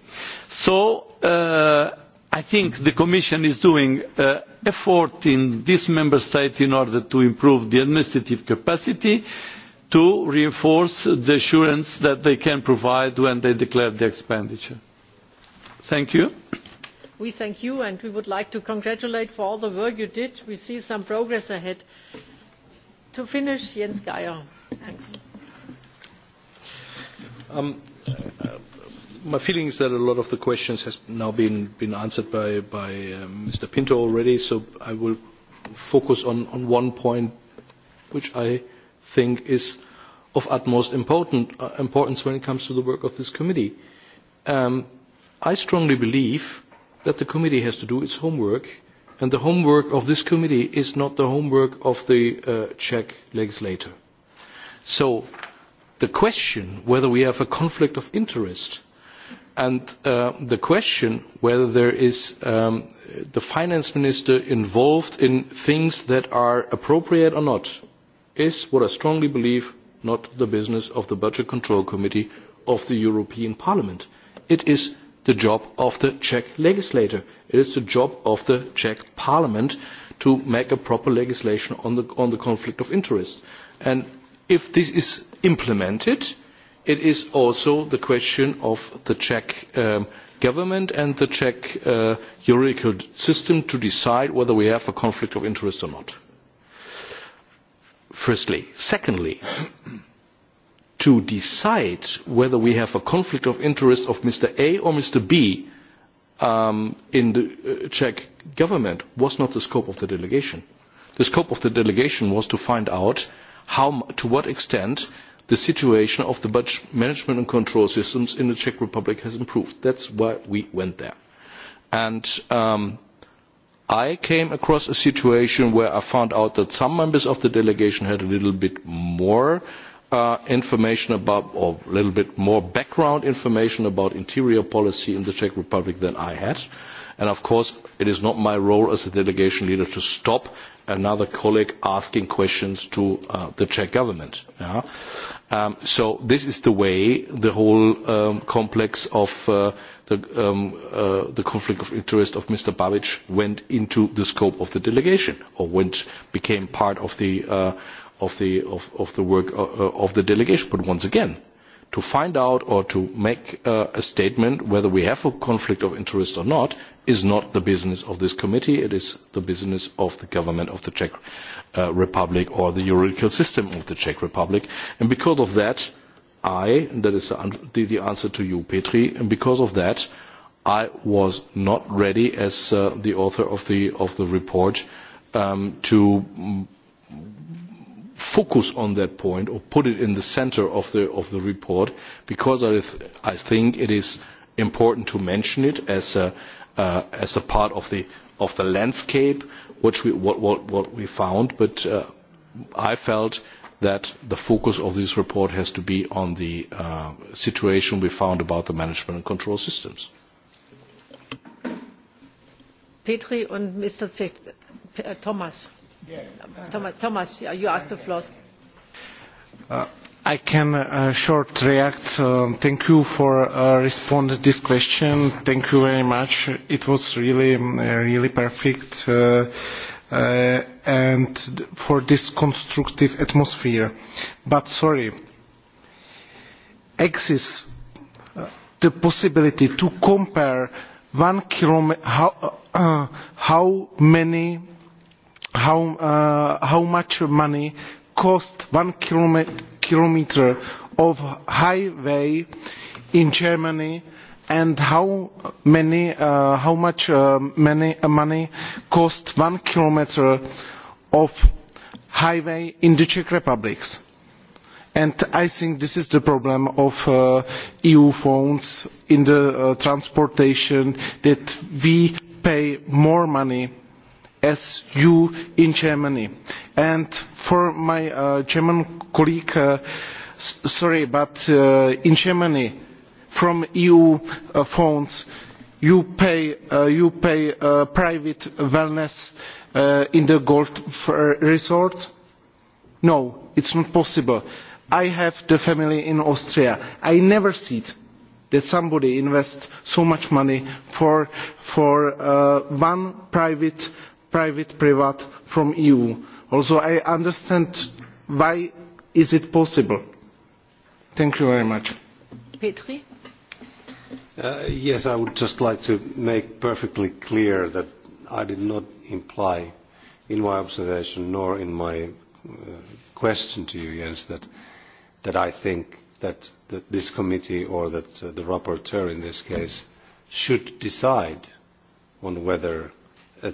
so uh, i think the commission is making an uh, effort in this member state in order to improve the administrative capacity to reinforce the assurance that they can provide when they declare the expenditure. thank you. we thank you and we would like to congratulate you for all the work you did. we see some progress ahead. to finish jens geier. thanks. Um, uh, my feeling is that a lot of the questions has now been, been answered by, by um, Mr. Pinto already, so I will focus on, on one point which I think is of utmost important, uh, importance when it comes to the work of this committee. Um, I strongly believe that the committee has to do its homework, and the homework of this committee is not the homework of the uh, Czech legislator. So the question whether we have a conflict of interest and uh, the question whether there is um, the finance minister involved in things that are appropriate or not is what I strongly believe not the business of the Budget Control Committee of the European Parliament. It is the job of the Czech legislator. It is the job of the Czech Parliament to make a proper legislation on the, on the conflict of interest. And if this is implemented, it is also the question of the Czech um, government and the Czech uh, juridical system to decide whether we have a conflict of interest or not. Firstly. Secondly, to decide whether we have a conflict of interest of Mr. A or Mr. B um, in the uh, Czech government was not the scope of the delegation. The scope of the delegation was to find out how, to what extent the situation of the budget management and control systems in the Czech Republic has improved. That's why we went there. And um, I came across a situation where I found out that some members of the delegation had a little bit more uh, information about, or a little bit more background information about interior policy in the Czech Republic than I had. And of course, it is not my role as a delegation leader to stop another colleague asking questions to uh, the Czech government. Yeah? Um, so this is the way the whole um, complex of uh, the, um, uh, the conflict of interest of Mr. Babic went into the scope of the delegation or went, became part of the, uh, of the, of, of the work uh, uh of the delegation. But once again, to find out or to make uh, a statement whether we have a conflict of interest or not is not the business of this committee. It is the business of the government of the Czech uh, Republic or the juridical system of the Czech Republic. And because of that, I, and that is the, the answer to you, Petri, and because of that, I was not ready as uh, the author of the, of the report um, to mm, focus on that point or put it in the centre of the, of the report because I, th I think it is important to mention it as a, uh, as a part of the, of the landscape which we, what, what, what we found, but uh, I felt that the focus of this report has to be on the uh, situation we found about the management and control systems. Petri und Mr. Z Thomas. Thomas, you asked the floor. Uh, I can uh, short react. Uh, thank you for uh, responding to this question. Thank you very much. It was really, um, really perfect. Uh, uh, and for this constructive atmosphere. But sorry, exists uh, the possibility to compare one kilometer, how, uh, uh how many how, uh, how much money cost one kilometre of highway in Germany and how many uh, how much uh, many, uh, money cost one kilometre of highway in the Czech Republic. And I think this is the problem of uh, EU funds in the uh, transportation that we pay more money as you in Germany. And for my uh, German colleague, uh, sorry, but uh, in Germany, from EU uh, funds, you pay, uh, you pay uh, private wellness uh, in the golf resort? No, it's not possible. I have the family in Austria. I never see it that somebody invests so much money for, for uh, one private private private from the eu. also i understand why is it possible. thank you very much. Petri? Uh, yes, I would just like to make perfectly clear that I did not imply in my observation nor in my uh, question to you, Jens, that, that I think that, that this committee or that uh, the rapporteur in this case should decide on whether a,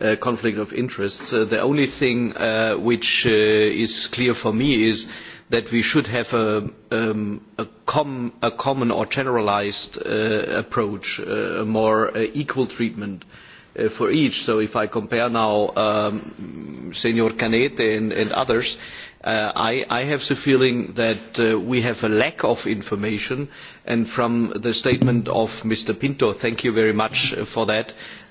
uh, conflict of interests. Uh, the only thing uh, which uh, is clear for me is that we should have a, um, a, com a common or generalized uh, approach, uh, a more uh, equal treatment uh, for each. So if I compare now um, Senor Canete and, and others, Uh, I, i have the feeling that uh, we have a lack of information and from the statement of mr pinto thank you very much uh, for that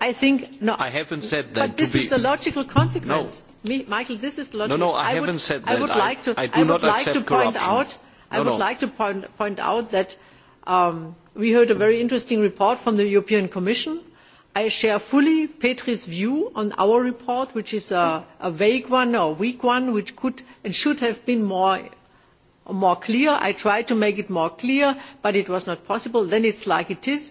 I think no. I haven't said that. But this be... is the logical no. consequence. No. Michael, this is no, no, logical. No, I, haven't would, said that. I like to. I, do would not like accept to corruption. point out. I would like to point, out that um, we heard a very interesting report from the European Commission. I share fully Petri's view on our report, which is a, vague one or weak one, which could and should have been more more clear. I tried to make it more clear, but it was not possible. Then it's like it is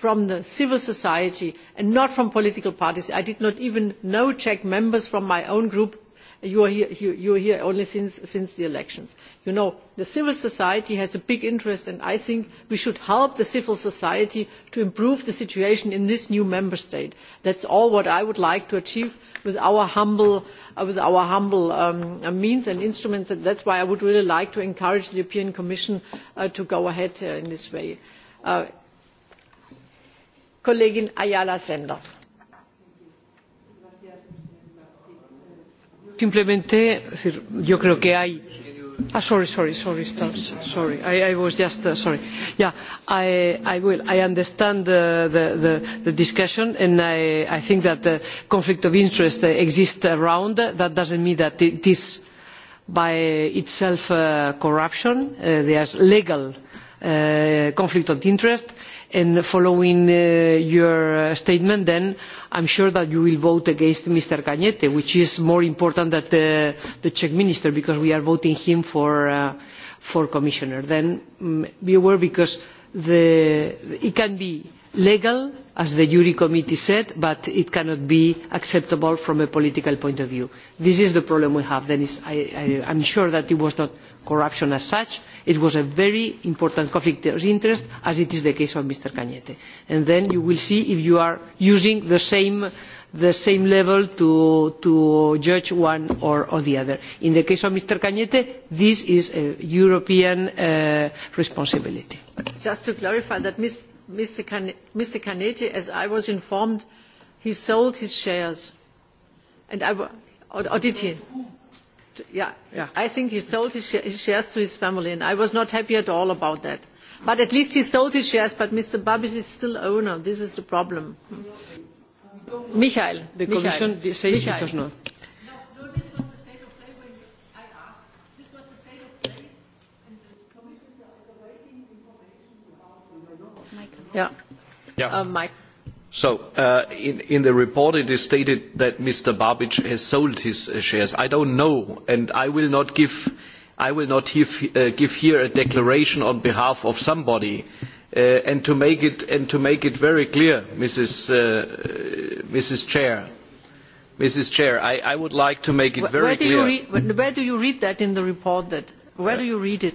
from the civil society and not from political parties. i did not even know czech members from my own group you are here, only since, the elections. you know the civil society has a big interest and i think we should help the civil society to improve the situation in this new member state. that is all what i would like to achieve with our humble, uh, um, uh, means and instruments and that is why i would really like to encourage the european commission uh, to go ahead in this way kollegin ayala sender. simplemente decir, yo creo que hay ah, sorry sorry sorry sorry i, I was just uh, sorry yeah i i will i understand the the, the discussion and i i think that the conflict of interest exists around that doesn't mean that it is by itself uh, corruption uh, is legal uh, Uh, conflict of interest and following uh, your statement then i am sure that you will vote against mr Cañete which is more important than the, the czech minister because we are voting him for, uh, for commissioner. then um, be aware because the, it can be legal as the juri committee said but it cannot be acceptable from a political point of view. this is the problem we have. i am sure that it was not corruption as such it was a very important conflict of interest as is the case of mr caete and then you will see if you are using the same level to, judge one or, the other. in the case of mr caete this is a european uh, responsibility. just to clarify that mr caete as i was informed he sold his shares and I, or did he? I think he sold his, shares to his family, and I was not happy at all about that. But at least he sold his shares, but Mr. Babis is still owner. This is the problem. Michael. The Commission says Michael. it does not. No, no, this was the state of play when I asked. This was the state of play, and the Commission awaiting information Uh, Mike. So, uh, in, the report it is stated that Mr. babi has sold his uh, shares. I don't know, and I will not give, I will not uh, give here a declaration on behalf of somebody. and, to make it, and to make it very clear, Mrs. Mrs. Chair, Mrs. Chair, I, would like to make it very clear. where do you read that in the report? That, where do you read it?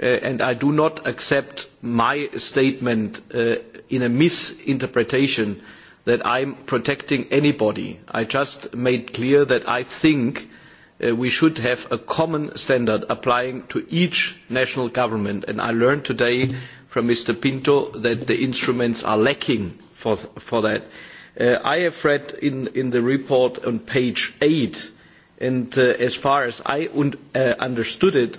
Uh, and I do not accept my statement uh, in a misinterpretation that I am protecting anybody. I just made clear that I think uh, we should have a common standard applying to each national government. And I learned today from Mr. Pinto that the instruments are lacking for, that. I have read in, the report on page eight, and as far as I understood it,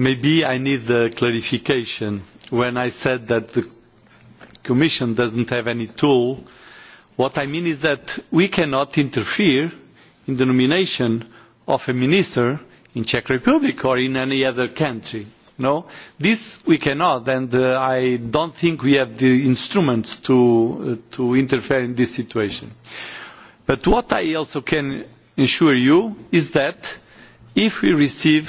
maybe I need the clarification. When I said that the Commission doesn't have any tool, what I mean is that we cannot interfere in the nomination of a minister in Czech Republic or in any other country. No, this we cannot, and i uh, I don't think we have the instruments to, uh, to interfere in this situation. But what I also can assure you is that if we receive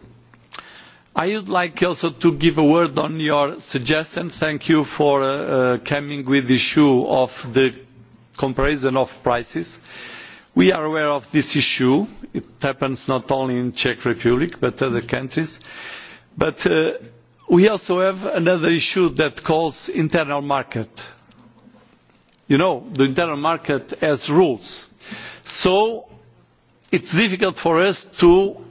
I would like also to give a word on your suggestion. Thank you for uh, uh, coming with the issue of the comparison of prices. We are aware of this issue. It happens not only in Czech Republic but other countries. But uh, we also have another issue that calls internal market. You know, the internal market has rules. So it's difficult for us to